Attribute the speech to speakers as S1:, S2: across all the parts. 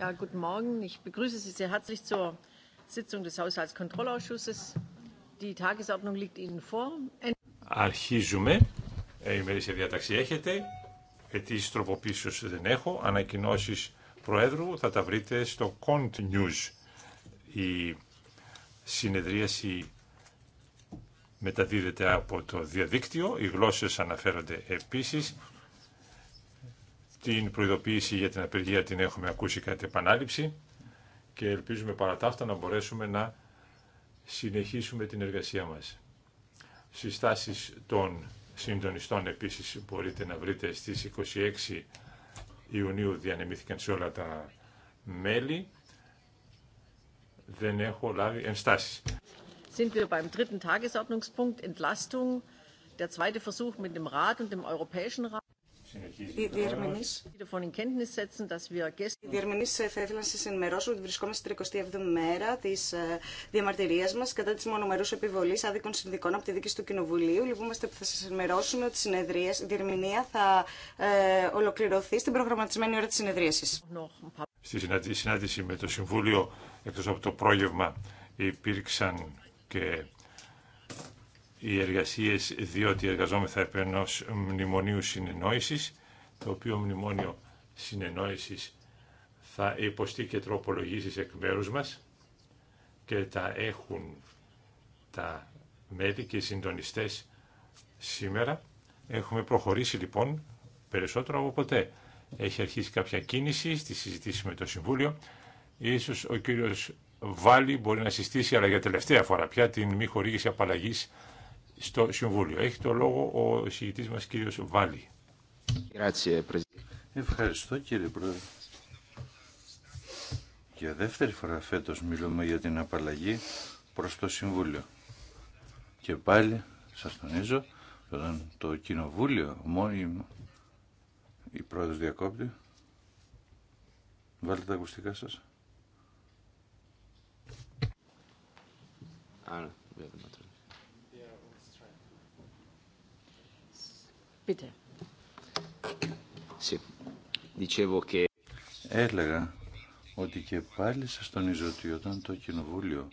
S1: Ja, guten Morgen. Ich begrüße Sie sehr herzlich zur Sitzung des Haushaltskontrollausschusses. Die Tagesordnung liegt Ihnen vor.
S2: Αρχίζουμε. Ε, ημερήσια διαταξή έχετε. Ετήσεις τροποποίησης δεν έχω. Ανακοινώσεις Προέδρου θα τα βρείτε στο Cont News. Η συνεδρίαση μεταδίδεται από το διαδίκτυο. Οι γλώσσες αναφέρονται επίσης. Την προειδοποίηση για την απεργία την έχουμε ακούσει κατά επανάληψη και ελπίζουμε παρά τα να μπορέσουμε να συνεχίσουμε την εργασία μας. Συστάσεις των συντονιστών επίσης μπορείτε να βρείτε στις 26 Ιουνίου διανεμήθηκαν σε όλα τα μέλη. Δεν έχω λάβει ενστάσεις.
S1: Sind wir beim dritten Tagesordnungspunkt Entlastung, der zweite Versuch mit dem Rat und dem Europäischen Rat. Οι διερμηνείς...
S3: Ε, θα ήθελα να σας ενημερώσω ότι βρισκόμαστε στην 37η μέρα της ε, διαμαρτυρίας μας κατά της μονομερούς επιβολής άδικων συνδικών από τη δίκη του Κοινοβουλίου. Λυπούμαστε λοιπόν, που θα σας ενημερώσουμε ότι η διερμηνία θα ε, ολοκληρωθεί στην προγραμματισμένη ώρα της συνεδρίασης.
S2: Στη συνάντηση με το Συμβούλιο, εκτός από το πρόγευμα, υπήρξαν και οι εργασίες διότι εργαζόμεθα επί ενός μνημονίου συνεννόησης, το οποίο μνημόνιο συνεννόησης θα υποστεί και τροπολογήσεις εκ μέρους μας και τα έχουν τα μέλη και οι συντονιστές σήμερα. Έχουμε προχωρήσει λοιπόν περισσότερο από ποτέ. Έχει αρχίσει κάποια κίνηση στη συζήτηση με το Συμβούλιο. Ίσως ο κύριος Βάλι μπορεί να συστήσει, αλλά για τελευταία φορά πια, την μη χορήγηση απαλλαγή στο Συμβούλιο. Έχει το λόγο ο συγητή μα κύριο Βάλη. Ευχαριστώ κύριε Πρόεδρε.
S4: Για δεύτερη φορά φέτος μιλούμε για την απαλλαγή προς το Συμβούλιο. Και πάλι σα τονίζω το Κοινοβούλιο μου η Πρόεδρος διακόπτη. Βάλτε τα ακουστικά σας. Άρα, βέβαια. Έλεγα ότι και πάλι σα τονίζω ότι όταν το Κοινοβούλιο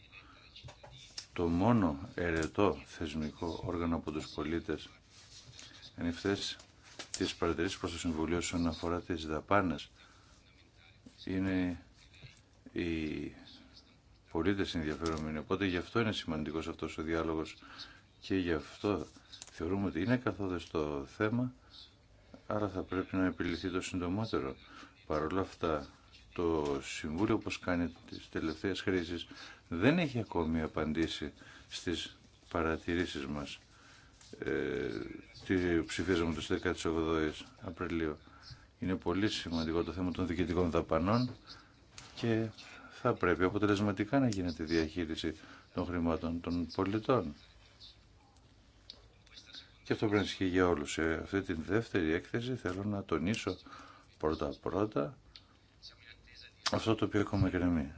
S4: το μόνο ερετό θεσμικό όργανο από του πολίτες εν τι τις προ προς το Συμβουλίο όσον αφορά τις δαπάνες είναι οι πολίτες ενδιαφέρομενοι οπότε γι' αυτό είναι σημαντικός αυτός ο διάλογος και γι' αυτό Θεωρούμε ότι είναι καθόδες το θέμα, άρα θα πρέπει να επιληθεί το συντομότερο. Παρ' όλα αυτά, το Συμβούλιο, όπως κάνει τις τελευταίες χρήσεις, δεν έχει ακόμη απαντήσει στις παρατηρήσεις μας. Ε, τι ψηφίζαμε το 18 Απριλίου. Είναι πολύ σημαντικό το θέμα των διοικητικών δαπανών και θα πρέπει αποτελεσματικά να γίνεται διαχείριση των χρημάτων των πολιτών. Και αυτό πρέπει να ισχύει για όλους. Σε αυτή τη δεύτερη έκθεση θέλω να τονίσω πρώτα-πρώτα αυτό το οποίο έχουμε γραμμή.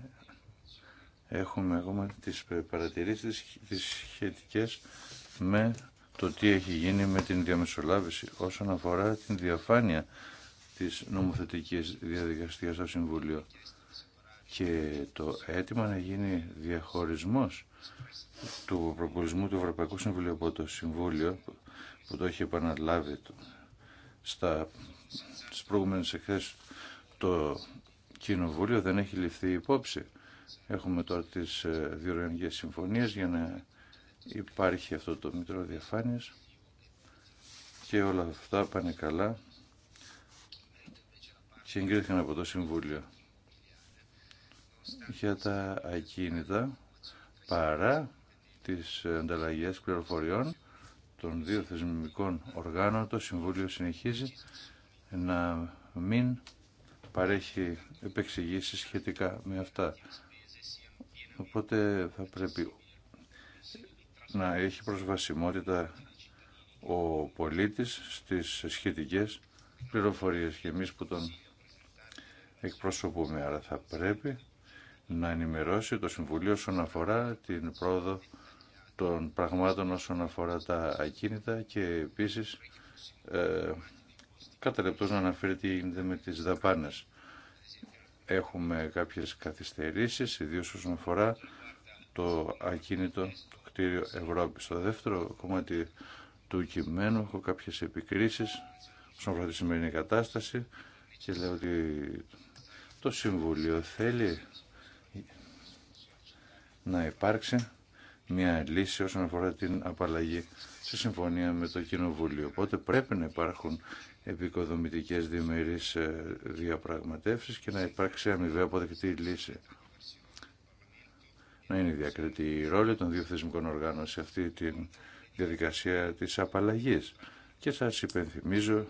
S4: Έχουμε ακόμα τις παρατηρήσεις τις σχετικές με το τι έχει γίνει με την διαμεσολάβηση όσον αφορά την διαφάνεια της νομοθετικής διαδικασίας στο Συμβούλιο και το αίτημα να γίνει διαχωρισμός του προπολισμού του Ευρωπαϊκού Συμβουλίου από το Συμβούλιο που το έχει επαναλάβει στα, στις προηγούμενες το Κοινοβούλιο δεν έχει ληφθεί υπόψη. Έχουμε τώρα τις ε, διοργανικές συμφωνίες για να υπάρχει αυτό το Μητρό Διαφάνειας και όλα αυτά πάνε καλά και εγκρίθηκαν από το Συμβούλιο για τα ακίνητα παρά τις ανταλλαγές πληροφοριών των δύο θεσμικών οργάνων το Συμβούλιο συνεχίζει να μην παρέχει επεξηγήσεις σχετικά με αυτά. Οπότε θα πρέπει να έχει προσβασιμότητα ο πολίτης στις σχετικές πληροφορίες και εμείς που τον εκπροσωπούμε. Άρα θα πρέπει να ενημερώσει το Συμβουλίο όσον αφορά την πρόοδο των πραγμάτων όσον αφορά τα ακίνητα και επίσης ε, κατά να αναφέρει τι γίνεται με τις δαπάνες. Έχουμε κάποιες καθυστερήσεις, ιδίως όσον αφορά το ακίνητο, το κτίριο Ευρώπη. Στο δεύτερο κομμάτι του κειμένου έχω κάποιες επικρίσεις όσον αφορά τη σημερινή κατάσταση και λέω ότι το Συμβούλιο θέλει να υπάρξει μια λύση όσον αφορά την απαλλαγή σε συμφωνία με το Κοινοβούλιο. Οπότε πρέπει να υπάρχουν επικοδομητικές διμερείς ε, διαπραγματεύσεις και να υπάρξει αμοιβαία αποδεκτή λύση. Να είναι διακριτή η ρόλη των δύο θεσμικών οργάνων σε αυτή τη διαδικασία της απαλλαγής. Και σας υπενθυμίζω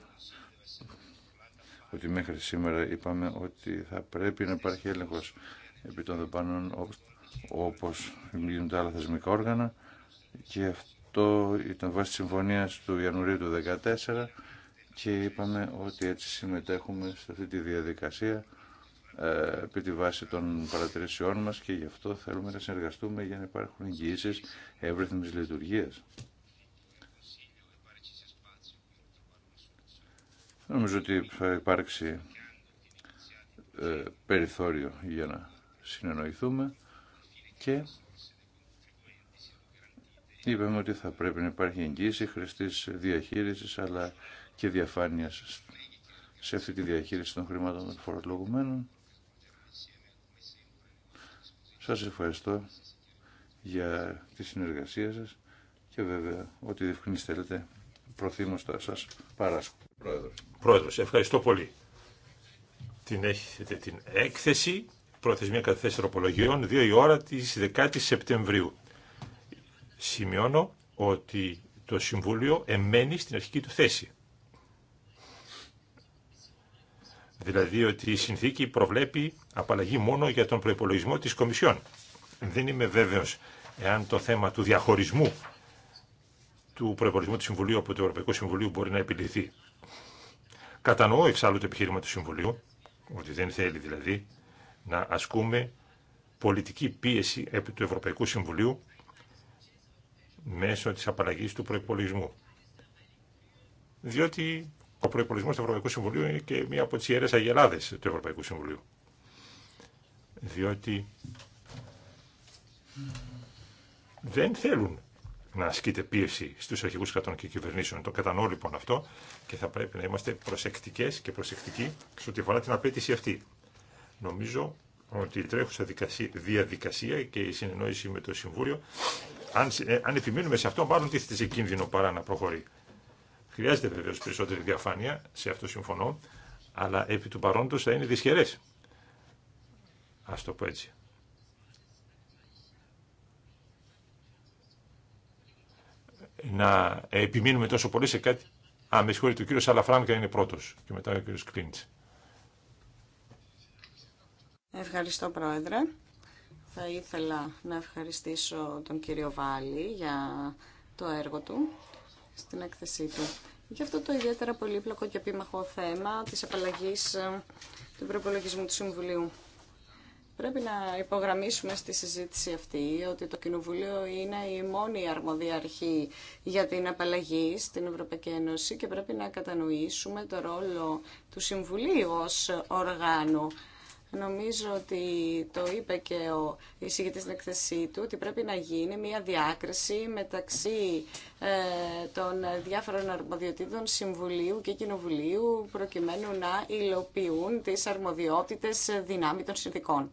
S4: ότι μέχρι σήμερα είπαμε ότι θα πρέπει να υπάρχει έλεγχος επί των δεπάνων όπως τα άλλα θεσμικά όργανα και αυτό ήταν βάση της συμφωνίας του Ιανουαρίου του 2014 και είπαμε ότι έτσι συμμετέχουμε σε αυτή τη διαδικασία ε, επί τη βάση των παρατηρήσεών μας και γι' αυτό θέλουμε να συνεργαστούμε για να υπάρχουν εγγυήσεις εύρυθμης λειτουργίας. Νομίζω ότι θα υπάρξει ε, περιθώριο για να συνεννοηθούμε και είπαμε ότι θα πρέπει να υπάρχει εγγύηση χρηστής διαχείρισης αλλά και διαφάνειας σε αυτή τη διαχείριση των χρημάτων των φορολογουμένων. Σας ευχαριστώ για τη συνεργασία σας και βέβαια ό,τι διευκρινής θέλετε προθύμως θα σας παράσχω.
S2: Πρόεδρος. Πρόεδρος, ευχαριστώ πολύ. Την έχετε την έκθεση προθεσμία καταθέσεων τροπολογιών 2 η ώρα της 10 η Σεπτεμβρίου. Σημειώνω ότι το Συμβούλιο εμένει στην αρχική του θέση. Δηλαδή ότι η συνθήκη προβλέπει απαλλαγή μόνο για τον προϋπολογισμό της Κομισιόν. Δεν είμαι βέβαιος εάν το θέμα του διαχωρισμού του προϋπολογισμού του Συμβουλίου από το Ευρωπαϊκό Συμβουλίο μπορεί να επιληθεί. Κατανοώ εξάλλου το επιχείρημα του Συμβουλίου, ότι δεν θέλει δηλαδή να ασκούμε πολιτική πίεση επί του Ευρωπαϊκού Συμβουλίου μέσω της απαλλαγής του προϋπολογισμού. Διότι ο προϋπολογισμός του Ευρωπαϊκού Συμβουλίου είναι και μία από τις ιερές αγελάδες του Ευρωπαϊκού Συμβουλίου. Διότι δεν θέλουν να ασκείται πίεση στους αρχηγούς κρατών και κυβερνήσεων. Το κατανοώ λοιπόν αυτό και θα πρέπει να είμαστε προσεκτικές και προσεκτικοί σε ό,τι αφορά την απέτηση αυτή. Νομίζω ότι η τρέχουσα διαδικασία και η συνεννόηση με το Συμβούλιο, αν, ε, αν επιμείνουμε σε αυτό, μάλλον τίθεται σε κίνδυνο παρά να προχωρεί. Χρειάζεται βεβαίω περισσότερη διαφάνεια, σε αυτό συμφωνώ, αλλά επί του παρόντο θα είναι δυσχερέ. Α το πω έτσι. Να επιμείνουμε τόσο πολύ σε κάτι. Α, με συγχωρείτε, ο κύριο Αλαφράνκα είναι πρώτο και μετά ο κύριο Κλίντ.
S3: Ευχαριστώ, Πρόεδρε. Θα ήθελα να ευχαριστήσω τον κύριο Βάλη για το έργο του στην έκθεσή του. Για αυτό το ιδιαίτερα πολύπλοκο και επίμαχο θέμα της απαλλαγής ε, του προπολογισμού του Συμβουλίου. Πρέπει να υπογραμμίσουμε στη συζήτηση αυτή ότι το Κοινοβούλιο είναι η μόνη αρμόδια αρχή για την απαλλαγή στην Ευρωπαϊκή Ένωση και πρέπει να κατανοήσουμε το ρόλο του Συμβουλίου ως οργάνου Νομίζω ότι το είπε και ο εισηγητής στην εκθεσή του ότι πρέπει να γίνει μια διάκριση μεταξύ ε, των διάφορων αρμοδιοτήτων Συμβουλίου και Κοινοβουλίου προκειμένου να υλοποιούν τις αρμοδιότητες δυνάμει των συνθηκών.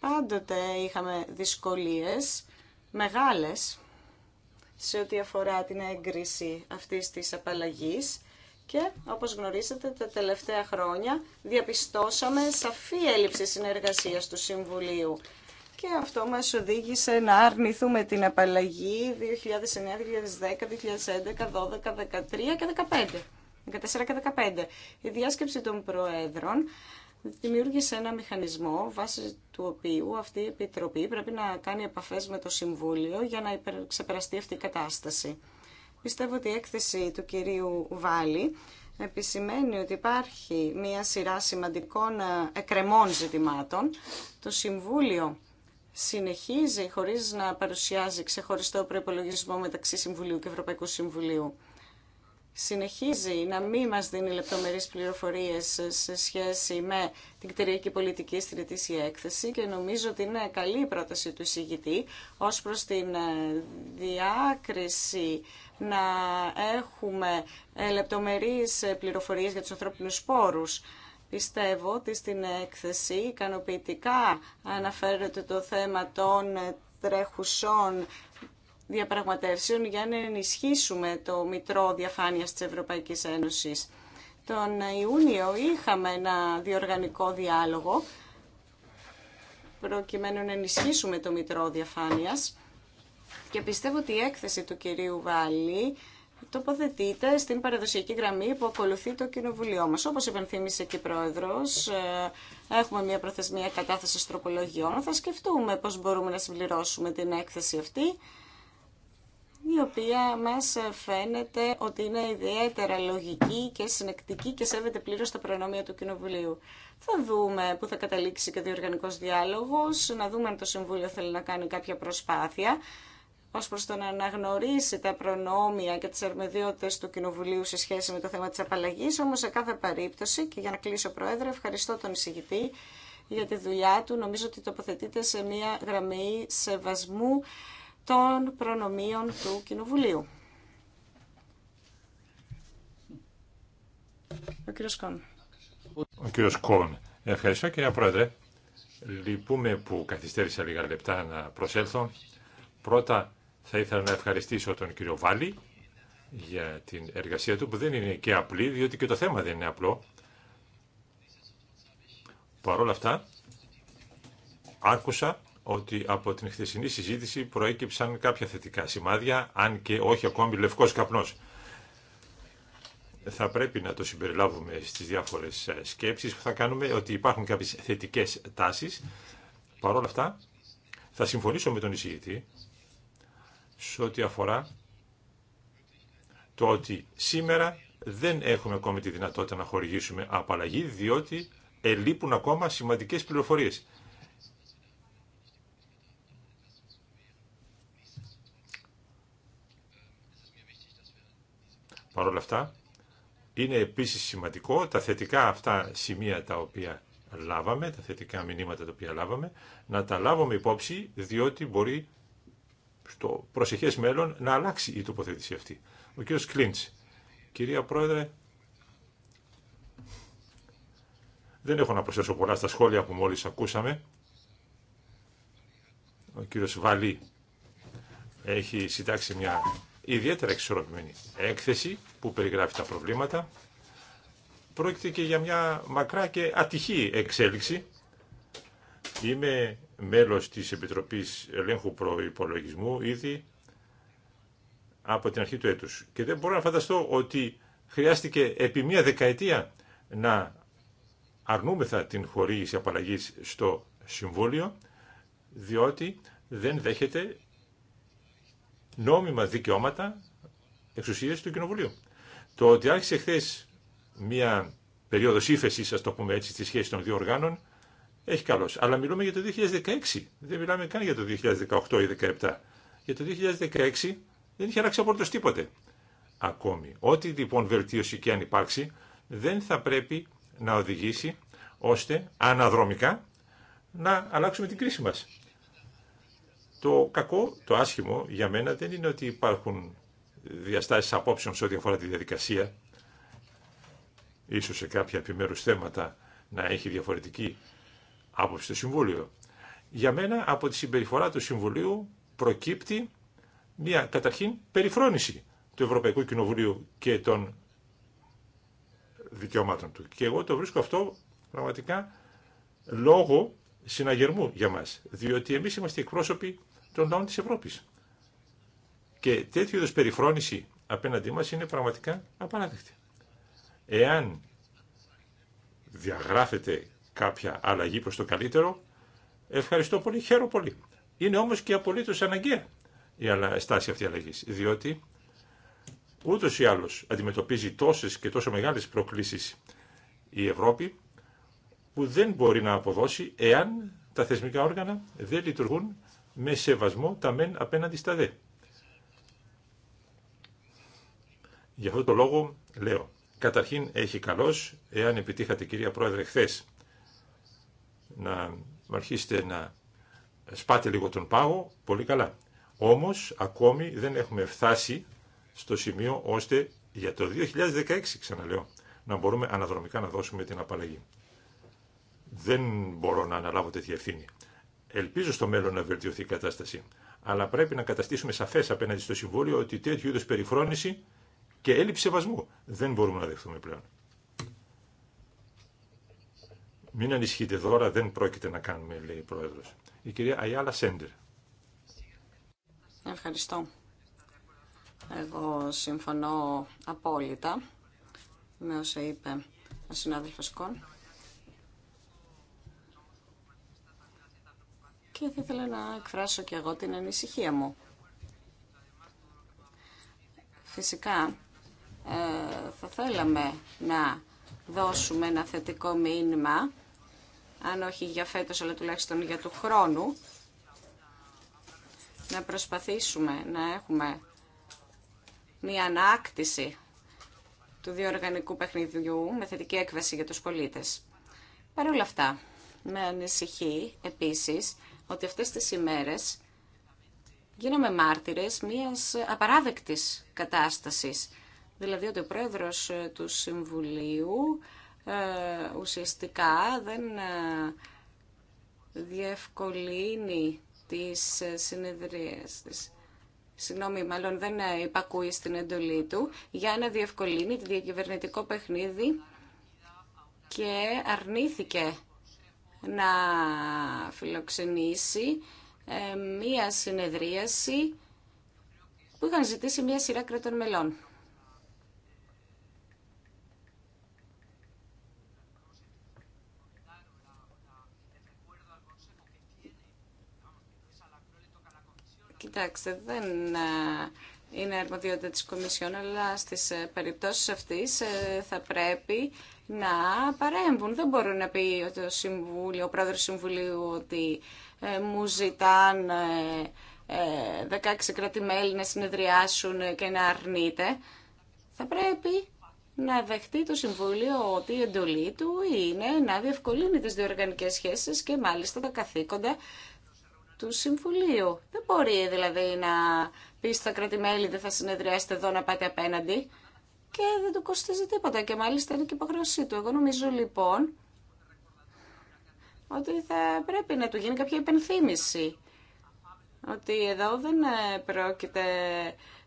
S3: Πάντοτε είχαμε δυσκολίες μεγάλες σε ό,τι αφορά την έγκριση αυτής της απαλλαγής και όπως γνωρίζετε τα τελευταία χρόνια διαπιστώσαμε σαφή έλλειψη συνεργασίας του Συμβουλίου. Και αυτό μας οδήγησε να αρνηθούμε την απαλλαγή 2009, 2010, 2011, 2012, 2013 και 2015. 14 και 15. Η διάσκεψη των Προέδρων δημιούργησε ένα μηχανισμό βάσει του οποίου αυτή η Επιτροπή πρέπει να κάνει επαφές με το Συμβούλιο για να ξεπεραστεί αυτή η κατάσταση. Πιστεύω ότι η έκθεση του κυρίου Βάλη επισημαίνει ότι υπάρχει μία σειρά σημαντικών εκρεμών ζητημάτων. Το Συμβούλιο συνεχίζει χωρίς να παρουσιάζει ξεχωριστό προπολογισμό μεταξύ Συμβουλίου και Ευρωπαϊκού Συμβουλίου συνεχίζει να μην μας δίνει λεπτομερείς πληροφορίες σε σχέση με την κτηριακή πολιτική στην ετήσια έκθεση και νομίζω ότι είναι καλή η πρόταση του εισηγητή ως προς την ε, διάκριση να έχουμε ε, λεπτομερείς ε, πληροφορίες για τους ανθρώπινους πόρους. Πιστεύω ότι στην έκθεση ικανοποιητικά αναφέρεται το θέμα των τρέχουσών διαπραγματεύσεων για να ενισχύσουμε το Μητρό Διαφάνειας της Ευρωπαϊκής Ένωσης. Τον Ιούνιο είχαμε ένα διοργανικό διάλογο προκειμένου να ενισχύσουμε το Μητρό Διαφάνειας και πιστεύω ότι η έκθεση του κυρίου Βάλλη τοποθετείται στην παραδοσιακή γραμμή που ακολουθεί το Κοινοβουλίο μας. Όπως υπενθύμισε και η Πρόεδρος, ε, έχουμε μια προθεσμία κατάθεσης τροπολογιών. Θα σκεφτούμε πώς μπορούμε να συμπληρώσουμε την έκθεση αυτή η οποία μας φαίνεται ότι είναι ιδιαίτερα λογική και συνεκτική και σέβεται πλήρως τα προνόμια του Κοινοβουλίου. Θα δούμε πού θα καταλήξει και ο διοργανικός διάλογος, να δούμε αν το Συμβούλιο θέλει να κάνει κάποια προσπάθεια ως προς το να αναγνωρίσει τα προνόμια και τις αρμεδιότητες του Κοινοβουλίου σε σχέση με το θέμα της απαλλαγής, όμως σε κάθε περίπτωση, και για να κλείσω Πρόεδρε, ευχαριστώ τον εισηγητή για τη δουλειά του, νομίζω ότι τοποθετείται σε μια γραμμή σεβασμού των προνομίων του Κοινοβουλίου. Ο κύριος Κόν.
S2: Ο κύριος Κόν. Ευχαριστώ κύριε Πρόεδρε. Λυπούμε που καθυστέρησα λίγα λεπτά να προσέλθω. Πρώτα θα ήθελα να ευχαριστήσω τον κύριο Βάλη για την εργασία του που δεν είναι και απλή διότι και το θέμα δεν είναι απλό. Παρ' όλα αυτά άκουσα ότι από την χθεσινή συζήτηση προέκυψαν κάποια θετικά σημάδια, αν και όχι ακόμη λευκός καπνός. Θα πρέπει να το συμπεριλάβουμε στις διάφορες ε, σκέψεις που θα κάνουμε ότι υπάρχουν κάποιες θετικές τάσεις. Παρ' όλα αυτά, θα συμφωνήσω με τον εισηγητή σε ό,τι αφορά το ότι σήμερα δεν έχουμε ακόμη τη δυνατότητα να χορηγήσουμε απαλλαγή, διότι ελείπουν ακόμα σημαντικές πληροφορίες. Παρ' όλα αυτά, είναι επίσης σημαντικό τα θετικά αυτά σημεία τα οποία λάβαμε, τα θετικά μηνύματα τα οποία λάβαμε, να τα λάβουμε υπόψη, διότι μπορεί στο προσεχές μέλλον να αλλάξει η τοποθέτηση αυτή. Ο κ. Κλίντς. Κυρία Πρόεδρε, δεν έχω να προσθέσω πολλά στα σχόλια που μόλις ακούσαμε. Ο κύριος Βαλή έχει συντάξει μια ιδιαίτερα εξορροπημένη έκθεση που περιγράφει τα προβλήματα. Πρόκειται και για μια μακρά και ατυχή εξέλιξη. Είμαι μέλος της Επιτροπής Ελέγχου Προϋπολογισμού ήδη από την αρχή του έτους. Και δεν μπορώ να φανταστώ ότι χρειάστηκε επί μία δεκαετία να αρνούμεθα την χορήγηση απαλλαγής στο Συμβούλιο, διότι δεν δέχεται νόμιμα δικαιώματα εξουσίας του Κοινοβουλίου. Το ότι άρχισε χθε μια περίοδο ύφεση, α το πούμε έτσι, στη σχέση των δύο οργάνων, έχει καλώ. Αλλά μιλούμε για το 2016. Δεν μιλάμε καν για το 2018 ή 2017. Για το 2016 δεν είχε αλλάξει απολύτω τίποτε ακόμη. Ό,τι λοιπόν βελτίωση και αν υπάρξει, δεν θα πρέπει να οδηγήσει ώστε αναδρομικά να αλλάξουμε την κρίση μας. Το κακό, το άσχημο για μένα δεν είναι ότι υπάρχουν διαστάσεις απόψεων σε ό,τι αφορά τη διαδικασία, ίσως σε κάποια επιμέρους θέματα να έχει διαφορετική άποψη το Συμβούλιο. Για μένα από τη συμπεριφορά του Συμβουλίου προκύπτει μια καταρχήν περιφρόνηση του Ευρωπαϊκού Κοινοβουλίου και των δικαιωμάτων του. Και εγώ το βρίσκω αυτό πραγματικά λόγω συναγερμού για μας, διότι εμείς είμαστε εκπρόσωποι των λαών της Ευρώπης. Και τέτοιου είδους περιφρόνηση απέναντί μας είναι πραγματικά απαράδεκτη. Εάν διαγράφεται κάποια αλλαγή προς το καλύτερο, ευχαριστώ πολύ, χαίρομαι πολύ. Είναι όμως και απολύτως αναγκαία η στάση αυτή αλλαγής, διότι ούτως αλλαγή, αντιμετωπίζει τόσες και τόσο μεγάλες προκλήσεις η Ευρώπη, που δεν μπορεί να αποδώσει εάν τα θεσμικά όργανα δεν λειτουργούν με σεβασμό τα μεν απέναντι στα δε. Για αυτό το λόγο λέω, καταρχήν έχει καλός, εάν επιτύχατε κυρία Πρόεδρε χθε να αρχίσετε να σπάτε λίγο τον πάγο, πολύ καλά. Όμως ακόμη δεν έχουμε φτάσει στο σημείο ώστε για το 2016 ξαναλέω να μπορούμε αναδρομικά να δώσουμε την απαλλαγή δεν μπορώ να αναλάβω τέτοια ευθύνη. Ελπίζω στο μέλλον να βελτιωθεί η κατάσταση. Αλλά πρέπει να καταστήσουμε σαφέ απέναντι στο Συμβούλιο ότι τέτοιου είδου περιφρόνηση και έλλειψη σεβασμού δεν μπορούμε να δεχθούμε πλέον. Μην ανησυχείτε δώρα, δεν πρόκειται να κάνουμε, λέει η Πρόεδρο. Η κυρία Αιάλα Σέντερ.
S3: Ευχαριστώ. Εγώ συμφωνώ απόλυτα με όσα είπε ο συνάδελφος Κον. και θα ήθελα να εκφράσω και εγώ την ανησυχία μου. Φυσικά ε, θα θέλαμε να δώσουμε ένα θετικό μήνυμα, αν όχι για φέτος αλλά τουλάχιστον για του χρόνου, να προσπαθήσουμε να έχουμε μια ανάκτηση του διοργανικού παιχνιδιού με θετική έκβαση για τους πολίτες. Παρ' όλα αυτά, με ανησυχεί επίσης ότι αυτές τις ημέρες γίναμε μάρτυρες μιας απαράδεκτης κατάστασης. Δηλαδή ότι ο πρόεδρος ε, του Συμβουλίου ε, ουσιαστικά δεν ε, διευκολύνει τις συνεδρίες της. Συγγνώμη, μάλλον δεν υπακούει στην εντολή του για να διευκολύνει τη διακυβερνητικό παιχνίδι και αρνήθηκε να φιλοξενήσει ε, μία συνεδρίαση που είχαν ζητήσει μία σειρά κρατών μελών. Κοιτάξτε, δεν ε, είναι αρμοδιότητα της Κομισιόν, αλλά στις ε, περιπτώσεις αυτής θα πρέπει να παρέμβουν. Δεν μπορεί να πει το Συμβούλιο, ο πρόεδρος του Συμβουλίου ότι ε, μου ζητάνε 16 ε, κρατημέλη να συνεδριάσουν και να αρνείται. Θα πρέπει να δεχτεί το Συμβούλιο ότι η εντολή του είναι να διευκολύνει τις διοργανικές σχέσεις και μάλιστα τα καθήκοντα του Συμβουλίου. Δεν μπορεί δηλαδή να πει στα κρατη δεν θα συνεδριάσετε εδώ να πάτε απέναντι και δεν του κοστίζει τίποτα και μάλιστα είναι και υποχρέωσή του. Εγώ νομίζω λοιπόν ότι θα πρέπει να του γίνει κάποια υπενθύμηση ότι εδώ δεν ε, πρόκειται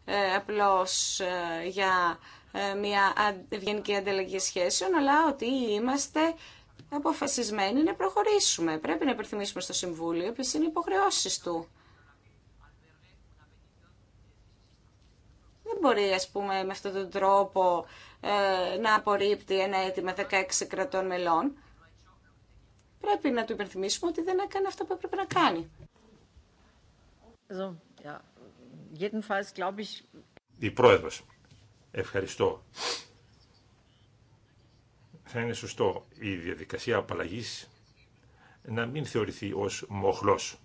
S3: ε, απλώς ε, για μια ευγενική ανταλλαγή σχέσεων, αλλά ότι είμαστε αποφασισμένοι να προχωρήσουμε. Πρέπει να υπενθυμίσουμε στο Συμβούλιο ποιε είναι οι του. δεν μπορεί ας πούμε με αυτόν τον τρόπο ε, να απορρίπτει ένα αίτημα 16 κρατών μελών. Πρέπει να του υπενθυμίσουμε ότι δεν έκανε αυτό που έπρεπε να κάνει.
S2: Η πρόεδρος. Ευχαριστώ. Θα είναι σωστό η διαδικασία απαλλαγής να μην θεωρηθεί ως μοχλός.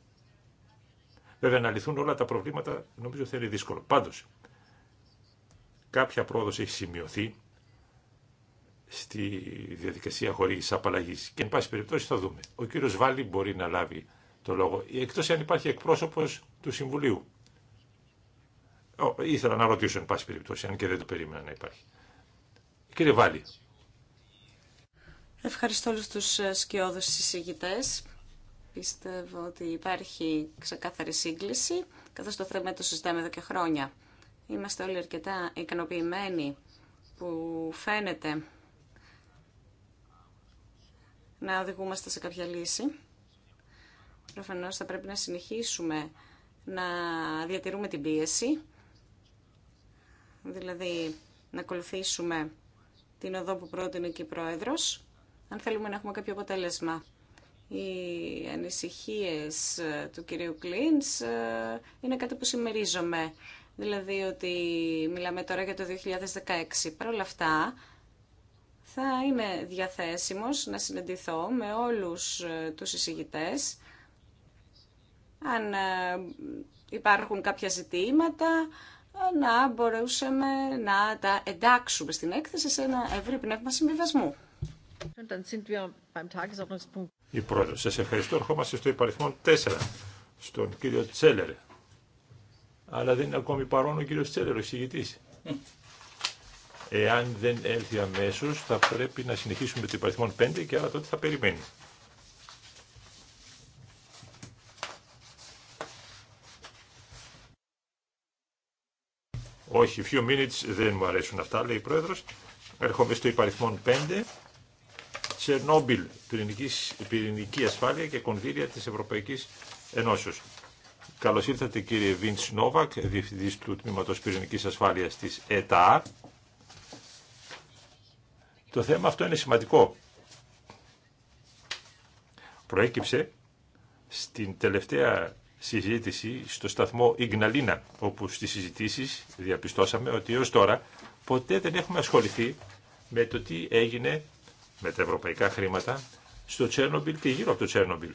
S2: Βέβαια να λυθούν όλα τα προβλήματα νομίζω θέλει δύσκολο. Πάντως, κάποια πρόοδος έχει σημειωθεί στη διαδικασία χωρίς απαλλαγή. Και εν πάση περιπτώσει θα δούμε. Ο κύριος Βάλλη μπορεί να λάβει το λόγο, εκτός αν υπάρχει εκπρόσωπος του Συμβουλίου. Ήθελα να ρωτήσω εν πάση περιπτώσει, αν και δεν το περίμενα να υπάρχει. Κύριε Βάλλη.
S3: Ευχαριστώ όλους τους ε, σκιώδους συζητητές. Πιστεύω ότι υπάρχει ξεκάθαρη σύγκληση, καθώς το θέμα το συζητάμε εδώ και χρόνια. Είμαστε όλοι αρκετά ικανοποιημένοι που φαίνεται να οδηγούμαστε σε κάποια λύση. Προφανώ θα πρέπει να συνεχίσουμε να διατηρούμε την πίεση, δηλαδή να ακολουθήσουμε την οδό που πρότεινε και η Πρόεδρος, αν θέλουμε να έχουμε κάποιο αποτέλεσμα. Οι ανησυχίες του κυρίου Κλίνς ε, είναι κάτι που συμμερίζομαι δηλαδή ότι μιλάμε τώρα για το 2016. Παρ' όλα αυτά, θα είμαι διαθέσιμος να συναντηθώ με όλους ε, τους εισηγητές. Αν ε, υπάρχουν κάποια ζητήματα, ε, να μπορούσαμε να τα εντάξουμε στην έκθεση σε ένα ευρύ πνεύμα συμβιβασμού.
S2: Η πρόεδρος, σας ευχαριστώ. Ερχόμαστε στο υπαριθμό 4, στον κύριο Τσέλερ αλλά δεν είναι ακόμη παρόν ο κύριος Τσέλερ, ο Εάν δεν έλθει αμέσω, θα πρέπει να συνεχίσουμε το υπαριθμό 5 και άρα τότε θα περιμένει. Όχι, few minutes δεν μου αρέσουν αυτά, λέει η πρόεδρος. Έρχομαι στο υπαριθμό 5. Τσερνόμπιλ, πυρηνική, ασφάλεια και κονδύλια της Ευρωπαϊκής Ενώσεως. Καλώ ήρθατε κύριε Βιντ Νόβακ, διευθυντή του Τμήματος Πυρηνική Ασφάλειας τη ΕΤΑΑ. Το θέμα αυτό είναι σημαντικό. Προέκυψε στην τελευταία συζήτηση στο σταθμό Ιγναλίνα, όπου στις συζητήσεις διαπιστώσαμε ότι έως τώρα ποτέ δεν έχουμε ασχοληθεί με το τι έγινε με τα ευρωπαϊκά χρήματα στο Τσέρνομπιλ και γύρω από το Τσέρνομπιλ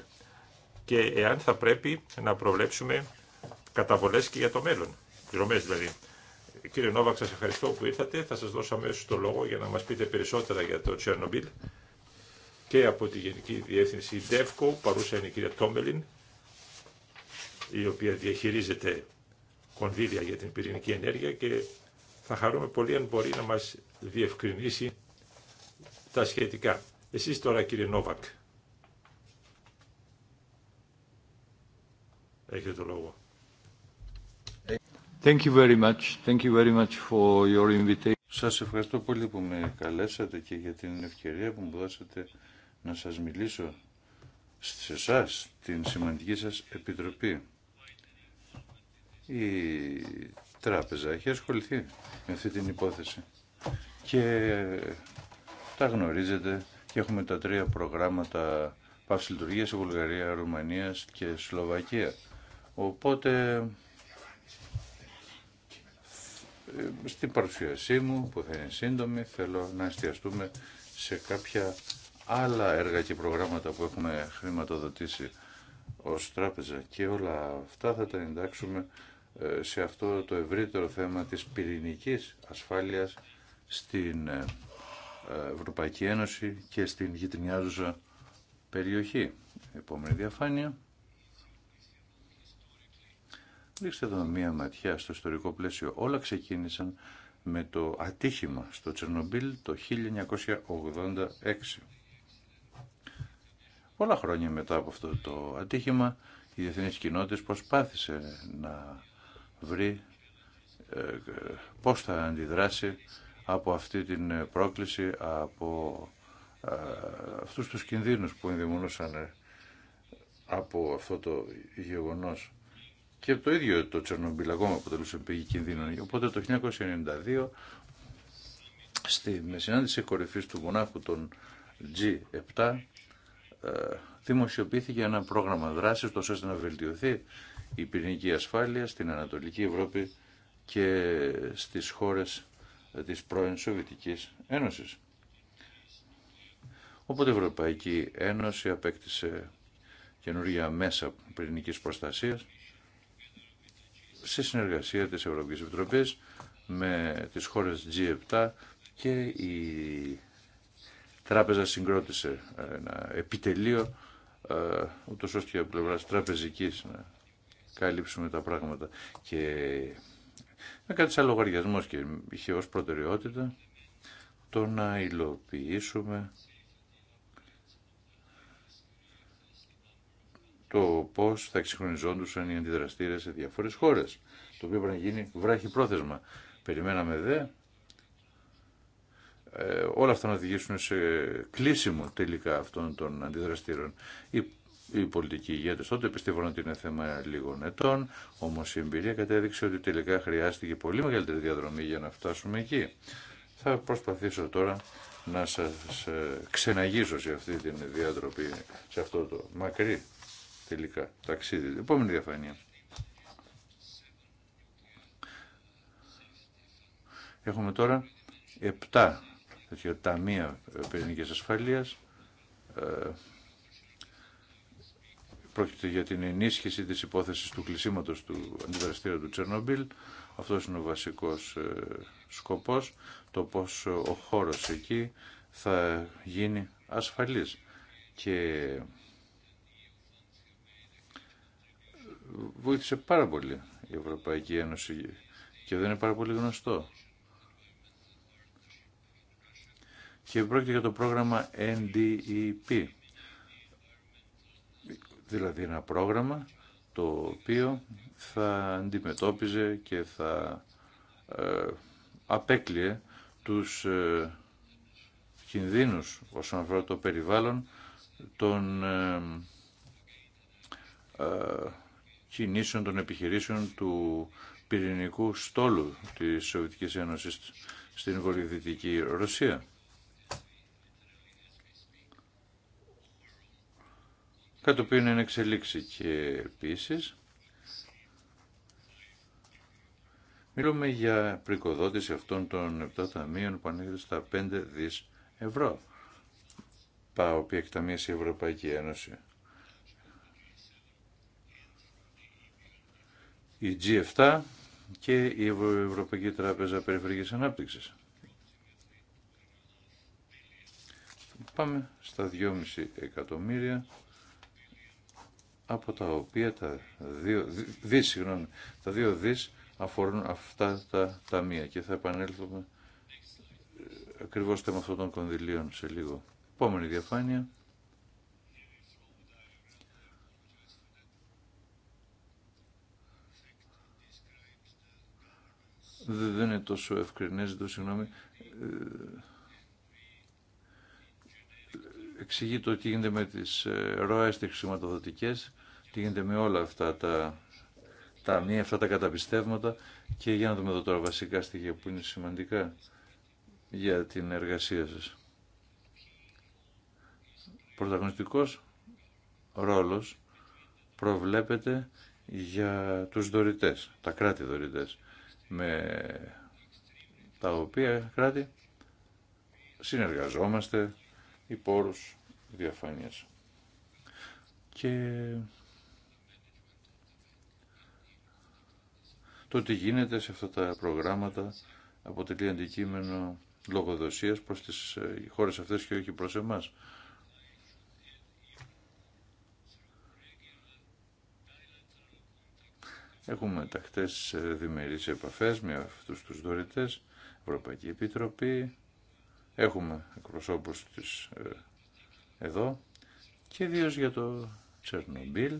S2: και εάν θα πρέπει να προβλέψουμε καταβολές και για το μέλλον. Πληρωμές δηλαδή. Κύριε Νόβακ, σας ευχαριστώ που ήρθατε. Θα σας δώσω αμέσως το λόγο για να μας πείτε περισσότερα για το Τσέρνομπιλ και από τη Γενική Διεύθυνση ΔΕΦΚΟ, παρούσα είναι η κυρία Τόμελιν, η οποία διαχειρίζεται κονδύλια για την πυρηνική ενέργεια και θα χαρούμε πολύ αν μπορεί να μας διευκρινίσει τα σχετικά. Εσείς τώρα κύριε Νόβακ. Έχετε το λόγο.
S4: Thank you very much. Thank you very much for your invitation. Σας ευχαριστώ πολύ που με καλέσατε και για την ευκαιρία που μου δώσατε να σας μιλήσω σε εσά την σημαντική σας επιτροπή. Η τράπεζα έχει ασχοληθεί με αυτή την υπόθεση και τα γνωρίζετε και έχουμε τα τρία προγράμματα παύση λειτουργία σε Βουλγαρία, Ρουμανία και Σλοβακία. Οπότε στην παρουσίασή μου που θα είναι σύντομη θέλω να εστιαστούμε σε κάποια άλλα έργα και προγράμματα που έχουμε χρηματοδοτήσει ως τράπεζα και όλα αυτά θα τα εντάξουμε ε, σε αυτό το ευρύτερο θέμα της πυρηνικής ασφάλειας στην ε, Ευρωπαϊκή Ένωση και στην γειτνιάζουσα περιοχή. Επόμενη διαφάνεια. Δείξτε εδώ μία ματιά στο ιστορικό πλαίσιο. Όλα ξεκίνησαν με το ατύχημα στο Τσερνομπίλ το 1986. Πολλά χρόνια μετά από αυτό το ατύχημα η διεθνή κοινότητα προσπάθησε να βρει ε, πώς θα αντιδράσει από αυτή την πρόκληση, από ε, αυτούς τους κινδύνους που ενδημονούσαν ε, από αυτό το γεγονός. Και το ίδιο το Τσερνομπίλ ακόμα αποτελούσε πηγή κινδύνων. Οπότε το 1992 στη συνάντηση κορυφής του μονάχου των G7 ε, δημοσιοποιήθηκε ένα πρόγραμμα δράσης ώστε να βελτιωθεί η πυρηνική ασφάλεια στην Ανατολική Ευρώπη και στις χώρες ε, της πρώην Σοβιτικής Ένωσης. Οπότε η Ευρωπαϊκή Ένωση απέκτησε καινούργια μέσα πυρηνικής προστασίας σε συνεργασία της Ευρωπαϊκής Επιτροπής με τις χώρες G7 και η τράπεζα συγκρότησε ένα επιτελείο ε, ούτως ώστε και από πλευρά τραπεζικής να καλύψουμε τα πράγματα και να κάτι σαν λογαριασμός και είχε ως προτεραιότητα το να υλοποιήσουμε το πώ θα εξυγχρονιζόντουσαν οι αντιδραστήρε σε διάφορε χώρε. το οποίο πρέπει να γίνει βράχη πρόθεσμα. Περιμέναμε δε ε, όλα αυτά να οδηγήσουν σε κλείσιμο τελικά αυτών των αντιδραστήρων. Οι, οι πολιτικοί ηγέτε τότε πιστεύουν ότι είναι θέμα λίγων ετών, όμω η εμπειρία κατέδειξε ότι τελικά χρειάστηκε πολύ μεγαλύτερη διαδρομή για να φτάσουμε εκεί. Θα προσπαθήσω τώρα να σας ε, ξεναγίσω σε αυτή την διατροπή, σε αυτό το μακρύ τελικά ταξίδι. Επόμενη διαφάνεια. Έχουμε τώρα 7 τέτοια ταμεία πυρηνικής ασφαλείας. Ε, πρόκειται για την ενίσχυση της υπόθεσης του κλεισίματος του αντιδραστήρα του Τσερνομπίλ. Αυτός είναι ο βασικός ε, σκοπός, το πώς ο χώρος εκεί θα γίνει ασφαλής. Και βοήθησε πάρα πολύ η Ευρωπαϊκή Ένωση και δεν είναι πάρα πολύ γνωστό. Και πρόκειται για το πρόγραμμα NDEP, δηλαδή ένα πρόγραμμα το οποίο θα αντιμετώπιζε και θα ε, απέκλειε τους ε, κινδύνους όσον αφορά το περιβάλλον των ε, ε, κινήσεων των επιχειρήσεων του πυρηνικού στόλου της Σοβιετικής Ένωσης στην βορειοδυτική Ρωσία. Κάτι που είναι εξελίξη και επίσης μιλούμε για πρικοδότηση αυτών των 7 ταμείων που στα 5 δις ευρώ τα οποία εκταμεί η Ευρωπαϊκή Ένωση. η G7 και η Ευρωπαϊκή Τράπεζα Περιφερειακής Ανάπτυξης. Πάμε στα 2,5 εκατομμύρια από τα οποία τα 2 δι, συγγνώμη, τα δύο δις αφορούν αυτά τα ταμεία και θα επανέλθουμε ε, ακριβώς με αυτών των κονδυλίων σε λίγο. Επόμενη διαφάνεια. δεν είναι τόσο ευκρινές, το συγγνώμη. Ε, εξηγεί το τι γίνεται με τις ε, ροές τις χρηματοδοτικές, τι γίνεται με όλα αυτά τα ταμεία, αυτά τα καταπιστεύματα και για να δούμε εδώ τώρα βασικά στοιχεία που είναι σημαντικά για την εργασία σας. Πρωταγωνιστικός ρόλος προβλέπεται για τους δωρητές, τα κράτη δωρητές με τα οποία κράτη συνεργαζόμαστε υπό όρους διαφάνειας. Και το τι γίνεται σε αυτά τα προγράμματα αποτελεί αντικείμενο λογοδοσίας προς τις ε, χώρες αυτές και όχι προς εμάς. Έχουμε χτές ε, διμερείς επαφές με αυτούς τους δωρητές, Ευρωπαϊκή Επιτροπή, έχουμε εκπροσώπους της ε, εδώ και ιδίω για το Τσερνομπίλ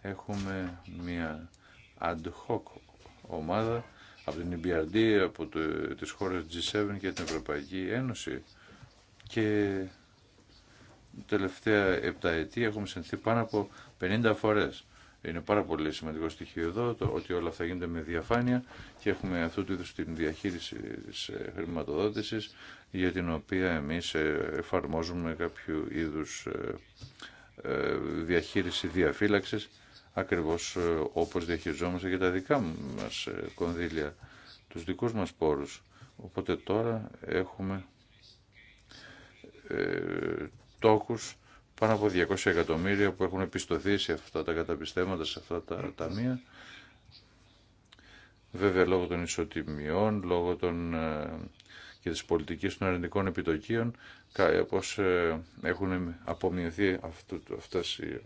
S4: έχουμε μια ad hoc ομάδα από την EBRD, από το, τις χώρες G7 και την Ευρωπαϊκή Ένωση και τελευταία επταετία έχουμε συνθεί πάνω από 50 φορές είναι πάρα πολύ σημαντικό στοιχείο εδώ το ότι όλα αυτά γίνονται με διαφάνεια και έχουμε αυτού του είδου την διαχείριση τη ε, χρηματοδότηση, για την οποία εμείς ε, εφαρμόζουμε κάποιο είδους ε, διαχείριση διαφύλαξης ακριβώς όπω διαχειριζόμαστε και τα δικά μας κονδύλια, τους δικούς μας πόρους. Οπότε τώρα έχουμε τόκους πάνω από 200 εκατομμύρια που έχουν επιστοθεί σε αυτά τα καταπιστέματα, σε αυτά τα ταμεία. Βέβαια λόγω των ισοτιμιών, λόγω των, ε, και της πολιτικής των αρνητικών επιτοκίων, όπως ε, ε, έχουν απομειωθεί αυτές οι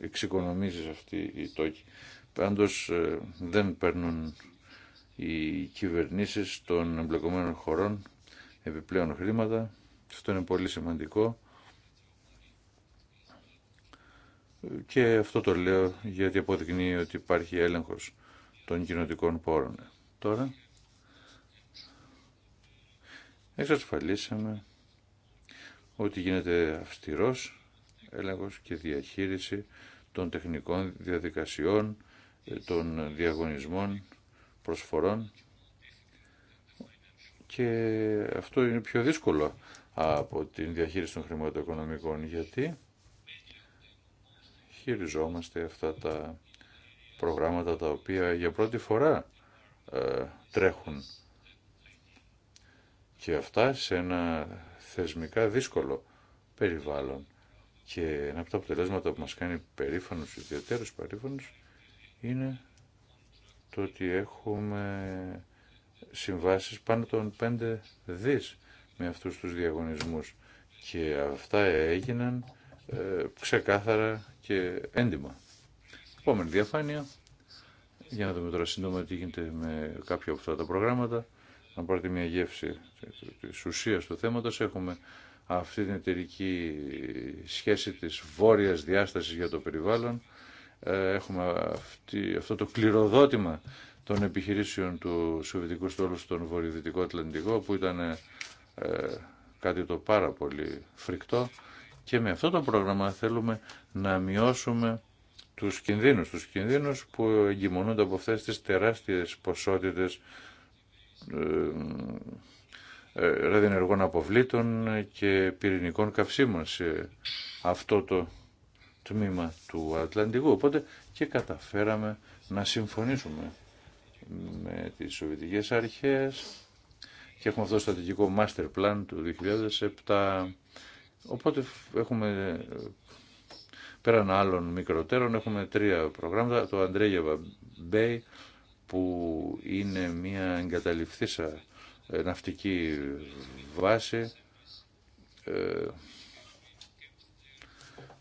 S4: εξοικονομήσεις αυτοί οι τόκοι. Πάντως δεν παίρνουν οι κυβερνήσεις των εμπλεκομένων χωρών επιπλέον χρήματα. Αυτό είναι πολύ σημαντικό Και αυτό το λέω γιατί αποδεικνύει ότι υπάρχει έλεγχος των κοινωτικών πόρων. Τώρα, εξασφαλίσαμε ότι γίνεται αυστηρός έλεγχος και διαχείριση των τεχνικών διαδικασιών, των διαγωνισμών, προσφορών και αυτό είναι πιο δύσκολο από την διαχείριση των χρηματοοικονομικών γιατί χειριζόμαστε αυτά τα προγράμματα τα οποία για πρώτη φορά ε, τρέχουν και αυτά σε ένα θεσμικά δύσκολο περιβάλλον. Και ένα από τα αποτελέσματα που μας κάνει περήφανος, ιδιαίτερος περήφανος, είναι το ότι έχουμε συμβάσεις πάνω των 5 δις με αυτούς τους διαγωνισμούς. Και αυτά έγιναν ε, ξεκάθαρα και έντιμα. Επόμενη διαφάνεια. Για να δούμε τώρα σύντομα τι γίνεται με κάποια από αυτά τα προγράμματα. Να πάρετε μια γεύση της ουσίας του θέματος. Έχουμε αυτή την εταιρική σχέση της βόρειας διάστασης για το περιβάλλον. Ε, έχουμε αυτή, αυτό το κληροδότημα των επιχειρήσεων του Σοβιετικού Στόλου στον Βορειοδυτικό Ατλαντικό που ήταν ε, κάτι το πάρα πολύ φρικτό και με αυτό το πρόγραμμα θέλουμε να μειώσουμε τους κινδύνους, τους κινδύνους που εγκυμονούνται από αυτές τις τεράστιες ποσότητες ε, ε, ραδιενεργών αποβλήτων και πυρηνικών καυσίμων σε αυτό το τμήμα του Ατλαντικού. Οπότε και καταφέραμε να συμφωνήσουμε με τις Σοβιετικές Αρχές και έχουμε αυτό το στρατηγικό master plan του 2007 Οπότε έχουμε ε, πέραν άλλων μικροτέρων έχουμε τρία προγράμματα. Το Αντρέγεβα Μπέι που είναι μια εγκαταληφθήσα ε, ναυτική βάση. Ε,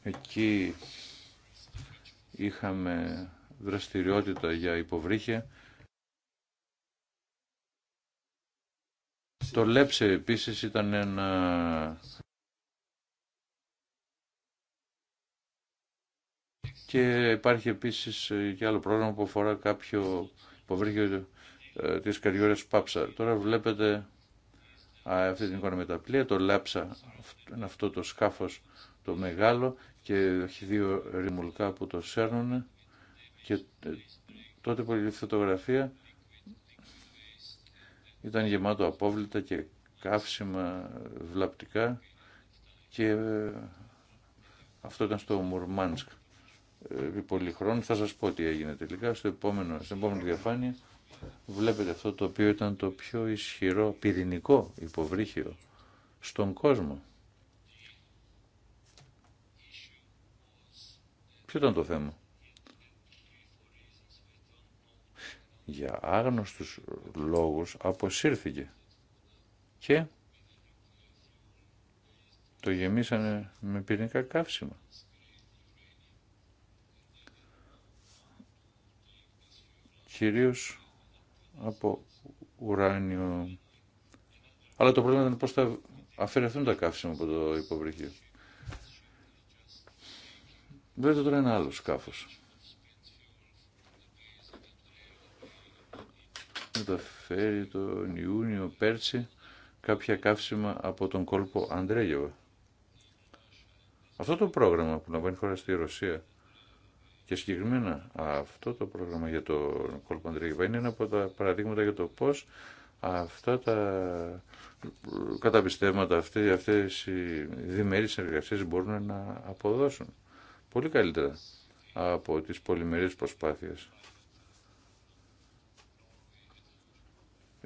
S4: εκεί είχαμε δραστηριότητα για υποβρύχια. Το Λέψε επίσης ήταν ένα Και υπάρχει επίση ε, και άλλο πρόγραμμα που αφορά κάποιο υποβρύχιο ε, της Πάψα. Τώρα βλέπετε αυτή την εικόνα με τα πλοία, το Λάψα είναι αυτό το σκάφο το μεγάλο και έχει δύο ρημουλκά που το σέρνουν και ε, τότε που η φωτογραφία ήταν γεμάτο απόβλητα και καύσιμα βλαπτικά και ε, αυτό ήταν στο Μουρμάνσκ επί πολύ χρόνο. Θα σας πω τι έγινε τελικά. Στο επόμενο, στην επόμενη διαφάνεια βλέπετε αυτό το οποίο ήταν το πιο ισχυρό πυρηνικό υποβρύχιο στον κόσμο. Ποιο ήταν το θέμα. Για άγνωστους λόγους αποσύρθηκε και το γεμίσανε με πυρηνικά καύσιμα. κυρίως από ουράνιο. Αλλά το πρόβλημα ήταν πώς θα αφαιρεθούν τα καύσιμα από το υποβρύχιο. Βλέπετε τώρα ένα άλλο σκάφος. Μεταφέρει τον Ιούνιο πέρσι κάποια καύσιμα από τον κόλπο Αντρέγεβα. Αυτό το πρόγραμμα που λαμβάνει χώρα στη Ρωσία και συγκεκριμένα αυτό το πρόγραμμα για το κόλπο είναι ένα από τα παραδείγματα για το πώς αυτά τα καταπιστεύματα, αυτές, αυτές οι διμερείς εργασίε μπορούν να αποδώσουν πολύ καλύτερα από τις πολυμερείς προσπάθειες.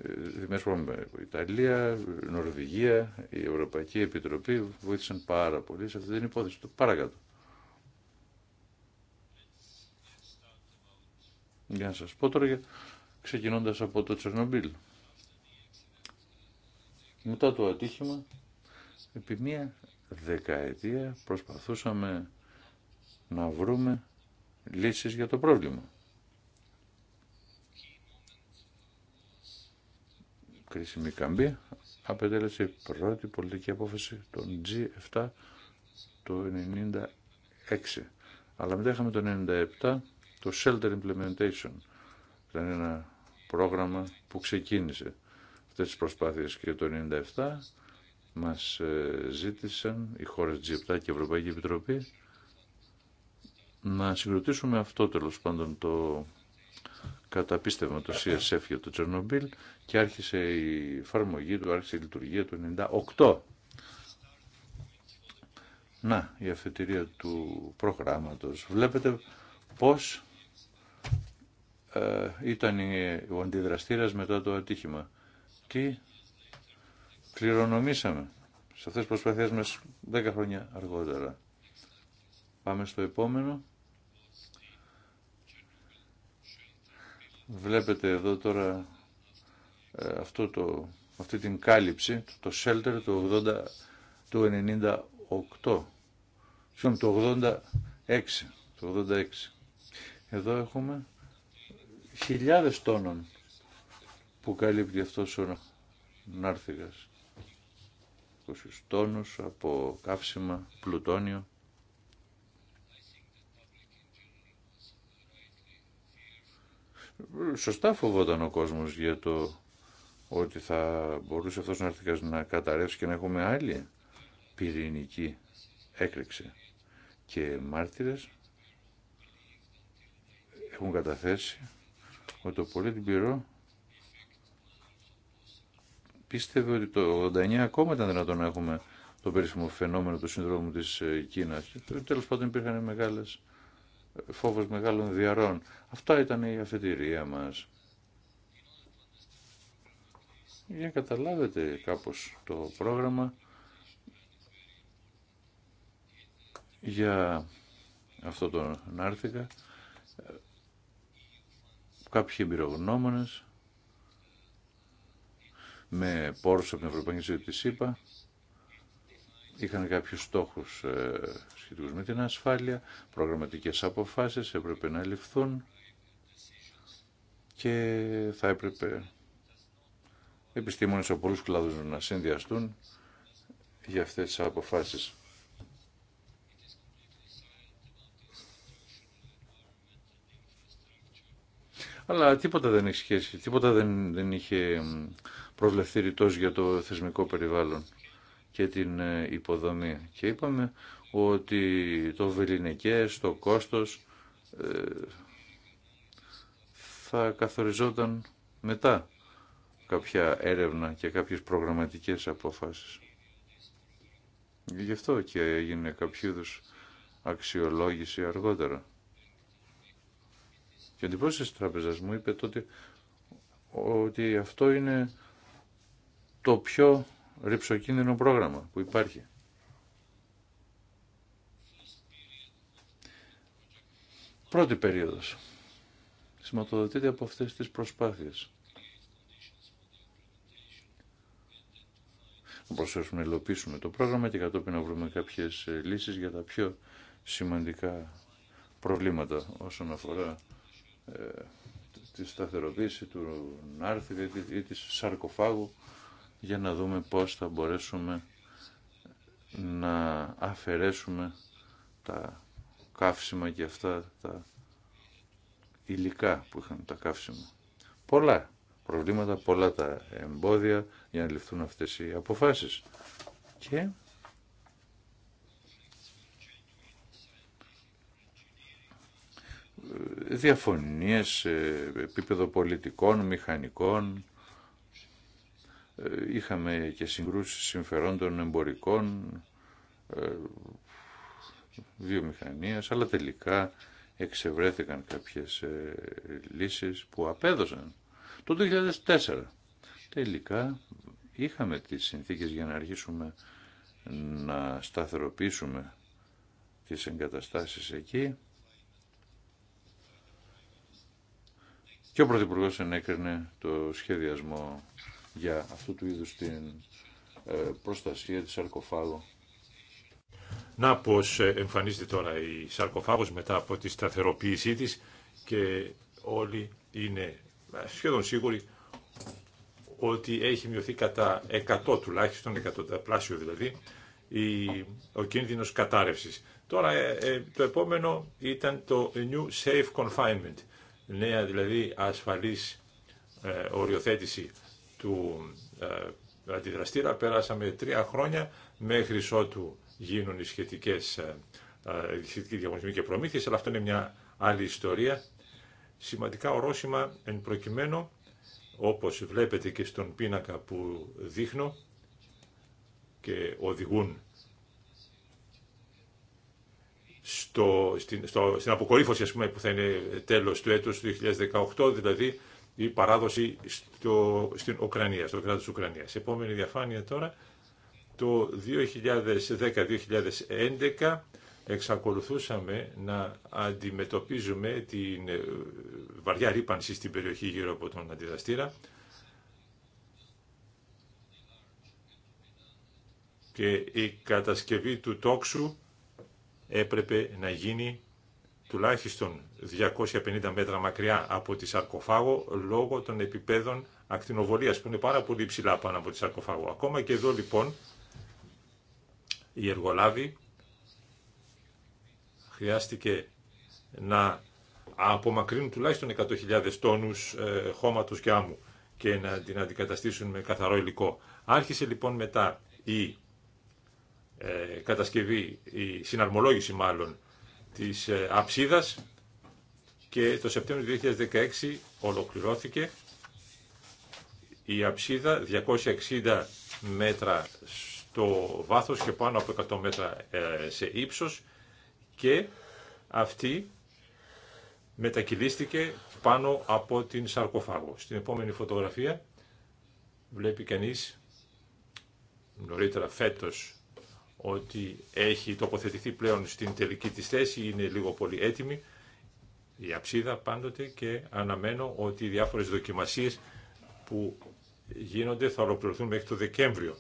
S4: την ε, Ιταλία, Νορβηγία, η Ευρωπαϊκή Επιτροπή βοήθησαν πάρα πολύ σε αυτή την υπόθεση του. Παρακάτω. Για να σας πω τώρα, ξεκινώντας από το Τσερνομπίλ. Μετά το ατύχημα, επί μία δεκαετία προσπαθούσαμε να βρούμε λύσεις για το πρόβλημα. Κρίσιμη καμπή απετέλεσε η πρώτη πολιτική απόφαση των G7 το 96. Αλλά μετά είχαμε το 97. Το Shelter Implementation ήταν ένα πρόγραμμα που ξεκίνησε αυτές τις προσπάθειες και το 1997 μας ε, ζήτησαν οι χώρες G7 και η Ευρωπαϊκή Επιτροπή να συγκροτήσουμε αυτό τέλος πάντων το καταπίστευμα το CSF για το Τσερνομπίλ και άρχισε η εφαρμογή του, άρχισε η λειτουργία του 98. Να, η αφετηρία του προγράμματος. Βλέπετε πώς ε, ήταν ο αντιδραστήρας μετά το ατύχημα. Τι κληρονομήσαμε σε αυτές τις προσπαθίες μας 10 χρόνια αργότερα. Πάμε στο επόμενο. Βλέπετε εδώ τώρα ε, αυτό το, αυτή την κάλυψη, το shelter του 80, του 98, συγγνώμη, του 86, το 86. Εδώ έχουμε χιλιάδες τόνων που καλύπτει αυτός ο νάρθηγας. 20 τόνους από καύσιμα, πλουτόνιο. Σωστά φοβόταν ο κόσμος για το ότι θα μπορούσε αυτός ο νάρθηγας να καταρρεύσει και να έχουμε άλλη πυρηνική έκρηξη. Και μάρτυρες έχουν καταθέσει ότι το Politburo πίστευε ότι το 89 ακόμα ήταν δυνατόν να έχουμε το περίφημο φαινόμενο του συνδρόμου της ε, Κίνας. τέλος πάντων υπήρχαν μεγάλες ε, φόβος μεγάλων διαρών. Αυτά ήταν η αφετηρία μας. Για καταλάβετε κάπως το πρόγραμμα για αυτό το Νάρθηκα κάποιοι εμπειρογνώμονες με πόρους από την Ευρωπαϊκή Ζωή είχαν κάποιους στόχους ε, με την ασφάλεια, προγραμματικές αποφάσεις έπρεπε να ληφθούν και θα έπρεπε επιστήμονες από πολλούς κλάδους να συνδυαστούν για αυτές τις αποφάσεις. αλλά τίποτα δεν έχει σχέση, τίποτα δεν, είχε προβλεφθεί ρητός για το θεσμικό περιβάλλον και την ε, υποδομή. Και είπαμε ότι το βεληνικές, το κόστος ε, θα καθοριζόταν μετά κάποια έρευνα και κάποιες προγραμματικές αποφάσεις. Γι' αυτό και έγινε κάποιο είδου αξιολόγηση αργότερα. Και ο αντιπρόσωπος της τράπεζας μου είπε τότε ότι αυτό είναι το πιο ρηψοκίνδυνο πρόγραμμα που υπάρχει. Πρώτη περίοδος. Σηματοδοτείται από αυτές τις προσπάθειες. Να προσθέσουμε να υλοποιήσουμε το πρόγραμμα και κατόπιν να βρούμε κάποιες λύσεις για τα πιο σημαντικά προβλήματα όσον αφορά ε, τη σταθεροποίηση του Νάρθη ή της σαρκοφάγου για να δούμε πώς θα μπορέσουμε να αφαιρέσουμε τα καύσιμα και αυτά τα υλικά που είχαν τα καύσιμα. Πολλά προβλήματα, πολλά τα εμπόδια για να ληφθούν αυτές οι αποφάσεις. Και διαφωνίες επίπεδο πολιτικών, μηχανικών. Ε, είχαμε και συγκρούσεις συμφερόντων εμπορικών, ε, βιομηχανίας, αλλά τελικά εξευρέθηκαν κάποιες ε, λύσεις που απέδωσαν. Το 2004 τελικά είχαμε τις συνθήκες για να αρχίσουμε να σταθεροποιήσουμε τις εγκαταστάσεις εκεί Και ο Πρωθυπουργό ενέκρινε το σχεδιασμό για αυτού του είδους
S2: την ε, προστασία της σαρκοφάγου. Να πως ε, εμφανίζεται τώρα η σαρκοφάγος μετά από τη σταθεροποίησή της και όλοι είναι ε, σχεδόν σίγουροι ότι έχει μειωθεί κατά 100 τουλάχιστον, 100 πλάσιο δηλαδή, η, ο κίνδυνος κατάρρευσης. Τώρα το επόμενο ήταν το New Safe Confinement νέα δηλαδή ασφαλής ε, οριοθέτηση του ε, αντιδραστήρα. Πέρασαμε τρία χρόνια μέχρι ότου γίνουν οι σχετικές ε, ε διαγωνισμοί και προμήθειες, αλλά αυτό είναι μια άλλη ιστορία. Σημαντικά ορόσημα εν προκειμένου, όπως βλέπετε και στον πίνακα που δείχνω και οδηγούν στο, στην, στο, στην αποκορύφωση ας πούμε, που θα είναι τέλος του έτους του 2018, δηλαδή η παράδοση στο, στην Ουκρανία, στο κράτος της Ουκρανίας. Επόμενη διαφάνεια τώρα, το 2010-2011 εξακολουθούσαμε να αντιμετωπίζουμε την ε, βαριά ρήπανση στην περιοχή γύρω από τον αντιδραστήρα και η κατασκευή του τόξου έπρεπε να γίνει τουλάχιστον 250 μέτρα μακριά από τη σαρκοφάγο λόγω των επιπέδων ακτινοβολίας που είναι πάρα πολύ ψηλά πάνω από τη σαρκοφάγο. Ακόμα και εδώ λοιπόν οι εργολάβοι χρειάστηκε να απομακρύνουν τουλάχιστον 100.000 τόνους ε, χώματος και άμμου και να την αντικαταστήσουν με καθαρό υλικό. Άρχισε λοιπόν μετά η ε, κατασκευή, η συναρμολόγηση μάλλον της ε, αψίδας και το Σεπτέμβριο 2016 ολοκληρώθηκε η αψίδα 260 μέτρα στο βάθος και πάνω από 100 μέτρα ε, σε ύψος και αυτή μετακυλίστηκε πάνω από την σαρκοφάγο. Στην επόμενη φωτογραφία βλέπει κανείς νωρίτερα φέτος ότι έχει τοποθετηθεί πλέον στην τελική της θέση, είναι λίγο πολύ έτοιμη η αψίδα πάντοτε και αναμένω ότι οι διάφορες δοκιμασίες που γίνονται θα ολοκληρωθούν μέχρι το Δεκέμβριο.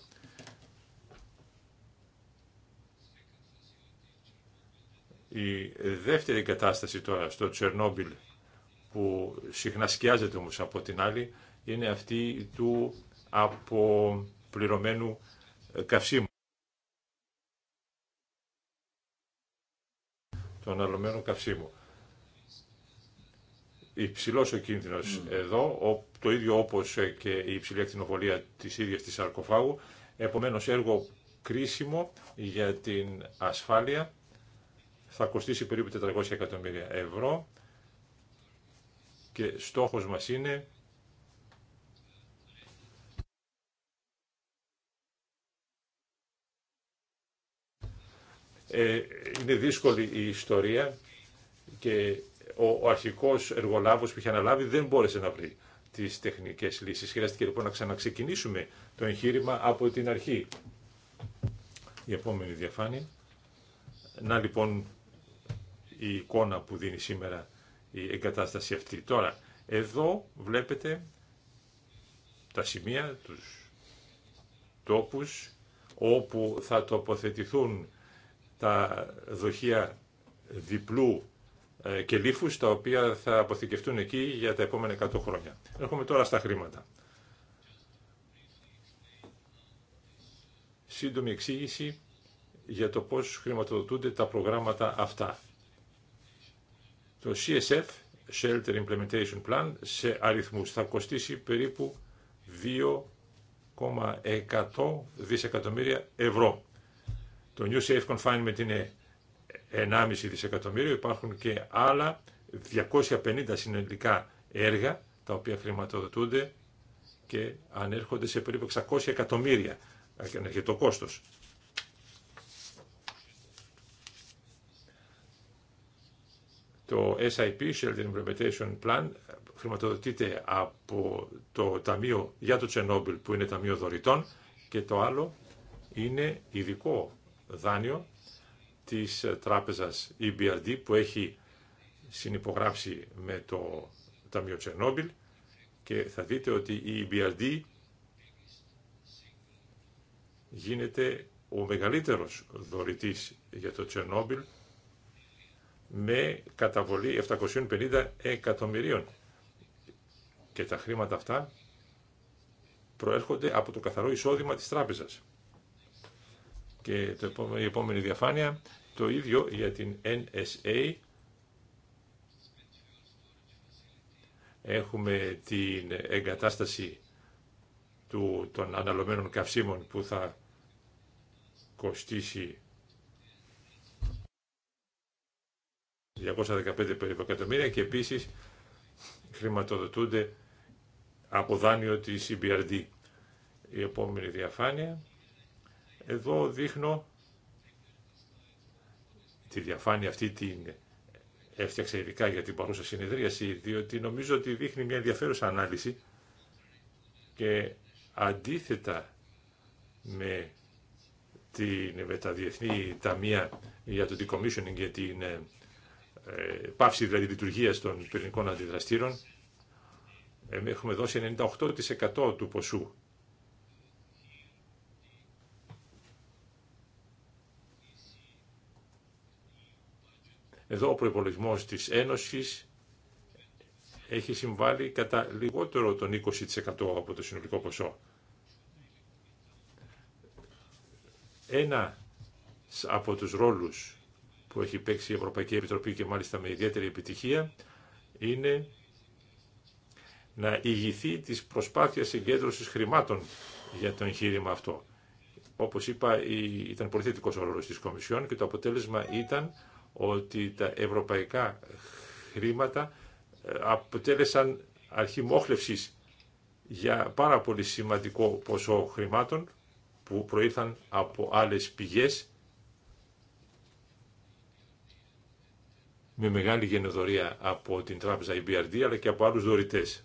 S2: Η δεύτερη κατάσταση τώρα στο Τσερνόμπιλ που συχνά σκιάζεται όμως από την άλλη είναι αυτή του αποπληρωμένου καυσίμου. Το αναλωμένο καυσίμου. Υψηλό ο κίνδυνο mm. εδώ, το ίδιο όπως ε, και η υψηλή ακτινοβολία της ίδιας της σαρκοφάγου, επομένω έργο κρίσιμο για την ασφάλεια, θα κοστίσει περίπου 400 εκατομμύρια ευρώ και στόχος μας είναι Ε, είναι δύσκολη η ιστορία και ο, αρχικός εργολάβος που είχε αναλάβει δεν μπόρεσε να βρει τις τεχνικές λύσεις. Χρειάστηκε λοιπόν να ξαναξεκινήσουμε το εγχείρημα από την αρχή. Η επόμενη διαφάνεια. Να λοιπόν η εικόνα που δίνει σήμερα η εγκατάσταση αυτή. Τώρα, εδώ βλέπετε τα σημεία, τους τόπους όπου θα τοποθετηθούν τα δοχεία διπλού ε, και τα οποία θα αποθηκευτούν εκεί για τα επόμενα 100 χρόνια. Έρχομαι τώρα στα χρήματα. Σύντομη εξήγηση για το πώς χρηματοδοτούνται τα προγράμματα αυτά. Το CSF, Shelter Implementation Plan, σε αριθμούς θα κοστίσει περίπου 2,100 δισεκατομμύρια ευρώ. Το New Safe Confinement είναι 1,5 δισεκατομμύριο. Υπάρχουν και άλλα 250 συνολικά έργα τα οποία χρηματοδοτούνται και ανέρχονται σε περίπου 600 εκατομμύρια και το κόστος. Το SIP, Shelter Implementation Plan, χρηματοδοτείται από το Ταμείο για το Τσενόμπιλ που είναι Ταμείο Δωρητών και το άλλο είναι ειδικό δάνειο της τράπεζας EBRD που έχει συνυπογράψει με το Ταμείο Τσερνόμπιλ και θα δείτε ότι η EBRD γίνεται ο μεγαλύτερος δωρητής για το Τσερνόμπιλ με καταβολή 750 εκατομμυρίων. Και τα χρήματα αυτά προέρχονται από το καθαρό εισόδημα της τράπεζας. Και το επόμενο, η επόμενη διαφάνεια, το ίδιο για την NSA. Έχουμε την εγκατάσταση του, των αναλωμένων καυσίμων που θα κοστίσει 215 περίπου εκατομμύρια και επίσης χρηματοδοτούνται από δάνειο της CBRD. Η επόμενη διαφάνεια εδώ δείχνω τη διαφάνεια αυτή την έφτιαξα ειδικά για την παρούσα συνεδρίαση, διότι νομίζω ότι δείχνει μια ενδιαφέρουσα ανάλυση και αντίθετα με, την, μεταδιεθνή τα διεθνή ταμεία για το decommissioning για την ε, πάυση δηλαδή λειτουργίας των πυρηνικών αντιδραστήρων, έχουμε δώσει 98% του ποσού Εδώ ο προπολογισμό της Ένωση έχει συμβάλει κατά λιγότερο των 20% από το συνολικό ποσό. Ένα από τους ρόλους που έχει παίξει η Ευρωπαϊκή Επιτροπή και μάλιστα με ιδιαίτερη επιτυχία είναι να ηγηθεί της προσπάθειας συγκέντρωσης χρημάτων για το εγχείρημα αυτό. Όπως είπα, ήταν θετικό ο ρόλος της Κομισιόν και το αποτέλεσμα ήταν ότι τα ευρωπαϊκά χρήματα ε, αποτέλεσαν αρχή για πάρα πολύ σημαντικό ποσό χρημάτων που προήλθαν από άλλες πηγές με μεγάλη γενοδορία από την τράπεζα EBRD αλλά και από άλλους δωρητές.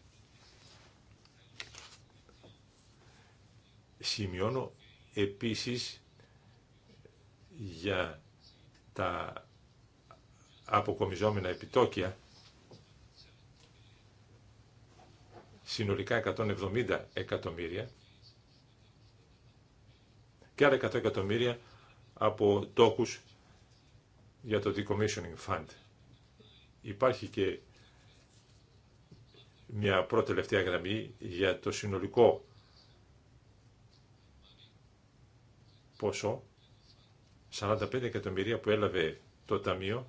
S2: Σημειώνω επίσης για τα αποκομιζόμενα επιτόκια συνολικά 170 εκατομμύρια και άλλα 100 εκατομμύρια από τόκους για το Decommissioning Fund. Υπάρχει και μια πρώτη τελευταία γραμμή για το συνολικό πόσο 45 εκατομμύρια που έλαβε το Ταμείο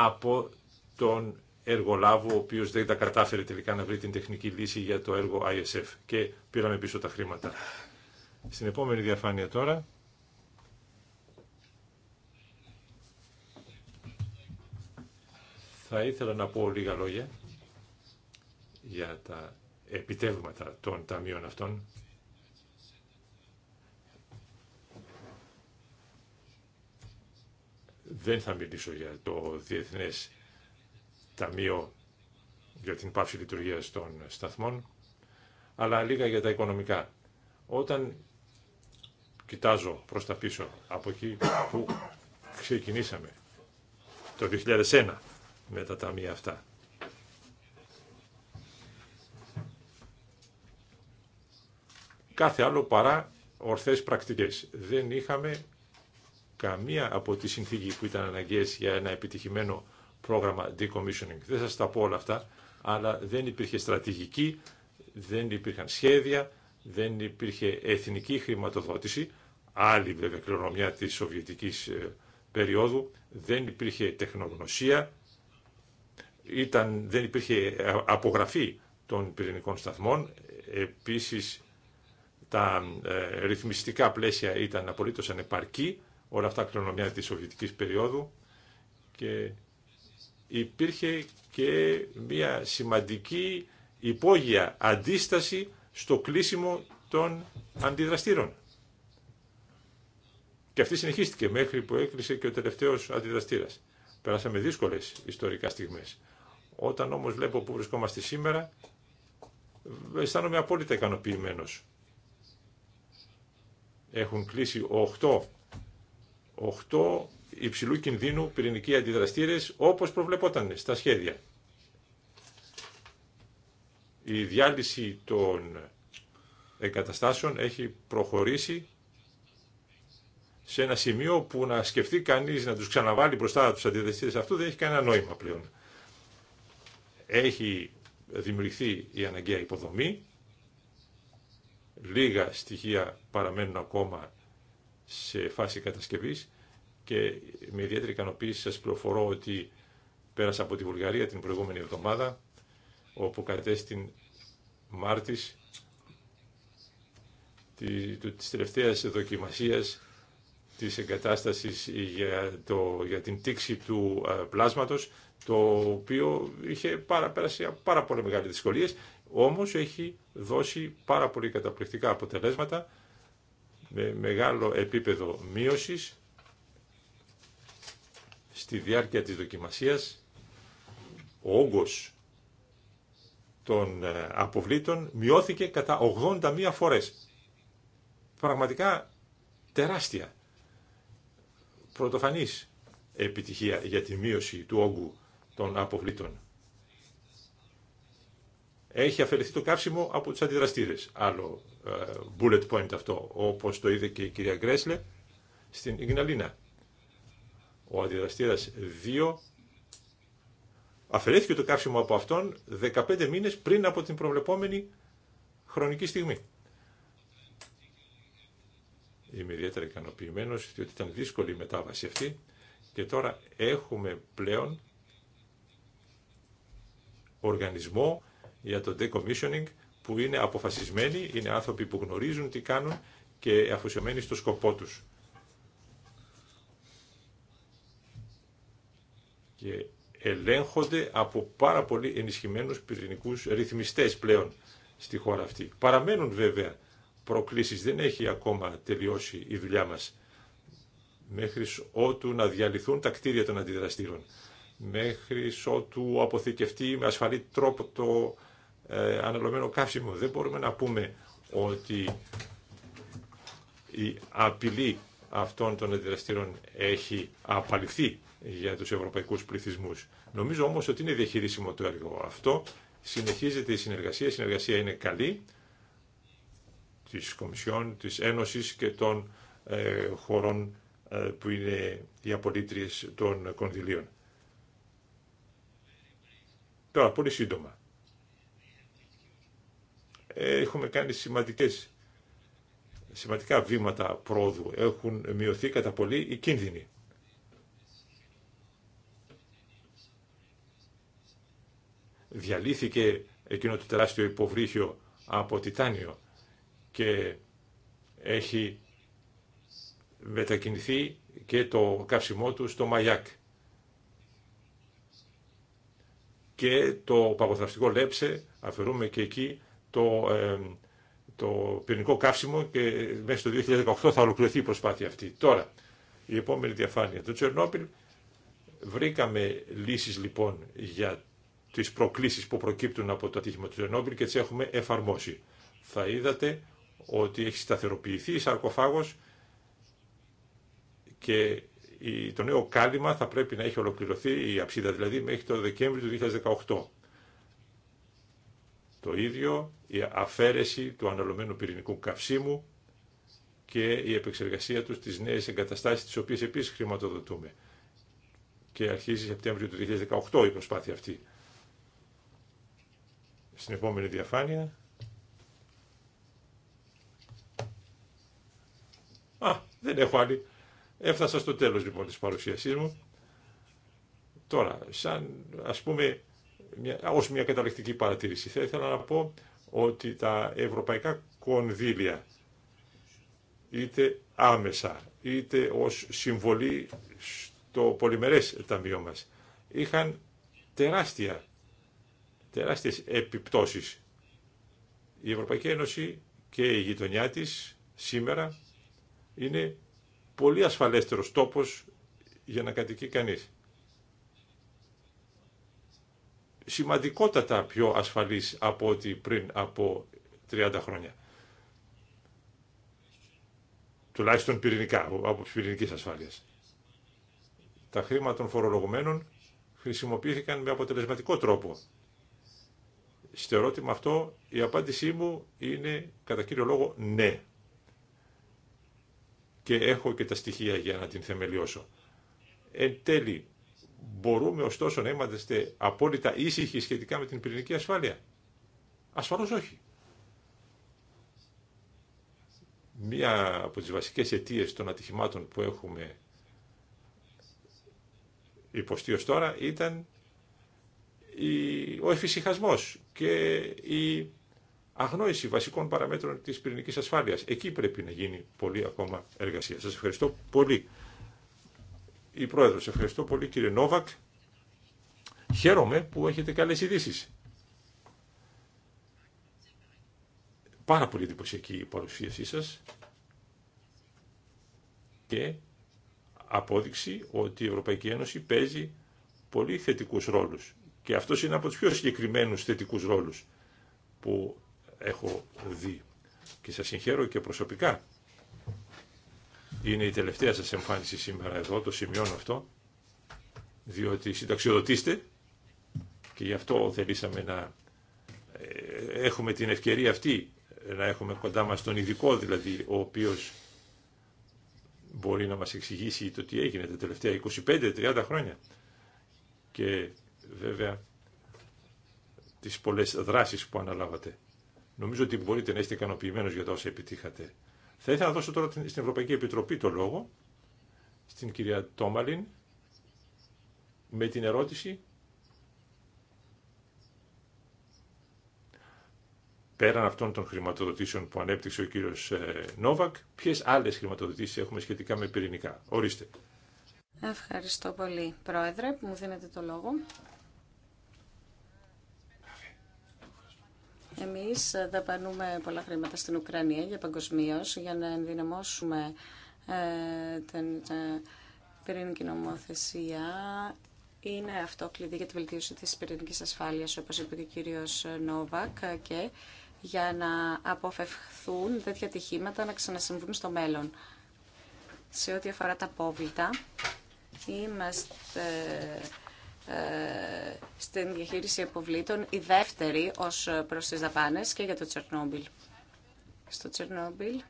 S2: από τον εργολάβο ο οποίος δεν τα κατάφερε τελικά να βρει την τεχνική λύση για το έργο ISF και πήραμε πίσω τα χρήματα. Στην επόμενη διαφάνεια τώρα θα ήθελα να πω λίγα λόγια για τα επιτεύγματα των ταμείων αυτών Δεν θα μιλήσω για το Διεθνές Ταμείο για την πάυση λειτουργία των σταθμών, αλλά λίγα για τα οικονομικά. Όταν κοιτάζω προς τα πίσω, από εκεί που ξεκινήσαμε, το 2001 με τα ταμεία αυτά. Κάθε άλλο παρά ορθές πρακτικές. Δεν είχαμε καμία από τις συνθήκες που ήταν αναγκαίες για ένα επιτυχημένο πρόγραμμα decommissioning. Δεν σας τα πω όλα αυτά, αλλά δεν υπήρχε στρατηγική, δεν υπήρχαν σχέδια, δεν υπήρχε εθνική χρηματοδότηση, άλλη βέβαια κληρονομιά της Σοβιετικής ε, περίοδου, δεν υπήρχε τεχνογνωσία, ήταν, δεν υπήρχε ε, απογραφή των πυρηνικών σταθμών, επίσης τα ε, ρυθμιστικά πλαίσια ήταν απολύτως ανεπαρκή όλα αυτά κληρονομιά της Σοβιετικής περίοδου και υπήρχε και μια σημαντική υπόγεια αντίσταση στο κλείσιμο των αντιδραστήρων. Και αυτή συνεχίστηκε μέχρι που έκλεισε και ο τελευταίος αντιδραστήρας. Περάσαμε δύσκολες ιστορικά στιγμές. Όταν όμως βλέπω που βρισκόμαστε σήμερα, αισθάνομαι απόλυτα ικανοποιημένος. Έχουν κλείσει 8 8 υψηλού κινδύνου πυρηνικοί αντιδραστήρες όπως προβλεπόταν στα σχέδια. Η διάλυση των εγκαταστάσεων έχει προχωρήσει σε ένα σημείο που να σκεφτεί κανείς να τους ξαναβάλει μπροστά τους αντιδραστήρες αυτού δεν έχει κανένα νόημα πλέον. Έχει δημιουργηθεί η αναγκαία υποδομή, λίγα στοιχεία παραμένουν ακόμα σε φάση κατασκευής και με ιδιαίτερη ικανοποίηση σας προφορώ ότι πέρασα από τη Βουλγαρία την προηγούμενη εβδομάδα όπου κατέστην Μάρτης της τελευταίας δοκιμασίας της εγκατάστασης για, το, για την τήξη του πλάσματος, το οποίο είχε πάρα, πέρασε πάρα πολύ μεγάλες δυσκολίες, όμως έχει δώσει πάρα πολύ καταπληκτικά αποτελέσματα με μεγάλο επίπεδο μείωσης στη διάρκεια της δοκιμασίας ο όγκος των ε, αποβλήτων μειώθηκε κατά 81 φορές. Πραγματικά τεράστια, πρωτοφανής επιτυχία για τη μείωση του όγκου των αποβλήτων έχει αφαιρεθεί το καύσιμο από τους αντιδραστήρες. Άλλο ε, bullet point αυτό, όπως το είδε και η κυρία Γκρέσλε στην Ιγναλίνα. Ο αντιδραστήρας 2 αφαιρέθηκε το καύσιμο από αυτόν 15 μήνες πριν από την προβλεπόμενη χρονική στιγμή. Είμαι ιδιαίτερα ικανοποιημένο διότι ήταν δύσκολη η μετάβαση αυτή και τώρα έχουμε πλέον οργανισμό για το decommissioning που είναι αποφασισμένοι, είναι άνθρωποι που γνωρίζουν τι κάνουν και αφοσιωμένοι στο σκοπό τους. Και ελέγχονται από πάρα πολύ ενισχυμένους πυρηνικούς ρυθμιστές πλέον στη χώρα αυτή. Παραμένουν βέβαια προκλήσεις, δεν έχει ακόμα τελειώσει η δουλειά μας μέχρι ότου να διαλυθούν τα κτίρια των αντιδραστήρων, μέχρι ότου αποθηκευτεί με ασφαλή τρόπο το ε, αναλωμένο καύσιμο. Δεν μπορούμε να πούμε ότι η απειλή αυτών των αντιδραστήρων έχει απαλληφθεί για τους ευρωπαϊκούς πληθυσμούς. Νομίζω όμως ότι είναι διαχειρίσιμο το έργο αυτό. Συνεχίζεται η συνεργασία. Η συνεργασία είναι καλή της Κομισιόν, της Ένωσης και των ε, χωρών ε, που είναι οι απολύτριες των κονδυλίων. Τώρα, πολύ σύντομα. Ε, έχουμε κάνει σημαντικές, σημαντικά βήματα πρόοδου. Έχουν μειωθεί κατά πολύ οι κίνδυνοι. Διαλύθηκε εκείνο το τεράστιο υποβρύχιο από τιτάνιο και έχει μετακινηθεί και το καψιμό του στο Μαγιάκ. Και το παγωθραυστικό Λέψε αφαιρούμε και εκεί το, ε, το πυρηνικό καύσιμο και μέσα στο 2018 θα ολοκληρωθεί η προσπάθεια αυτή. Τώρα, η επόμενη διαφάνεια. του Τσερνόπιλ βρήκαμε λύσεις λοιπόν για τις προκλήσεις που προκύπτουν από το ατύχημα του Τσερνόπιλ και τις έχουμε εφαρμόσει. Θα είδατε ότι έχει σταθεροποιηθεί η σαρκοφάγος και το νέο κάλυμα θα πρέπει να έχει ολοκληρωθεί η αψίδα δηλαδή μέχρι το Δεκέμβριο του 2018. Το ίδιο η αφαίρεση του αναλωμένου πυρηνικού καυσίμου και η επεξεργασία του στις νέες εγκαταστάσεις τις οποίες επίσης χρηματοδοτούμε. Και αρχίζει Σεπτέμβριο του 2018 η προσπάθεια αυτή. Στην επόμενη διαφάνεια. Α, δεν έχω άλλη. Έφτασα στο τέλος λοιπόν της παρουσίασής μου. Τώρα, σαν ας πούμε μια, ως μια καταληκτική παρατήρηση. Θα ήθελα να πω ότι τα ευρωπαϊκά κονδύλια είτε άμεσα είτε ως συμβολή στο πολυμερές ταμείο μας είχαν τεράστια τεράστιες επιπτώσεις. Η Ευρωπαϊκή Ένωση και η γειτονιά της σήμερα είναι πολύ ασφαλέστερος τόπος για να κατοικεί κανείς. σημαντικότατα πιο ασφαλής από ό,τι πριν από 30 χρόνια. Τουλάχιστον πυρηνικά, από πυρηνική πυρηνικές Τα χρήματα των φορολογουμένων χρησιμοποιήθηκαν με αποτελεσματικό τρόπο. Στο ερώτημα αυτό η απάντησή μου είναι κατά κύριο λόγο ναι. Και έχω και τα στοιχεία για να την θεμελιώσω. Εν τέλει, Μπορούμε ωστόσο να είμαστε απόλυτα ήσυχοι σχετικά με την πυρηνική ασφάλεια. Ασφαλώς όχι. Μία από τις βασικές αιτίες των ατυχημάτων που έχουμε υποστεί ως τώρα ήταν ο εφησυχασμός και η αγνόηση βασικών παραμέτρων της πυρηνικής ασφάλειας. Εκεί πρέπει να γίνει πολύ ακόμα εργασία. Σας ευχαριστώ πολύ η Πρόεδρος. Ευχαριστώ πολύ κύριε Νόβακ. Χαίρομαι που έχετε καλές ειδήσει. Πάρα πολύ εντυπωσιακή η παρουσίασή σας και απόδειξη ότι η Ευρωπαϊκή Ένωση παίζει πολύ θετικούς ρόλους. Και αυτός είναι από τους πιο συγκεκριμένους θετικούς ρόλους που έχω δει. Και σας συγχαίρω και προσωπικά είναι η τελευταία σας εμφάνιση σήμερα εδώ, το σημειώνω αυτό, διότι συνταξιοδοτήστε και γι' αυτό θελήσαμε να ε, έχουμε την ευκαιρία αυτή, να έχουμε κοντά μας τον ειδικό δηλαδή, ο οποίος μπορεί να μας εξηγήσει το τι έγινε τα τελευταία 25-30 χρόνια. Και βέβαια τις πολλές δράσεις που αναλάβατε. Νομίζω ότι μπορείτε να είστε ικανοποιημένος για τα όσα επιτύχατε. Θα ήθελα να δώσω τώρα στην Ευρωπαϊκή Επιτροπή το λόγο, στην κυρία Τόμαλιν, με την ερώτηση πέραν αυτών των χρηματοδοτήσεων που ανέπτυξε ο κύριος ε, Νόβακ, ποιες άλλες χρηματοδοτήσεις έχουμε σχετικά με πυρηνικά. Ορίστε.
S3: Ευχαριστώ πολύ, Πρόεδρε, που μου δίνετε το λόγο. Εμείς δαπανούμε πολλά χρήματα στην Ουκρανία για παγκοσμίω για να ενδυναμώσουμε ε, την ε, πυρηνική νομοθεσία. Είναι αυτό κλειδί για τη βελτίωση της πυρηνικής ασφάλειας, όπως είπε και ο κύριος Νόβακ, και για να αποφευχθούν τέτοια ατυχήματα να ξανασυμβούν στο μέλλον. Σε ό,τι αφορά τα απόβλητα, είμαστε ε, στην διαχείριση αποβλήτων, η δεύτερη ως προς τις δαπάνες και για το Τσερνόμπιλ. Στο Τσερνόμπιλ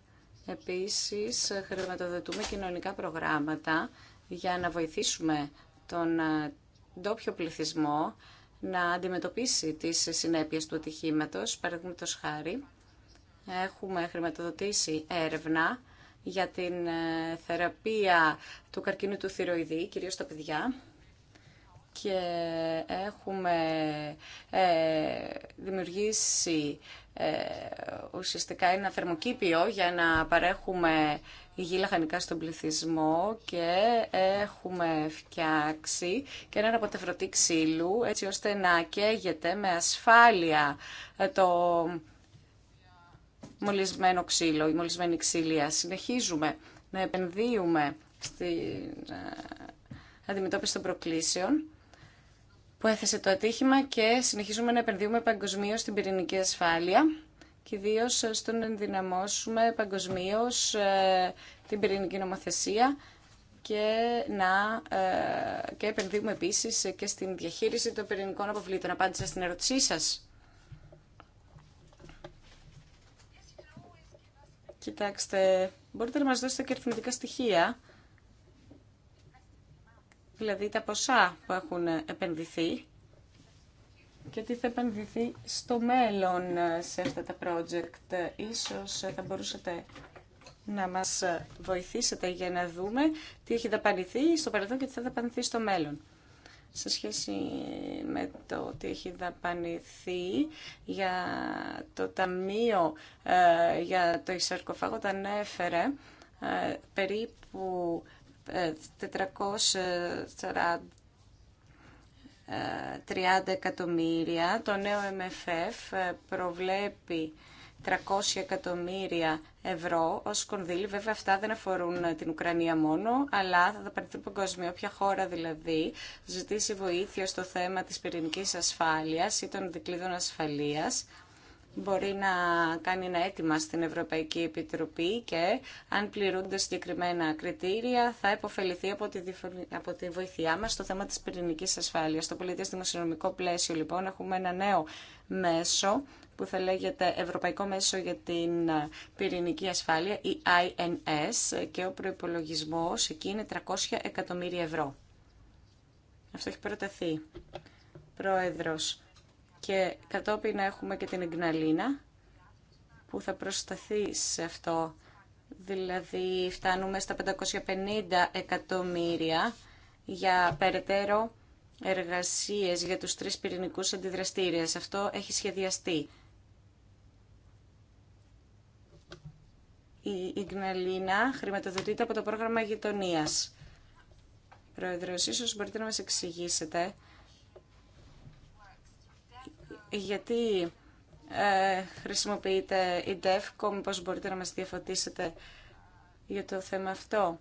S3: επίσης χρηματοδοτούμε κοινωνικά προγράμματα για να βοηθήσουμε τον ε, ντόπιο πληθυσμό να αντιμετωπίσει τις συνέπειες του ατυχήματος, παραδείγματο χάρη. Έχουμε χρηματοδοτήσει έρευνα για την ε, θεραπεία του καρκίνου του θυροειδή, κυρίως στα παιδιά, και έχουμε ε, δημιουργήσει ε, ουσιαστικά ένα θερμοκήπιο για να παρέχουμε υγιή λαχανικά στον πληθυσμό και έχουμε φτιάξει και έναν αποτεφρωτή ξύλου έτσι ώστε να καίγεται με ασφάλεια ε, το μολυσμένο ξύλο, η μολυσμένη ξύλια. Συνεχίζουμε να επενδύουμε στην αντιμετώπιση των προκλήσεων που έθεσε το ατύχημα και συνεχίζουμε να επενδύουμε παγκοσμίω στην πυρηνική ασφάλεια και ιδίω στο να ενδυναμώσουμε παγκοσμίω ε, την πυρηνική νομοθεσία και να ε, και επενδύουμε επίσης και στην διαχείριση των πυρηνικών αποβλήτων. Απάντησα στην ερώτησή σα. Κοιτάξτε, μπορείτε να μας δώσετε και αριθμητικά στοιχεία δηλαδή τα ποσά που έχουν επενδυθεί και τι θα επενδυθεί στο μέλλον σε αυτά τα project. Ίσως θα μπορούσατε να μας βοηθήσετε για να δούμε τι έχει δαπανηθεί στο παρελθόν και τι θα δαπανηθεί στο μέλλον. Σε σχέση με το τι έχει δαπανηθεί για το Ταμείο ε, για το εισαρκοφάγο, τα ανέφερε ε, περίπου 430 ε, ε, εκατομμύρια. Το νέο MFF ε, προβλέπει 300 εκατομμύρια ευρώ ως κονδύλι. Βέβαια αυτά δεν αφορούν την Ουκρανία μόνο, αλλά θα τα παρθεί Όποια χώρα δηλαδή ζητήσει βοήθεια στο θέμα της πυρηνικής ασφάλειας ή των δικλείδων ασφαλείας, μπορεί να κάνει ένα αίτημα στην Ευρωπαϊκή Επιτροπή και αν πληρούνται συγκεκριμένα κριτήρια θα υποφεληθεί από τη, βοήθειά μας στο θέμα της πυρηνικής ασφάλειας. Στο πολιτικό δημοσιονομικό πλαίσιο λοιπόν έχουμε ένα νέο μέσο που θα λέγεται Ευρωπαϊκό Μέσο για την Πυρηνική Ασφάλεια, η INS, και ο προπολογισμό εκεί είναι 300 εκατομμύρια ευρώ. Αυτό έχει προτεθεί. Πρόεδρος, και κατόπιν έχουμε και την Ιγναλίνα που θα προσταθεί σε αυτό. Δηλαδή φτάνουμε στα 550 εκατομμύρια για περαιτέρω εργασίες για τους τρεις πυρηνικούς αντιδραστήριες. Αυτό έχει σχεδιαστεί. Η Ιγναλίνα χρηματοδοτείται από το πρόγραμμα γειτονίας. Πρόεδρος, ίσως μπορείτε να μας εξηγήσετε γιατί ε, χρησιμοποιείτε η DEFCO, μήπως μπορείτε να μας διαφωτίσετε για το θέμα αυτό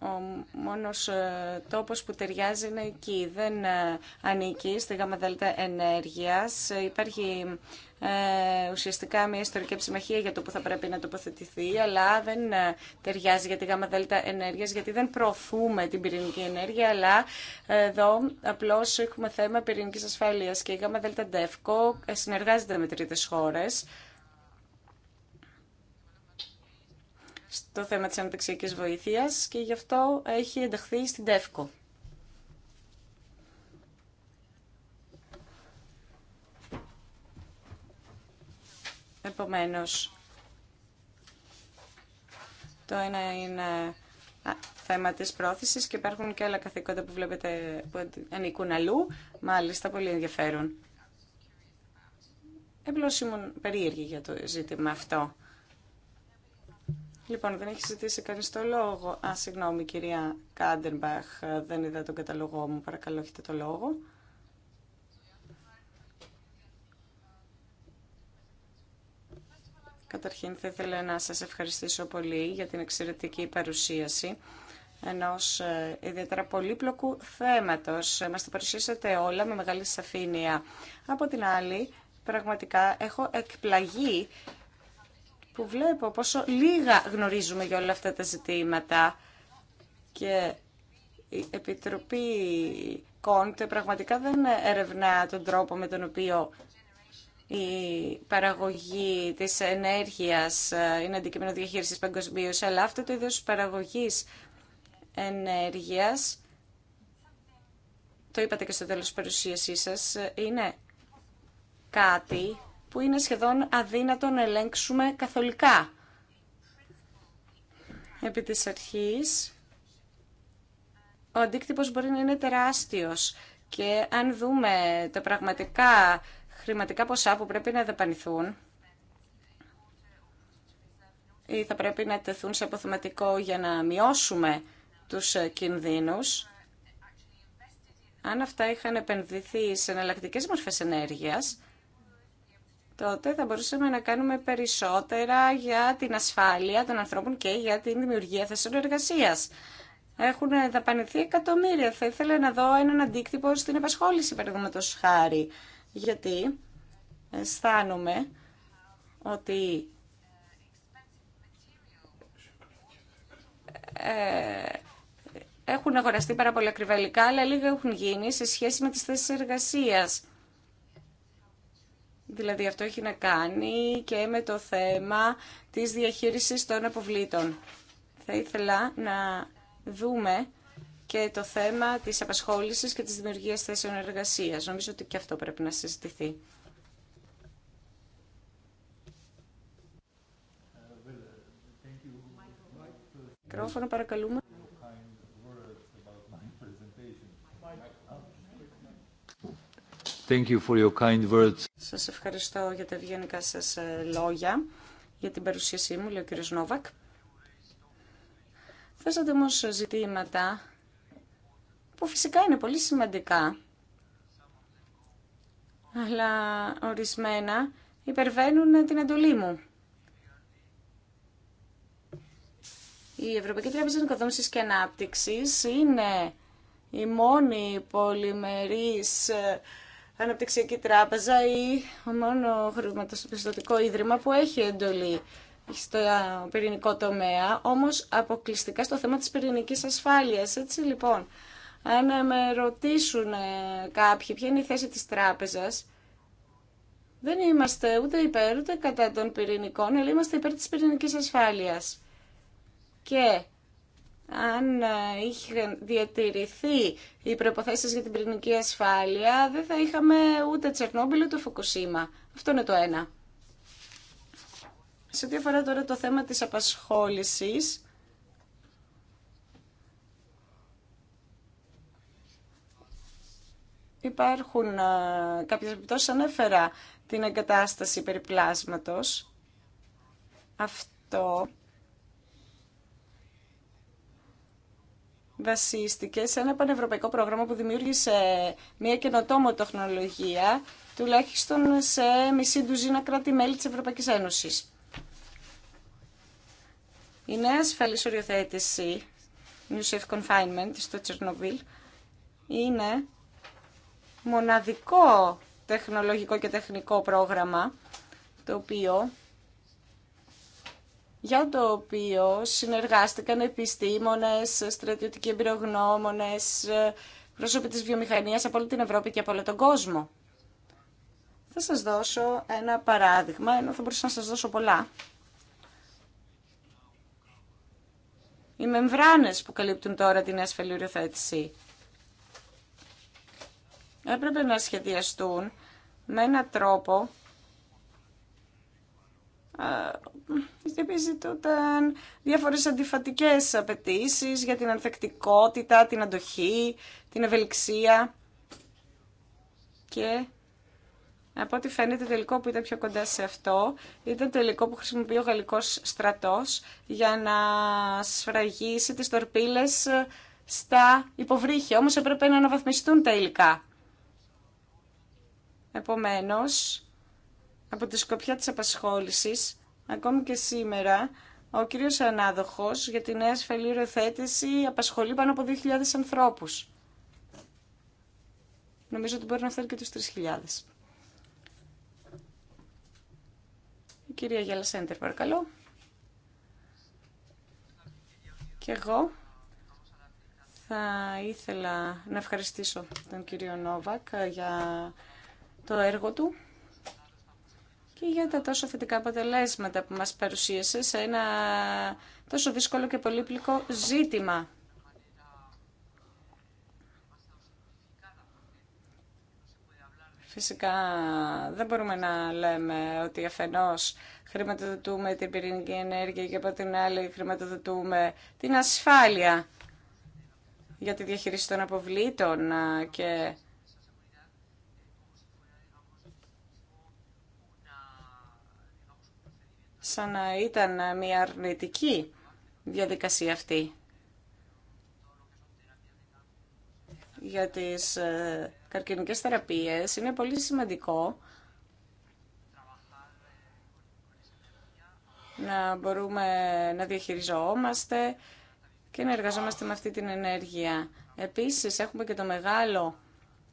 S3: ο μόνος ε, τόπος που ταιριάζει είναι εκεί. Δεν ε, ανήκει στη γαμαδέλτα ενέργειας. Υπάρχει ε, ουσιαστικά μια ιστορική ψημαχία για το που θα πρέπει να τοποθετηθεί, αλλά δεν ταιριάζει για τη γαμαδέλτα ενέργειας, γιατί δεν προωθούμε την πυρηνική ενέργεια, αλλά εδώ απλώς έχουμε θέμα πυρηνικής ασφάλειας και η γαμαδέλτα συνεργάζεται με τρίτες χώρες στο θέμα της αναπτυξιακής βοήθειας και γι' αυτό έχει ενταχθεί στην ΤΕΦΚΟ. Επομένως, το ένα είναι θέμα της πρόθεσης και υπάρχουν και άλλα καθήκοντα που βλέπετε που ανήκουν αλλού, μάλιστα πολύ ενδιαφέρον. Εμπλώς ήμουν περίεργη για το ζήτημα αυτό. Λοιπόν, δεν έχει ζητήσει κανεί το λόγο. Α, συγγνώμη, κυρία Κάντερμπαχ, δεν είδα τον καταλογό μου. Παρακαλώ, έχετε το λόγο. Καταρχήν, θα ήθελα να σας ευχαριστήσω πολύ για την εξαιρετική παρουσίαση ενός ε, ιδιαίτερα πολύπλοκου θέματος. Μας τα παρουσίασατε όλα με μεγάλη σαφήνεια. Από την άλλη, πραγματικά έχω εκπλαγεί που βλέπω πόσο λίγα γνωρίζουμε για όλα αυτά τα ζητήματα και η Επιτροπή Κόντ πραγματικά δεν ερευνά τον τρόπο με τον οποίο η παραγωγή της ενέργειας ε, είναι αντικείμενο διαχείρισης παγκοσμίω, αλλά αυτό το είδος παραγωγής ενέργειας, το είπατε και στο τέλος της παρουσίασής σας, ε, είναι κάτι που είναι σχεδόν αδύνατο να ελέγξουμε καθολικά. Επί της αρχής, ο αντίκτυπος μπορεί να είναι τεράστιος και αν δούμε τα πραγματικά χρηματικά ποσά που πρέπει να δεπανηθούν ή θα πρέπει να τεθούν σε αποθεματικό για να μειώσουμε τους κινδύνους, αν αυτά είχαν επενδυθεί σε εναλλακτικέ μορφές ενέργειας, τότε θα μπορούσαμε να κάνουμε περισσότερα για την ασφάλεια των ανθρώπων και για την δημιουργία θέσεων εργασία. Έχουν δαπανηθεί εκατομμύρια. Θα ήθελα να δω έναν αντίκτυπο στην επασχόληση, παραδείγματο χάρη. Γιατί αισθάνομαι ότι ε, έχουν αγοραστεί πάρα πολλά κρυβελικά, αλλά λίγα έχουν γίνει σε σχέση με τις θέσεις εργασίας. Δηλαδή αυτό έχει να κάνει και με το θέμα της διαχείρισης των αποβλήτων. Θα ήθελα να δούμε και το θέμα της απασχόλησης και της δημιουργίας θέσεων εργασίας. Νομίζω ότι και αυτό πρέπει να συζητηθεί.
S1: Μικρόφωνο παρακαλούμε.
S3: Σας ευχαριστώ για τα ευγενικά σας ε, λόγια, για την παρουσίασή μου, λέει ο κύριος Νόβακ. Θέσατε όμω ζητήματα που φυσικά είναι πολύ σημαντικά, αλλά ορισμένα υπερβαίνουν την εντολή μου. Η Ευρωπαϊκή Τράπεζα Οικοδόμησης και Ανάπτυξης είναι η μόνη πολυμερής ε, αναπτυξιακή τράπεζα ή μόνο χρηματοπιστωτικό ίδρυμα που έχει εντολή στο πυρηνικό τομέα, όμως αποκλειστικά στο θέμα της πυρηνικής ασφάλειας. Έτσι λοιπόν, αν με ρωτήσουν ε, κάποιοι ποια είναι η θέση της τράπεζας, δεν είμαστε ούτε υπέρ ούτε κατά των πυρηνικών, αλλά είμαστε υπέρ της πυρηνικής ασφάλειας. Και αν ε, είχαν διατηρηθεί οι προϋποθέσεις για την πυρηνική ασφάλεια, δεν θα είχαμε ούτε Τσερνόμπιλ ούτε Φουκουσίμα. Αυτό είναι το ένα. Σε ό,τι αφορά τώρα το θέμα της απασχόλησης, υπάρχουν ε, κάποιες επιπτώσεις, ανέφερα την εγκατάσταση περιπλάσματος. Αυτό βασίστηκε σε ένα πανευρωπαϊκό πρόγραμμα που δημιούργησε μια καινοτόμο τεχνολογία τουλάχιστον σε μισή ντουζίνα κράτη-μέλη της Ευρωπαϊκής Ένωσης. Η νέα ασφαλής οριοθέτηση, New Safe Confinement στο Τσερνοβίλ, είναι μοναδικό τεχνολογικό και τεχνικό πρόγραμμα το οποίο για το οποίο συνεργάστηκαν επιστήμονες, στρατιωτικοί εμπειρογνώμονες, πρόσωποι της βιομηχανίας από όλη την Ευρώπη και από όλο τον κόσμο. Θα σας δώσω ένα παράδειγμα, ενώ θα μπορούσα να σας δώσω πολλά. Οι μεμβράνες που καλύπτουν τώρα την ασφαλή οριοθέτηση έπρεπε να σχεδιαστούν με έναν τρόπο ε, οι ταν διάφορες αντιφατικές απαιτήσει για την ανθεκτικότητα, την αντοχή, την ευελιξία και από ό,τι φαίνεται το υλικό που ήταν πιο κοντά σε αυτό ήταν το υλικό που χρησιμοποιεί ο γαλλικός στρατός για να σφραγίσει τις τορπίλες στα υποβρύχια. Όμως έπρεπε να αναβαθμιστούν τα υλικά. Επομένως, από τη σκοπιά της απασχόλησης, ακόμη και σήμερα, ο κύριος Ανάδοχος για τη νέα ασφαλή ροθέτηση απασχολεί πάνω από 2.000 ανθρώπους. Νομίζω ότι μπορεί να φέρει και τους 3.000. Η κυρία Γιάλα Σέντερ, παρακαλώ. Και εγώ θα ήθελα να ευχαριστήσω τον κύριο Νόβακ ε, για το έργο του και για τα τόσο θετικά αποτελέσματα που μας παρουσίασε σε ένα τόσο δύσκολο και πολύπλοκο ζήτημα. Φυσικά δεν μπορούμε να λέμε ότι αφενός χρηματοδοτούμε την πυρηνική ενέργεια και από την άλλη χρηματοδοτούμε την ασφάλεια για τη διαχείριση των αποβλήτων και σαν να ήταν μια αρνητική διαδικασία αυτή για τις ε, καρκινικές θεραπείες είναι πολύ σημαντικό να μπορούμε να διαχειριζόμαστε και να εργαζόμαστε με αυτή την ενέργεια. Επίσης έχουμε και το μεγάλο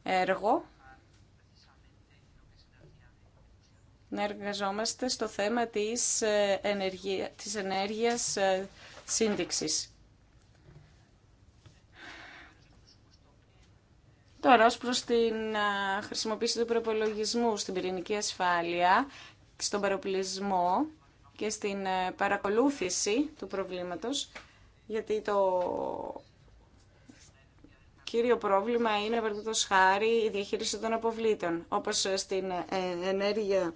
S3: έργο να εργαζόμαστε στο θέμα της, ε, ενεργεια, της ενέργειας ε, σύνδεξης. Τώρα, ως προς την χρησιμοποίηση του προπολογισμού στην πυρηνική ασφάλεια, στον παροπλισμό και στην ε, παρακολούθηση του προβλήματος, γιατί το κύριο πρόβλημα είναι, παραδείγματος χάρη, η διαχείριση των αποβλήτων, όπως στην ενέργεια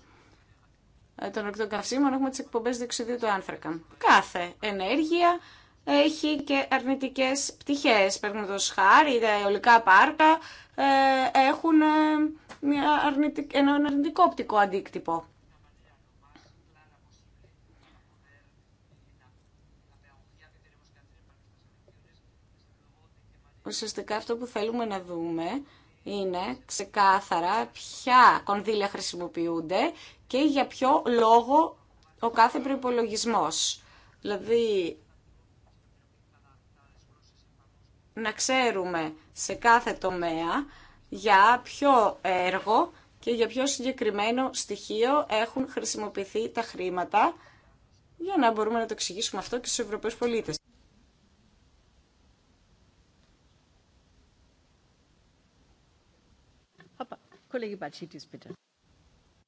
S3: ε, των ορεικτών καυσίμων έχουμε τις εκπομπές διοξιδίου του άνθρακα. Κάθε ενέργεια έχει και αρνητικές πτυχές. το χάρη, τα αιωλικά πάρκα ε, έχουν ε, μια ένα αρνητικό οπτικό αντίκτυπο. Ουσιαστικά αυτό που θέλουμε να δούμε είναι ξεκάθαρα ποια κονδύλια χρησιμοποιούνται και για ποιο λόγο ο κάθε προπολογισμό. Δηλαδή, να ξέρουμε σε κάθε τομέα για ποιο έργο και για ποιο συγκεκριμένο στοιχείο έχουν χρησιμοποιηθεί τα χρήματα για να μπορούμε να το εξηγήσουμε αυτό και στους Ευρωπαίους πολίτες.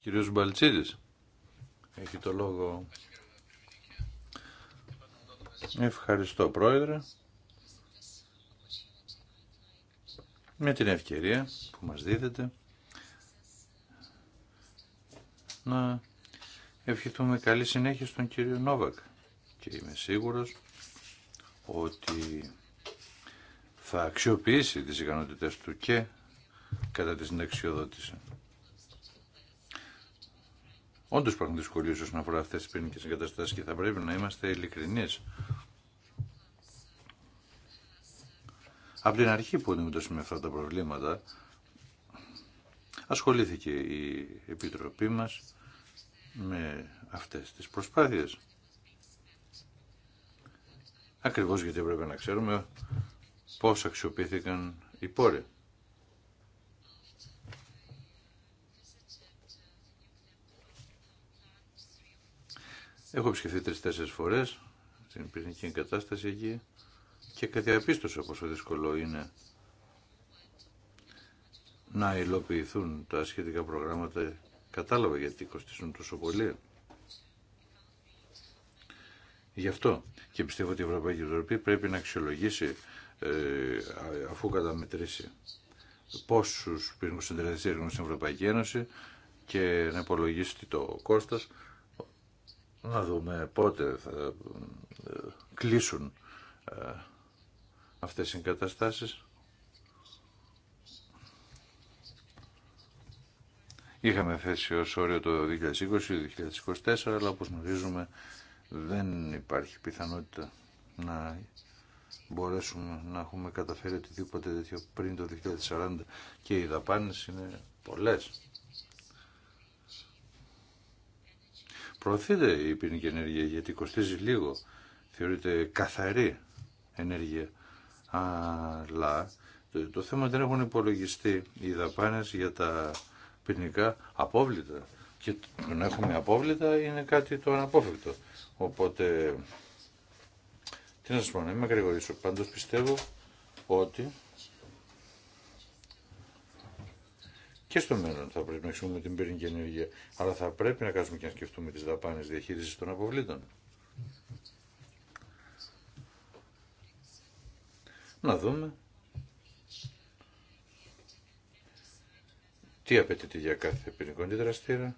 S4: Κύριος Μπαλτσίδης, έχει το λόγο. Ευχαριστώ πρόεδρε. Με την ευκαιρία που μας δίδεται να ευχηθούμε καλή συνέχεια στον κύριο Νόβακ και είμαι σίγουρος ότι θα αξιοποιήσει τις ικανότητες του και κατά τη συνταξιοδότηση. Όντω υπάρχουν δυσκολίε όσον αφορά αυτέ τι ποινικέ εγκαταστάσει και θα πρέπει να είμαστε ειλικρινεί. Από την αρχή που αντιμετωπίσαμε αυτά τα προβλήματα, ασχολήθηκε η Επιτροπή μας με αυτές τις προσπάθειες. Ακριβώς γιατί έπρεπε να ξέρουμε πώς αξιοποιήθηκαν οι πόροι. Έχω επισκεφθεί τρει-τέσσερι φορέ την πυρηνική εγκατάσταση εκεί και κατιαπίστωσα πόσο δύσκολο είναι να υλοποιηθούν τα σχετικά προγράμματα. Κατάλαβα γιατί κοστίζουν τόσο πολύ. Γι' αυτό και πιστεύω ότι η Ευρωπαϊκή Επιτροπή πρέπει να αξιολογήσει ε, αφού καταμετρήσει πόσους πυρηνικούς συντηρητές έρχονται στην Ευρωπαϊκή Ένωση και να υπολογίσει το κόστος να δούμε πότε θα ε, κλείσουν ε, αυτές οι εγκαταστάσεις. Είχαμε θέσει ως όριο το 2020-2024, αλλά όπως γνωρίζουμε δεν υπάρχει πιθανότητα να μπορέσουμε να έχουμε καταφέρει οτιδήποτε τέτοιο πριν το 2040 και οι δαπάνες είναι πολλές. προωθείται η πυρηνική ενέργεια γιατί κοστίζει λίγο, θεωρείται καθαρή ενέργεια. Αλλά το, το θέμα δεν έχουν υπολογιστεί οι δαπάνε για τα πυρηνικά απόβλητα. Και το να έχουμε απόβλητα είναι κάτι το αναπόφευκτο. Οπότε, τι να σα πω, να μην με Πάντως πιστεύω ότι και στο μέλλον θα πρέπει να χρησιμοποιούμε την πυρηνική ενέργεια, αλλά θα πρέπει να κάνουμε και να σκεφτούμε τις δαπάνες διαχείρισης των αποβλήτων. Να δούμε τι απαιτείται για κάθε πυρηνικό αντιδραστήρα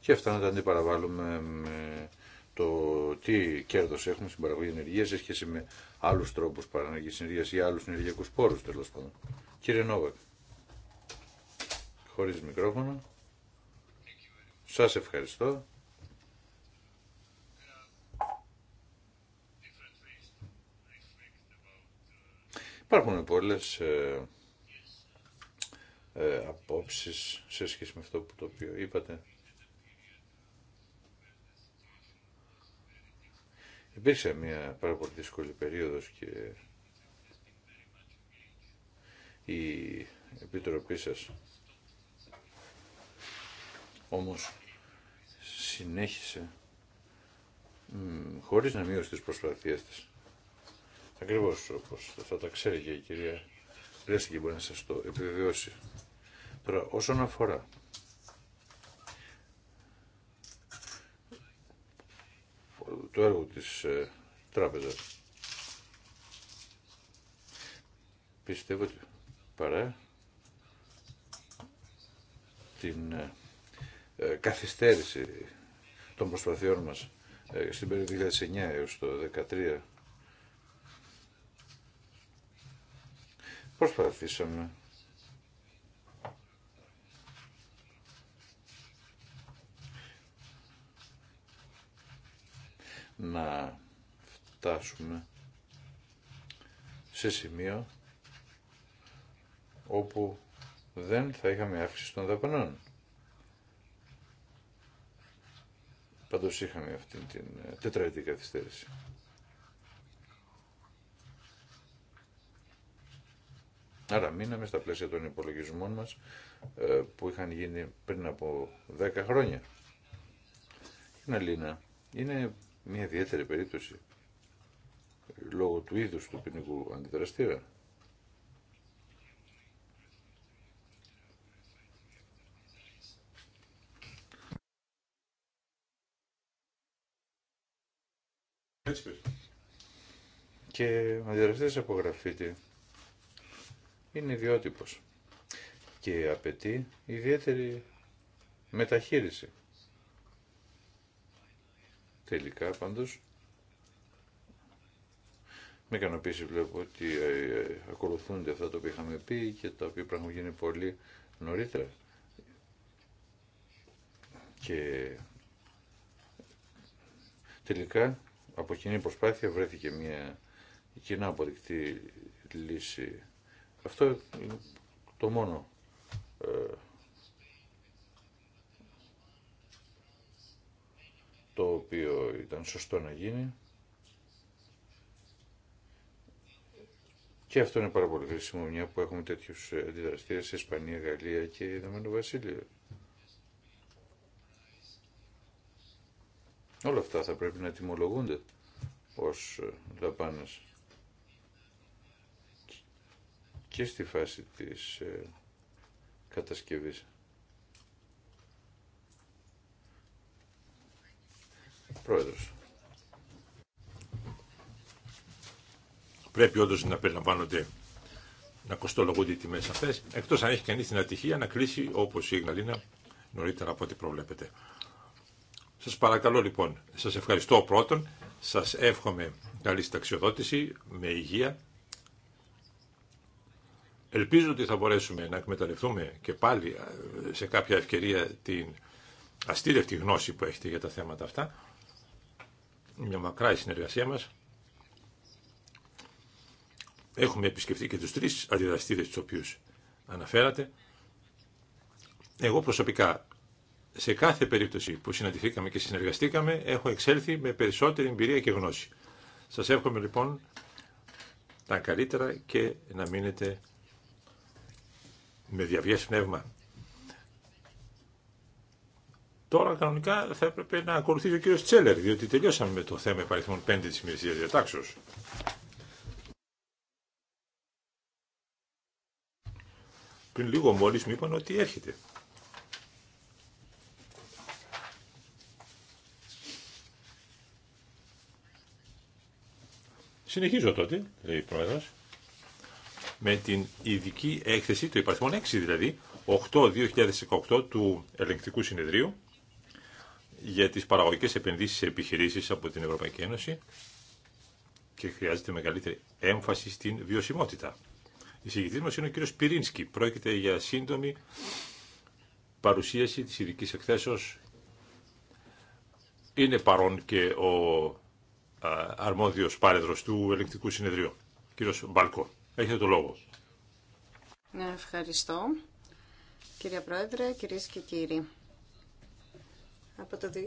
S4: και αυτά να τα αντιπαραβάλλουμε με το τι κέρδος έχουμε στην παραγωγή ενεργείας σε σχέση με άλλου τρόπου παραγωγής ενεργείας ή άλλου ενεργειακού πόρου τέλος πάντων. Κύριε Νόβακ, χωρίς μικρόφωνο, σας ευχαριστώ. Υπάρχουν πολλέ ε, ε, απόψεις σε σχέση με αυτό που το οποίο είπατε. Υπήρξε μια πάρα πολύ δύσκολη περίοδος και η Επιτροπή σας όμως συνέχισε χωρίς να μείωσε τις προσπαθίες της. Ακριβώς όπως θα τα ξέρει και η κυρία Ρέστη μπορεί να σας το επιβεβαιώσει. Τώρα όσον αφορά το έργο της ε, τράπεζας. Πιστεύω ότι παρά την ε, ε, καθυστέρηση των προσπαθειών μας στην περίοδο 2009 έως το 2013 προσπαθήσαμε να φτάσουμε σε σημείο όπου δεν θα είχαμε αύξηση των δαπανών. Πάντως είχαμε αυτή την ε, τετραετή καθυστέρηση. Άρα μείναμε στα πλαίσια των υπολογισμών μας ε, που είχαν γίνει πριν από 10 χρόνια. Είναι Λίνα, είναι μια ιδιαίτερη περίπτωση λόγω του είδους του ποινικού αντιδραστήρα. Και ο αντιδραστής από γραφίτη είναι ιδιότυπος και απαιτεί ιδιαίτερη μεταχείριση. Τελικά πάντως με ικανοποίηση βλέπω ότι ε, ε, ακολουθούνται αυτά τα οποία είχαμε πει και τα οποία πρέπει γίνει πολύ νωρίτερα. Και τελικά από κοινή προσπάθεια βρέθηκε μια κοινά αποδεικτή λύση. Αυτό είναι το μόνο ε, το οποίο ήταν σωστό να γίνει. Και αυτό είναι πάρα πολύ χρήσιμο, μια που έχουμε τέτοιους ε, αντιδραστήρες σε Ισπανία, Γαλλία και Ηνωμένο Βασίλειο. Όλα αυτά θα πρέπει να τιμολογούνται ως ε, δαπάνες και στη φάση της ε, κατασκευής.
S2: Πρόεδρος. Πρέπει όντω να περιλαμβάνονται, να κοστολογούνται οι τιμέ αυτέ, εκτό αν έχει κανεί την ατυχία να κλείσει όπω η Ιγναλίνα νωρίτερα από ό,τι προβλέπετε. Σα παρακαλώ λοιπόν, σα ευχαριστώ πρώτον, σα εύχομαι καλή συνταξιοδότηση, με υγεία. Ελπίζω ότι θα μπορέσουμε να εκμεταλλευτούμε και πάλι ε, σε κάποια ευκαιρία την αστήρευτη γνώση που έχετε για τα θέματα αυτά μια μακρά η συνεργασία μας. Έχουμε επισκεφτεί και τους τρεις αντιδραστήρες τους οποίους αναφέρατε. Εγώ προσωπικά σε κάθε περίπτωση που συναντηθήκαμε και συνεργαστήκαμε έχω εξέλθει με περισσότερη εμπειρία και γνώση. Σας εύχομαι λοιπόν τα καλύτερα και να μείνετε με διαβιές πνεύμα Τώρα κανονικά θα έπρεπε να ακολουθήσει ο κύριο Τσέλερ, διότι τελειώσαμε με το θέμα υπαριθμών 5 τη ημερησία διατάξεω. Πριν λίγο μόλι μου είπαν ότι έρχεται. Συνεχίζω τότε, λέει η πρόεδρο, με την ειδική έκθεση του υπαριθμών 6 δηλαδή, 8-2018 του ελεγκτικού συνεδρίου, για τις παραγωγικές επενδύσεις σε επιχειρήσεις από την Ευρωπαϊκή Ένωση και χρειάζεται μεγαλύτερη έμφαση στην βιωσιμότητα. Η συγκεκριτή μας είναι ο κύριος Πυρίνσκι. Πρόκειται για σύντομη παρουσίαση της ειδική εκθέσεως. Είναι παρόν και ο αρμόδιος πάρεδρος του ελεκτικού συνεδρίου, κύριος Μπαλκό. Έχετε το λόγο.
S3: Ναι, ευχαριστώ. Κυρία Πρόεδρε, κυρίες και κύριοι. Από το 2000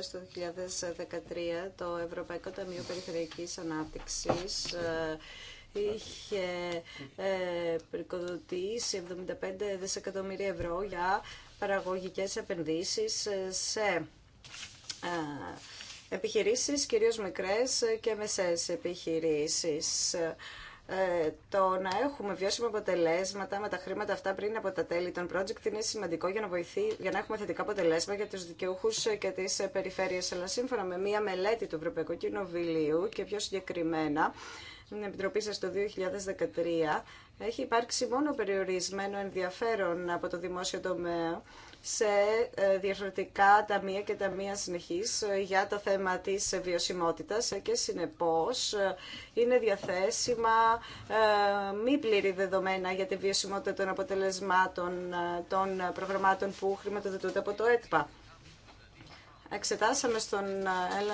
S3: στο 2013 το Ευρωπαϊκό Ταμείο Περιφερειακής Ανάπτυξης ε, είχε ε, προικοδοτήσει 75 δισεκατομμύρια ευρώ για παραγωγικές επενδύσεις ε, σε επιχειρήσεις, κυρίως μικρές και μεσαίες επιχειρήσεις. Ε, το να έχουμε βιώσιμα αποτελέσματα με τα χρήματα αυτά πριν από τα τέλη των project είναι σημαντικό για να, βοηθεί, για να έχουμε θετικά αποτελέσματα για του δικαιούχου και τις περιφέρειες. Αλλά σύμφωνα με μία μελέτη του Ευρωπαϊκού Κοινοβουλίου και πιο συγκεκριμένα, την Επιτροπή σας το 2013, έχει υπάρξει μόνο περιορισμένο ενδιαφέρον από το δημόσιο τομέα σε ε, διαφορετικά ταμεία και ταμεία συνεχής ε, για το θέμα της βιωσιμότητας ε, και συνεπώς είναι διαθέσιμα μη πλήρη δεδομένα για τη βιωσιμότητα των αποτελεσμάτων των προγραμμάτων που χρηματοδοτούνται από το ΕΤΠΑ εξετάσαμε στον ε,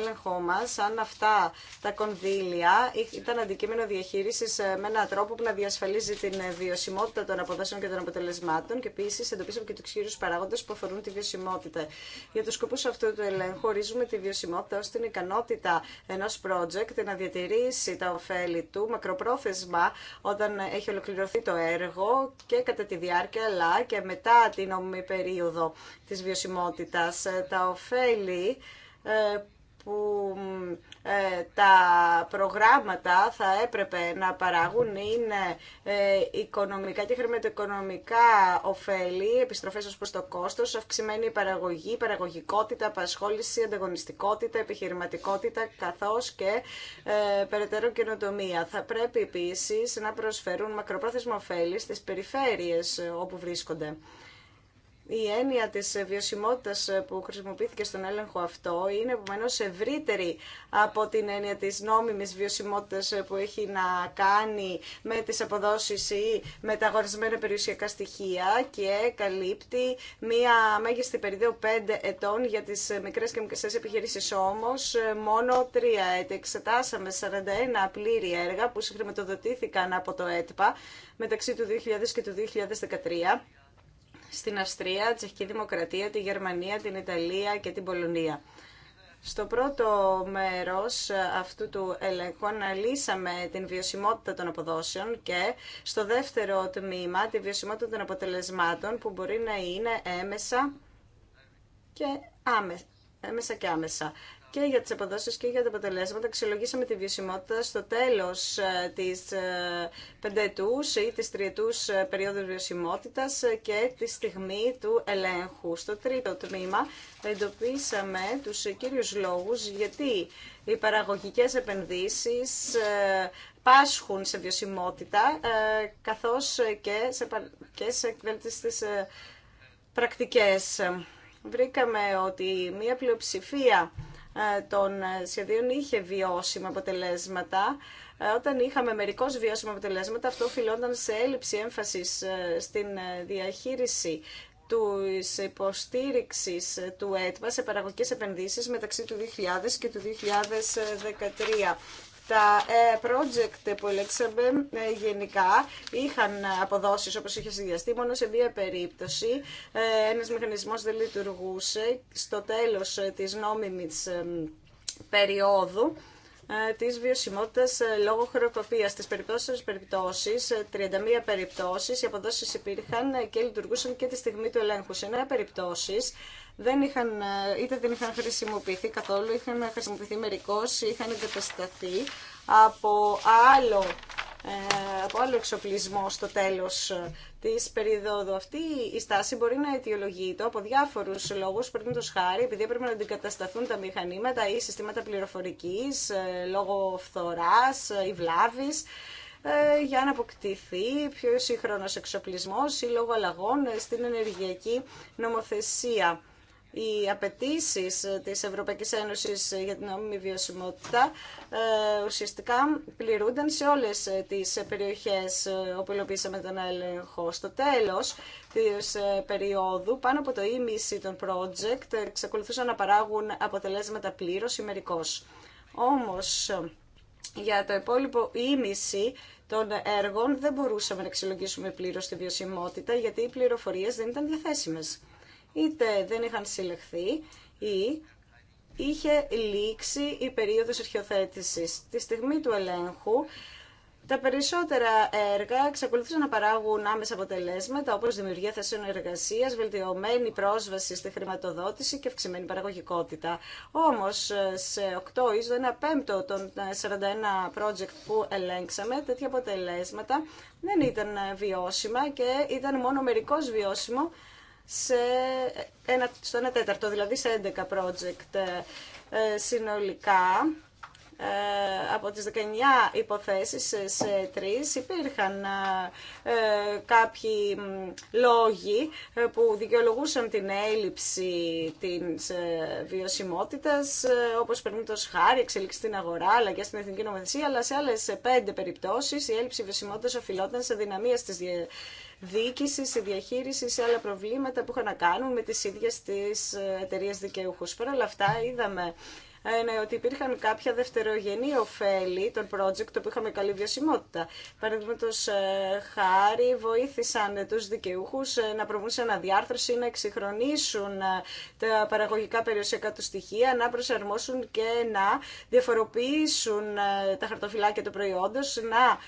S3: έλεγχό μας αν αυτά τα κονδύλια ήταν αντικείμενο διαχείρισης ε, με έναν τρόπο που να διασφαλίζει την ε, βιωσιμότητα των αποδάσεων και των αποτελεσμάτων και επίση εντοπίσαμε και του κύριου παράγοντε που αφορούν τη βιωσιμότητα. Για του σκοπού αυτού του ελέγχου, ορίζουμε τη βιωσιμότητα ω την ικανότητα ενό project να διατηρήσει τα ωφέλη του μακροπρόθεσμα όταν έχει ολοκληρωθεί το έργο και κατά τη διάρκεια αλλά και μετά την όμιμη περίοδο τη βιωσιμότητα. Τα ωφέλη ε, που ε, τα προγράμματα θα έπρεπε να παράγουν είναι ε, οικονομικά και χρηματοοικονομικά ωφέλη, επιστροφές ως προς το κόστος, αυξημένη παραγωγή, παραγωγικότητα, απασχόληση, ανταγωνιστικότητα, επιχειρηματικότητα, καθώς και ε, περαιτέρω καινοτομία. Θα πρέπει επίσης να προσφέρουν μακροπρόθεσμα ωφέλη στις περιφέρειες όπου βρίσκονται η έννοια της βιωσιμότητας που χρησιμοποιήθηκε στον έλεγχο αυτό είναι επομένω ευρύτερη από την έννοια της νόμιμης βιωσιμότητας που έχει να κάνει με τις αποδόσεις ή με τα αγορασμένα περιουσιακά στοιχεία και καλύπτει μία μέγιστη περίοδο 5 ετών για τις μικρές και μικρές επιχειρήσεις όμως μόνο 3 έτη. Εξετάσαμε 41 πλήρη έργα που συγχρηματοδοτήθηκαν από το ΕΤΠΑ μεταξύ του 2000 και του 2013 στην Αυστρία, Τσεχική Δημοκρατία, τη Γερμανία, την Ιταλία και την Πολωνία. Στο πρώτο μέρος αυτού του ελέγχου αναλύσαμε την βιωσιμότητα των αποδόσεων και στο δεύτερο τμήμα τη βιωσιμότητα των αποτελεσμάτων που μπορεί να είναι έμεσα και άμεσα. Έμεσα και άμεσα και για τις αποδόσεις και για τα αποτελέσματα. Αξιολογήσαμε τη βιωσιμότητα στο τέλος ε, της ε, πενταετούς ή της τριετούς ε, περίοδου βιωσιμότητας και τη στιγμή του ελέγχου. Στο τρίτο τμήμα εντοπίσαμε τους κύριους λόγους γιατί οι παραγωγικές επενδύσεις πάσχουν σε βιωσιμότητα καθώς και σε, και σε πρακτικές. Βρήκαμε ότι μία πλειοψηφία ε, των σχεδίων είχε βιώσιμα αποτελέσματα. Ε, όταν είχαμε μερικώς βιώσιμα αποτελέσματα, αυτό οφειλόταν σε έλλειψη έμφασης ε, στην διαχείριση του υποστήριξη του ΕΤΒΑ σε παραγωγικές επενδύσεις μεταξύ του 2000 και του 2013 τα ε, project που ελέξαμε ε, γενικά είχαν αποδόσεις όπως είχε συνδυαστεί μόνο σε μία περίπτωση. Ε, ένας μηχανισμός δεν λειτουργούσε στο τέλος της νόμιμης περίοδου της βιωσιμότητας λόγω χρεοκοπίας. Στις περιπτώσεις περιπτώσεις, 31 περιπτώσεις, οι αποδόσεις υπήρχαν και λειτουργούσαν και τη στιγμή του ελέγχου. Σε 9 περιπτώσεις, δεν είχαν, ε, είτε δεν είχαν χρησιμοποιηθεί καθόλου, είχαν χρησιμοποιηθεί μερικώς, είχαν εγκατασταθεί από άλλο ε, από άλλο εξοπλισμό στο τέλος ε, της περίοδου αυτή η στάση μπορεί να αιτιολογείται από διάφορους λόγους πρέπει χάρη επειδή έπρεπε να αντικατασταθούν τα μηχανήματα ή συστήματα πληροφορικής λόγω φθοράς ή βλάβης για να αποκτηθεί πιο σύγχρονος εξοπλισμός ή λόγω αλλαγών στην ενεργειακή νομοθεσία οι απαιτήσει της Ευρωπαϊκής Ένωσης για την νόμιμη βιωσιμότητα ε, ουσιαστικά πληρούνταν σε όλες τις περιοχές όπου υλοποιήσαμε τον έλεγχο. Στο τέλος της ε, περίοδου, πάνω από το ίμιση των project ε, εξακολουθούσαν να παράγουν αποτελέσματα πλήρως ή μερικώς. Όμως, για το υπόλοιπο ίμιση των έργων δεν μπορούσαμε να εξελογήσουμε πλήρως τη βιωσιμότητα γιατί οι πληροφορίες δεν ήταν διαθέσιμες είτε δεν είχαν συλλεχθεί ή είχε λήξει η περίοδος αρχιοθέτησης. Τη στιγμή του ελέγχου τα περισσότερα έργα εξακολουθούν να παράγουν άμεσα αποτελέσματα όπως δημιουργία θέσεων εργασίας, βελτιωμένη πρόσβαση στη χρηματοδότηση και αυξημένη παραγωγικότητα. Όμως σε 8 ή ένα πέμπτο των 41 project που ελέγξαμε τέτοια αποτελέσματα δεν ήταν βιώσιμα και ήταν μόνο μερικώς βιώσιμο σε ένα, στο τέταρτο, δηλαδή σε 11 project ε, ε, συνολικά. Ε, από τις 19 υποθέσεις σε τρεις υπήρχαν κάποιοι λόγοι που δικαιολογούσαν την έλλειψη της βιωσιμότητας όπως το χάρη, εξελίξη στην αγορά, αλλά και στην εθνική νομοθεσία αλλά σε άλλες 5 περιπτώσεις η έλλειψη βιωσιμότητας οφειλόταν σε δυναμία στις διοίκηση, σε διαχείριση, σε άλλα προβλήματα που είχαν να κάνουν με τις ίδιες τις ε, εταιρείε δικαιούχου. Παρ' όλα αυτά είδαμε ότι υπήρχαν κάποια δευτερογενή ωφέλη των project που είχαμε καλή βιωσιμότητα. Παραδείγματο ε, χάρη βοήθησαν τους δικαιούχους ε, να προβούν σε αναδιάρθρωση, να εξυγχρονίσουν ε, τα παραγωγικά περιουσιακά του στοιχεία, να προσαρμόσουν και να διαφοροποιήσουν τα χαρτοφυλάκια του προϊόντο να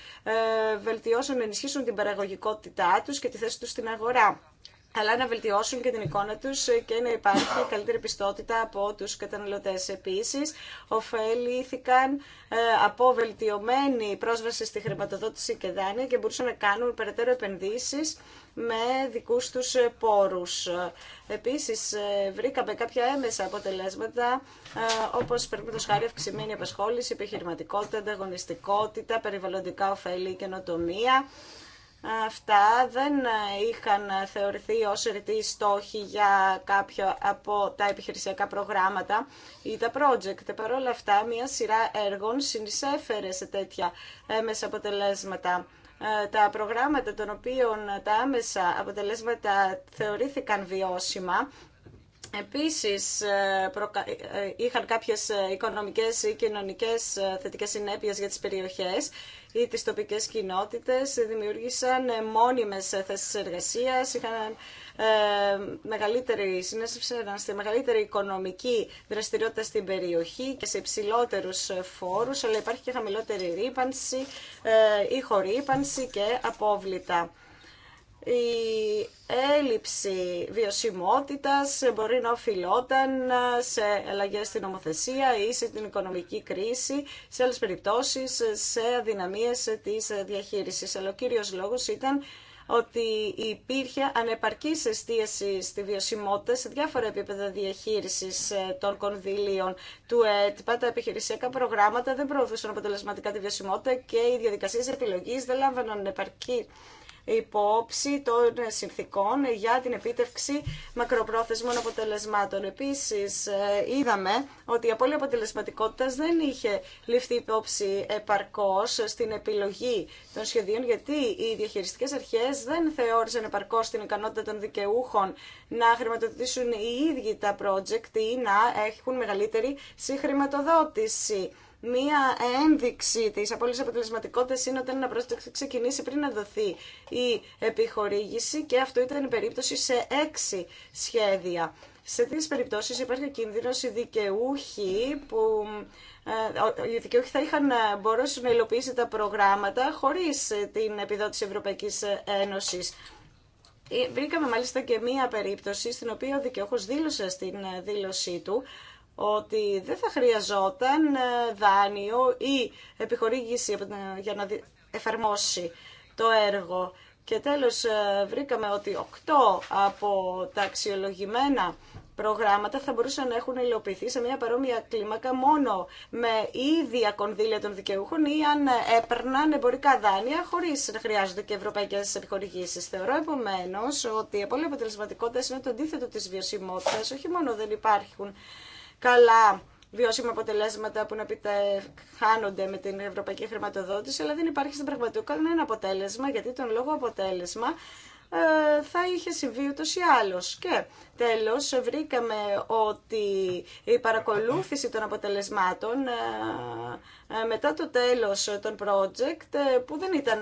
S3: βελτιώσουν, ενισχύσουν την παραγωγικότητά του και τη θέση του στην αγορά αλλά να βελτιώσουν και την εικόνα τους και να υπάρχει καλύτερη πιστότητα από τους καταναλωτές. Επίσης, ωφελήθηκαν ε, από βελτιωμένη πρόσβαση στη χρηματοδότηση και δάνεια και μπορούσαν να κάνουν περαιτέρω επενδύσεις με δικούς τους πόρους. Επίσης, ε, βρήκαμε κάποια έμεσα αποτελέσματα, ε, όπως περίπτωση χάρη αυξημένη απασχόληση, επιχειρηματικότητα, ανταγωνιστικότητα, περιβαλλοντικά ωφέλη, καινοτομία, αυτά δεν ε, είχαν ε, θεωρηθεί ως ρητή στόχοι για κάποιο από τα επιχειρησιακά προγράμματα ή τα project. Παρ' όλα αυτά, μια σειρά έργων συνεισέφερε σε τέτοια έμεσα αποτελέσματα. Ε, τα προγράμματα των οποίων τα άμεσα αποτελέσματα θεωρήθηκαν βιώσιμα Επίσης, είχαν κάποιες οικονομικές ή κοινωνικές θετικές συνέπειες για τις περιοχές ή τις τοπικές κοινότητες δημιούργησαν ε, μόνιμες ε, θέσεις εργασίας, είχαν ε, μεγαλύτερη στη μεγαλύτερη οικονομική δραστηριότητα στην περιοχή και σε υψηλότερους φόρους, αλλά υπάρχει και χαμηλότερη ρήπανση, ε, ήχορύπανση και απόβλητα η έλλειψη βιωσιμότητας μπορεί να οφειλόταν σε αλλαγές στην νομοθεσία ή σε την οικονομική κρίση, σε άλλες περιπτώσεις σε αδυναμίες της διαχείρισης. Αλλά ο κύριος λόγος ήταν ότι υπήρχε ανεπαρκής εστίαση στη βιωσιμότητα σε διάφορα επίπεδα διαχείρισης των κονδυλίων του ΕΤΠΑ. Τα επιχειρησιακά προγράμματα δεν προωθούσαν αποτελεσματικά τη βιωσιμότητα και οι διαδικασίες επιλογής δεν λάμβαναν επαρκή υπόψη των συνθήκων για την επίτευξη μακροπρόθεσμων αποτελεσμάτων. Επίσης, ε, είδαμε ότι η απώλεια αποτελεσματικότητα δεν είχε ληφθεί υπόψη επαρκώς στην επιλογή των σχεδίων, γιατί οι διαχειριστικέ αρχές δεν θεώρησαν επαρκώς την ικανότητα των δικαιούχων να χρηματοδοτήσουν οι ίδιοι τα project ή να έχουν μεγαλύτερη συγχρηματοδότηση μία ένδειξη τη απόλυτη αποτελεσματικότητα είναι όταν ένα ξεκινήσει πριν να δοθεί η επιχορήγηση και αυτό ήταν η περίπτωση σε έξι σχέδια. Σε τέτοιε περιπτώσει υπάρχει ο κίνδυνο οι δικαιούχοι που ε, οι δικαιούχοι θα είχαν ε, μπορέσει να υλοποιήσει τα προγράμματα χωρί ε, την επιδότηση Ευρωπαϊκή Ένωση. Βρήκαμε μάλιστα και μία περίπτωση στην οποία ο δικαιούχος δήλωσε στην δήλωσή του ότι δεν θα χρειαζόταν ε, δάνειο ή επιχορήγηση για να εφαρμόσει το έργο. Και τέλος ε, βρήκαμε ότι 8 από τα αξιολογημένα προγράμματα θα μπορούσαν να έχουν υλοποιηθεί σε μια παρόμοια κλίμακα μόνο με ίδια κονδύλια των δικαιούχων ή αν έπαιρναν εμπορικά δάνεια χωρί να χρειάζονται και ευρωπαϊκέ επιχορηγήσει. Θεωρώ επομένω ότι η αν επαιρναν εμπορικα δανεια χωρίς να χρειαζονται και ευρωπαϊκές επιχορηγησει θεωρω επομενω είναι το αντίθετο τη βιωσιμότητα. Όχι μόνο δεν υπάρχουν καλά βιώσιμα αποτελέσματα που να χάνονται με την ευρωπαϊκή χρηματοδότηση, αλλά δεν υπάρχει στην πραγματικότητα κανένα αποτέλεσμα, γιατί τον λόγο αποτέλεσμα ε, θα είχε συμβεί ούτως ή άλλως. Και τέλος βρήκαμε ότι η παρακολούθηση των αποτελεσμάτων ε, ε, μετά το τέλος των project που δεν ήταν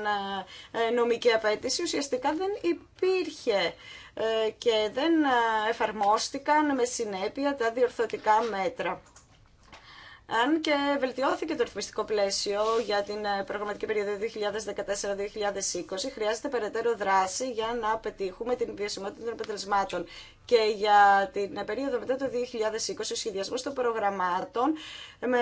S3: νομική απέτηση ουσιαστικά δεν υπήρχε ε, και δεν ε, εφαρμόστηκαν με συνέπεια τα διορθωτικά μέτρα αν και βελτιώθηκε το ρυθμιστικό πλαίσιο για την ε, προγραμματική περίοδο 2014-2020, χρειάζεται περαιτέρω δράση για να πετύχουμε την βιωσιμότητα των αποτελεσμάτων. Και για την ε, περίοδο μετά το 2020, ο σχεδιασμό των προγραμμάτων ε, με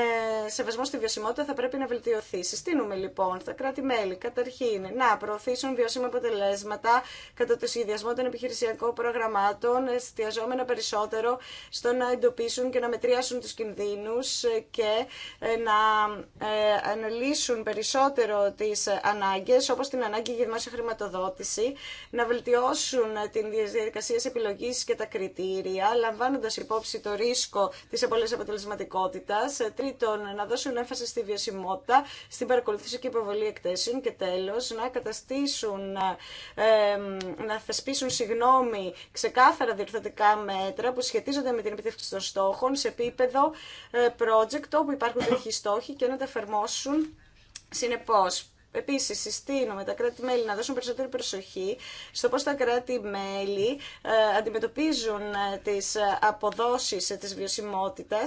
S3: σεβασμό στη βιωσιμότητα θα πρέπει να βελτιωθεί. Συστήνουμε λοιπόν στα κράτη-μέλη καταρχήν να προωθήσουν βιώσιμα αποτελέσματα κατά το σχεδιασμό των επιχειρησιακών προγραμμάτων, εστιαζόμενα περισσότερο στο να εντοπίσουν και να μετριάσουν του κινδύνου και ε, να ε, αναλύσουν περισσότερο τις ανάγκες, όπως την ανάγκη για δημόσια χρηματοδότηση, να βελτιώσουν ε, την διαδικασία επιλογής και τα κριτήρια, λαμβάνοντας υπόψη το ρίσκο της απολύτως αποτελεσματικότητας, τρίτον, να δώσουν έμφαση στη βιωσιμότητα, στην παρακολουθήση και υποβολή εκτέσεων και τέλος, να καταστήσουν, να θεσπίσουν συγγνώμη ξεκάθαρα διορθωτικά μέτρα που σχετίζονται με την επιτεύξη των στόχων σε επίπεδο project δεκτό που υπάρχουν τέτοιοι στόχοι και να τα εφαρμόσουν συνεπώς. Επίση, συστήνουμε τα κράτη-μέλη να δώσουν περισσότερη προσοχή στο πώ τα κράτη-μέλη ε, αντιμετωπίζουν ε, τι ε, αποδόσει τη βιωσιμότητα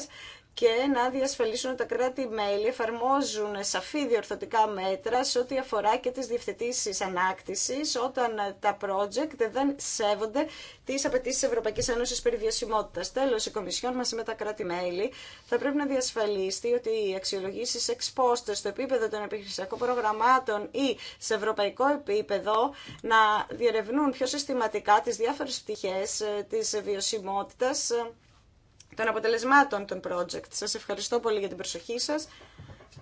S3: και να διασφαλίσουν ότι τα κράτη-μέλη εφαρμόζουν σαφή διορθωτικά μέτρα σε ό,τι αφορά και τις διευθετήσεις ανάκτησης όταν τα project δεν σέβονται τις απαιτήσεις της Ευρωπαϊκής Ένωσης Περιβιωσιμότητας. Τέλος, η Κομισιόν μαζί με τα κράτη-μέλη θα πρέπει να διασφαλίσει ότι οι αξιολογήσεις εξπόστε στο επίπεδο των επιχειρησιακών προγραμμάτων ή σε ευρωπαϊκό επίπεδο να διερευνούν πιο συστηματικά τις διάφορες πτυχές ε, της βιωσιμότητας ε, των αποτελεσμάτων των project. Σας ευχαριστώ πολύ για την προσοχή σας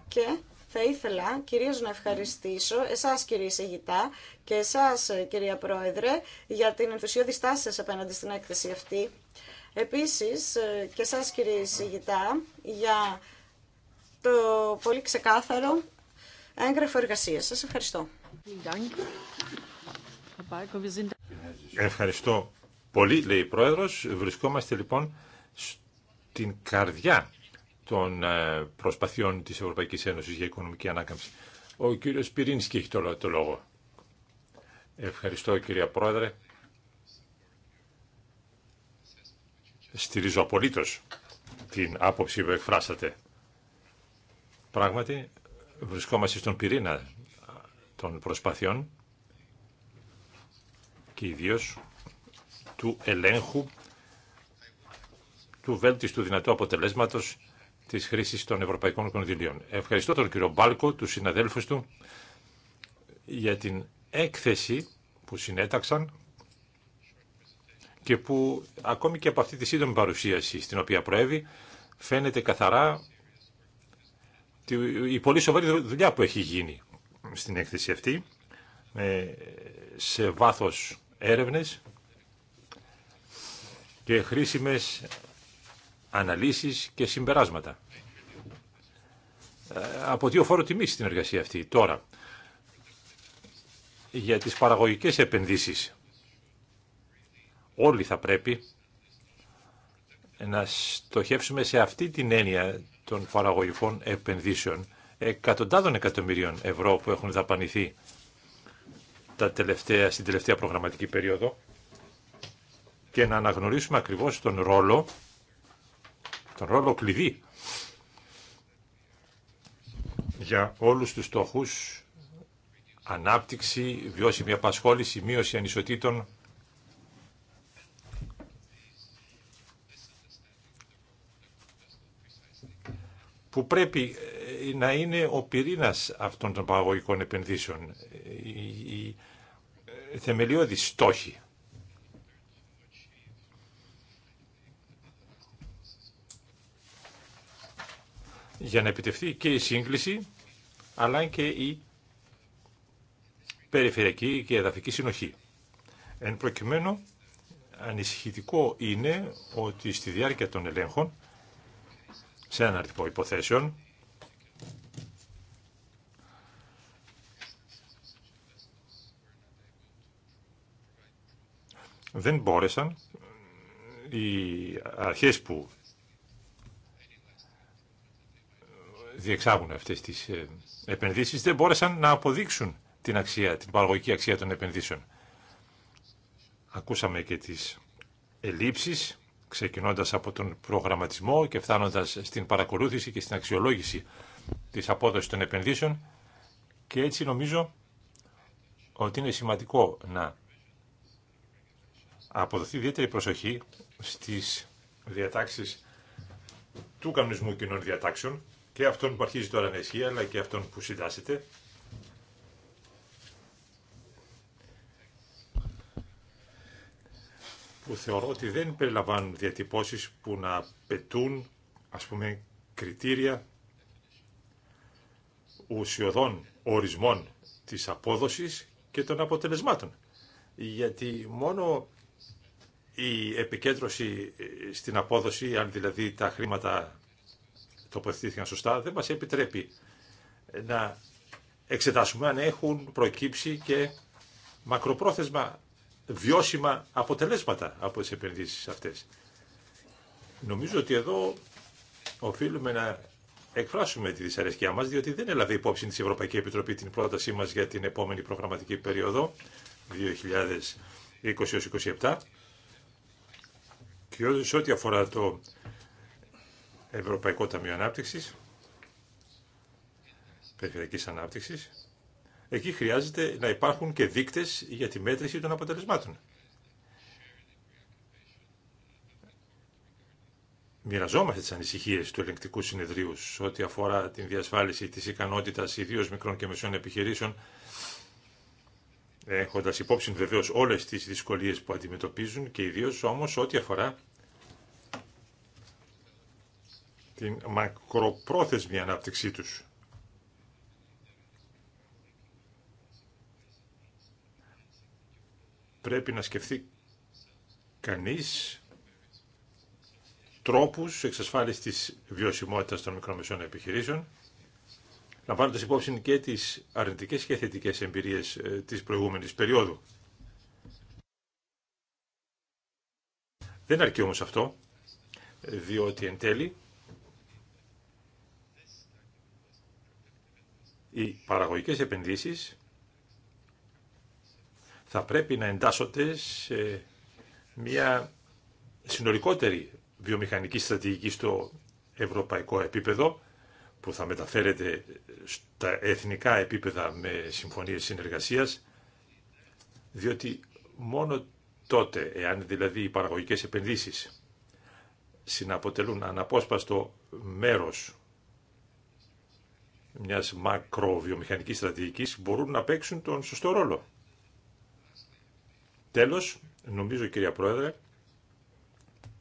S3: και θα ήθελα κυρίως να ευχαριστήσω εσάς κύριε Σεγητά και εσάς κυρία Πρόεδρε για την ενθουσιώδη στάση σας απέναντι στην έκθεση αυτή. Επίσης και εσάς κύριε Σεγητά για το πολύ ξεκάθαρο έγγραφο εργασία. Σας ευχαριστώ.
S2: Ευχαριστώ πολύ, λέει η Πρόεδρος. Βρισκόμαστε λοιπόν την καρδιά των ε, προσπαθειών της Ευρωπαϊκής Ένωσης για οικονομική ανάκαμψη. Ο κύριος Πυρίνσκι έχει το, λόγο. Ευχαριστώ κυρία Πρόεδρε. Στηρίζω απολύτως την άποψη που εκφράσατε. Πράγματι βρισκόμαστε στον πυρήνα των προσπαθειών και ιδίως του ελέγχου του βέλτιστου δυνατού αποτελέσματος της χρήση των ευρωπαϊκών κονδυλίων. Ευχαριστώ τον κύριο Μπάλκο, του συναδέλφου του, για την έκθεση που συνέταξαν και που ακόμη και από αυτή τη σύντομη παρουσίαση στην οποία προέβη φαίνεται καθαρά η πολύ σοβαρή δουλειά που έχει γίνει στην έκθεση αυτή σε βάθος έρευνες και χρήσιμες αναλύσεις και συμπεράσματα. Ε, από δύο φόρο τιμή στην εργασία αυτή τώρα για τις παραγωγικές επενδύσεις. Όλοι θα πρέπει να στοχεύσουμε σε αυτή την έννοια των παραγωγικών επενδύσεων εκατοντάδων εκατομμυρίων ευρώ που έχουν δαπανηθεί τα τελευταία, στην τελευταία προγραμματική περίοδο και να αναγνωρίσουμε ακριβώς τον ρόλο τον ρόλο κλειδί για όλους τους στόχους ανάπτυξη, βιώσιμη απασχόληση, μείωση ανισοτήτων που πρέπει ε, να είναι ο πυρήνας αυτών των παραγωγικών επενδύσεων. η ε, θεμελιώδεις στόχοι για να επιτευχθεί και η σύγκληση αλλά και η περιφερειακή και εδαφική συνοχή. Εν προκειμένου, ανησυχητικό είναι ότι στη διάρκεια των ελέγχων, σε ένα αριθμό υποθέσεων, δεν μπόρεσαν οι αρχές που διεξάγουν αυτές τις ε, επενδύσεις δεν μπόρεσαν να αποδείξουν την αξία, την παραγωγική αξία των επενδύσεων. Ακούσαμε και τις ελλείψεις, ξεκινώντας από τον προγραμματισμό και φτάνοντας στην παρακολούθηση και στην αξιολόγηση της απόδοσης των επενδύσεων και έτσι νομίζω ότι είναι σημαντικό να αποδοθεί ιδιαίτερη προσοχή στις διατάξεις του κανονισμού κοινών διατάξεων και αυτόν που αρχίζει τώρα να ισχύει, αλλά και αυτόν που συντάσσεται. που θεωρώ ότι δεν περιλαμβάνουν διατυπώσεις που να πετούν, ας πούμε, κριτήρια ουσιοδών ορισμών της απόδοσης και των αποτελεσμάτων. Γιατί μόνο η επικέντρωση στην απόδοση, αν δηλαδή τα χρήματα τοποθετήθηκαν σωστά, δεν μας επιτρέπει να εξετάσουμε αν έχουν προκύψει και μακροπρόθεσμα βιώσιμα αποτελέσματα από τις επενδύσεις αυτές. Νομίζω ότι εδώ οφείλουμε να εκφράσουμε τη δυσαρέσκειά μας, διότι δεν έλαβε υπόψη της Ευρωπαϊκή Επιτροπή την πρότασή μας για την επόμενη προγραμματική περίοδο 2020-2027. Και ό,τι αφορά το Ευρωπαϊκό Ταμείο Ανάπτυξη Περιφερειακής ανάπτυξη, εκεί χρειάζεται να υπάρχουν και δείκτε για τη μέτρηση των αποτελεσμάτων. Μοιραζόμαστε τι ανησυχίε του ελεγκτικού συνεδρίου σε ό,τι αφορά την διασφάλιση τη ικανότητα ιδίω μικρών και μεσών επιχειρήσεων, έχοντα υπόψη βεβαίω όλε τι δυσκολίε που αντιμετωπίζουν και ιδίω όμω ό,τι αφορά την μακροπρόθεσμη ανάπτυξή τους. Πρέπει να σκεφτεί κανείς τρόπους εξασφάλισης της βιωσιμότητας των μικρομεσών επιχειρήσεων, λαμβάνοντας υπόψη και τις αρνητικές και θετικές εμπειρίες ε, της προηγούμενης περίοδου. Δεν αρκεί όμως αυτό, ε, διότι εν τέλει Οι παραγωγικές επενδύσεις θα πρέπει να εντάσσονται σε μια συνολικότερη βιομηχανική στρατηγική στο ευρωπαϊκό επίπεδο που θα μεταφέρεται στα εθνικά επίπεδα με συμφωνίες συνεργασίας διότι μόνο τότε, εάν δηλαδή οι παραγωγικές επενδύσεις συναποτελούν αναπόσπαστο μέρος μιας μακροβιομηχανική στρατηγική μπορούν να παίξουν τον σωστό ρόλο. Τέλος, νομίζω κυρία Πρόεδρε,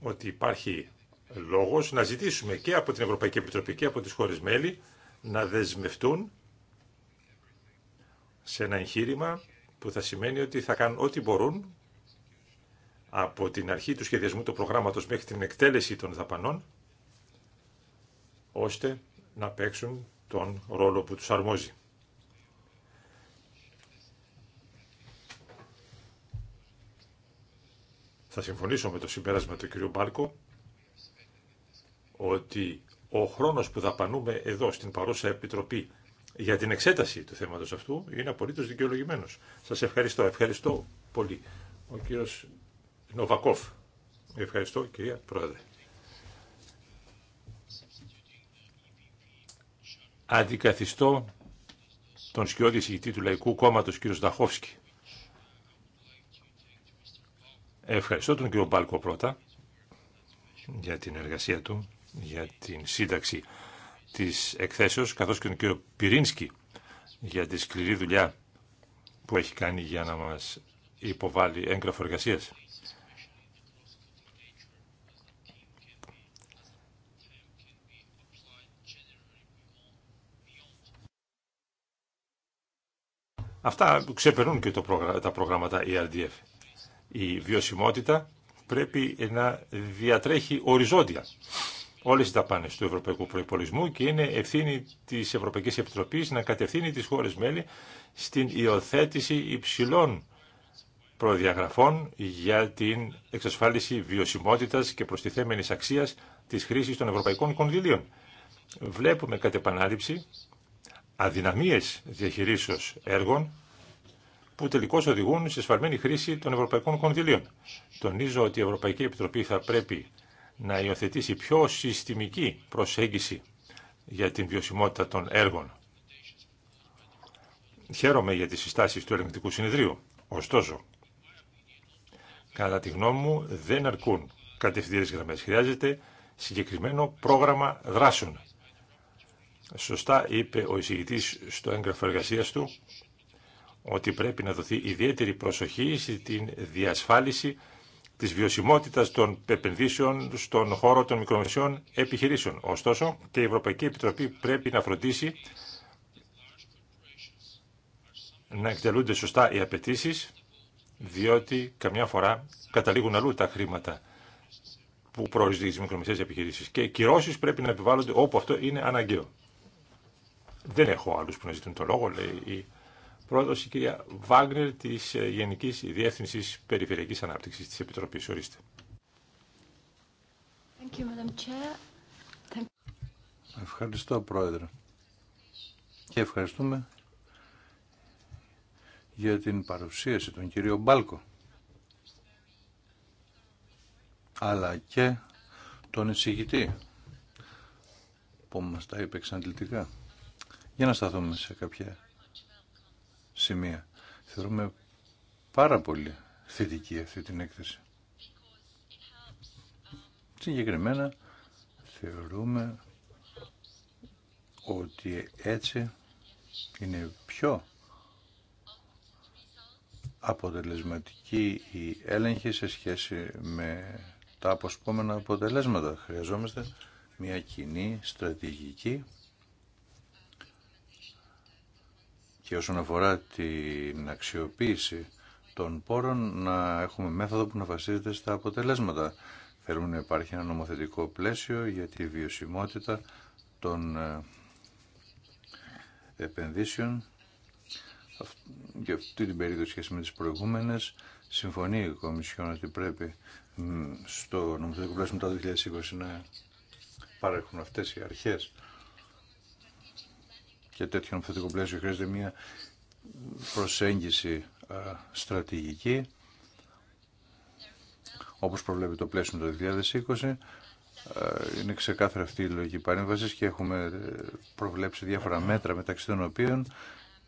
S2: ότι υπάρχει λόγος να ζητήσουμε και από την Ευρωπαϊκή Επιτροπή και από τι χώρε μέλη να δεσμευτούν σε ένα εγχείρημα που θα σημαίνει ότι θα κάνουν ό,τι μπορούν από την αρχή του σχεδιασμού του προγράμματος μέχρι την εκτέλεση των δαπανών, ώστε να παίξουν τον ρόλο που τους αρμόζει. Θα συμφωνήσω με το συμπέρασμα του κ. Μπάρκο ότι ο χρόνος που δαπανούμε εδώ στην παρούσα Επιτροπή για την εξέταση του θέματος αυτού είναι απολύτως δικαιολογημένος. Σας ευχαριστώ. Ευχαριστώ πολύ. Ο κύριος Νοβακόφ. Ευχαριστώ κυρία Πρόεδρε. Αντικαθιστώ τον σκιώδη εισηγητή του Λαϊκού Κόμματος, κ. Σταχόφσκι. Ευχαριστώ τον κύριο Μπάλκο πρώτα για την εργασία του, για την σύνταξη της εκθέσεως, καθώς και τον κύριο Πυρίνσκι για τη σκληρή δουλειά που έχει κάνει για να μας υποβάλει έγγραφο εργασίας. Αυτά ξεπερνούν και το τα προγράμματα ERDF. Η βιωσιμότητα πρέπει να διατρέχει οριζόντια όλες οι ταπάνες του Ευρωπαϊκού προϋπολισμού και είναι ευθύνη της Ευρωπαϊκής Επιτροπής να κατευθύνει τις χώρες μέλη στην υιοθέτηση υψηλών προδιαγραφών για την εξασφάλιση βιωσιμότητας και προστιθέμενης αξίας της χρήσης των ευρωπαϊκών κονδυλίων. Βλέπουμε κατ' επανάληψη αδυναμίες διαχειρίσεως έργων που τελικώ οδηγούν σε σφαλμένη χρήση των ευρωπαϊκών κονδυλίων. Τονίζω ότι η Ευρωπαϊκή Επιτροπή θα πρέπει να υιοθετήσει πιο συστημική προσέγγιση για την βιωσιμότητα των έργων. Χαίρομαι για τις συστάσεις του Ελεγκτικού Συνεδρίου. Ωστόσο, κατά τη γνώμη μου δεν αρκούν κατευθυντήρες γραμμές. Χρειάζεται συγκεκριμένο πρόγραμμα δράσεων Σωστά είπε ο εισηγητή στο έγγραφο εργασία του ότι πρέπει να δοθεί ιδιαίτερη προσοχή στην διασφάλιση της βιωσιμότητας των επενδύσεων στον χώρο των μικρομεσαίων επιχειρήσεων. Ωστόσο, και η Ευρωπαϊκή Επιτροπή πρέπει να φροντίσει να εκτελούνται σωστά οι απαιτήσει, διότι καμιά φορά καταλήγουν αλλού τα χρήματα που προορίζονται τι μικρομεσαίες επιχειρήσεις. Και κυρώσεις πρέπει να επιβάλλονται όπου αυτό είναι αναγκαίο. Δεν έχω άλλου που να ζητούν το λόγο, λέει η πρόεδρο, η κυρία Βάγνερ τη ε, Γενική Διεύθυνση Περιφερειακής Ανάπτυξη τη Επιτροπή. Ορίστε. Ευχαριστώ, πρόεδρε.
S4: Και ευχαριστούμε για την παρουσίαση των κυρίων Μπάλκο αλλά και τον εισηγητή που μας τα είπε εξαντλητικά. Για να σταθούμε σε κάποια σημεία. Θεωρούμε πάρα πολύ θετική αυτή την έκθεση. Συγκεκριμένα θεωρούμε ότι έτσι είναι πιο αποτελεσματική η έλεγχη σε σχέση με τα αποσπόμενα αποτελέσματα. Χρειαζόμαστε μια κοινή στρατηγική και όσον αφορά την αξιοποίηση των πόρων να έχουμε μέθοδο που να βασίζεται στα αποτελέσματα. Θέλουμε να υπάρχει ένα νομοθετικό πλαίσιο για τη βιωσιμότητα των ε, επενδύσεων για αυτή την περίοδο, σχέση με τις προηγούμενες συμφωνεί η Κομισιόν ότι πρέπει στο νομοθετικό πλαίσιο μετά το 2020 να παρέχουν αυτές οι αρχές και τέτοιο νομοθετικό πλαίσιο χρειάζεται μια προσέγγιση στρατηγική όπως προβλέπει το πλαίσιο το 2020 είναι ξεκάθαρα αυτή η λογική παρέμβασης και έχουμε ε, προβλέψει διάφορα μέτρα μεταξύ των οποίων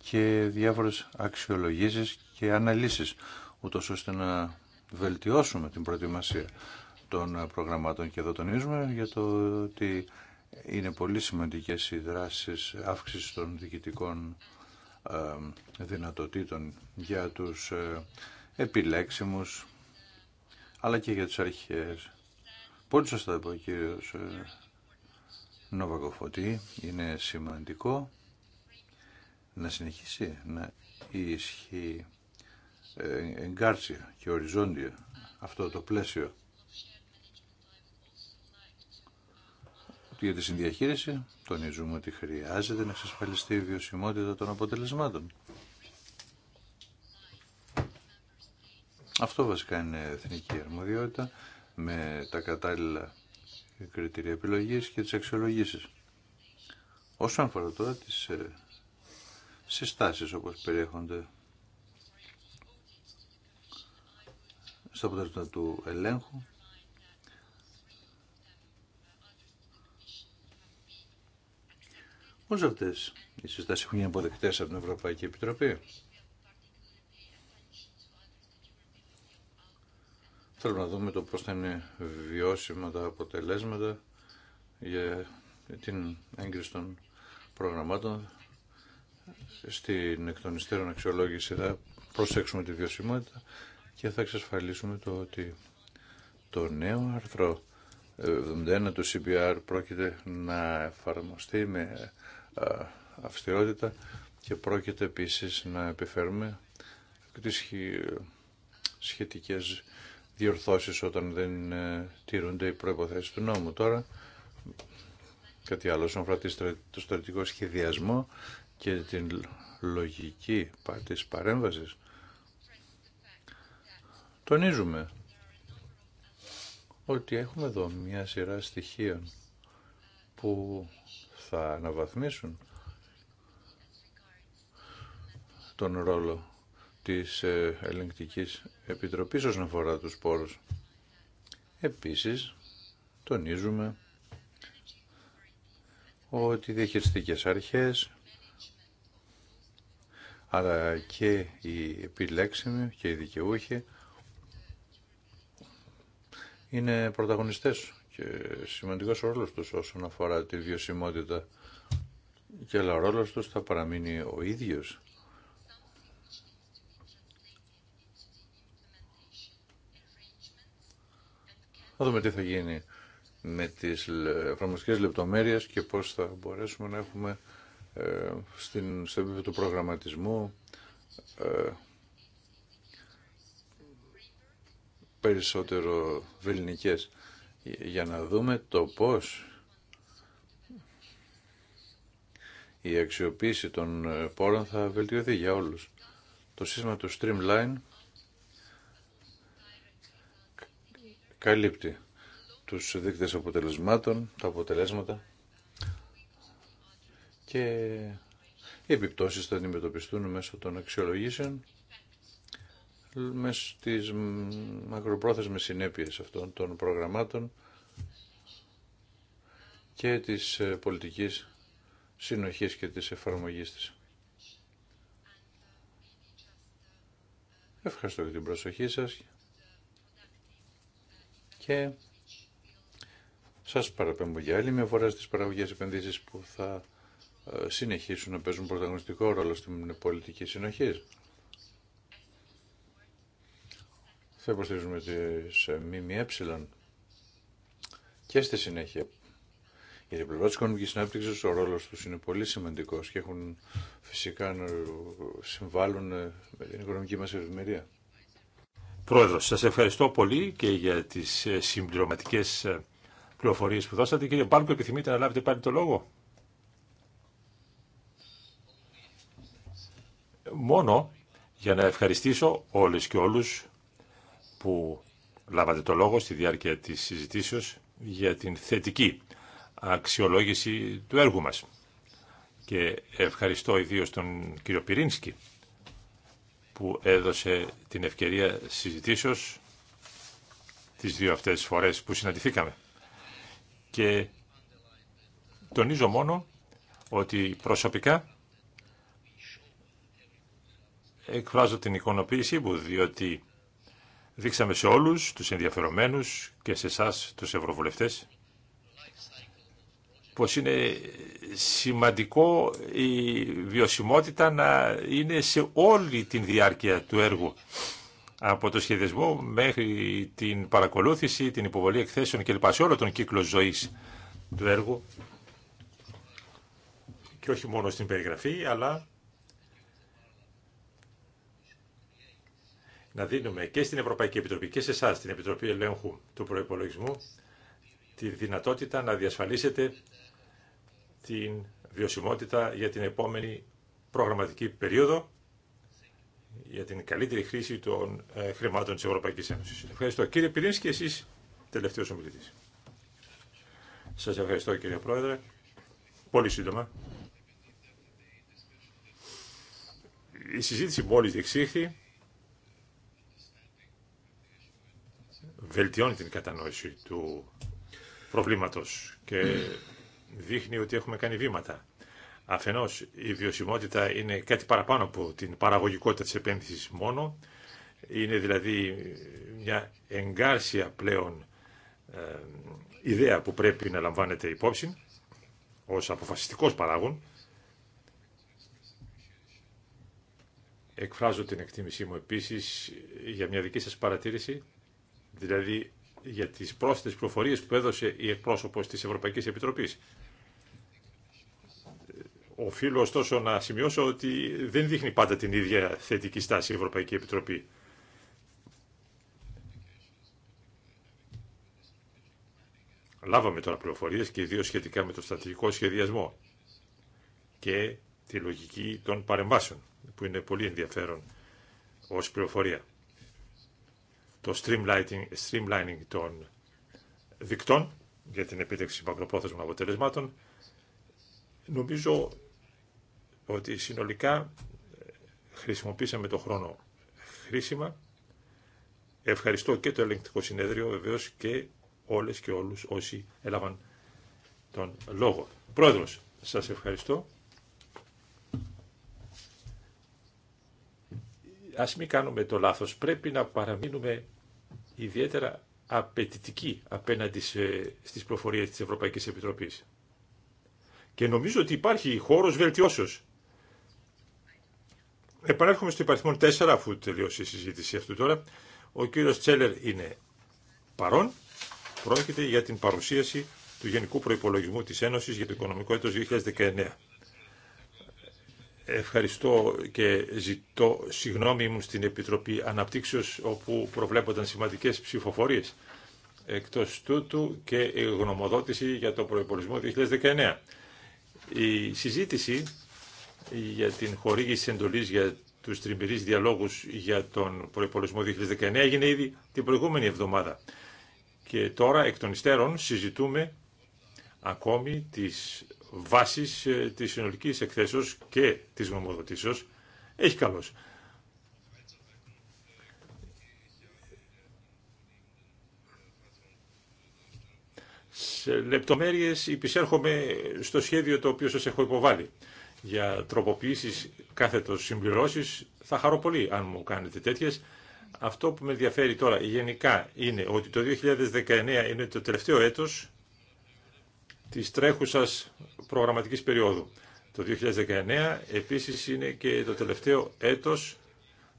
S4: και διάφορες αξιολογήσεις και αναλύσεις ούτως ώστε να βελτιώσουμε την προετοιμασία των ε, προγραμμάτων και εδώ τονίζουμε για το ότι είναι πολύ σημαντικές οι δράσεις αύξησης των διοικητικών ε, δυνατοτήτων για τους ε, επιλέξιμους αλλά και για τους αρχές. Πολύ σωστά είπε ο κύριος ε, Νοβακοφωτή. Είναι σημαντικό να συνεχίσει να ισχύει εγκάρσια και οριζόντια αυτό το πλαίσιο. για τη συνδιαχείριση τονίζουμε ότι χρειάζεται να εξασφαλιστεί η βιωσιμότητα των αποτελεσμάτων. Αυτό βασικά είναι εθνική αρμοδιότητα με τα κατάλληλα κριτήρια επιλογής και τις αξιολογήσεις. Όσον αφορά τώρα τις ε, συστάσεις όπως περιέχονται στα αποτελέσματα του ελέγχου Όλε αυτέ οι συστάσει έχουν γίνει αποδεκτέ από την Ευρωπαϊκή Επιτροπή. Θέλουμε να δούμε το πώς θα είναι βιώσιμα τα αποτελέσματα για την έγκριση των προγραμμάτων. Στην εκ των αξιολόγηση θα προσέξουμε τη βιωσιμότητα και θα εξασφαλίσουμε το ότι το νέο άρθρο 71 του CPR πρόκειται να εφαρμοστεί με ε, αυστηρότητα και πρόκειται επίσης να επιφέρουμε τις σχετικές διορθώσεις όταν δεν ε, τηρούνται οι προϋποθέσεις του νόμου. Τώρα, κάτι άλλο, όσον αφορά το στρατηγικό σχεδιασμό και την λογική της παρέμβασης, τονίζουμε ότι έχουμε εδώ μια σειρά στοιχείων που θα αναβαθμίσουν τον ρόλο της ε, Ελεγκτικής Επιτροπής όσον αφορά τους πόρους. Επίσης, τονίζουμε ότι οι διαχειριστικές αρχές, αλλά και οι επιλέξιμοι και οι δικαιούχοι είναι πρωταγωνιστές και σημαντικός ρόλος τους όσον αφορά τη βιωσιμότητα και αλλά ο ρόλος τους θα παραμείνει ο ίδιος. Θα δούμε τι θα γίνει με τις εφαρμοστικές λεπτομέρειες και πώς θα μπορέσουμε να έχουμε ε, στην, στο επίπεδο του προγραμματισμού ε, περισσότερο βελληνικές για να δούμε το πώς η αξιοποίηση των ε, πόρων θα βελτιωθεί για όλους. Το σύστημα του Streamline καλύπτει τους δείκτες αποτελεσμάτων, τα αποτελέσματα και οι επιπτώσεις θα αντιμετωπιστούν μέσω των αξιολογήσεων με στις μακροπρόθεσμες συνέπειες αυτών των προγραμμάτων και της ε, πολιτικής συνοχής και της εφαρμογής της. Ευχαριστώ για την προσοχή σας και σας παραπέμπω για άλλη μια φορά στις παραγωγές επενδύσεις που θα ε, συνεχίσουν να παίζουν πρωταγωνιστικό ρόλο στην πολιτική συνοχή. θα υποστηρίζουμε τις ε, ΜΜΕ και στη συνέχεια. Για την πλευρά τη οικονομική ανάπτυξη, ο ρόλο του είναι πολύ σημαντικό και έχουν φυσικά να συμβάλλουν ε, με την οικονομική μα ευημερία.
S2: Πρόεδρο, σα ευχαριστώ πολύ και για τι ε, συμπληρωματικέ πληροφορίε που δώσατε. Κύριε Μπάλκο, επιθυμείτε να λάβετε πάλι το λόγο. Μόνο για να ευχαριστήσω όλες και όλους που λάβατε το λόγο στη διάρκεια της συζητήσεως για την θετική αξιολόγηση του έργου μας. Και ευχαριστώ ιδίως τον κύριο Πυρίνσκι που έδωσε την ευκαιρία συζητήσεως τις δύο αυτές φορές που συναντηθήκαμε. Και τονίζω μόνο ότι προσωπικά εκφράζω την εικονοποίησή μου, διότι Δείξαμε σε όλους τους ενδιαφερομένους και σε εσά τους ευρωβουλευτές πως είναι σημαντικό η βιωσιμότητα να είναι σε όλη την διάρκεια του έργου. Από το σχεδιασμό μέχρι την παρακολούθηση, την υποβολή εκθέσεων κλπ. Σε όλο τον κύκλο ζωής του έργου και όχι μόνο στην περιγραφή αλλά να δίνουμε και στην Ευρωπαϊκή Επιτροπή και σε εσά, την Επιτροπή Ελέγχου του Προπολογισμού, τη δυνατότητα να διασφαλίσετε την βιωσιμότητα για την επόμενη προγραμματική περίοδο για την καλύτερη χρήση των ε, χρημάτων της Ευρωπαϊκής Ένωσης. Ευχαριστώ. Κύριε Πυρίνης και εσείς τελευταίος ομιλητής. Σας ευχαριστώ κύριε Πρόεδρε. Πολύ σύντομα. Η συζήτηση μόλις διεξήχθη βελτιώνει την κατανόηση του προβλήματος και δείχνει ότι έχουμε κάνει βήματα. Αφενός, η βιωσιμότητα είναι κάτι παραπάνω από την παραγωγικότητα της επένδυσης μόνο. Είναι δηλαδή μια εγκάρσια πλέον ε, ιδέα που πρέπει να λαμβάνεται υπόψη ως αποφασιστικός παράγων. Εκφράζω την εκτίμησή μου επίσης για μια δική σας παρατήρηση δηλαδή για τις πρόσθετες πληροφορίες που έδωσε η εκπρόσωπος της Ευρωπαϊκής Επιτροπής. Οφείλω ωστόσο να σημειώσω ότι δεν δείχνει πάντα την ίδια θετική στάση η Ευρωπαϊκή Επιτροπή. Λάβαμε τώρα πληροφορίε και ιδίως σχετικά με το στρατηγικό σχεδιασμό και τη λογική των παρεμβάσεων, που είναι πολύ ενδιαφέρον ως πληροφορία το streamlining, streamlining των δικτών για την επίτευξη μακροπρόθεσμων αποτελεσμάτων. Νομίζω ότι συνολικά ε, χρησιμοποίησαμε το χρόνο χρήσιμα. Ευχαριστώ και το ελεγκτικό συνέδριο βεβαίως και όλες και όλους όσοι έλαβαν τον λόγο. Πρόεδρος, σας ευχαριστώ. ας μην κάνουμε το λάθος. Πρέπει να παραμείνουμε ιδιαίτερα απαιτητικοί απέναντι στι στις προφορίες της Ευρωπαϊκής Επιτροπής. Και νομίζω ότι υπάρχει χώρος βελτιώσεως. Επανέρχομαι στο υπαριθμό 4, αφού τελειώσει η συζήτηση αυτού τώρα. Ο κύριος Τσέλερ είναι παρόν. Πρόκειται για την παρουσίαση του Γενικού Προϋπολογισμού της Ένωσης για το Οικονομικό έτος 2019. Ευχαριστώ και ζητώ συγγνώμη μου στην Επιτροπή Αναπτύξεως όπου προβλέπονταν σημαντικές ψηφοφορίες. Εκτός τούτου και η γνωμοδότηση για το προϋπολισμό 2019. Η συζήτηση για την χορήγηση εντολής για τους τριμπηρείς διαλόγους για τον προϋπολισμό 2019 έγινε ήδη την προηγούμενη εβδομάδα. Και τώρα εκ των υστέρων συζητούμε ακόμη τις βάσεις ε, της συνολική εκθέσεως και τη γνωμοδοτήσεω. έχει καλώ. Σε λεπτομέρειε υπησέρχομαι στο σχέδιο το οποίο σας έχω υποβάλει. Για τροποποιήσει κάθετο συμπληρώσει. θα χαρώ πολύ αν μου κάνετε τέτοιες. Αυτό που με ενδιαφέρει τώρα γενικά είναι ότι το 2019 είναι το τελευταίο έτος Τη τρέχουσας προγραμματικής περίοδου. Το 2019 επίση είναι και το τελευταίο έτος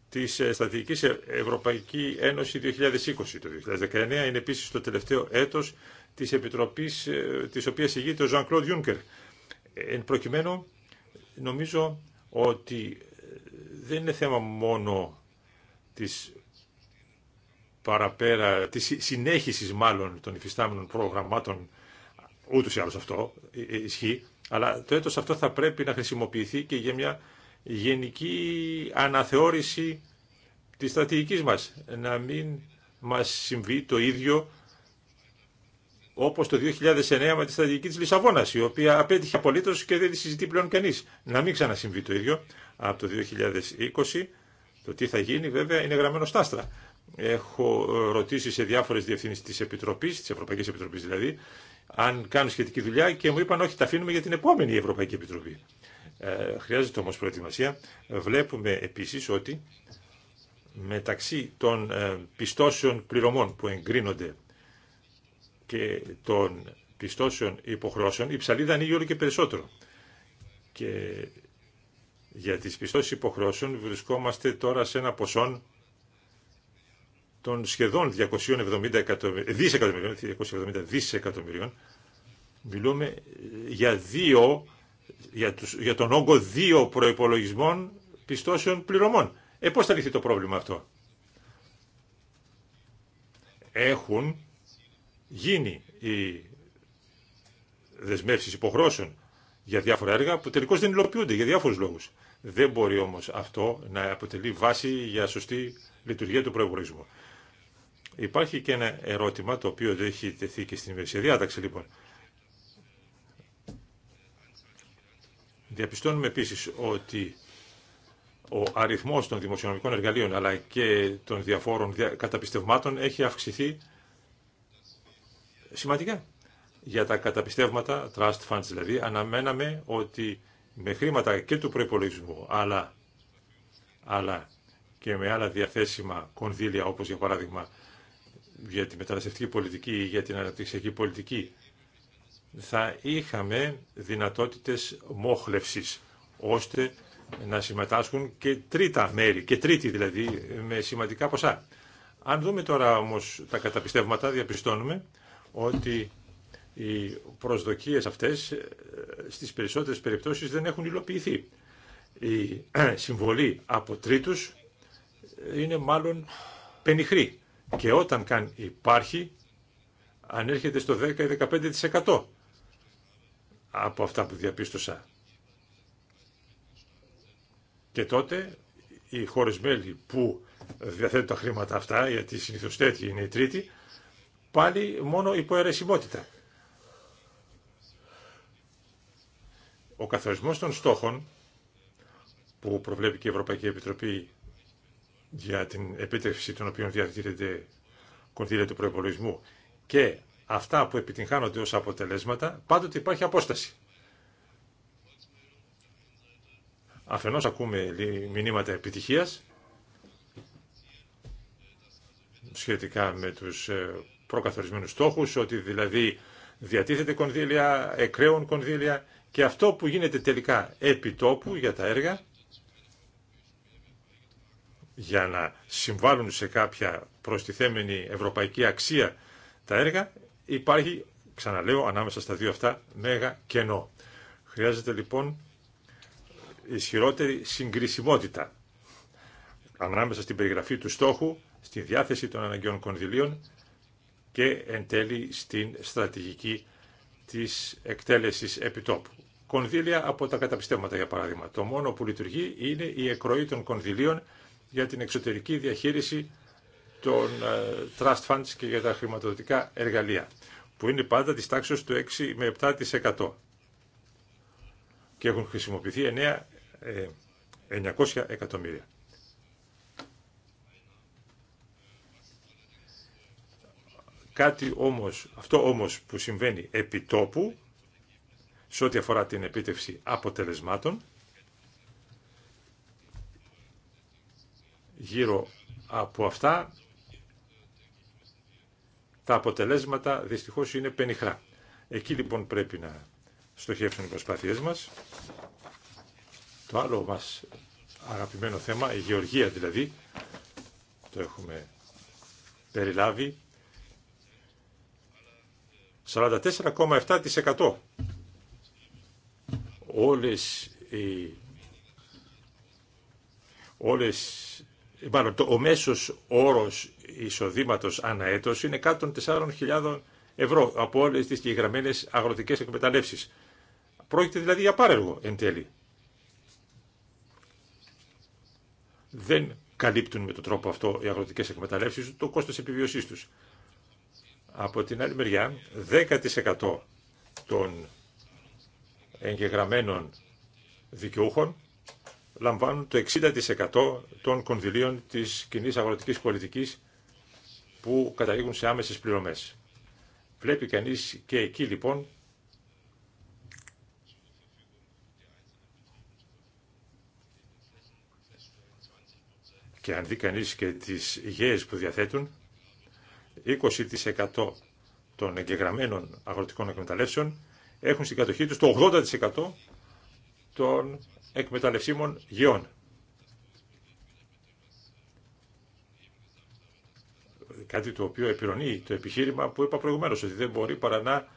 S2: της ε, Στατικής ε- Ευρωπαϊκή Ένωση 2020. Το 2019 είναι επίσης το τελευταίο έτος της Επιτροπής ε, της οποίας ηγείται ο Ζαν Κλοντ Γιούνκερ. Εν προκειμένου νομίζω ότι δεν είναι θέμα μόνο της παραπέρα, της συνέχισης μάλλον των υφιστάμενων προγραμμάτων ούτως ή άλλως αυτό ε, ε, ισχύει, αλλά το έτος αυτό θα πρέπει να χρησιμοποιηθεί και για μια γενική αναθεώρηση της στρατηγικής μας. Να μην μας συμβεί το ίδιο όπως το 2009 με τη στρατηγική της Λισαβόνας, η οποία απέτυχε απολύτως και δεν τη συζητεί πλέον κανείς. Να μην ξανασυμβεί το ίδιο από το 2020. Το τι θα γίνει βέβαια είναι γραμμένο στα άστρα. Έχω ρωτήσει σε διάφορες διευθύνσεις της Επιτροπής, της Ευρωπαϊκής Επιτροπής δηλαδή, αν κάνουν σχετική δουλειά και μου είπαν όχι, τα αφήνουμε για την επόμενη Ευρωπαϊκή Επιτροπή. Ε, χρειάζεται όμως προετοιμασία. Βλέπουμε επίσης ότι μεταξύ των ε, πιστώσεων πληρωμών που εγκρίνονται και των πιστώσεων υποχρεώσεων, η ψαλίδα ανοίγει όλο και περισσότερο. Και για τις πιστώσεις υποχρεώσεων βρισκόμαστε τώρα σε ένα ποσόν των σχεδόν 270 δισεκατομμυρίων, μιλούμε ε, για, δύο, για, για τον όγκο δύο προϋπολογισμών πιστώσεων πληρωμών. Ε, πώς θα λυθεί το πρόβλημα αυτό. Έχουν γίνει οι δεσμεύσεις υποχρώσεων για διάφορα έργα που τελικώς δεν υλοποιούνται για διάφορους λόγους. Δεν μπορεί όμως αυτό να αποτελεί βάση για σωστή λειτουργία του προϋπολογισμού. Υπάρχει και ένα ερώτημα το οποίο δεν έχει τεθεί και στην ημερησία διάταξη λοιπόν. Διαπιστώνουμε επίσης ότι ο αριθμός των δημοσιονομικών εργαλείων αλλά και των διαφόρων καταπιστευμάτων έχει αυξηθεί σημαντικά. Για τα καταπιστεύματα, trust funds δηλαδή, αναμέναμε ότι με χρήματα και του προϋπολογισμού αλλά, αλλά και με άλλα διαθέσιμα κονδύλια όπως για παράδειγμα για τη μεταναστευτική πολιτική ή για την αναπτυξιακή πολιτική, θα είχαμε δυνατότητες μόχλευσης, ώστε να συμμετάσχουν και τρίτα μέρη, και τρίτη δηλαδή, με σημαντικά ποσά. Αν δούμε τώρα όμως τα καταπιστεύματα, διαπιστώνουμε ότι οι προσδοκίες αυτές ε, στις περισσότερες περιπτώσεις δεν έχουν υλοποιηθεί. Η συμβολή από τρίτους είναι μάλλον πενιχρή και όταν καν υπάρχει ανέρχεται στο 10 15% από αυτά που διαπίστωσα. Και τότε οι χώρε μέλη που διαθέτουν τα χρήματα αυτά, γιατί συνήθως τέτοιοι είναι οι τρίτοι, πάλι μόνο υπό αιρεσιμότητα. Ο καθορισμός των στόχων που προβλέπει και η Ευρωπαϊκή Επιτροπή για την επίτευξη των οποίων διατηρείται κονδύλια του προπολογισμού και αυτά που επιτυγχάνονται ως αποτελέσματα, πάντοτε υπάρχει απόσταση. Αφενός ακούμε μηνύματα επιτυχίας σχετικά με τους ε, προκαθορισμένους στόχους, ότι δηλαδή διατίθεται κονδύλια, εκραίων κονδύλια και αυτό που γίνεται τελικά επιτόπου για τα έργα για να συμβάλλουν σε κάποια προστιθέμενη ευρωπαϊκή αξία τα έργα, υπάρχει, ξαναλέω, ανάμεσα στα δύο αυτά, μέγα κενό. Χρειάζεται λοιπόν ισχυρότερη συγκρισιμότητα ανάμεσα στην περιγραφή του στόχου, στη διάθεση των αναγκαίων κονδυλίων και εν τέλει στην στρατηγική της εκτέλεσης επιτόπου. Κονδύλια από τα καταπιστεύματα, για παράδειγμα. Το μόνο που λειτουργεί είναι η εκροή των κονδυλίων για την εξωτερική διαχείριση των ε, trust funds και για τα χρηματοδοτικά εργαλεία, που είναι πάντα της τάξης του 6 με 7% και έχουν χρησιμοποιηθεί 9, 900 ε, εκατομμύρια. Κάτι όμως, αυτό όμως που συμβαίνει επί τόπου, σε ό,τι αφορά την επίτευξη αποτελεσμάτων, Γύρω από αυτά τα αποτελέσματα δυστυχώς είναι πενιχρά. Εκεί λοιπόν πρέπει να στοχεύσουν οι προσπάθειές μας. Το άλλο μας αγαπημένο θέμα, η γεωργία δηλαδή, το έχουμε περιλάβει, 44,7% όλες οι, όλες ε, μάλλον το, ο μέσος όρος εισοδήματος ανά είναι κάτω των 4.000 ευρώ από όλες τις γεγραμμένες αγροτικές εκμεταλλεύσεις. Πρόκειται δηλαδή για πάρεργο εν τέλει. Δεν καλύπτουν με τον τρόπο αυτό οι αγροτικές εκμεταλλεύσεις το κόστος επιβίωσής τους. Από την άλλη μεριά, 10% των εγγεγραμμένων δικαιούχων λαμβάνουν το 60% των κονδυλίων της κοινή αγροτικής πολιτικής που καταλήγουν σε άμεσες πληρωμές. Βλέπει κανείς και εκεί λοιπόν και αν δει κανείς και τις γέες που διαθέτουν 20% των εγγεγραμμένων αγροτικών εκμεταλλεύσεων έχουν στην κατοχή τους το 80% των εκμεταλλευσίμων γεών. Κάτι το οποίο επιρρονεί το επιχείρημα που είπα προηγουμένω ότι δεν μπορεί παρά να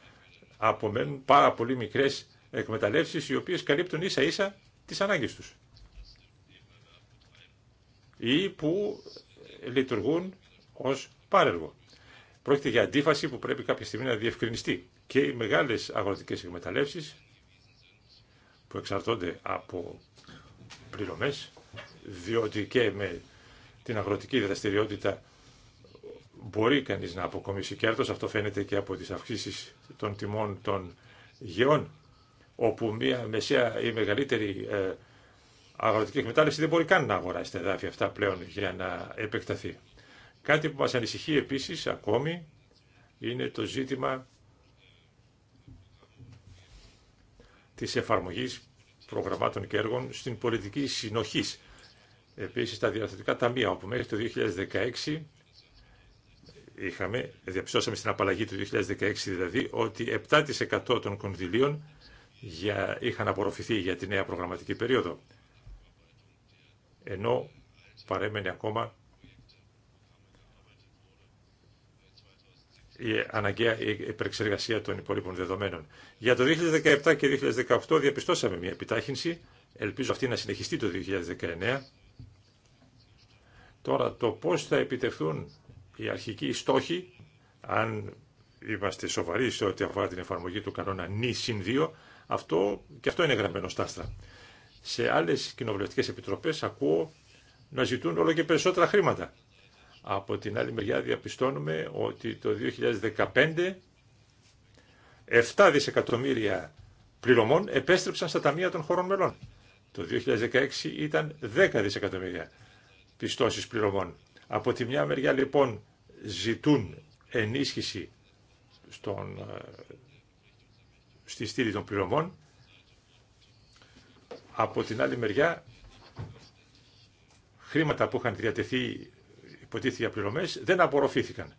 S2: απομένουν πάρα πολύ μικρές εκμεταλλεύσεις οι οποίες καλύπτουν ίσα ίσα τις ανάγκες τους ή που λειτουργούν ως πάρεργο. Πρόκειται για αντίφαση που πρέπει κάποια στιγμή να διευκρινιστεί και οι μεγάλες αγροτικές εκμεταλλεύσεις που εξαρτώνται από πληρωμές, διότι και με την αγροτική δραστηριότητα μπορεί κανείς να αποκομίσει κέρδος. Αυτό φαίνεται και από τις αυξήσεις των τιμών των γεών, όπου μια μεσαία ή μεγαλύτερη ε, αγροτική εκμετάλλευση δεν μπορεί καν να αγοράσει τα εδάφια αυτά πλέον για να επεκταθεί. Κάτι που μας ανησυχεί επίσης ακόμη είναι το ζήτημα της εφαρμογής προγραμμάτων και έργων στην πολιτική συνοχής. Επίσης τα διαθετικά ταμεία, όπου μέχρι το 2016 είχαμε, διαπιστώσαμε στην απαλλαγή του 2016 δηλαδή, ότι 7% των κονδυλίων για, είχαν απορροφηθεί για τη νέα προγραμματική περίοδο. Ενώ παρέμενε ακόμα η αναγκαία επεξεργασία των υπόλοιπων δεδομένων. Για το 2017 και 2018 διαπιστώσαμε μια επιτάχυνση. Ελπίζω αυτή να συνεχιστεί το 2019. Τώρα το πώς θα επιτευχθούν οι αρχικοί στόχοι, αν είμαστε σοβαροί σε ό,τι αφορά την εφαρμογή του κανόνα νη συν 2, αυτό, και αυτό είναι γραμμένο στα άστρα. Σε άλλες κοινοβουλευτικές επιτροπές ακούω να ζητούν όλο και περισσότερα χρήματα. Από την άλλη μεριά διαπιστώνουμε ότι το 2015 7 δισεκατομμύρια πληρωμών επέστρεψαν στα ταμεία των χωρών μελών. Το 2016 ήταν 10 δισεκατομμύρια πιστώσεις πληρωμών. Από τη μια μεριά λοιπόν ζητούν ενίσχυση στον, ε, στη στήλη των πληρωμών. Από την άλλη μεριά χρήματα που είχαν διατεθεί υποτίθεται για πληρωμέ, δεν απορροφήθηκαν.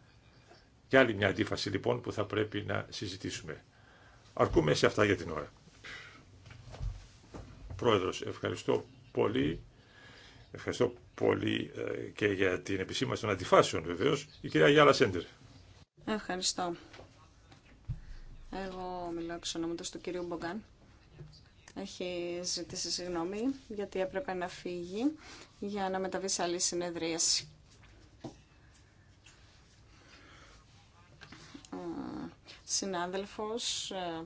S2: Και άλλη μια αντίφαση λοιπόν που θα πρέπει να συζητήσουμε. Αρκούμε σε αυτά για την ώρα. Πρόεδρος, ευχαριστώ πολύ. Ευχαριστώ πολύ ε, και για την επισήμανση των αντιφάσεων βεβαίως. Η κυρία Γιάλα Σέντερ.
S3: Ευχαριστώ. Εγώ μιλάω εξ ονόματος του κυρίου Μπογκάν. Έχει ζητήσει συγγνώμη γιατί έπρεπε να φύγει για να μεταβεί σε άλλη συνεδρίαση. συνάδελφος ε,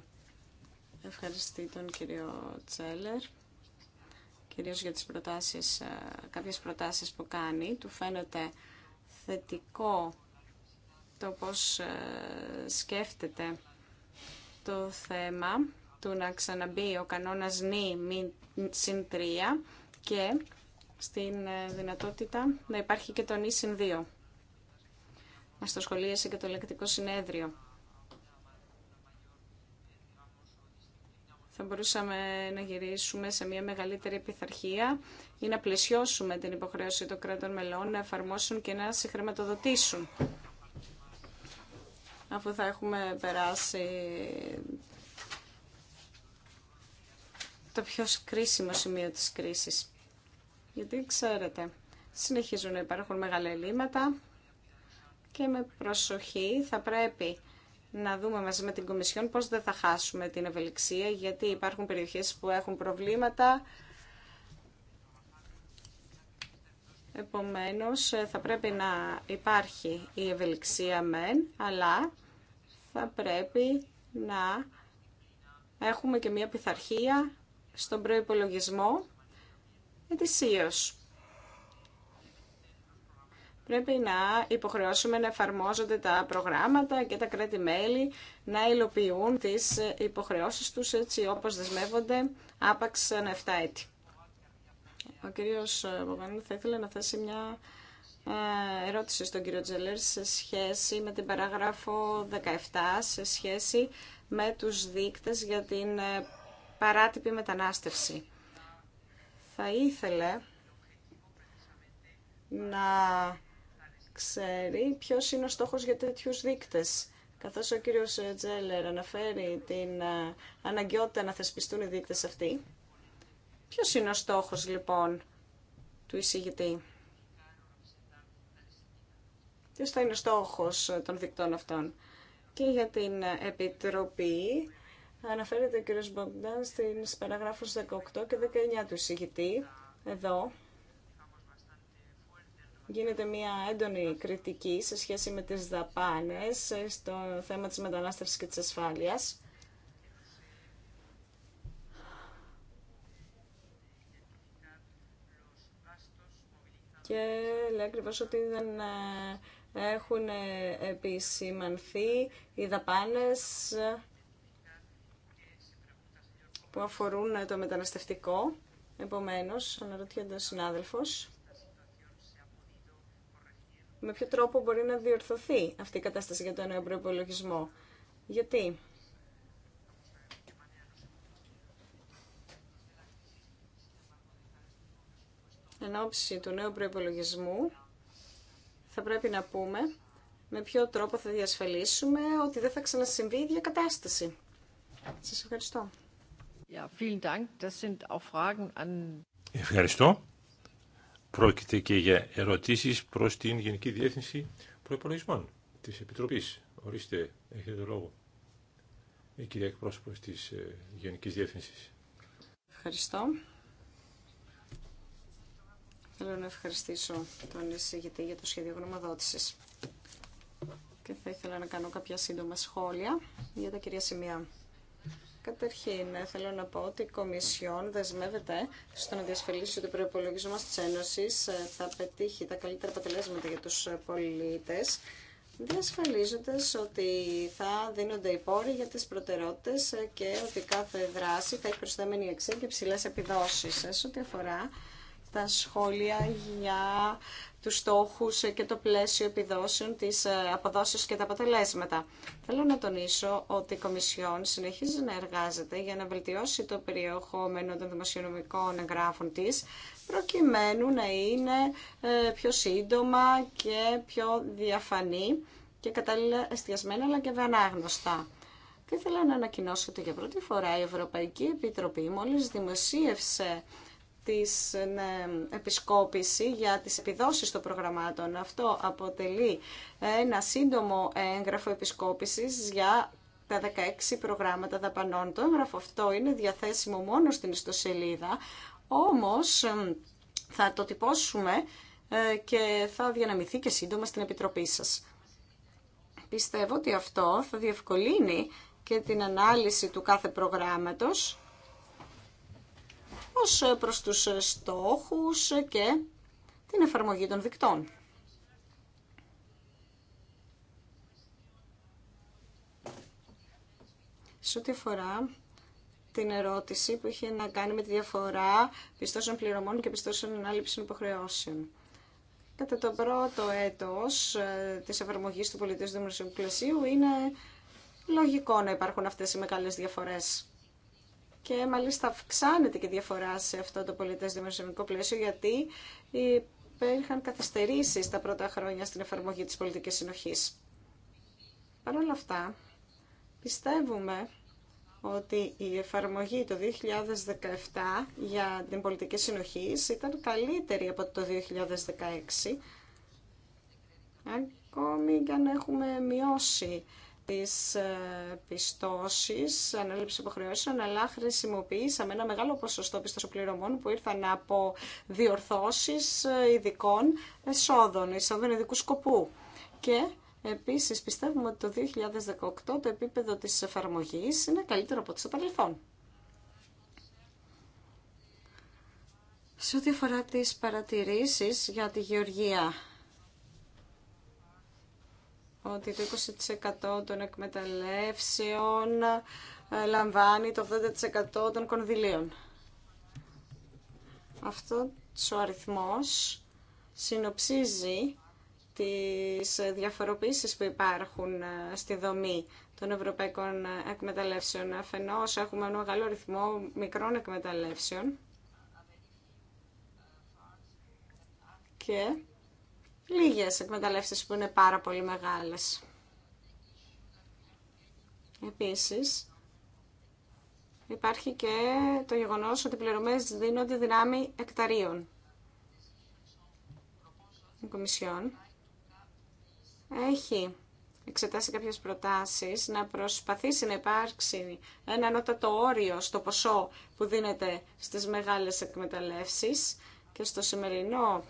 S3: ευχαριστεί τον κύριο Τσέλερ κυρίως για τις προτάσεις, ε, κάποιες προτάσεις που κάνει. Του φαίνεται θετικό το πώς ε, σκέφτεται το θέμα του να ξαναμπεί ο κανόνας νη συν και στην δυνατότητα να υπάρχει και το νη συν μας το σχολίασε και το ελεκτικό συνέδριο. Θα μπορούσαμε να γυρίσουμε σε μια μεγαλύτερη επιθαρχία... ή να πλαισιώσουμε την υποχρέωση των κρατών μελών να εφαρμόσουν και να συγχρηματοδοτήσουν. Αφού θα έχουμε περάσει το πιο κρίσιμο σημείο της κρίσης. Γιατί ξέρετε, συνεχίζουν να υπάρχουν μεγάλα ελλείμματα, και με προσοχή θα πρέπει να δούμε μαζί με την Κομισιόν πώς δεν θα χάσουμε την ευελιξία γιατί υπάρχουν περιοχές που έχουν προβλήματα Επομένως, θα πρέπει να υπάρχει η ευελιξία μεν, αλλά θα πρέπει να έχουμε και μια πειθαρχία στον προϋπολογισμό ετησίως πρέπει να υποχρεώσουμε να εφαρμόζονται τα προγράμματα και τα κράτη-μέλη να υλοποιούν τις υποχρεώσεις τους έτσι όπως δεσμεύονται άπαξ 7 έτη. Ο κύριος ε, Μπογκανίλη θα ήθελε να θέσει μια ε, ερώτηση στον κύριο Τζελέρ σε σχέση με την παράγραφο 17, σε σχέση με τους δείκτες για την ε, παράτυπη μετανάστευση. Θα ήθελε να ξέρει ποιος είναι ο στόχος για τέτοιους δείκτες. Καθώς ο κύριος Τζέλερ αναφέρει την ε, αναγκαιότητα να θεσπιστούν οι δείκτες αυτοί, ποιος είναι ο στόχος λοιπόν του εισηγητή. Τι θα είναι ο στόχος των δικτών αυτών. Και για την Επιτροπή αναφέρεται ο κύριος Μπογκδάν στην παραγράφους 18 και 19 του εισηγητή. Εδώ γίνεται μια έντονη κριτική σε σχέση με τις δαπάνες ε, στο θέμα της μετανάστευσης και της ασφάλειας. Και λέει ακριβώ ότι δεν ε, έχουν επισημανθεί οι δαπάνες ε, που αφορούν το μεταναστευτικό. Επομένως, αναρωτιέται ο συνάδελφος, με ποιο τρόπο μπορεί να διορθωθεί αυτή η κατάσταση για τον νέο προπολογισμό. Γιατί. Εν όψη του νέου προπολογισμού θα πρέπει να πούμε με ποιο τρόπο θα διασφαλίσουμε ότι δεν θα ξανασυμβεί η ίδια κατάσταση.
S1: Σας ευχαριστώ.
S2: Ευχαριστώ. Πρόκειται και για ερωτήσεις προς την Γενική Διεύθυνση Προϋπολογισμών της Επιτροπής. Ορίστε, έχετε το λόγο. Η κυρία εκπρόσωπος της ε, Γενικής Διεύθυνσης.
S3: Ευχαριστώ. Θέλω να ευχαριστήσω τον εισηγητή για το σχέδιο γνωμοδότησης. Και θα ήθελα να κάνω κάποια σύντομα σχόλια για τα κυρία σημεία. Καταρχήν, θέλω να πω ότι η Κομισιόν δεσμεύεται στο να διασφαλίσει ότι ο προπολογισμό τη Ένωση ε, θα πετύχει τα καλύτερα αποτελέσματα για του ε, πολίτε, διασφαλίζοντα ότι θα δίνονται οι πόροι για τι προτεραιότητε ε, και ότι κάθε δράση θα έχει προσθέμενη αξία και ψηλέ επιδόσει. Σε ό,τι αφορά τα σχόλια για τους στόχους και το πλαίσιο επιδόσεων, τις ε, αποδόσεις και τα αποτελέσματα. Θέλω να τονίσω ότι η Κομισιόν συνεχίζει να εργάζεται για να βελτιώσει το περιεχόμενο των δημοσιονομικών εγγράφων της, προκειμένου να είναι ε, πιο σύντομα και πιο διαφανή και κατάλληλα εστιασμένα αλλά και βανάγνωστα. Και ήθελα να ανακοινώσω ότι για πρώτη φορά η Ευρωπαϊκή Επιτροπή μόλις δημοσίευσε της ναι, επισκόπηση για τις επιδόσεις των προγραμμάτων. Αυτό αποτελεί ένα σύντομο έγγραφο επισκόπησης για τα 16 προγράμματα δαπανών. Το έγγραφο αυτό είναι διαθέσιμο μόνο στην ιστοσελίδα, όμως θα το τυπώσουμε ε, και θα διαναμηθεί και σύντομα στην Επιτροπή σας. Πιστεύω ότι αυτό θα διευκολύνει και την ανάλυση του κάθε προγράμματος ως ε, προς τους ε, στόχους ε, και την εφαρμογή των δικτών. Σε ό,τι αφορά την ερώτηση που είχε να κάνει με τη διαφορά πιστώσεων πληρωμών και πιστώσεων ανάληψης υποχρεώσεων. Κατά το πρώτο έτος της εφαρμογής του πολιτικού δημοσίου είναι λογικό να υπάρχουν αυτές οι μεγάλες διαφορές και μάλιστα αυξάνεται και διαφορά σε αυτό το πολιτές δημοσιονομικό πλαίσιο γιατί υπήρχαν καθυστερήσει τα πρώτα χρόνια στην εφαρμογή της πολιτικής συνοχής. Παρ' όλα αυτά, πιστεύουμε ότι η εφαρμογή το 2017 για την πολιτική συνοχή ήταν καλύτερη από το 2016, ακόμη και αν έχουμε μειώσει τις ε, πιστώσεις, ανάληψη υποχρεώσεων, αλλά χρησιμοποιήσαμε ένα μεγάλο ποσοστό πληρωμών που ήρθαν από διορθώσεις ε, ειδικών εσόδων, εισόδων ειδικού σκοπού. Και επίσης πιστεύουμε ότι το 2018 το επίπεδο της εφαρμογής είναι καλύτερο από το παρελθόν. Σε ό,τι αφορά τις παρατηρήσεις για τη γεωργία, ότι το 20% των εκμεταλλεύσεων ε, λαμβάνει το 80% των κονδυλίων. Αυτό ο αριθμός συνοψίζει τις διαφοροποίησεις που υπάρχουν ε, στη δομή των ευρωπαϊκών εκμεταλλεύσεων. Αφενός έχουμε ένα μεγάλο αριθμό μικρών εκμεταλλεύσεων και λίγες εκμεταλλεύσεις που είναι πάρα πολύ μεγάλες. Επίσης, υπάρχει και το γεγονός ότι οι πληρωμές δίνονται δυνάμει εκταρίων. Η Κομισιόν έχει εξετάσει κάποιες προτάσεις να προσπαθήσει να υπάρξει ένα ανώτατο όριο στο ποσό που δίνεται στις μεγάλες εκμεταλλεύσεις και στο σημερινό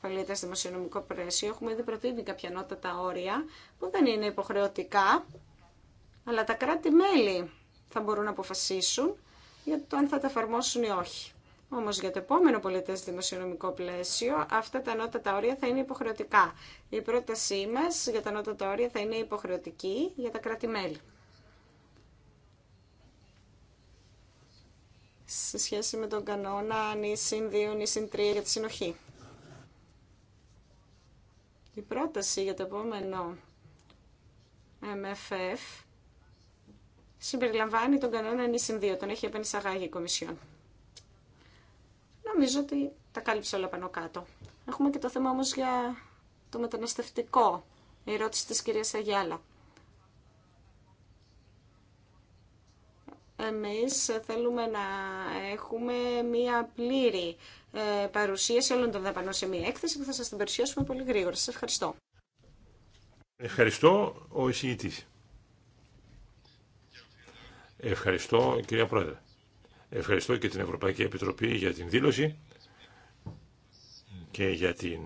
S3: παλιέτες δημοσιονομικό πλαίσιο, έχουμε ήδη προτείνει κάποια νότατα όρια που δεν είναι υποχρεωτικά, αλλά τα κράτη-μέλη θα μπορούν να αποφασίσουν για το αν θα τα εφαρμόσουν ή όχι. Όμως για το επόμενο πολιτέ δημοσιονομικό πλαίσιο αυτά τα ανώτατα όρια θα είναι υποχρεωτικά. Η πρότασή μας για τα ανώτατα όρια θα είναι υποχρεωτική για τα κράτη-μέλη. Σε σχέση με τον κανόνα νησιν 2, νησιν 3 για τη συνοχή. Η πρόταση για το επόμενο MFF συμπεριλαμβάνει τον κανόνα νησιν 2, τον έχει επενισαγάγει η Κομισιόν. Νομίζω ότι τα κάλυψε όλα πάνω κάτω. Έχουμε και το θέμα όμως για το μεταναστευτικό, η ερώτηση της κυρίας Αγιάλα. Εμείς θέλουμε να έχουμε μία πλήρη ε, παρουσίαση όλων των δαπανών σε μία έκθεση που θα σας την παρουσιάσουμε πολύ γρήγορα. Σας ευχαριστώ.
S2: Ευχαριστώ ο εισηγητής. Ευχαριστώ κυρία Πρόεδρε. Ευχαριστώ και την Ευρωπαϊκή Επιτροπή για την δήλωση και για την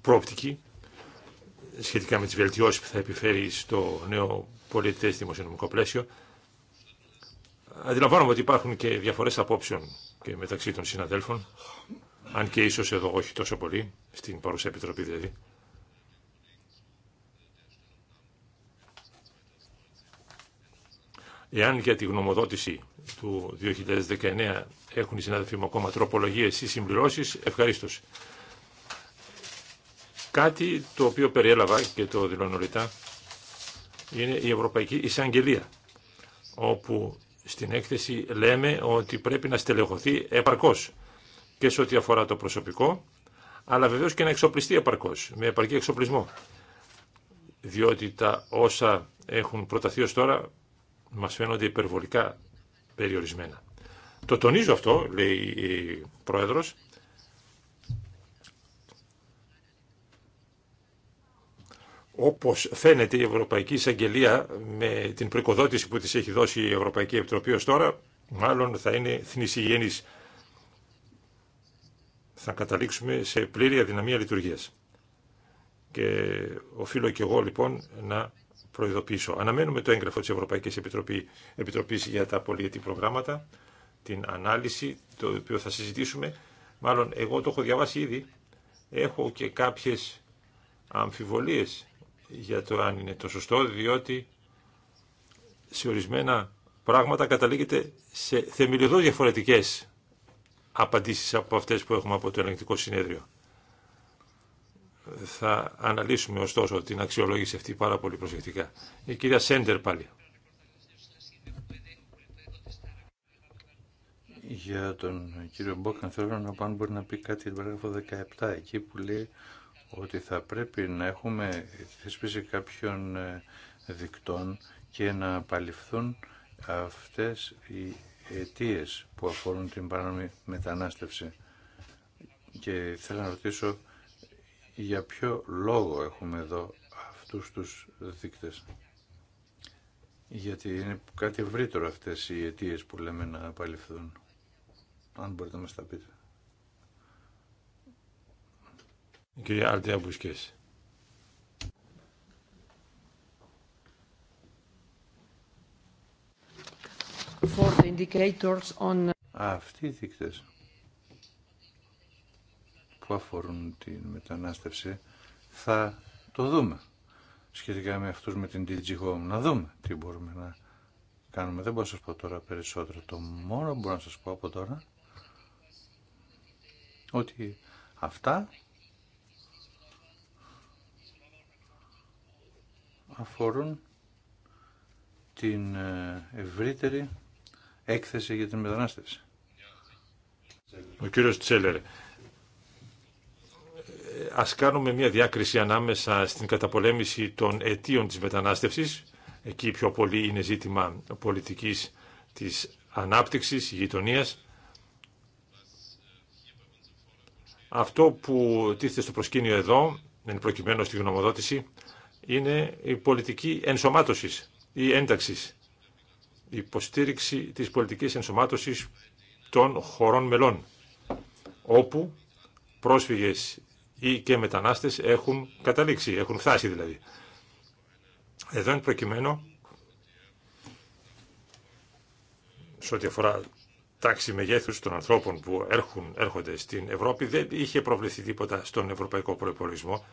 S2: πρόπτικη σχετικά με τις βελτιώσεις που θα επιφέρει στο νέο πολιτές δημοσιονομικό πλαίσιο. Αντιλαμβάνομαι ότι υπάρχουν και διαφορέ απόψεων και μεταξύ των συναδέλφων, αν και ίσως εδώ όχι τόσο πολύ, στην παρουσία επιτροπή δηλαδή. Εάν για τη γνωμοδότηση του 2019 έχουν οι συνάδελφοι μου ακόμα τροπολογίε ή συμπληρώσει. ευχαρίστω. Κάτι το οποίο περιέλαβα και το δηλώνω ρητά είναι η Ευρωπαϊκή Εισαγγελία, όπου στην έκθεση λέμε ότι πρέπει να στελεχωθεί επαρκώς και σε ό,τι αφορά το προσωπικό, αλλά βεβαίως και να εξοπλιστεί επαρκώς, με επαρκή εξοπλισμό. Διότι τα όσα έχουν προταθεί ως τώρα μας φαίνονται υπερβολικά περιορισμένα. Το τονίζω αυτό, λέει η Πρόεδρος, όπως φαίνεται η Ευρωπαϊκή Εισαγγελία με την προκοδότηση που της έχει δώσει η Ευρωπαϊκή Επιτροπή ως τώρα, μάλλον θα είναι θνησιγενής. Θα καταλήξουμε σε πλήρη αδυναμία λειτουργίας. Και οφείλω και εγώ λοιπόν να προειδοποιήσω. Αναμένουμε το έγγραφο της Ευρωπαϊκής Επιτροπή, Επιτροπής για τα πολιετή προγράμματα, την ανάλυση, το οποίο θα συζητήσουμε. Μάλλον εγώ το έχω διαβάσει ήδη. Έχω και κάποιες αμφιβολίες για το αν είναι το σωστό, διότι σε ορισμένα πράγματα καταλήγεται σε θεμελιωδώς διαφορετικές απαντήσεις από αυτές που έχουμε από το ελεγκτικό συνέδριο. Θα αναλύσουμε ωστόσο την αξιολόγηση αυτή πάρα πολύ προσεκτικά. Η κυρία Σέντερ πάλι. Για τον κύριο
S4: Μπόκαν θέλω να πάνω μπορεί να πει κάτι την παράγραφο 17 εκεί που λέει ότι θα πρέπει να έχουμε θέσπιση κάποιων ε, δικτών και να απαλληφθούν αυτές οι αιτίε που αφορούν την παράνομη μετανάστευση. Και θέλω να ρωτήσω για ποιο λόγο έχουμε εδώ αυτούς τους δείκτες. Γιατί είναι κάτι ευρύτερο αυτές οι αιτίε που λέμε να απαλληφθούν. Αν μπορείτε να μας τα πείτε.
S2: Η κυρία Μπουσκές.
S5: Uh,
S4: Αυτοί οι δείκτες που αφορούν την μετανάστευση θα το δούμε σχετικά με αυτούς με την DG Home. Να δούμε τι μπορούμε να κάνουμε. Δεν μπορώ να σας πω τώρα περισσότερο. Το μόνο που μπορώ να σας πω από τώρα ότι αυτά αφορούν την
S2: ε, ευρύτερη έκθεση για την μετανάστευση. Ο κύριος Τσέλερ, ε, ας κάνουμε μια διάκριση ανάμεσα στην καταπολέμηση των αιτίων της μετανάστευσης, εκεί πιο πολύ είναι ζήτημα πολιτικής της ανάπτυξης, γειτονίας. Αυτό που τίθεται στο προσκήνιο εδώ, εν προκειμένου στη γνωμοδότηση, είναι η πολιτική ενσωμάτωσης ή ένταξης. Η υποστήριξη της πολιτικής ενσωμάτωσης των χωρών μελών, όπου πρόσφυγες ή και μετανάστες έχουν καταλήξει, έχουν φτάσει δηλαδή. Εδώ είναι προκειμένο... σε ό,τι αφορά τάξη μεγέθους των ανθρώπων που έρχουν, έρχονται στην Ευρώπη, δεν είχε προβληθεί τίποτα στον ευρωπαϊκό προϋπολογισμό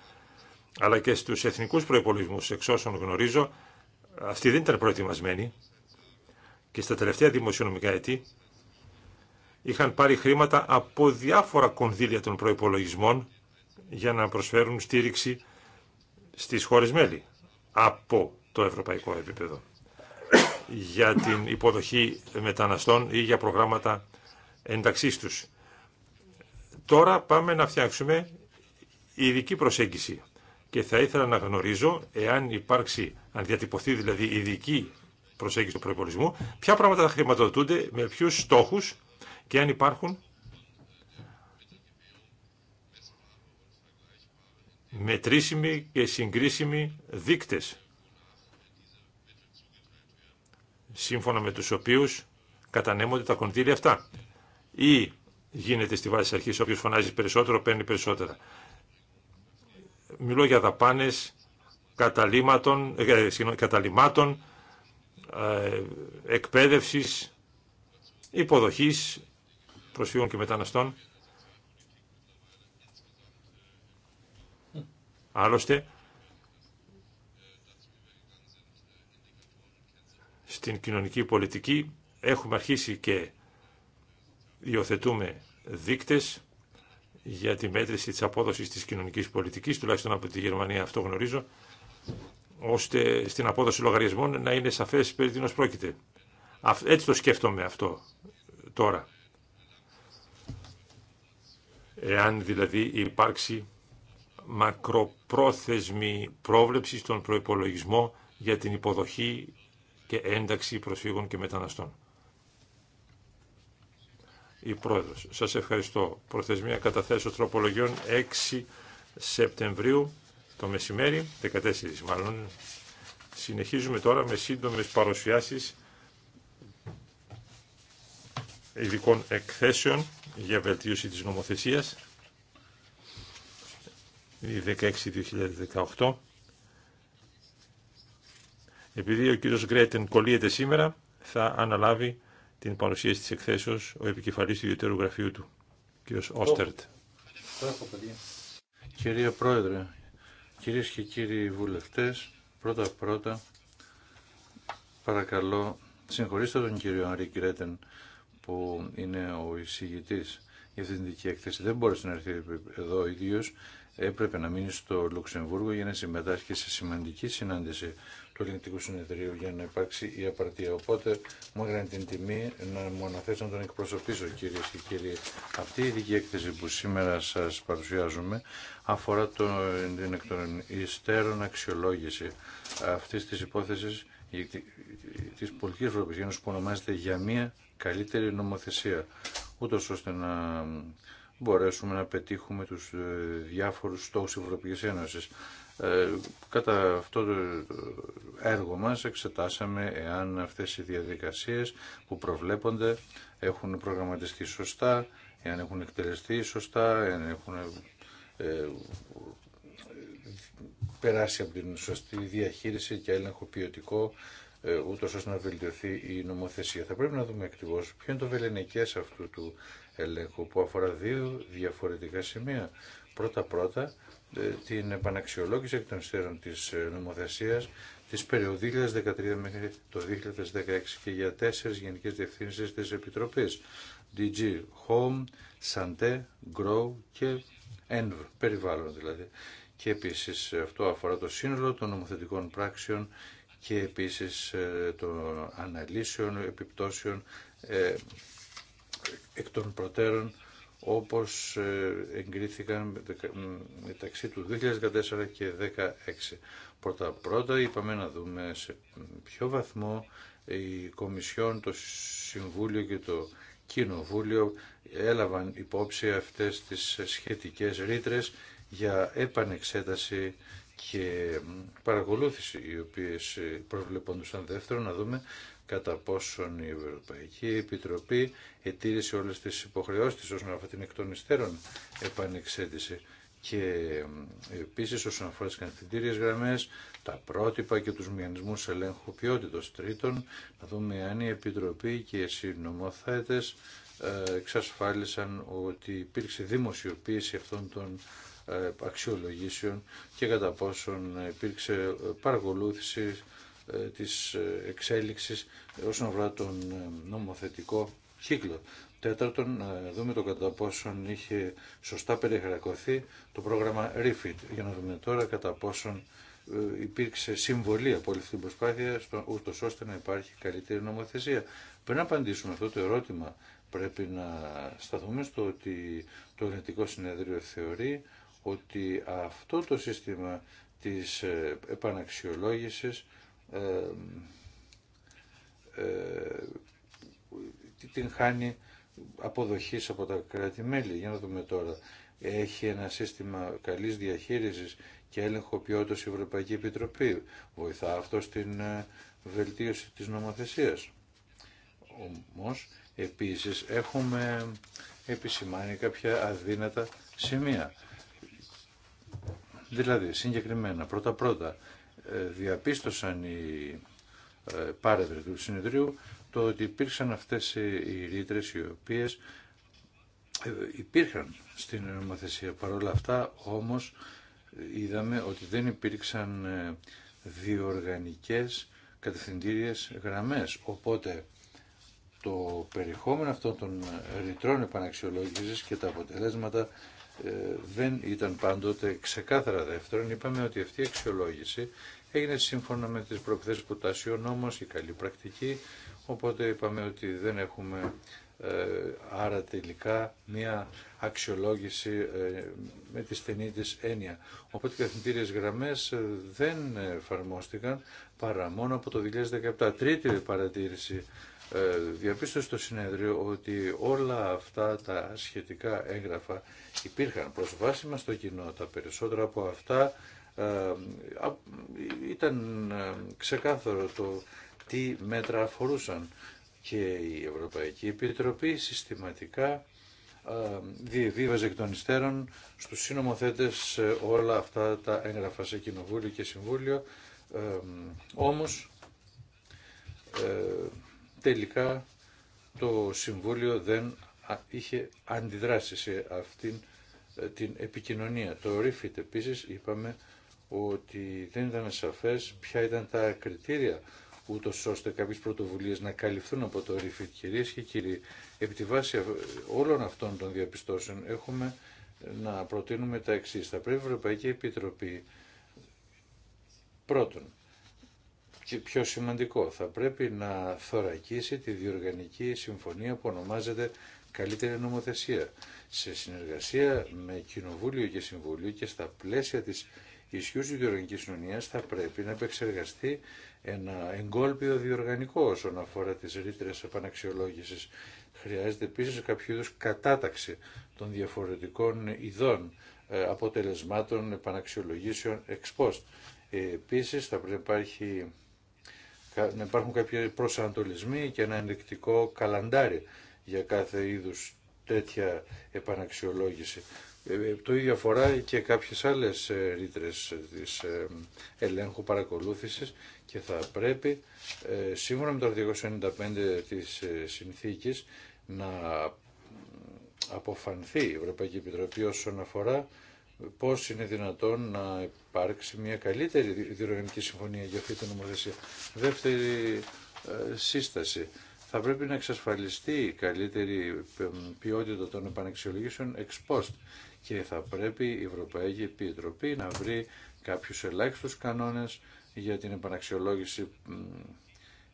S2: αλλά και στου εθνικούς προπολογισμού εξ όσων γνωρίζω, αυτοί δεν ήταν προετοιμασμένοι και στα τελευταία δημοσιονομικά έτη είχαν πάρει χρήματα από διάφορα κονδύλια των προπολογισμών για να προσφέρουν στήριξη στις χώρε μέλη από το ευρωπαϊκό επίπεδο για την υποδοχή μεταναστών ή για προγράμματα ενταξή τους. Τώρα πάμε να φτιάξουμε ειδική προσέγγιση και θα ήθελα να γνωρίζω, εάν υπάρξει, αν διατυπωθεί δηλαδή ειδική προσέγγιση του προπολισμού, ποια πράγματα θα χρηματοδοτούνται, με ποιου στόχου και αν υπάρχουν μετρήσιμοι και συγκρίσιμοι δείκτες σύμφωνα με τους οποίους κατανέμονται τα κονδύλια αυτά. Ή γίνεται στη βάση της αρχής όποιος φωνάζει περισσότερο παίρνει περισσότερα μιλώ για δαπάνες καταλήμματων, ε, ε, καταλήματον ε, εκπαίδευσης, υποδοχής προσφύγων και μεταναστών. Άλλωστε, στην κοινωνική πολιτική έχουμε αρχίσει και υιοθετούμε δείκτες για τη μέτρηση της απόδοσης της κοινωνικής πολιτικής, τουλάχιστον από τη Γερμανία αυτό γνωρίζω, ώστε στην απόδοση λογαριασμών να είναι σαφές περί τίνος πρόκειται. Έτσι το σκέφτομαι αυτό τώρα. Εάν δηλαδή υπάρξει μακροπρόθεσμη πρόβλεψη στον προϋπολογισμό για την υποδοχή και ένταξη προσφύγων και μεταναστών η Σας ευχαριστώ. Προθεσμία καταθέσεως τροπολογιών 6 Σεπτεμβρίου το μεσημέρι, 14 μάλλον. Συνεχίζουμε τώρα με σύντομες παρουσιάσεις ειδικών εκθέσεων για βελτίωση της νομοθεσίας η 16-2018 επειδή ο κύριος Γκρέτεν κολλείεται σήμερα θα αναλάβει την παρουσίαση της εκθέσεως ο επικεφαλής του ιδιωτέρου γραφείου του, κ. Όστερτ. Κυρία Πρόεδρε, κυρίες
S4: και κύριοι βουλευτές, πρώτα-πρώτα παρακαλώ συγχωρήστε τον κύριο Άρη Κρέτεν που είναι ο εισηγητής για αυτή την δική έκθεση. Δεν μπόρεσε να έρθει εδώ ο ίδιος, έπρεπε να μείνει στο Λουξεμβούργο για να συμμετάσχει σε σημαντική συνάντηση του Ελληνικού Συνεδρίου για να υπάρξει η απαρτία. Οπότε μου έκανε την τιμή να μου αναθέσω να τον εκπροσωπήσω κύριε και κύριοι. Αυτή η ειδική έκθεση που σήμερα σας παρουσιάζουμε αφορά το, την εκ των υστέρων αξιολόγηση αυτής της υπόθεση τη πολιτική Ευρωπαϊκή Ένωσης που ονομάζεται για μια καλύτερη νομοθεσία Ούτω ώστε να μπορέσουμε να πετύχουμε τους ε, διάφορους στόχους της Ευρωπαϊκής Ένωσης. Ε, κατά αυτό το έργο μας εξετάσαμε εάν αυτές οι διαδικασίες που προβλέπονται έχουν προγραμματιστεί σωστά, εάν έχουν εκτελεστεί σωστά, εάν έχουν ε, περάσει από την σωστή διαχείριση και έλεγχο ποιοτικό, ε, ώστε να βελτιωθεί η νομοθεσία. Θα πρέπει να δούμε ακριβώ ποιο είναι το βελενικέ αυτού του ελέγχου που αφορά δύο διαφορετικά σημεία. Πρώτα-πρώτα ε, την επαναξιολόγηση εκ των υστέρων τη ε, νομοθεσία, τη περίοδου 2013 μέχρι το 2016 και για τέσσερις γενικές διευθύνσει τη επιτροπή DG Home, Santé, Grow και Env, περιβάλλον δηλαδή. Και επίσης ε, αυτό αφορά το σύνολο των νομοθετικών πράξεων και επίσης των αναλύσεων, επιπτώσεων εκ των προτέρων όπως ε, εγκρίθηκαν μεταξύ του 2014 και 2016. Πρώτα-πρώτα είπαμε να δούμε σε ποιο βαθμό η Κομισιόν, το Συμβούλιο και το Κοινοβούλιο έλαβαν υπόψη αυτές τις σχετικές ρήτρε για επανεξέταση και παρακολούθηση οι οποίες προβλεπόντουσαν δεύτερο να δούμε κατά πόσον η Ευρωπαϊκή Επιτροπή ετήρησε όλες τις υποχρεώσεις της όσον αφορά την εκ των υστέρων επανεξέτηση και επίσης όσον αφορά τις κανθυντήριες γραμμές, τα πρότυπα και τους μηχανισμούς ελέγχου ποιότητος τρίτων, να δούμε αν η Επιτροπή και οι συνομοθέτες ε, εξασφάλισαν ότι υπήρξε δημοσιοποίηση αυτών των ε, αξιολογήσεων και κατά πόσον υπήρξε παρακολούθηση ε, της ε, εξέλιξης όσον αφορά τον ε, νομοθετικό κύκλο. Τέταρτον, να δούμε το κατά πόσον είχε σωστά περιχαρακωθεί το πρόγραμμα REFIT, για να δούμε τώρα κατά πόσον υπήρξε συμβολή από όλη αυτή την προσπάθεια, ούτως ώστε να υπάρχει καλύτερη νομοθεσία. Πριν απαντήσουμε αυτό το ερώτημα, πρέπει να σταθούμε στο ότι το Ελληνικό Συνέδριο θεωρεί ότι αυτό το σύστημα της επαναξιολόγησης ε, ε, την χάνει αποδοχής από τα κράτη-μέλη. Για να δούμε τώρα. Έχει ένα σύστημα καλής διαχείρισης και έλεγχο ποιότητας η Ευρωπαϊκή Επιτροπή. Βοηθά αυτό στην ε, βελτίωση της νομοθεσίας. Όμως, επίσης, έχουμε επισημάνει κάποια αδύνατα σημεία. Δηλαδή, συγκεκριμένα, πρώτα-πρώτα, ε, διαπίστωσαν οι ε, πάρεδροι του συνεδρίου το ότι υπήρξαν αυτές οι ρήτρες οι οποίες ε, υπήρχαν στην νομοθεσία. Παρ' όλα αυτά όμως είδαμε ότι δεν υπήρξαν διοργανικές κατευθυντήριες γραμμές. Οπότε το περιεχόμενο αυτών των ρητρών επαναξιολόγησης και τα αποτελέσματα ε, δεν ήταν πάντοτε ξεκάθαρα δεύτερον. Είπαμε ότι αυτή η αξιολόγηση έγινε σύμφωνα με τις προκθέσεις που τάσσει ο νόμος, η καλή πρακτική, οπότε είπαμε ότι δεν έχουμε ε, άρα τελικά μια αξιολόγηση ε, με τη στενή της έννοια. Οπότε οι καθημερινές γραμμές δεν εφαρμόστηκαν παρά μόνο από το 2017. Τρίτη παρατήρηση ε, διαπίστωσε το συνέδριο ότι όλα αυτά τα σχετικά έγγραφα υπήρχαν προσβάσιμα στο κοινό. Τα περισσότερα από αυτά ε, ήταν ε, ξεκάθαρο το τι μέτρα αφορούσαν και η Ευρωπαϊκή Επιτροπή συστηματικά διεβίβαζε εκ των υστέρων στους συνομοθέτες όλα αυτά τα έγγραφα σε Κοινοβούλιο και Συμβούλιο. Ε, όμως, τελικά το Συμβούλιο δεν είχε αντιδράσει σε αυτήν ε, την επικοινωνία. Το Refit επίση είπαμε ότι δεν ήταν σαφές ποια ήταν τα κριτήρια ούτω ώστε κάποιες πρωτοβουλίες να καλυφθούν από το Refit. Κυρίες και κύριοι, επί τη βάση όλων αυτών των διαπιστώσεων έχουμε ε, να προτείνουμε τα εξής. Θα πρέπει η Ευρωπαϊκή Επιτροπή πρώτον και πιο σημαντικό, θα πρέπει να θωρακίσει τη διοργανική συμφωνία που ονομάζεται καλύτερη νομοθεσία σε συνεργασία με Κοινοβούλιο και Συμβούλιο και στα πλαίσια της ισχύου της διοργανικής θα πρέπει να επεξεργαστεί ένα εγκόλπιο διοργανικό όσον αφορά τις ρήτρες επαναξιολόγηση. Χρειάζεται επίση κάποιο κατάταξη των διαφορετικών ειδών ε, αποτελεσμάτων επαναξιολογήσεων ex post. Ε, επίσης θα πρέπει να υπάρχει να υπάρχουν κάποιοι προσανατολισμοί και ένα ενδεικτικό καλαντάρι για κάθε είδους τέτοια επαναξιολόγηση. Ε, ε, το ίδιο αφορά και κάποιες άλλες ε, ρήτρε της ελέγχου παρακολούθησης και θα πρέπει σύμφωνα με το 295 της συνθήκης να αποφανθεί η Ευρωπαϊκή Επιτροπή όσον αφορά πώς είναι δυνατόν να υπάρξει μια καλύτερη διοργανική συμφωνία για αυτή την νομοθεσία. Δεύτερη ε, σύσταση. Θα πρέπει να εξασφαλιστεί η καλύτερη ε, ποιότητα των επαναξιολογήσεων εξ post και θα πρέπει η Ευρωπαϊκή Επιτροπή να βρει κάποιους ελάχιστους κανόνες για την επαναξιολόγηση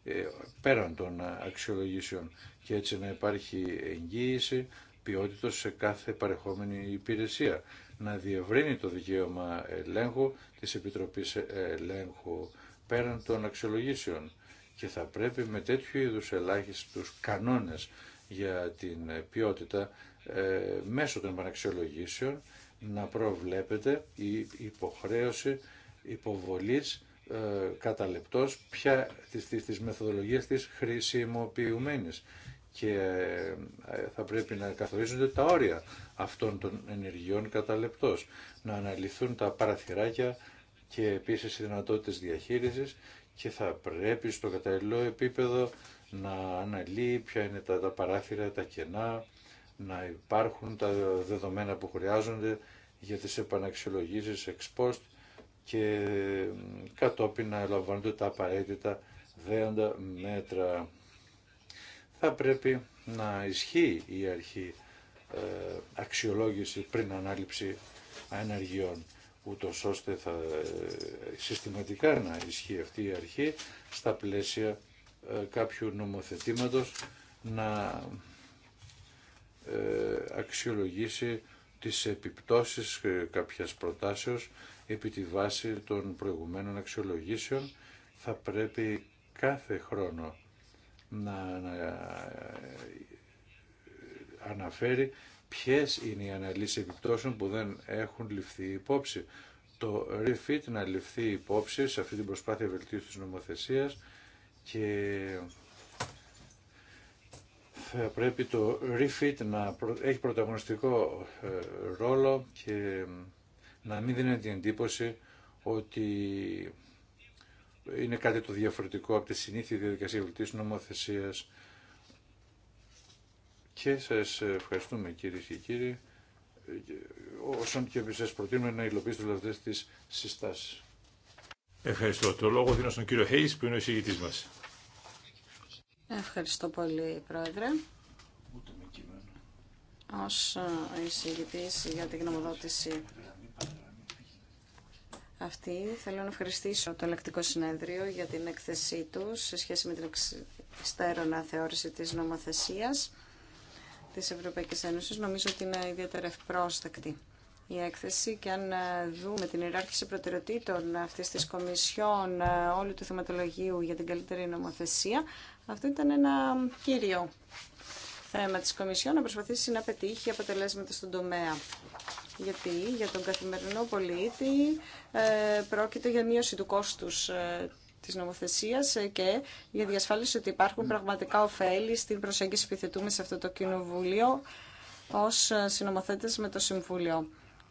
S4: ε, πέραν των αξιολογήσεων και έτσι να υπάρχει εγγύηση ποιότητα σε κάθε παρεχόμενη υπηρεσία να διευρύνει το δικαίωμα ελέγχου της Επιτροπής Ελέγχου πέραν των αξιολογήσεων και θα πρέπει με τέτοιου είδους ελάχιστους κανόνες για την ποιότητα ε, μέσω των επαναξιολογήσεων να προβλέπεται η υποχρέωση υποβολής ε, κατά λεπτός ποια της, της, της μεθοδολογίας της χρησιμοποιουμένης και ε, θα πρέπει να καθορίζονται τα όρια αυτών των ενεργειών κατά λεπτός, να αναλυθούν τα παραθυράκια και επίσης οι δυνατότητες διαχείρισης και θα πρέπει στο καταλληλό επίπεδο να αναλύει ποια είναι τα, τα παράθυρα, τα κενά, να υπάρχουν τα δεδομένα που χρειάζονται για τις επαναξιολογήσεις ex post και ε, κατόπιν να λαμβάνονται τα απαραίτητα δέοντα μέτρα θα πρέπει να ισχύει η αρχή ε, αξιολόγηση πριν ανάληψη ενεργειών, ούτω ώστε θα ε, συστηματικά να ισχύει αυτή η αρχή στα πλαίσια ε, κάποιου νομοθετήματος να αξιολογήσει τις επιπτώσεις κάποιας προτάσεως επί τη βάση των προηγουμένων αξιολογήσεων θα πρέπει κάθε χρόνο να, ε, αναφέρει ποιες είναι οι αναλύσεις επιπτώσεων που δεν έχουν ληφθεί υπόψη. Το REFIT να ληφθεί υπόψη σε αυτή την προσπάθεια βελτίωσης της νομοθεσίας και θα πρέπει το REFIT να έχει πρωταγωνιστικό ε, ρόλο και να μην δίνει την εντύπωση ότι είναι κάτι το διαφορετικό από τη συνήθεια διαδικασία βουλτής νομοθεσίας. Και σας ευχαριστούμε κύριε και κύριοι, όσον και σας προτείνουμε να υλοποιήσετε αυτές τις συστάσεις.
S2: Ευχαριστώ. Το λόγο δίνω στον κύριο Χέις που είναι ο εισηγητής μας.
S3: Ευχαριστώ πολύ Πρόεδρε. Ούτε με Ως ε, εισηγητής για την γνωμοδότηση αυτή. Θέλω να ευχαριστήσω το Ελεκτικό Συνέδριο για την έκθεσή του σε σχέση με την εξωτερική θεώρηση της νομοθεσίας της Ευρωπαϊκής Ένωσης. Νομίζω ότι είναι ιδιαίτερα ευπρόσδεκτη η έκθεση και αν ε, δούμε την ιεράρχηση προτεραιοτήτων αυτή της Κομισιόν ε, όλου του θεματολογίου για την καλύτερη νομοθεσία, αυτό ήταν ένα κύριο θέμα της Κομισιόν να προσπαθήσει να πετύχει αποτελέσματα στον τομέα. Γιατί για τον καθημερινό πολίτη ε, πρόκειται για μείωση του κόστους ε, της νομοθεσίας ε, και για διασφάλιση ότι υπάρχουν πραγματικά ωφέλη στην προσέγγιση που θετούμε σε αυτό το Κοινοβούλιο ως συνομοθέτες με το Συμβούλιο.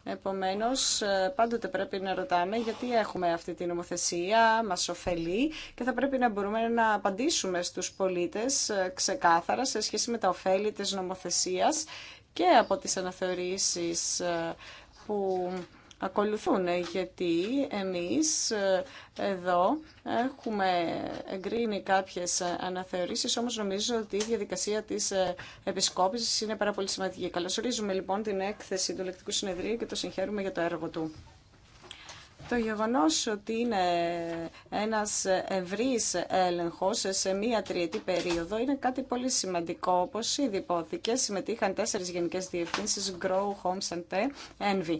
S3: Επομένως, ε, πάντοτε πρέπει να ρωτάμε γιατί έχουμε αυτή την νομοθεσία, μας ωφελεί και θα πρέπει να μπορούμε να απαντήσουμε στους πολίτες ε, ξεκάθαρα σε σχέση με τα ωφέλη της νομοθεσίας και από τις αναθεωρήσεις ε, που ακολουθούν ε, γιατί εμείς ε, εδώ έχουμε εγκρίνει κάποιες αναθεωρήσεις όμως νομίζω ότι η διαδικασία της ε, επισκόπησης είναι πάρα πολύ σημαντική. Καλωσορίζουμε λοιπόν την έκθεση του λεκτικού Συνεδρίου και το συγχαίρουμε για το έργο του. Το γεγονός ότι είναι ένας ευρύς έλεγχος σε μία τριετή περίοδο είναι κάτι πολύ σημαντικό. Όπως ήδη υπόθηκε, συμμετείχαν τέσσερις γενικές διευθύνσεις, Grow, Homes and Envy.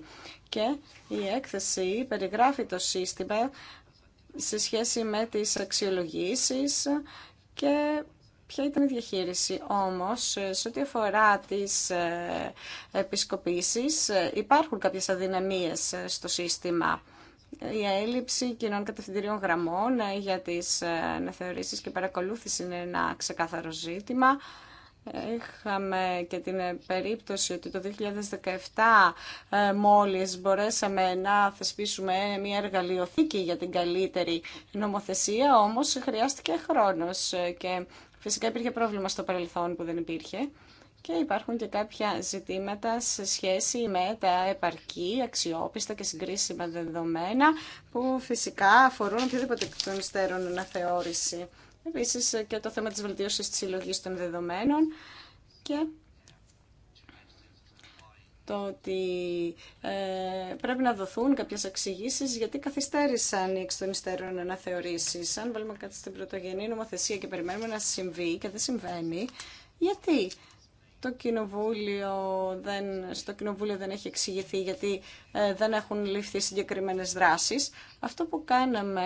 S3: Και η έκθεση περιγράφει το σύστημα σε σχέση με τις αξιολογήσεις και ποια ήταν η διαχείριση. Όμως, σε ό,τι αφορά τις ε, επισκοπήσεις, ε, υπάρχουν κάποιες αδυναμίες ε, στο σύστημα η έλλειψη κοινών κατευθυντηρίων γραμμών ε, για τις ε, αναθεωρήσεις και παρακολούθηση είναι ένα ξεκάθαρο ζήτημα. Είχαμε και την περίπτωση ότι το 2017 ε, μόλις μπορέσαμε να θεσπίσουμε μια εργαλειοθήκη για την καλύτερη νομοθεσία, όμως χρειάστηκε χρόνος και φυσικά υπήρχε πρόβλημα στο παρελθόν που δεν υπήρχε και υπάρχουν και κάποια ζητήματα σε σχέση με τα επαρκή, αξιόπιστα και συγκρίσιμα δεδομένα που φυσικά αφορούν οποιοδήποτε εκ των υστέρων αναθεώρηση. Επίση, και το θέμα τη βελτίωση τη συλλογή των δεδομένων και το ότι ε, πρέπει να δοθούν κάποιες εξηγήσει γιατί καθυστέρησαν οι εξ των υστέρων αναθεωρήσεις. Αν βάλουμε κάτι στην πρωτογενή νομοθεσία και περιμένουμε να συμβεί και δεν συμβαίνει, γιατί το κοινοβούλιο δεν, στο κοινοβούλιο δεν έχει εξηγηθεί γιατί ε, δεν έχουν ληφθεί συγκεκριμένες δράσεις. Αυτό που κάναμε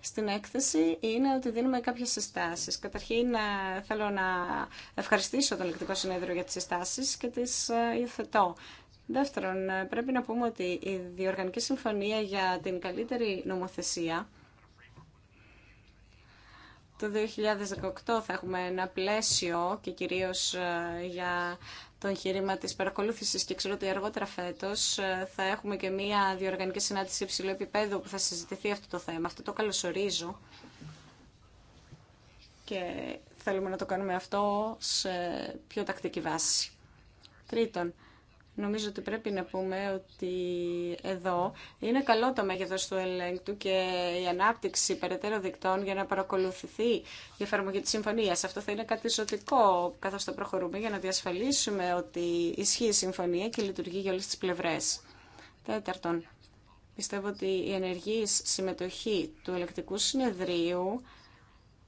S3: στην έκθεση είναι ότι δίνουμε κάποιες συστάσεις. Καταρχήν ε, θέλω να ευχαριστήσω τον Ελεκτικό Συνέδριο για τις συστάσεις και τις ε, υιοθετώ. Δεύτερον, πρέπει να πούμε ότι η Διοργανική Συμφωνία για την Καλύτερη Νομοθεσία το 2018 θα έχουμε ένα πλαίσιο και κυρίως ε, για το εγχείρημα τη παρακολούθηση και ξέρω ότι αργότερα φέτο ε, θα έχουμε και μία διοργανική συνάντηση υψηλού επίπεδου που θα συζητηθεί αυτό το θέμα. Αυτό το καλωσορίζω και θέλουμε να το κάνουμε αυτό σε πιο τακτική βάση. Τρίτον, Νομίζω ότι πρέπει να πούμε ότι εδώ είναι καλό το μέγεθο του ελέγκτου και η ανάπτυξη περαιτέρω δικτών για να παρακολουθηθεί η εφαρμογή τη συμφωνία. Αυτό θα είναι κάτι ζωτικό καθώς το προχωρούμε για να διασφαλίσουμε ότι ισχύει η συμφωνία και λειτουργεί για όλε τι πλευρέ. Τέταρτον, πιστεύω ότι η ενεργή συμμετοχή του ελεκτικού συνεδρίου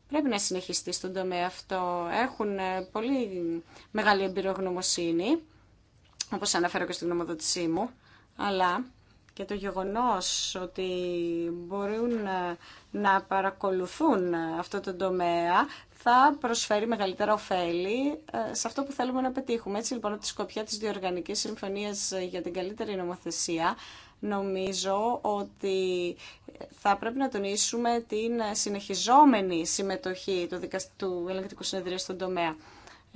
S3: πρέπει να συνεχιστεί στον τομέα αυτό. Έχουν πολύ μεγάλη εμπειρογνωμοσύνη όπως αναφέρω και στην νομοδοτησή μου, αλλά και το γεγονός ότι μπορούν ε, να παρακολουθούν αυτό το τομέα θα προσφέρει μεγαλύτερα ωφέλη ε, σε αυτό που θέλουμε να πετύχουμε. Έτσι λοιπόν από τη σκοπιά της Διοργανικής Συμφωνίας για την καλύτερη νομοθεσία νομίζω ότι θα πρέπει να τονίσουμε την συνεχιζόμενη συμμετοχή του, του ελεγκτικού συνεδρίου στον τομέα.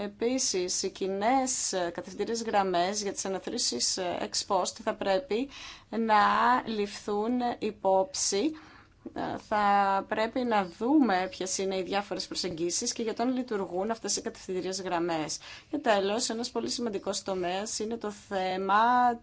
S3: Επίσης, οι κοινέ κατευθυντήριες γραμμές για τις αναθρήσεις ε, ex post θα πρέπει να ληφθούν υπόψη θα πρέπει να δούμε ποιε είναι οι διάφορε προσεγγίσει και για το λειτουργούν αυτέ οι κατευθυντήριε γραμμέ. Και τέλο, ένα πολύ σημαντικό τομέα είναι το θέμα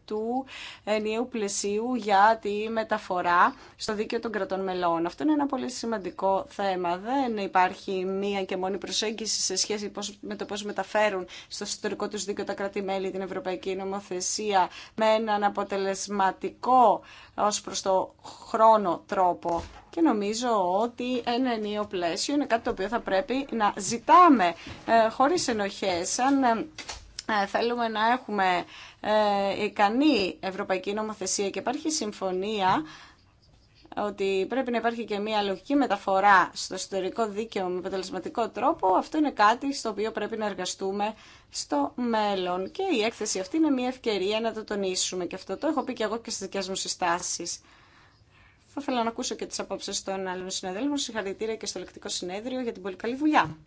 S3: του ενιαίου πλαισίου για τη μεταφορά στο δίκαιο των κρατών μελών. Αυτό είναι ένα πολύ σημαντικό θέμα. Δεν υπάρχει μία και μόνη προσέγγιση σε σχέση με το πώ μεταφέρουν στο ιστορικό του δίκαιο τα κράτη-μέλη την Ευρωπαϊκή Νομοθεσία με έναν αποτελεσματικό ω προ το χρόνο τρόπο. Και νομίζω ότι ένα ενίο πλαίσιο είναι κάτι το οποίο θα πρέπει να ζητάμε ε, χωρίς ενοχές. Αν ε, ε, θέλουμε να έχουμε ικανή ευρωπαϊκή νομοθεσία και υπάρχει συμφωνία ότι πρέπει να υπάρχει και μια λογική μεταφορά στο εσωτερικό δίκαιο με αποτελεσματικό τρόπο, αυτό είναι κάτι στο οποίο πρέπει να εργαστούμε στο μέλλον. Και η έκθεση αυτή είναι μια ευκαιρία να το τονίσουμε. Και αυτό το έχω πει και εγώ και στις δικές μου συστάσεις. Θα ήθελα να ακούσω και τις απόψει των άλλων συναδέλφων. Συγχαρητήρια και στο λεκτικό συνέδριο για την πολύ καλή δουλειά.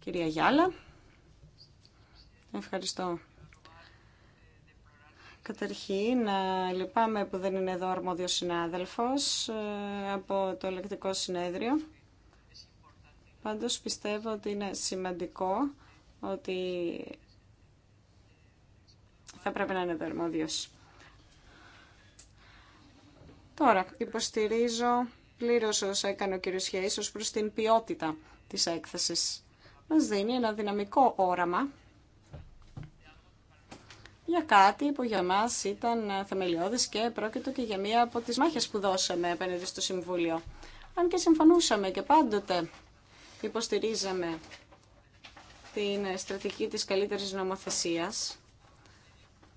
S3: Κυρία Γιάλα, ευχαριστώ. Καταρχήν, ε, λυπάμαι που δεν είναι εδώ αρμόδιος συνάδελφος ε, από το ελεκτικό συνέδριο. Πάντως πιστεύω ότι είναι σημαντικό ότι θα πρέπει να είναι εδώ αρμόδιος. Τώρα υποστηρίζω πλήρω όσα έκανε ο κ. Χέης προς την ποιότητα της έκθεσης. Μας δίνει ένα δυναμικό όραμα για κάτι που για μας ήταν θεμελιώδη και πρόκειτο και για μία από τις μάχες που δώσαμε απέναντι στο Συμβούλιο. Αν και συμφωνούσαμε και πάντοτε υποστηρίζαμε την στρατηγική της καλύτερης νομοθεσίας,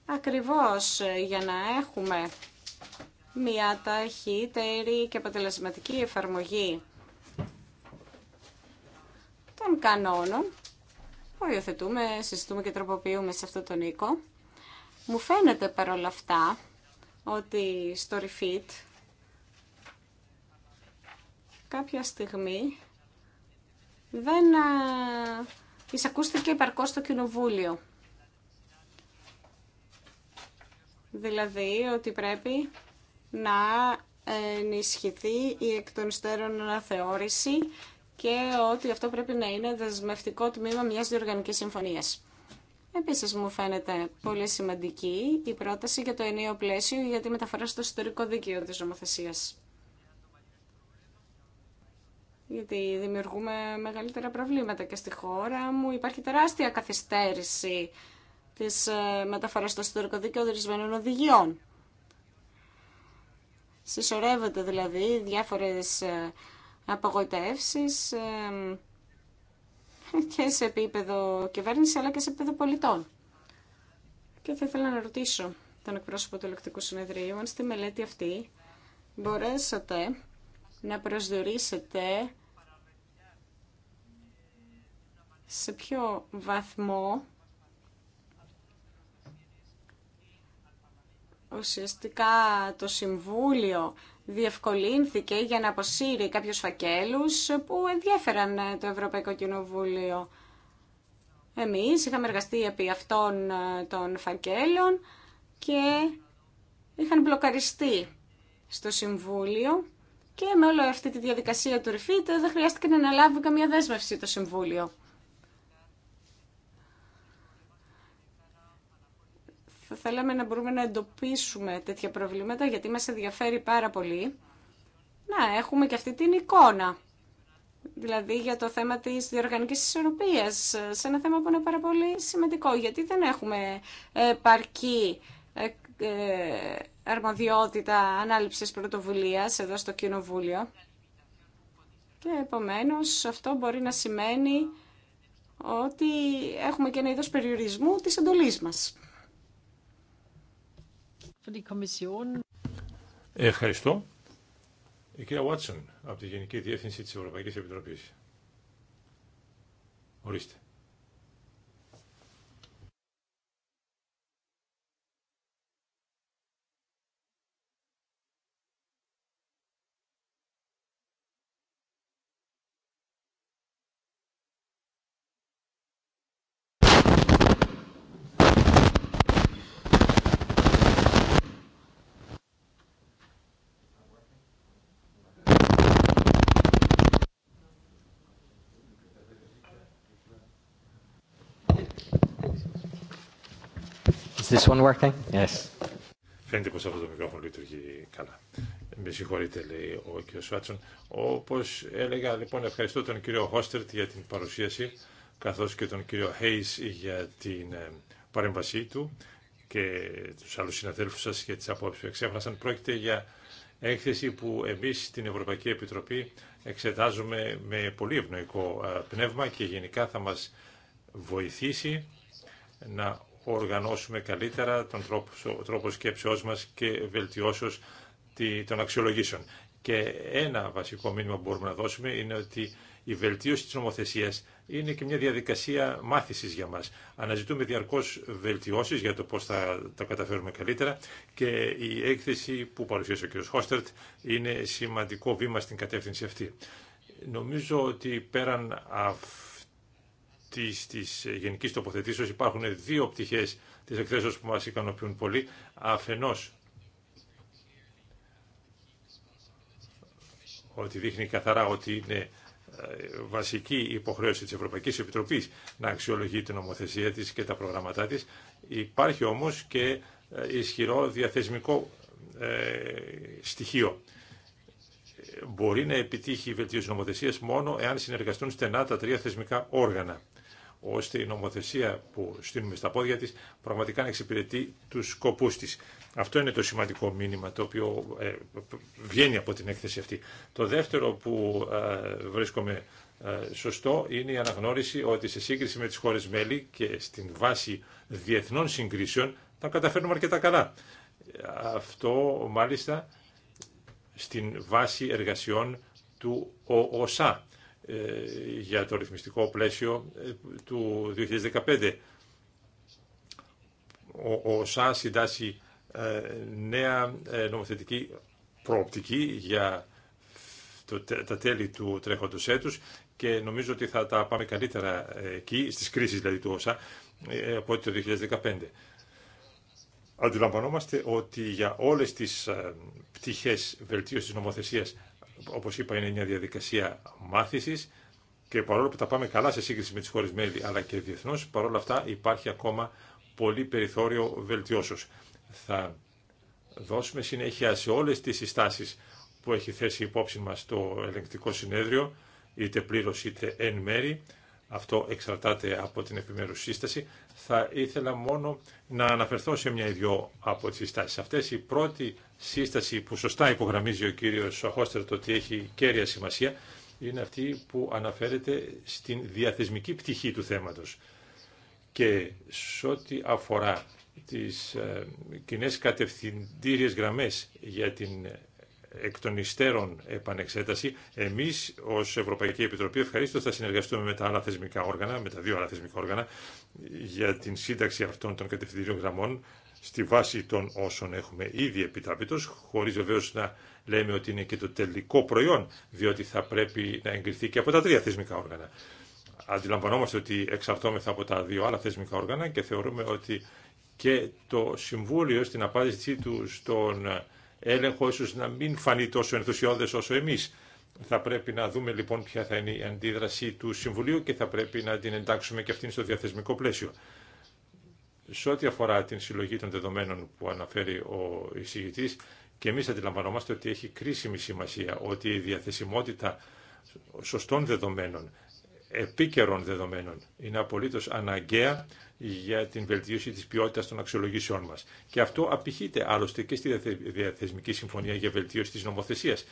S3: ακριβώς για να έχουμε μια ταχύτερη και αποτελεσματική εφαρμογή των κανόνων που υιοθετούμε, συζητούμε και τροποποιούμε σε αυτό τον οίκο. Μου φαίνεται παρόλα αυτά ότι στο Refit κάποια στιγμή δεν εισακούστηκε υπαρκώς στο Κοινοβούλιο. Δηλαδή ότι πρέπει να ενισχυθεί η εκ των υστέρων αναθεώρηση και ότι αυτό πρέπει να είναι δεσμευτικό τμήμα μιας διοργανικής συμφωνίας. Επίσης μου φαίνεται πολύ σημαντική η πρόταση για το ενίο πλαίσιο για τη μεταφορά στο ιστορικό δίκαιο της νομοθεσία. Γιατί δημιουργούμε μεγαλύτερα προβλήματα και στη χώρα μου υπάρχει τεράστια καθυστέρηση της ε, μεταφοράς στο ιστορικό δίκαιο ορισμένων οδηγιών. Συσσωρεύονται δηλαδή διάφορες ε, απογοητεύσεις ε, και σε επίπεδο κυβέρνηση αλλά και σε επίπεδο πολιτών. Και θα ήθελα να ρωτήσω τον εκπρόσωπο του Ελεκτικού Συνεδρίου αν στη μελέτη αυτή μπορέσατε να προσδιορίσετε σε ποιο βαθμό Ουσιαστικά το Συμβούλιο διευκολύνθηκε για να αποσύρει κάποιους φακέλους που ενδιέφεραν το Ευρωπαϊκό Κοινοβούλιο. Εμείς είχαμε εργαστεί επί αυτών ε, των φακέλων και είχαν μπλοκαριστεί στο Συμβούλιο και με όλη αυτή τη διαδικασία του Refit ε, δεν χρειάστηκε να αναλάβει καμία δέσμευση το Συμβούλιο. θέλαμε να μπορούμε να εντοπίσουμε τέτοια προβλήματα γιατί μας ενδιαφέρει πάρα πολύ να έχουμε και αυτή την εικόνα. Δηλαδή για το θέμα της διοργανικής ισορροπίας, σε ένα θέμα που είναι πάρα πολύ σημαντικό, γιατί δεν έχουμε επαρκή ε, ε, αρμοδιότητα ανάληψης πρωτοβουλίας εδώ στο Κοινοβούλιο. Και επομένως αυτό μπορεί να σημαίνει ότι έχουμε και ένα είδος περιορισμού της εντολής μας.
S2: Ευχαριστώ. Η κυρία Βάτσον από τη Γενική Διεύθυνση της Ευρωπαϊκής Επιτροπής. Ορίστε.
S3: this one working? Yes.
S2: Φαίνεται πως αυτό το μικρόφωνο λειτουργεί καλά. Με συγχωρείτε, λέει ο κ. Σουάτσον. Όπως έλεγα, λοιπόν, ευχαριστώ τον κύριο Χώστερτ για την παρουσίαση, καθώς και τον κύριο Χέις για την ε, παρέμβασή του και τους άλλους συναδέλφους σας για τις απόψεις που εξέφρασαν. Πρόκειται για έκθεση που εμείς στην Ευρωπαϊκή Επιτροπή εξετάζουμε με πολύ ευνοϊκό ε, πνεύμα και γενικά θα μας βοηθήσει να οργανώσουμε καλύτερα τον τρόπο, τρόπο σκέψεώς μας και βελτιώσεως των αξιολογήσεων. Και ένα βασικό μήνυμα που μπορούμε να δώσουμε είναι ότι η βελτίωση της νομοθεσίας είναι και μια διαδικασία μάθησης για μας. Αναζητούμε διαρκώς βελτιώσεις για το πώς θα τα καταφέρουμε καλύτερα και η έκθεση που παρουσίασε ο κ. Χώστερτ είναι σημαντικό βήμα στην κατεύθυνση αυτή. Νομίζω ότι πέραν αυτού της, της γενικής τοποθετήσεως υπάρχουν δύο πτυχές της εκθέσεως που μας ικανοποιούν πολύ. Αφενός, ότι δείχνει καθαρά ότι είναι ε, βασική υποχρέωση της Ευρωπαϊκής Επιτροπής να αξιολογεί την νομοθεσία της και τα προγράμματά της. Υπάρχει όμως και ε, ισχυρό διαθεσμικό ε, στοιχείο. Μπορεί να επιτύχει η βελτίωση νομοθεσίας μόνο εάν συνεργαστούν στενά τα τρία θεσμικά όργανα ώστε η νομοθεσία που στείλουμε στα πόδια της πραγματικά να εξυπηρετεί τους σκοπούς της. Αυτό είναι το σημαντικό μήνυμα το οποίο ε, βγαίνει από την έκθεση αυτή. Το δεύτερο που ε, βρίσκομαι ε, σωστό είναι η αναγνώριση ότι σε σύγκριση με τις χώρες μέλη και στην βάση διεθνών συγκρίσεων τα καταφέρνουμε αρκετά καλά. Αυτό μάλιστα στην βάση εργασιών του ΟΟΣΑ ε, για το ρυθμιστικό πλαίσιο ε, του 2015. Ο ΣΑ συντάσσει ε, νέα νομοθετική προοπτική για τα τέλη του τρέχοντος έτους και νομίζω ότι θα τα πάμε καλύτερα εκεί, στις κρίσεις δηλαδή του ΩΣΑ, από ό,τι το 2015. Αντιλαμβανόμαστε ότι για όλες τις πτυχές βελτίωσης της νομοθεσίας όπως είπα, είναι μια διαδικασία μάθησης και παρόλο που τα πάμε καλά σε σύγκριση με τις χώρες μέλη αλλά και διεθνώς, παρόλα αυτά υπάρχει ακόμα πολύ περιθώριο βελτιώσεως. Θα δώσουμε συνέχεια σε όλες τις συστάσεις που έχει θέσει υπόψη μας το ελεγκτικό συνέδριο, είτε πλήρως είτε εν μέρη, αυτό εξαρτάται από την επιμέρους σύσταση. Θα ήθελα μόνο να αναφερθώ σε μια ή δυο από τις συστάσεις αυτές. Η πρώτη σύσταση που σωστά υπογραμμίζει ο κύριος Χώστερ το ότι έχει κέρια σημασία είναι αυτή που αναφέρεται στην διαθεσμική πτυχή του θέματος. Και σε ό,τι αφορά τις ε, κοινέ κατευθυντήριες γραμμές για την εκ των υστέρων επανεξέταση. Εμεί, ω Ευρωπαϊκή Επιτροπή ευχαριστώ, θα συνεργαστούμε με τα άλλα θεσμικά όργανα, με τα δύο άλλα θεσμικά όργανα, για την σύνταξη αυτών των κατευθυντήριων γραμμών στη βάση των όσων έχουμε ήδη επιτάπητος, χωρίς βεβαίω να λέμε ότι είναι και το τελικό προϊόν, διότι θα πρέπει να εγκριθεί και από τα τρία θεσμικά όργανα. Αντιλαμβανόμαστε ότι εξαρτώμεθα από τα δύο άλλα θεσμικά όργανα και θεωρούμε ότι και το Συμβούλιο στην απάντησή του στον έλεγχο ίσω να μην φανεί τόσο ενθουσιώδε όσο εμείς. Θα πρέπει να δούμε λοιπόν ποια θα είναι η αντίδραση του Συμβουλίου και θα πρέπει να την εντάξουμε και αυτήν στο διαθεσμικό πλαίσιο. Σε ό,τι αφορά την συλλογή των δεδομένων που αναφέρει ο εισηγητής, και εμείς αντιλαμβανόμαστε ότι έχει κρίσιμη σημασία ότι η διαθεσιμότητα σωστών δεδομένων, επίκαιρων δεδομένων είναι απολύτω αναγκαία για την βελτίωση της ποιότητας των αξιολογήσεών μας. Και αυτό απηχείται άλλωστε και στη Διαθεσμική Συμφωνία για Βελτίωση της Νομοθεσίας.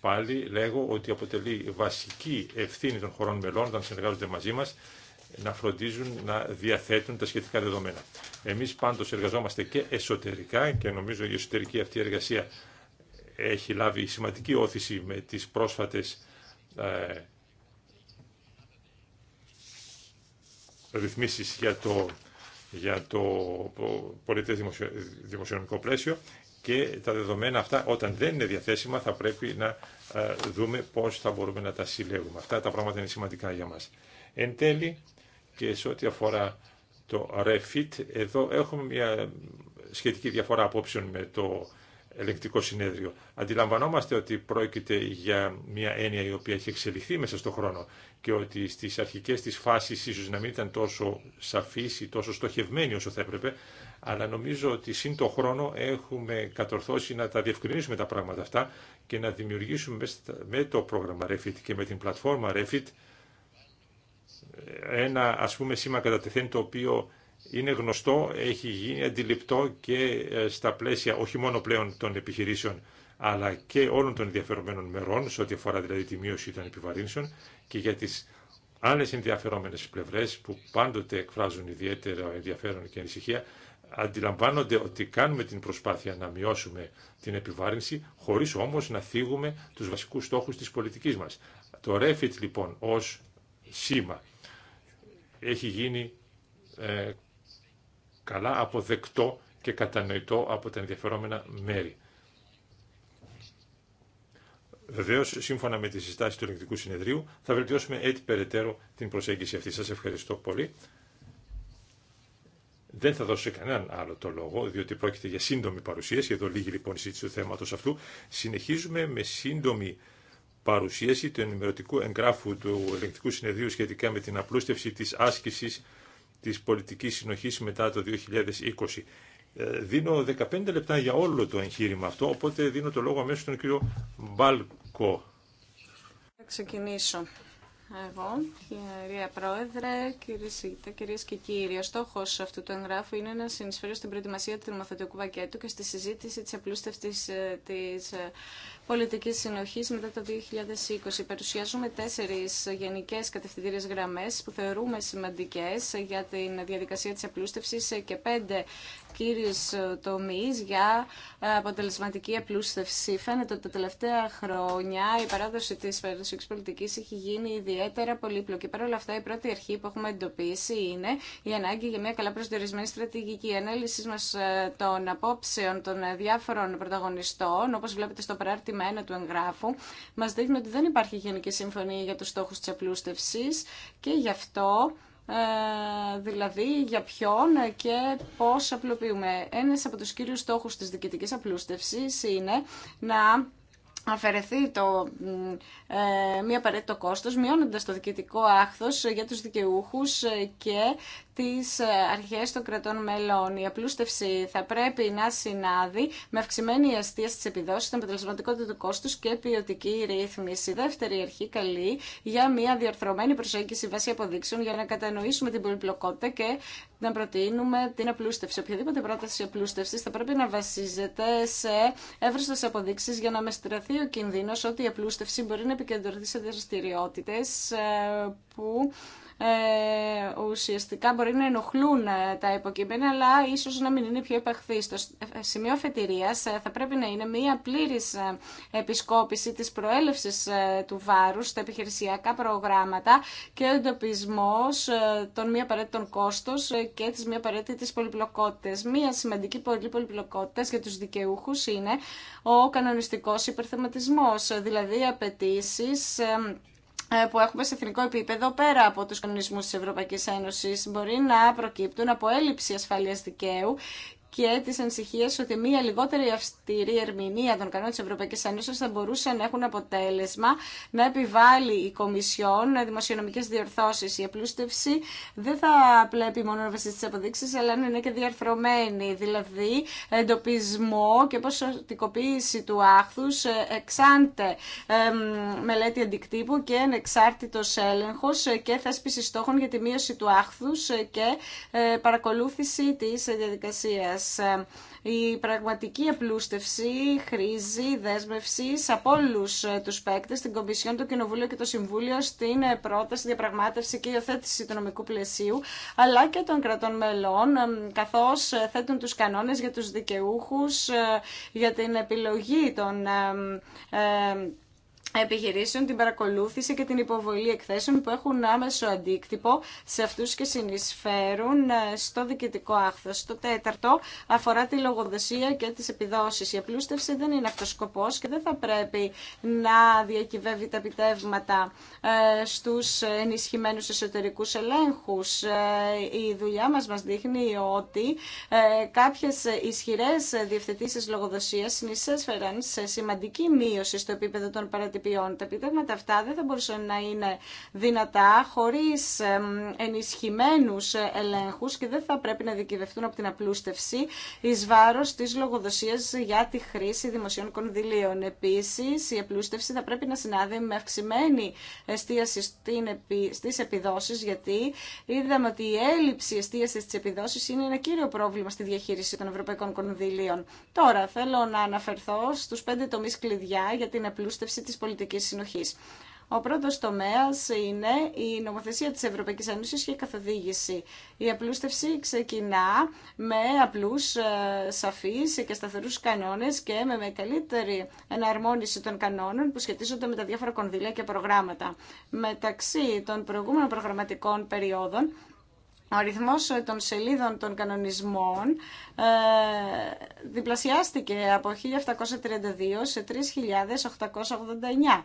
S2: Πάλι λέγω ότι αποτελεί βασική ευθύνη των χωρών μελών όταν συνεργάζονται μαζί μας να φροντίζουν να διαθέτουν τα σχετικά δεδομένα. Εμείς πάντως εργαζόμαστε και εσωτερικά και νομίζω η εσωτερική αυτή εργασία έχει λάβει σημαντική όθηση με τις πρόσφατες ε, ρυθμίσεις για το, για το δημοσιονομικό πλαίσιο και τα δεδομένα αυτά όταν δεν είναι διαθέσιμα θα πρέπει να ε, δούμε πώς θα μπορούμε να τα συλλέγουμε. Αυτά τα πράγματα είναι σημαντικά για μας. Εν τέλει και σε ό,τι αφορά το REFIT, εδώ έχουμε μια σχετική διαφορά απόψεων με το ελεγκτικό συνέδριο. Αντιλαμβανόμαστε ότι πρόκειται για μια έννοια η οποία έχει εξελιχθεί μέσα στον χρόνο και ότι στις αρχικές τη φάσεις ίσω να μην ήταν τόσο σαφή, ή τόσο στοχευμένη όσο θα έπρεπε, αλλά νομίζω ότι σύν τον χρόνο έχουμε κατορθώσει να τα διευκρινίσουμε τα πράγματα αυτά και να δημιουργήσουμε με το πρόγραμμα Refit και με την πλατφόρμα Refit ένα ας πούμε σήμα κατατεθέν το οποίο είναι γνωστό, έχει γίνει αντιληπτό και ε, στα πλαίσια όχι μόνο πλέον των επιχειρήσεων αλλά και όλων των ενδιαφερομένων μερών, σε ό,τι αφορά δηλαδή τη μείωση των επιβαρύνσεων και για τις άλλες ενδιαφερόμενες πλευρές που πάντοτε εκφράζουν ιδιαίτερα ενδιαφέρον και ανησυχία, αντιλαμβάνονται ότι κάνουμε την προσπάθεια να μειώσουμε την επιβάρυνση, χωρίς όμως να θίγουμε τους βασικούς στόχους της πολιτικής μας. Το REFIT λοιπόν ως σήμα έχει γίνει ε, καλά αποδεκτό και κατανοητό από τα ενδιαφερόμενα μέρη. Βεβαίω, σύμφωνα με τι συστάσει του Ελεκτικού Συνεδρίου, θα βελτιώσουμε έτσι περαιτέρω την προσέγγιση αυτή. Σα ευχαριστώ πολύ. Δεν θα δώσω σε κανέναν άλλο το λόγο, διότι πρόκειται για σύντομη παρουσίαση. Εδώ λίγη λοιπόν η συζήτηση του θέματο αυτού. Συνεχίζουμε με σύντομη παρουσίαση του ενημερωτικού εγγράφου του Ελεκτικού Συνεδρίου σχετικά με την απλούστευση τη άσκηση της πολιτικής συνοχής μετά το 2020. Ε, δίνω 15 λεπτά για όλο το εγχείρημα αυτό, οπότε δίνω το λόγο αμέσως στον κύριο Μπάλκο.
S3: Θα ξεκινήσω. Εγώ, κυρία Πρόεδρε, κυρίε κυρίε και κύριοι, ο στόχο αυτού του εγγράφου είναι να συνεισφέρει στην προετοιμασία του νομοθετικού πακέτου και στη συζήτηση τη της ε, τη ε, πολιτικής συνοχής μετά το 2020. Παρουσιάζουμε τέσσερις γενικές κατευθυντήριες γραμμές που θεωρούμε σημαντικές για τη διαδικασία της απλούστευσης και πέντε κύριους τομείς για αποτελεσματική απλούστευση. Φαίνεται ότι τα τελευταία χρόνια η παράδοση της παραδοσιακής πολιτικής έχει γίνει ιδιαίτερα πολύπλοκη. Παρ' όλα αυτά η πρώτη αρχή που έχουμε εντοπίσει είναι η ανάγκη για μια καλά προσδιορισμένη στρατηγική. ανάλυση μας ε, των απόψεων των ε, διάφορων πρωταγωνιστών, όπως βλέπετε στο κεκτημένα του εγγράφου μας δείχνει ότι δεν υπάρχει γενική συμφωνία για τους στόχους της απλούστευσης και γι' αυτό ε, δηλαδή για ποιον και πώς απλοποιούμε. Ένας από τους κύριους στόχους της διοικητικής απλούστευσης είναι να αφαιρεθεί το ε, μη απαραίτητο κόστος, μειώνοντας το διοικητικό άχθος για τους δικαιούχους και τις ε, αρχές των κρατών μελών. Η απλούστευση θα πρέπει να συνάδει με αυξημένη αστεία στις επιδόσεις, την αποτελεσματικότητα του κόστους και ποιοτική ρύθμιση. δεύτερη αρχή καλή για μια διορθωμένη προσέγγιση βάση αποδείξεων για να κατανοήσουμε την πολυπλοκότητα και να προτείνουμε την απλούστευση. Οποιαδήποτε πρόταση απλούστευση θα πρέπει να βασίζεται σε εύρωστε αποδείξει για να μεστρεθεί ο κινδύνο ότι η απλούστευση μπορεί να επικεντρωθεί σε δραστηριότητε ε, που ε, ουσιαστικά μπορεί να ενοχλούν ε, τα υποκείμενα, αλλά ίσως να μην είναι πιο επαχθή. Στο ε, σημείο θα πρέπει να είναι μία πλήρης επισκόπηση της προέλευσης του βάρους στα επιχειρησιακά προγράμματα και ο εντοπισμό των μη απαραίτητων κόστος και της μη απαραίτητης πολυπλοκότητας. Μία σημαντική πολύ πολυπλοκότητα για τους δικαιούχους είναι ο κανονιστικός υπερθεματισμός, δηλαδή απαιτήσει ε, που έχουμε σε εθνικό επίπεδο πέρα από τους κανονισμούς της Ευρωπαϊκής Ένωσης μπορεί να προκύπτουν από έλλειψη ασφαλείας δικαίου και τι ανησυχία ότι μία λιγότερη αυστηρή ερμηνεία των κανόνων τη Ευρωπαϊκή Ένωση θα μπορούσε να έχουν αποτέλεσμα να επιβάλλει η Κομισιόν δημοσιονομικέ διορθώσει. Η απλούστευση δεν θα πλέπει μόνο να βασίσει στι αποδείξει, αλλά να είναι και διαρθρωμένη, δηλαδή εντοπισμό και ποσοτικοποίηση του άχθου, ε, εξάντε μελέτη αντικτύπου και εξάρτητο έλεγχο και θέσπιση στόχων για τη μείωση του άχθου και ε, παρακολούθηση τη διαδικασία. Η πραγματική απλούστευση χρήζει δέσμευση από όλου του παίκτε, την Κομισιόν, το Κοινοβούλιο και το Συμβούλιο, στην πρόταση, διαπραγμάτευση και υιοθέτηση του νομικού πλαισίου, αλλά και των κρατών μελών, καθώ θέτουν του κανόνε για του δικαιούχου, ε, για την επιλογή των ε, επιχειρήσεων, την παρακολούθηση και την υποβολή εκθέσεων που έχουν άμεσο αντίκτυπο σε αυτούς και συνεισφέρουν ε, στο διοικητικό άχθος. Το τέταρτο αφορά τη λογοδοσία και τις επιδόσεις. Η απλούστευση δεν είναι αυτός ο σκοπός και δεν θα πρέπει να διακυβεύει τα επιτεύγματα ε, στους ενισχυμένους εσωτερικούς ελέγχους. Ε, η δουλειά μας μας δείχνει ότι κάποιες ισχυρές διευθετήσεις λογοδοσίας συνεισέσφεραν σε σημαντική μείωση στο επίπεδο των παρατηρήσεων τα επιτεύγματα αυτά δεν θα μπορούσαν να είναι δυνατά χωρίς ενισχυμένους ελέγχους και δεν θα πρέπει να δικηδευτούν από την απλούστευση εις βάρος της λογοδοσίας για τη χρήση δημοσίων κονδυλίων. Επίσης, η απλούστευση θα πρέπει να συνάδει με αυξημένη εστίαση στις επιδόσεις, γιατί είδαμε ότι η έλλειψη εστίαση στις επιδόσεις είναι ένα κύριο πρόβλημα στη διαχείριση των ευρωπαϊκών κονδυλίων. Τώρα, θέλω να αναφερθώ στους πέντε τομείς κλειδιά για την απλούστευση της πολιτικής ο πρώτο τομέα είναι η νομοθεσία τη Ευρωπαϊκή Ένωση και η καθοδήγηση. Η απλούστευση ξεκινά με απλού, ε, σαφεί και σταθερού κανόνε και με μεγαλύτερη εναρμόνιση των κανόνων που σχετίζονται με τα διάφορα κονδύλια και προγράμματα. Μεταξύ των προηγούμενων προγραμματικών περιόδων ο αριθμός ε, των σελίδων των κανονισμών ε, διπλασιάστηκε από 1732 σε 3889.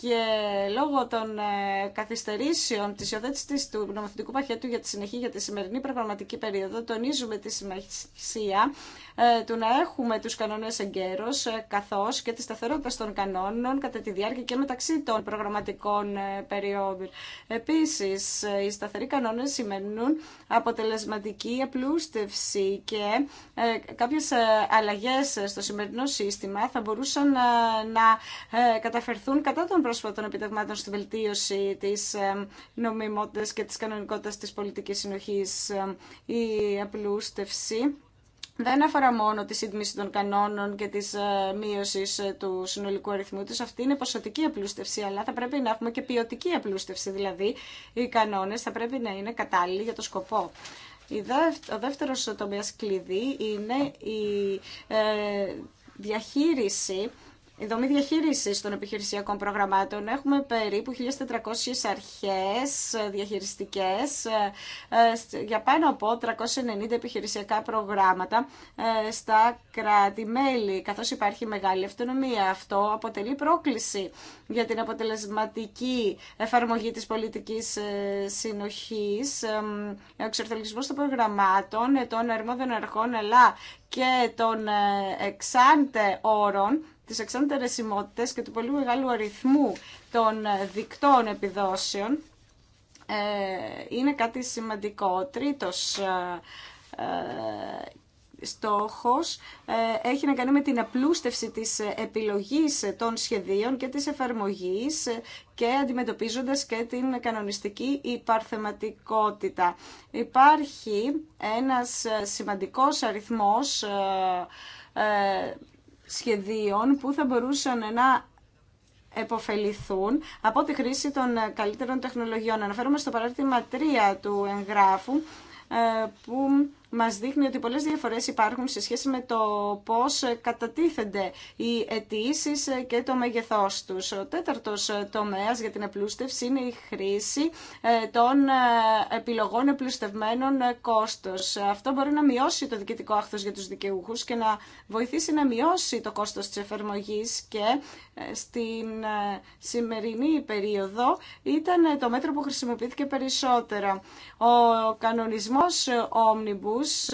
S3: Και λόγω των ε, καθυστερήσεων της υιοθέτησης του νομοθετικού παχέτου για τη συνεχή για τη σημερινή προγραμματική περίοδο, τονίζουμε τη σημασία ε, του να έχουμε τους κανόνες εγκαίρως ε, καθώς και τη σταθερότητα των κανόνων κατά τη διάρκεια και μεταξύ των προγραμματικών ε, περιόδων. Επίσης, οι σταθεροί κανόνες σημαίνουν αποτελεσματική απλούστευση και κάποιες αλλαγές στο σημερινό σύστημα θα μπορούσαν να καταφερθούν κατά των πρόσφατων επιτευγμάτων στη βελτίωση της νομιμότητας και της κανονικότητας της πολιτικής συνοχής. Η απλούστευση δεν αφορά μόνο τη σύντμηση των κανόνων και τη ε, μείωση ε, του συνολικού αριθμού του. Αυτή είναι ποσοτική απλούστευση, αλλά θα πρέπει να έχουμε και ποιοτική απλούστευση. Δηλαδή, οι κανόνες θα πρέπει να είναι κατάλληλοι για το σκοπό. Ο δεύτερος τομέας κλειδί είναι η ε, διαχείριση η δομή διαχείριση των επιχειρησιακών προγραμμάτων. Έχουμε περίπου 1.400 αρχές ε, διαχειριστικές ε, ε, για πάνω από 390 επιχειρησιακά προγράμματα στα κράτη-μέλη, καθώς υπάρχει μεγάλη αυτονομία. Αυτό αποτελεί πρόκληση για την αποτελεσματική εφαρμογή της πολιτικής συνοχής, ο των προγραμμάτων, των αρμόδιων αρχών, αλλά και των εξάντε όρων τις εξάντερες και του πολύ μεγάλου αριθμού των ε, δικτών επιδόσεων ε, είναι κάτι σημαντικό. Τρίτος ε, στόχος έχει να κάνει με την απλούστευση της επιλογής των σχεδίων και της εφαρμογής και αντιμετωπίζοντας και την κανονιστική υπαρθεματικότητα. Υπάρχει ένας σημαντικός αριθμός σχεδίων που θα μπορούσαν να εποφεληθούν από τη χρήση των καλύτερων τεχνολογιών. Αναφέρομαι στο παράδειγμα 3 του εγγράφου ε, που μας δείχνει ότι πολλές διαφορές υπάρχουν σε σχέση με το πώς κατατίθενται οι αιτήσει και το μεγεθός τους. Ο τέταρτος τομέας για την απλούστευση είναι η χρήση ε, των ε, επιλογών απλουστευμένων κόστος. Αυτό μπορεί να μειώσει το διοικητικό άχθος για τους δικαιούχους και να βοηθήσει να μειώσει το κόστος της εφαρμογή. και στην ε, σημερινή περίοδο ήταν το μέτρο που χρησιμοποιήθηκε περισσότερα. Ο κανονισμός Omnibus,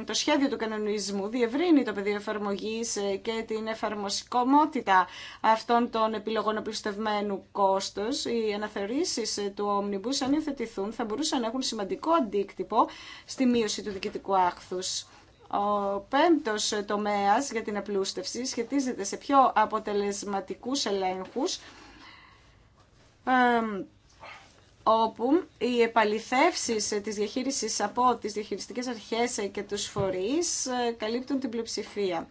S3: ε, το σχέδιο του κανονισμού διευρύνει το πεδίο εφαρμογή ε, και την εφαρμοσικομότητα αυτών των επιλογών απλουστευμένου κόστος. Οι αναθεωρήσεις του Omnibus αν υιοθετηθούν θα μπορούσαν να έχουν σημαντικό αντίκτυπο στη μείωση του διοικητικού άχθους. Ο πέμπτος τομέας για την απλούστευση σχετίζεται σε πιο αποτελεσματικούς ελέγχους όπου οι επαληθεύσεις της διαχείρισης από τις διαχειριστικές αρχές και τους φορείς ε, καλύπτουν την πλειοψηφία.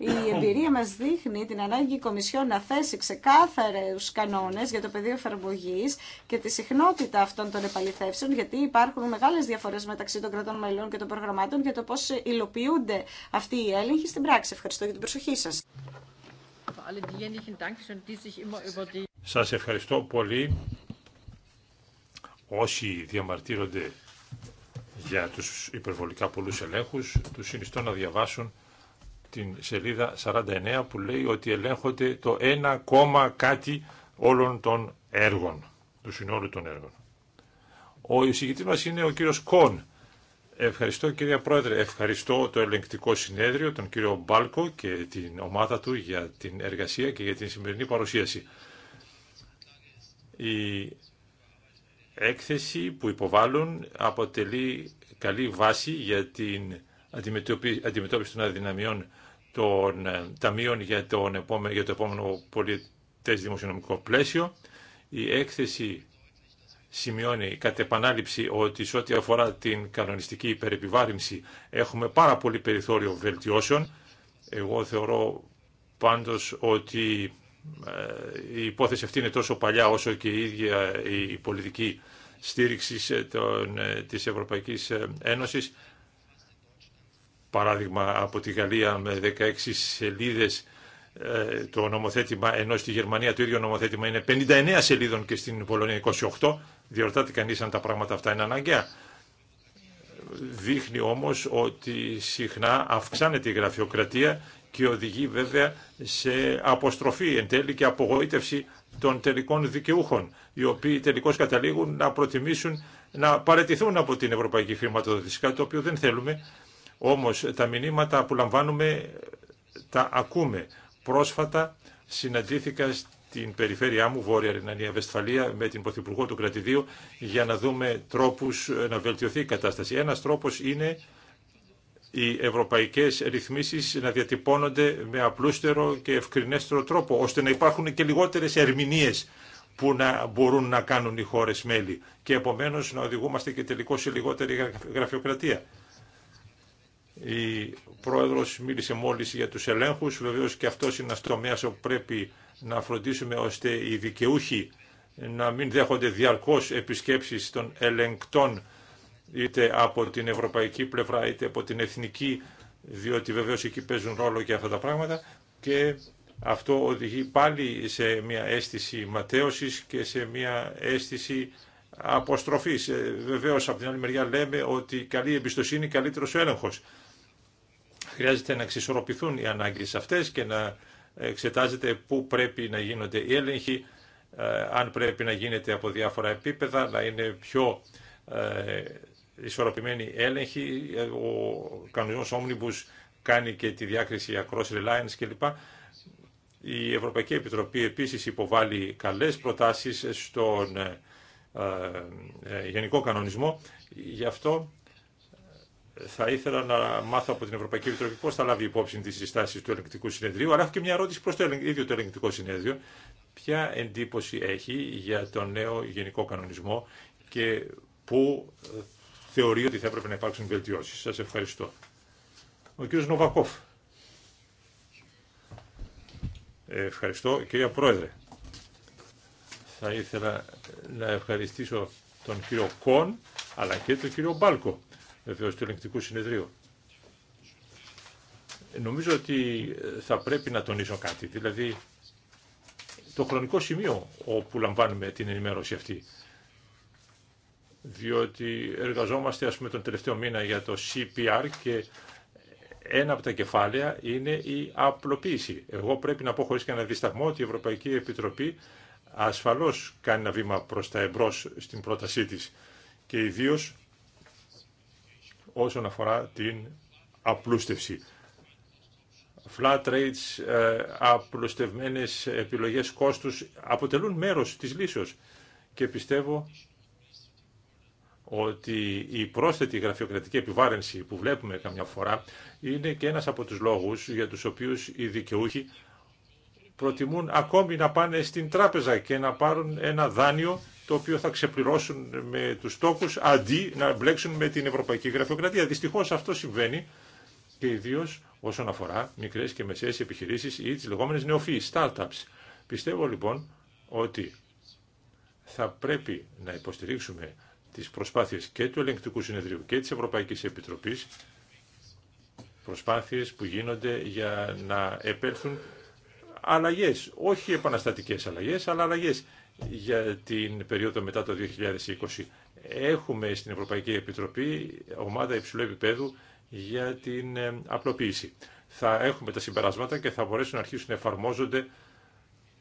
S3: Η εμπειρία μας δείχνει την ανάγκη η Κομισιόν να θέσει ξεκάθαρου κανόνες για το πεδίο εφαρμογή και τη συχνότητα αυτών των επαληθεύσεων, γιατί υπάρχουν μεγάλες διαφορές μεταξύ των κρατών μελών και των προγραμμάτων για το πώς υλοποιούνται αυτοί οι έλεγχοι στην πράξη. Ευχαριστώ για την προσοχή σας.
S2: Σας ευχαριστώ πολύ όσοι διαμαρτύρονται για τους υπερβολικά πολλούς ελέγχους, τους συνιστώ να διαβάσουν την σελίδα 49 που λέει ότι ελέγχονται το ένα κόμμα κάτι όλων των έργων, του συνόλου των έργων. Ο εισηγητής μας είναι ο κύριος Κον. Ευχαριστώ κυρία Πρόεδρε, ευχαριστώ το ελεγκτικό συνέδριο, τον κύριο Μπάλκο και την ομάδα του για την εργασία και για την σημερινή παρουσίαση. Η έκθεση που υποβάλλουν αποτελεί καλή βάση για την αντιμετώπιση των αδυναμιών των ε, ταμείων για, τον επόμενο, για το επόμενο πολιτές δημοσιονομικό πλαίσιο. Η έκθεση σημειώνει κατ' επανάληψη ότι σε ό,τι αφορά την κανονιστική υπερεπιβάρυνση έχουμε πάρα πολύ περιθώριο βελτιώσεων. Εγώ θεωρώ πάντως ότι ε, η υπόθεση αυτή είναι τόσο παλιά όσο και η ίδια η πολιτική στήριξη ε, της Ευρωπαϊκής Ένωσης παράδειγμα από τη Γαλλία με 16 σελίδες ε, το νομοθέτημα, ενώ στη Γερμανία το ίδιο νομοθέτημα είναι 59 σελίδων και στην Πολωνία 28, διορτάται κανεί αν τα πράγματα αυτά είναι αναγκαία. Δείχνει όμως ότι συχνά αυξάνεται η γραφειοκρατία και οδηγεί βέβαια σε αποστροφή εν τέλει και απογοήτευση των τελικών δικαιούχων, οι οποίοι τελικώς καταλήγουν να προτιμήσουν να παρετηθούν από την ευρωπαϊκή χρηματοδότηση, το οποίο δεν θέλουμε όμως τα μηνύματα που λαμβάνουμε τα ακούμε. Πρόσφατα συναντήθηκα στην περιφέρειά μου, Βόρεια Ρινανία Βεσφαλία, με την Πρωθυπουργό του Κρατηδίου για να δούμε τρόπους να βελτιωθεί η κατάσταση. Ένας τρόπος είναι οι ευρωπαϊκές ρυθμίσεις να διατυπώνονται με απλούστερο και ευκρινέστερο τρόπο, ώστε να υπάρχουν και λιγότερες ερμηνείες που να μπορούν να κάνουν οι χώρες μέλη και επομένως να οδηγούμαστε και τελικώς σε λιγότερη γραφειοκρατία. Η Πρόεδρος μίλησε μόλις για τους ελέγχους. Βεβαίως και αυτό είναι ένα τομέας που πρέπει να φροντίσουμε ώστε οι δικαιούχοι να μην δέχονται διαρκώς επισκέψεις των ελεγκτών είτε από την ευρωπαϊκή πλευρά είτε από την εθνική διότι βεβαίως εκεί παίζουν ρόλο και αυτά τα πράγματα και αυτό οδηγεί πάλι σε μια αίσθηση ματέωσης και σε μια αίσθηση αποστροφής. Ε, βεβαίως από την άλλη μεριά λέμε ότι καλή εμπιστοσύνη καλύτερο ο Χρειάζεται να εξισορροπηθούν οι ανάγκες αυτές και να εξετάζεται πού πρέπει να γίνονται οι έλεγχοι, ε, αν πρέπει να γίνεται από διάφορα επίπεδα, να είναι πιο ε, ισορροπημένη έλεγχη. Ε, ο κανονισμός Omnibus κάνει και τη διάκριση across reliance κλπ. Η Ευρωπαϊκή Επιτροπή επίσης υποβάλλει καλές προτάσεις στον γενικό κανονισμό. Γι' αυτό θα ήθελα να μάθω από την Ευρωπαϊκή Επιτροπή πώ θα λάβει υπόψη τι συστάσει του ελεγκτικού συνεδρίου. Αλλά έχω και μια ερώτηση προ το ίδιο το ελεγκτικό συνέδριο. Ποια εντύπωση έχει για τον νέο γενικό κανονισμό και πού θεωρεί ότι θα έπρεπε να υπάρξουν βελτιώσει. Σα ευχαριστώ. Ο κ. Νοβακόφ. Ευχαριστώ, κυρία Πρόεδρε. Θα ήθελα να ευχαριστήσω τον κύριο Κον αλλά και τον κύριο Μπάλκο βεβαίως του ελεγκτικού συνεδρίου. Νομίζω ότι ε, θα πρέπει να τονίσω κάτι, δηλαδή το χρονικό σημείο όπου λαμβάνουμε την ενημέρωση αυτή. Διότι εργαζόμαστε ας πούμε τον τελευταίο μήνα για το CPR και ένα από τα κεφάλαια είναι η απλοποίηση. Εγώ πρέπει να πω χωρίς κανένα δισταγμό ότι η Ευρωπαϊκή Επιτροπή ασφαλώς κάνει ένα βήμα προς τα εμπρός στην πρότασή της και ιδίως όσον αφορά την απλούστευση. Flat rates, ε, απλουστευμένες επιλογές κόστους αποτελούν μέρος της λύσεως και πιστεύω ότι η πρόσθετη γραφειοκρατική επιβάρυνση που βλέπουμε καμιά φορά είναι και ένας από τους λόγους για τους οποίους οι δικαιούχοι προτιμούν ακόμη να πάνε στην τράπεζα και να πάρουν ένα δάνειο το οποίο θα ξεπληρώσουν με τους τόκους αντί να μπλέξουν με την Ευρωπαϊκή Γραφειοκρατία. Δυστυχώς αυτό συμβαίνει και ιδίω όσον αφορά μικρές και μεσαίες επιχειρήσεις ή τις λεγόμενες νεοφύης, startups. Πιστεύω λοιπόν ότι θα πρέπει να υποστηρίξουμε τις προσπάθειες και του Ελεγκτικού Συνεδρίου και της Ευρωπαϊκής Επιτροπής, προσπάθειες που γίνονται για να επέλθουν αλλαγές, όχι επαναστατικές αλλαγές, αλλά αλλαγές για την περίοδο μετά το 2020. Έχουμε στην Ευρωπαϊκή Επιτροπή ομάδα υψηλού επίπεδου για την ε, απλοποίηση. Θα έχουμε τα συμπεράσματα και θα μπορέσουν να αρχίσουν να εφαρμόζονται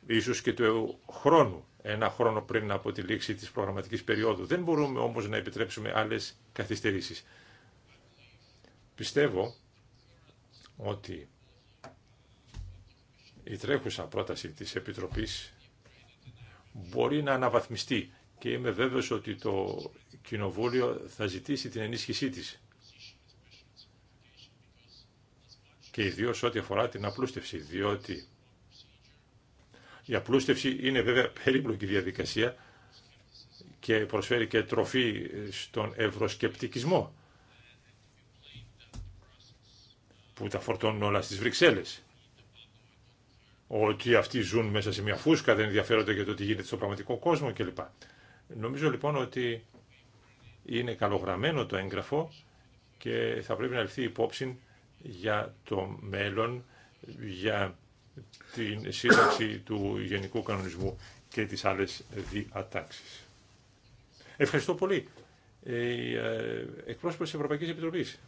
S2: ίσως και του χρόνου, ένα χρόνο πριν από τη λήξη της προγραμματικής περίοδου. Δεν μπορούμε όμως να επιτρέψουμε άλλες καθυστερήσεις. Πιστεύω ότι η τρέχουσα πρόταση της Επιτροπής μπορεί να αναβαθμιστεί και είμαι βέβαιος ότι το Κοινοβούλιο θα ζητήσει την ενίσχυσή της. Και ιδίω ό,τι αφορά την απλούστευση, διότι η απλούστευση είναι βέβαια περίπλοκη διαδικασία και προσφέρει και τροφή στον ευρωσκεπτικισμό που τα φορτώνουν όλα στις Βρυξέλλες ότι αυτοί ζουν μέσα σε μια φούσκα, δεν ενδιαφέρονται για το τι γίνεται στο πραγματικό κόσμο κλπ. Νομίζω λοιπόν ότι είναι καλογραμμένο το έγγραφο και θα πρέπει να ληφθεί υπόψη για το μέλλον, για την σύνταξη του Γενικού Κανονισμού και τις άλλες διατάξεις. Ευχαριστώ πολύ. Ε, ε, εκπρόσωπος της Ευρωπαϊκής Επιτροπής.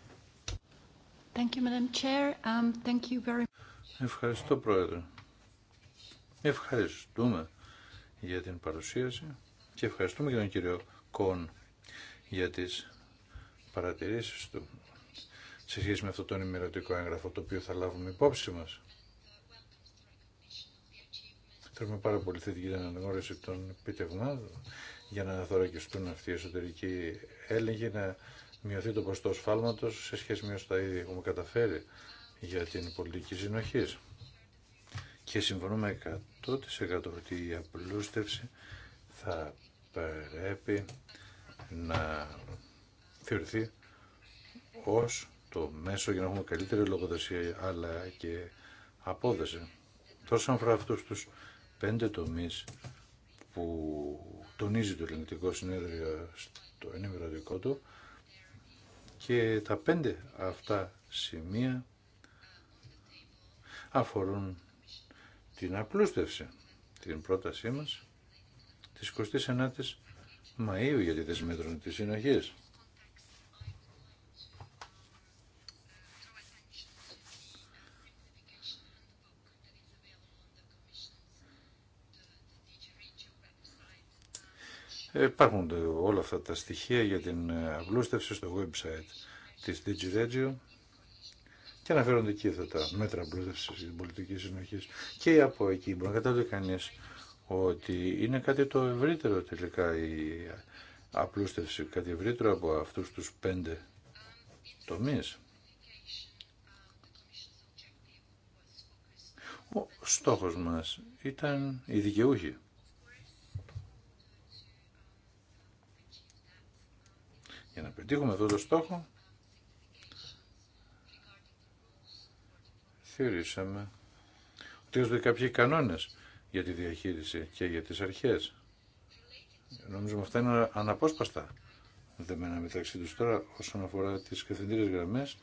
S6: Um,
S4: Ευχαριστώ, Πρόεδρε. Ευχαριστούμε για την παρουσίαση και ευχαριστούμε και τον κύριο Κον για τις παρατηρήσεις του σε σχέση με αυτό το ενημερωτικό έγγραφο το οποίο θα λάβουμε υπόψη μας. Θέλουμε πάρα πολύ θετική την αναγνώριση των επιτευγμάτων για να θωρακιστούν αυτοί οι εσωτερικοί έλεγχοι, να μειωθεί το ποστό σφάλματος σε σχέση με τα ήδη έχουμε καταφέρει για την πολιτική συνοχή. Και συμφωνούμε 100% ότι η απλούστευση θα πρέπει να θεωρηθεί ως το μέσο για να έχουμε καλύτερη λογοδοσία αλλά και απόδοση. Τόσο αφορά αυτούς τους πέντε τομείς που τονίζει το ελληνικό συνέδριο στο ενήμερο δικό του και τα πέντε αυτά σημεία αφορούν την απλούστευση, την πρότασή μας της 29ης Μαΐου για τη δεσμέτρων της συνοχής. Υπάρχουν όλα αυτά τα στοιχεία για την απλούστευση στο website της DigiRegio και αναφέρονται εκεί αυτά τα μέτρα πρόταση τη πολιτική συνοχή. Και από εκεί μπορεί να καταλάβει κανεί ότι είναι κάτι το ευρύτερο τελικά η απλούστευση, κάτι ευρύτερο από αυτούς τους πέντε τομεί. Ο στόχος μας ήταν οι δικαιούχη. Για να πετύχουμε αυτό το στόχο θεωρήσαμε ότι έρχονται κάποιοι κανόνες για τη διαχείριση και για τις αρχές. Νομίζω αυτά είναι αναπόσπαστα δεμένα μεταξύ τους τώρα όσον αφορά τις καθεντήρες γραμμές.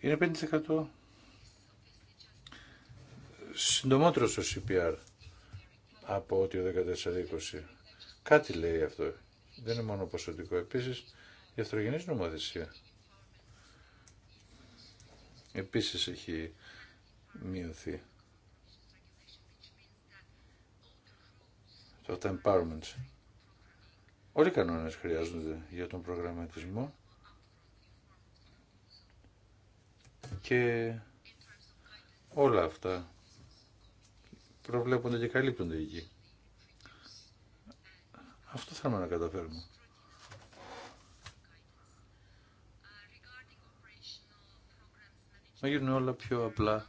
S4: Είναι 5% συντομότερο ο CPR από ότι ο 14-20. Κάτι λέει αυτό δεν είναι μόνο ποσοτικό. Επίσης, η αυτογενής νομοθεσία επίσης έχει μειωθεί. Το τα Όλοι οι κανόνες χρειάζονται για τον προγραμματισμό και όλα αυτά προβλέπονται και καλύπτονται εκεί. Αυτό θέλουμε να καταφέρουμε. Να γίνουν όλα πιο απλά.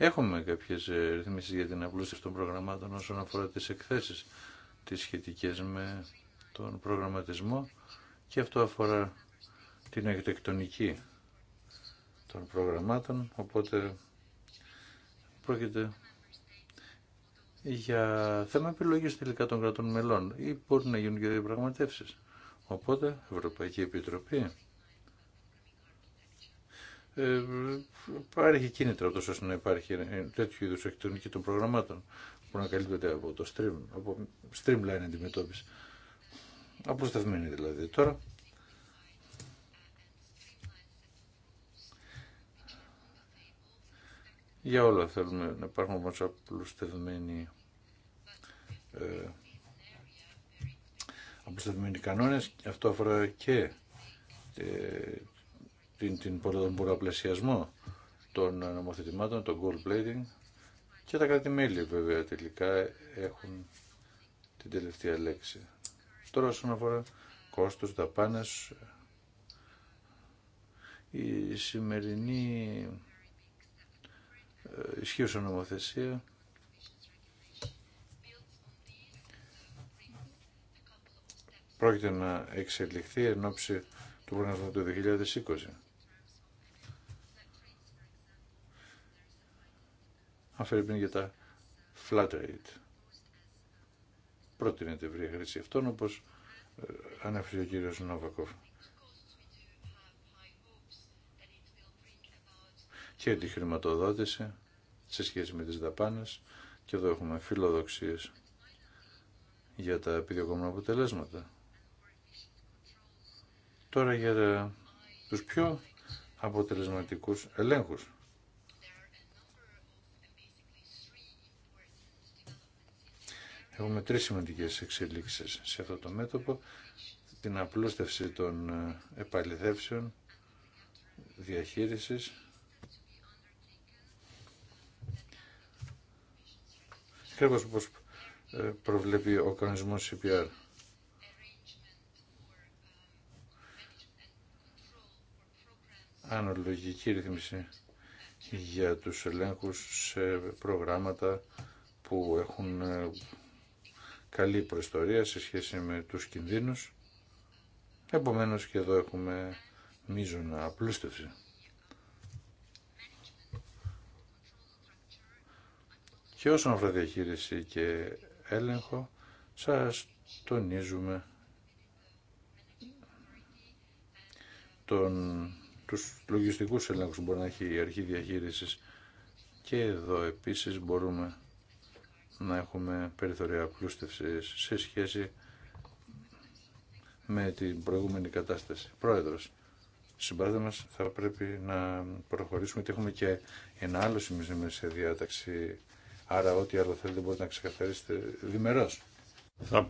S4: Έχουμε κάποιες ε, ρυθμίσεις για την απλούστευση των προγραμμάτων όσον αφορά τις εκθέσεις τις σχετικές με τον προγραμματισμό και αυτό αφορά την αρχιτεκτονική των προγραμμάτων, οπότε πρόκειται για θέμα επιλογής τελικά των κρατών μελών ή μπορεί να γίνουν και διαπραγματεύσει. Οπότε, Ευρωπαϊκή Επιτροπή ε, υπάρχει κίνητρα τόσο ώστε να υπάρχει τέτοιου είδους εκτονική των προγραμμάτων που να καλύπτονται από το stream, από streamline αντιμετώπιση. Αποσταθμένη δηλαδή. Τώρα, Για όλα θέλουμε να υπάρχουν όμως απλουστευμένοι, ε, κανόνες. Αυτό αφορά και ε, την, την, τον πολλαπλασιασμό των νομοθετημάτων, τον gold plating και τα κρατη βέβαια τελικά έχουν την τελευταία λέξη. Τώρα όσον αφορά κόστος, δαπάνες, η σημερινή ε, ισχύουσα νομοθεσία. Πρόκειται να εξελιχθεί εν ώψη του προγραμματισμού του 2020. πριν για τα flat rate. Πρότεινε τη ευρία χρήση αυτών όπως ε, ανέφερε ο κύριος Νόβακοφ. και τη χρηματοδότηση σε σχέση με τις δαπάνες και εδώ έχουμε φιλοδοξίες για τα επιδιωκόμενα αποτελέσματα. Τώρα για τους πιο αποτελεσματικούς ελέγχους. Έχουμε τρεις σημαντικές εξελίξεις σε αυτό το μέτωπο. Την απλούστευση των ε, επαληθεύσεων διαχείρισης ακριβώς όπως ε, προβλέπει ο κανονισμός CPR. Αναλογική ρύθμιση για τους ελέγχους σε προγράμματα που έχουν ε, καλή προϊστορία σε σχέση με τους κινδύνους. Επομένως και εδώ έχουμε μείζωνα απλούστευση. Και όσον αφορά διαχείριση και έλεγχο, σας τονίζουμε τον, τους λογιστικούς έλεγχους που μπορεί να έχει η αρχή διαχείρισης και εδώ επίσης μπορούμε να έχουμε περιθωρία πλούστευσης σε σχέση με την προηγούμενη κατάσταση. Πρόεδρος, συμπάθεια θα πρέπει να προχωρήσουμε και έχουμε και ένα άλλο σημείο σε διάταξη
S2: Άρα ό,τι άλλο θέλετε μπορείτε να ξεκαθαρίσετε διμερώς. Θα,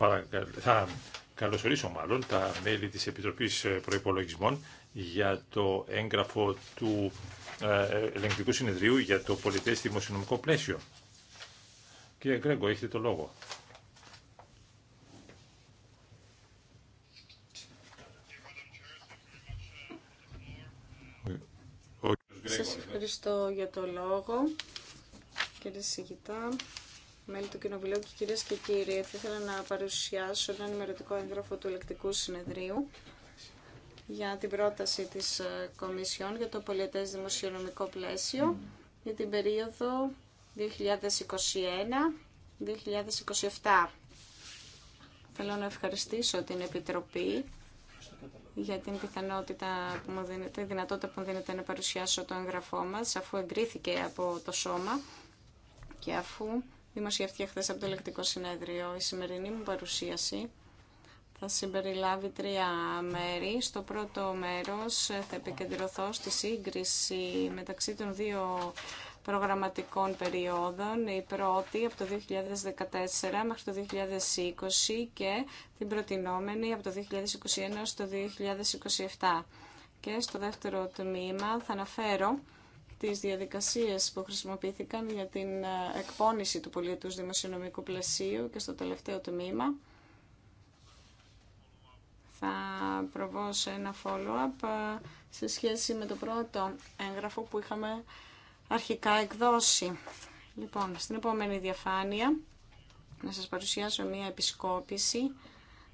S2: θα καλωσορίσω μάλλον τα μέλη της Επιτροπής ε, Προϋπολογισμών για το έγγραφο του ε, Ελεγκτικού Συνεδρίου για το πολιτές δημοσιονομικό πλαίσιο. Κύριε Γκρέγκο, έχετε το λόγο.
S7: Σας
S3: ευχαριστώ για το λόγο κύριε Σιγητά, μέλη του Κοινοβουλίου και κυρίες και κύριοι. Θα ήθελα να παρουσιάσω ένα ενημερωτικό έγγραφο του Ελεκτικού Συνεδρίου για την πρόταση της ε, Κομισιόν για το πολιετές δημοσιονομικό πλαίσιο για την περίοδο 2021-2027. Θέλω να ευχαριστήσω την Επιτροπή για την πιθανότητα που μου δίνεται, δυνατότητα που μου δίνεται να παρουσιάσω το έγγραφό μας, αφού εγκρίθηκε από το Σώμα. Και αφού δημοσιεύτηκε χθε από το ελεκτικό συνέδριο η σημερινή μου παρουσίαση, θα συμπεριλάβει τρία μέρη. Στο πρώτο μέρος θα επικεντρωθώ στη σύγκριση μεταξύ των δύο προγραμματικών περιόδων, η πρώτη από το 2014 μέχρι το 2020 και την προτινόμενη από το 2021 στο 2027. Και στο δεύτερο τμήμα θα αναφέρω τις διαδικασίες που χρησιμοποιήθηκαν για την ε, εκπόνηση του πολιετούς δημοσιονομικού πλαισίου και στο τελευταίο τμήμα θα προβώ σε ένα follow-up ε, σε σχέση με το πρώτο έγγραφο που είχαμε αρχικά εκδώσει. Λοιπόν, στην επόμενη διαφάνεια να σας παρουσιάσω μία επισκόπηση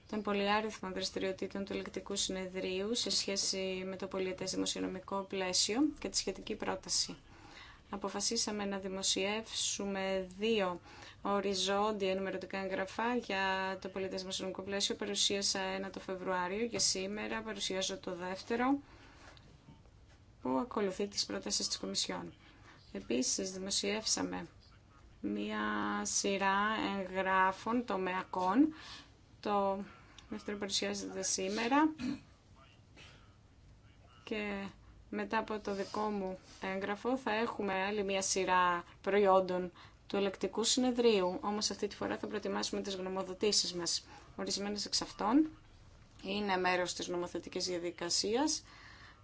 S3: των πολυάριθμων δραστηριοτήτων του ελεκτικού συνεδρίου σε σχέση με το πολιετές δημοσιονομικό πλαίσιο και τη σχετική πρόταση. Αποφασίσαμε να δημοσιεύσουμε δύο οριζόντια ενημερωτικά εγγραφά για το πολιετές δημοσιονομικό πλαίσιο. Παρουσίασα ένα το Φεβρουάριο και σήμερα παρουσιάζω το δεύτερο που ακολουθεί τις πρότασεις της Κομισιόν. Επίσης, δημοσιεύσαμε μία σειρά εγγράφων τομεακών το που παρουσιάζεται σήμερα και μετά από το δικό μου έγγραφο θα έχουμε άλλη μια σειρά προϊόντων του ελεκτικού συνεδρίου. Όμως αυτή τη φορά θα προετοιμάσουμε τις γνωμοδοτήσεις μας. Ορισμένες εξ αυτών είναι μέρος της νομοθετικής διαδικασίας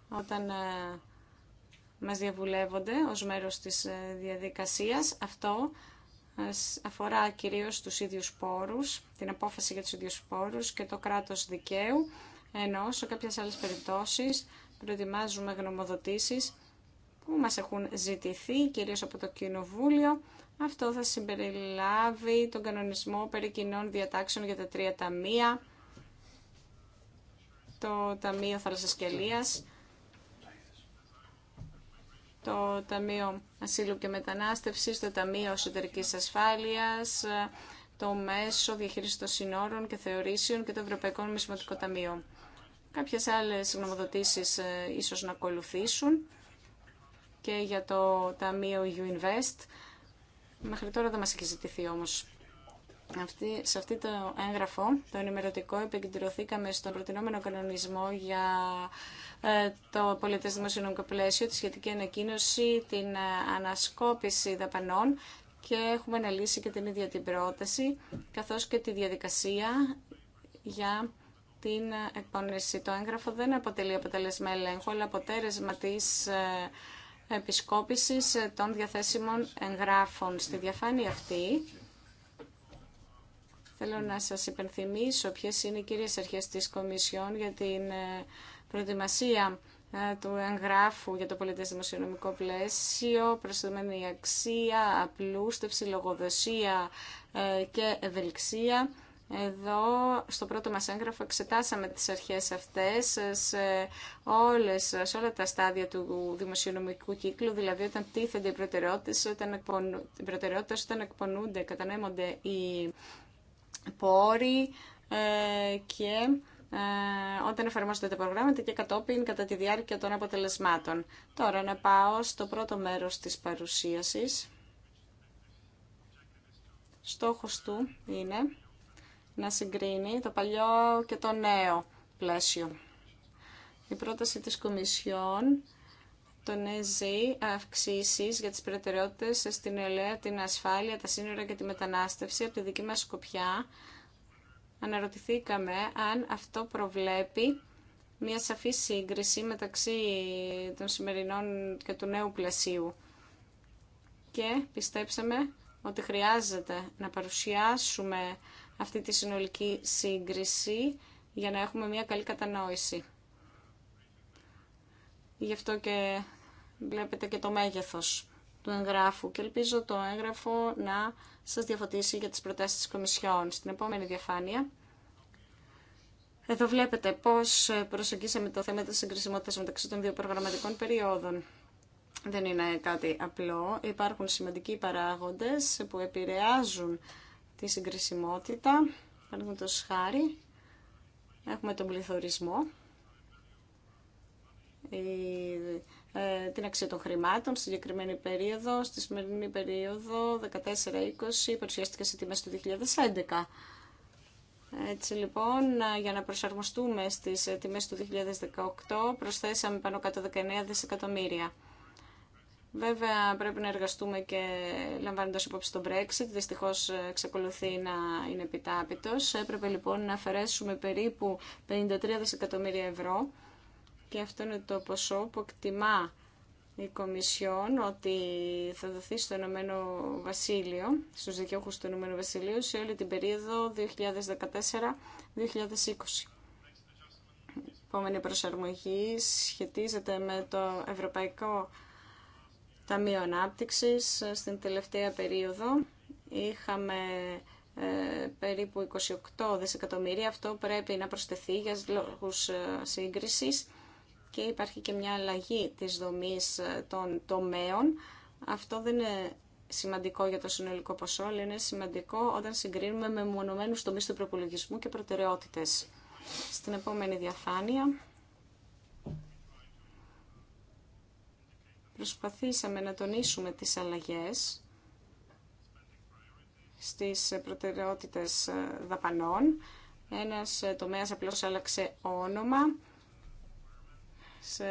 S3: όταν ε, μας διαβουλεύονται ως μέρος της ε, διαδικασίας. Αυτό αφορά κυρίως τους ίδιους πόρους, την απόφαση για τους ίδιους πόρους και το κράτος δικαίου, ενώ σε κάποιες άλλες περιπτώσεις προετοιμάζουμε γνωμοδοτήσεις που μας έχουν ζητηθεί, κυρίως από το Κοινοβούλιο. Αυτό θα συμπεριλάβει τον κανονισμό περί κοινών διατάξεων για τα τρία ταμεία, το Ταμείο Θαλασσασκελίας το Ταμείο Ασύλου και Μετανάστευσης, το Ταμείο Εσωτερικής Ασφάλειας, το Μέσο Διαχείρισης των Συνόρων και Θεωρήσεων και το Ευρωπαϊκό Νομισματικό Ταμείο. Κάποιες άλλες γνωμοδοτήσεις ε, ίσως να ακολουθήσουν και για το Ταμείο U-Invest. Μέχρι τώρα δεν μας έχει ζητηθεί όμως. Αυτή, σε αυτή το έγγραφο, το ενημερωτικό, επικεντρωθήκαμε στον προτινόμενο κανονισμό για ε, το πολιτές δημοσιονομικό πλαίσιο, τη σχετική ανακοίνωση, την ε, ανασκόπηση δαπανών και έχουμε αναλύσει και την ίδια την πρόταση, καθώς και τη διαδικασία για την εκπονήση. Το έγγραφο δεν αποτελεί αποτελεσμα ελέγχου, αλλά αποτέλεσμα της ε, επισκόπησης των διαθέσιμων εγγράφων. Στη διαφάνεια αυτή Θέλω να σας υπενθυμίσω ποιες είναι οι κύριες αρχές της Κομισιόν για την ε, προετοιμασία ε, του εγγράφου για το πολιτές δημοσιονομικό πλαίσιο, προσθεμένη αξία, απλούστευση, λογοδοσία ε, και ευελιξία. Εδώ στο πρώτο μας έγγραφο εξετάσαμε τις αρχές αυτές σε, όλες, σε όλα τα στάδια του δημοσιονομικού κύκλου, δηλαδή όταν τίθενται οι προτεραιότητες, όταν, όταν εκπονούνται, κατανέμονται οι πόροι ε, και ε, όταν εφαρμόζονται τα προγράμματα και κατόπιν κατά τη διάρκεια των αποτελεσμάτων. Τώρα να πάω στο πρώτο μέρος της παρουσίασης. Στόχος του είναι να συγκρίνει το παλιό και το νέο πλαίσιο. Η πρόταση της Κομισιόν ΕΖΗ αυξήσει για τι προτεραιότητε στην ΕΛΕΑ, την ασφάλεια, τα σύνορα και τη μετανάστευση. Από τη δική μα σκοπιά, αναρωτηθήκαμε αν αυτό προβλέπει μια σαφή σύγκριση μεταξύ των σημερινών και του νέου πλασίου. Και πιστέψαμε ότι χρειάζεται να παρουσιάσουμε αυτή τη συνολική σύγκριση για να έχουμε μια καλή κατανόηση. Γι' αυτό και βλέπετε και το μέγεθος του εγγράφου και ελπίζω το έγγραφο να σας διαφωτίσει για τις προτάσεις της Κομισιόν. Στην επόμενη διαφάνεια, εδώ βλέπετε πώς προσεγγίσαμε το θέμα της συγκρισιμότητας μεταξύ των δύο προγραμματικών περιόδων. Δεν είναι κάτι απλό. Υπάρχουν σημαντικοί παράγοντες που επηρεάζουν τη συγκρισιμότητα. το χάρη, έχουμε τον πληθωρισμό ε, την αξία των χρημάτων στη συγκεκριμένη περίοδο. Στη σημερινή περίοδο 14-20 παρουσιάστηκε σε τιμές του 2011. Έτσι λοιπόν, ε, για να προσαρμοστούμε στις ε, τιμές του 2018, προσθέσαμε πάνω κάτω 19 δισεκατομμύρια. Βέβαια, πρέπει να εργαστούμε και λαμβάνοντα υπόψη τον Brexit. Δυστυχώ, εξακολουθεί να είναι επιτάπητο. Έπρεπε λοιπόν να αφαιρέσουμε περίπου 53 δισεκατομμύρια ευρώ και αυτό είναι το ποσό που εκτιμά η Κομισιόν ότι θα δοθεί στο Ηνωμένο Βασίλειο, στους δικαιούχους του Ηνωμένου Βασιλείου σε όλη την περίοδο 2014-2020. Η επόμενη προσαρμογή σχετίζεται με το Ευρωπαϊκό Ταμείο Ανάπτυξης. Στην τελευταία περίοδο είχαμε ε, περίπου 28 δισεκατομμύρια. Αυτό πρέπει να προσθεθεί για λόγους ε, σύγκρισης και υπάρχει και μια αλλαγή της δομής ε, των τομέων. Αυτό δεν είναι σημαντικό για το συνολικό ποσό, αλλά είναι σημαντικό όταν συγκρίνουμε με μονομένους τομείς του προπολογισμού και προτεραιότητες. Στην επόμενη διαφάνεια προσπαθήσαμε να τονίσουμε τις αλλαγές στις προτεραιότητες ε, δαπανών. Ένας ε, τομέας απλώς άλλαξε όνομα σε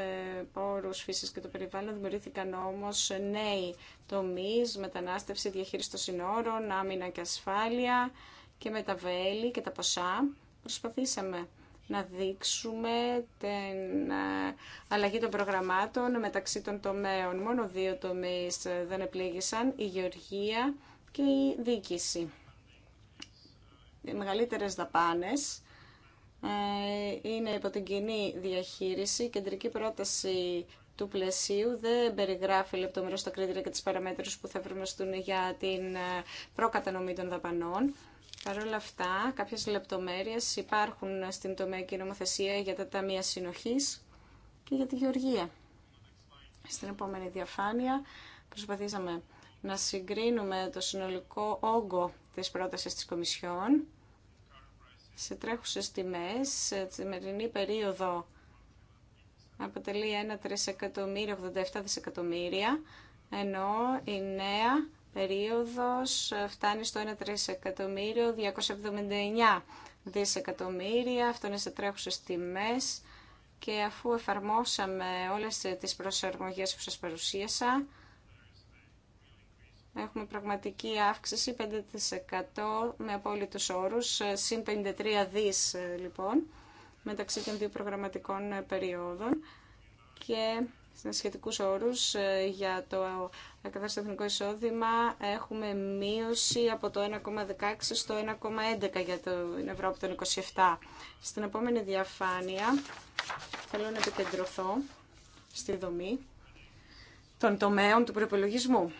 S3: πόρους φύση και το περιβάλλον δημιουργήθηκαν όμως νέοι τομεί μετανάστευση, διαχείριση των συνόρων, άμυνα και ασφάλεια και με τα βέλη και τα ποσά. Προσπαθήσαμε να δείξουμε την ε, αλλαγή των προγραμμάτων μεταξύ των τομέων. Μόνο δύο τομείς ε, δεν επλήγησαν, η γεωργία και η διοίκηση. Οι μεγαλύτερες δαπάνες ε, είναι υπό την κοινή διαχείριση. Η κεντρική πρόταση του πλαισίου δεν περιγράφει λεπτομερώ τα κριτήρια και τις παραμέτρους που θα εφαρμοστούν για την ε, προκατανομή των δαπανών. Παρ' όλα αυτά, κάποιες λεπτομέρειες υπάρχουν στην τομέακη νομοθεσία για τα ταμεία συνοχής και για τη γεωργία. Στην επόμενη διαφάνεια προσπαθήσαμε να συγκρίνουμε το συνολικό όγκο της πρότασης της Κομισιόν σε τρέχουσες τιμές, τη σημερινή περίοδο αποτελεί 1,387 εκατομμύριο 87 δισεκατομμύρια, ενώ η νέα περίοδος φτάνει στο 1 εκατομμύριο 279 δισεκατομμύρια, αυτό είναι σε τρέχουσες τιμές και αφού εφαρμόσαμε όλες τις προσαρμογές που σας παρουσίασα, Έχουμε πραγματική αύξηση 5% με απόλυτους όρους, ε, συν 53 δις ε, λοιπόν, μεταξύ των δύο προγραμματικών ε, περίοδων και σε σχετικούς όρους για το ακαθάριστο εθνικό εισόδημα έχουμε μείωση από το 1,16 στο 1,11 για την Ευρώπη των 27. Στην επόμενη διαφάνεια θέλω να επικεντρωθώ στη δομή των τομέων του προπολογισμού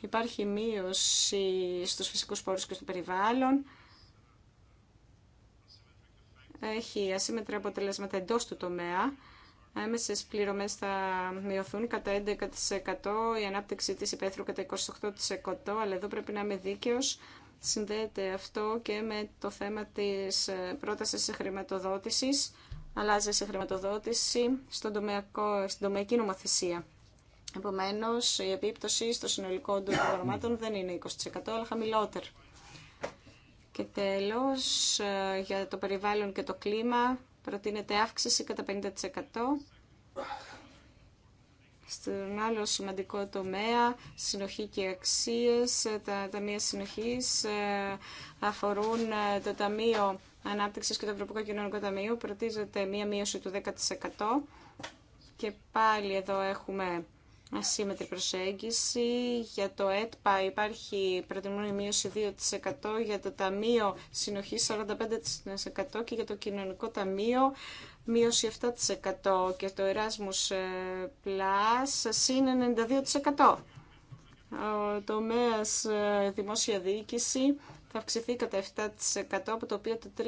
S3: υπάρχει μείωση στους φυσικούς πόρους και στο περιβάλλον. Έχει ασύμμετρα αποτελέσματα εντός του τομέα. Άμεσες πληρωμές θα μειωθούν κατά 11%, η ανάπτυξη της υπαίθρου κατά 28%, αλλά εδώ πρέπει να είμαι δίκαιος. Συνδέεται αυτό και με το θέμα της ε, πρότασης χρηματοδότηση. Αλλάζει σε χρηματοδότηση στον στην τομεακή νομοθεσία. Επομένως, η επίπτωση στο συνολικό των προγραμμάτων δεν είναι 20% αλλά χαμηλότερο. Και τέλος, ε, για το περιβάλλον και το κλίμα προτείνεται αύξηση κατά 50%. Στον άλλο σημαντικό τομέα, συνοχή και αξίες, ε, τα ταμεία συνοχής ε, αφορούν το Ταμείο Ανάπτυξης και το Ευρωπαϊκό Κοινωνικό Ταμείο. Προτίζεται μία μείωση του 10% και πάλι εδώ έχουμε ασύμετρη προσέγγιση. Για το ΕΤΠΑ υπάρχει προτιμούμενη μείωση 2% για το Ταμείο Συνοχή 45% και για το Κοινωνικό Ταμείο μείωση 7% και το Erasmus ε, Plus συν 92%. Ο τομέας ε, δημόσια διοίκηση θα αυξηθεί κατά 7% από το οποίο το 3%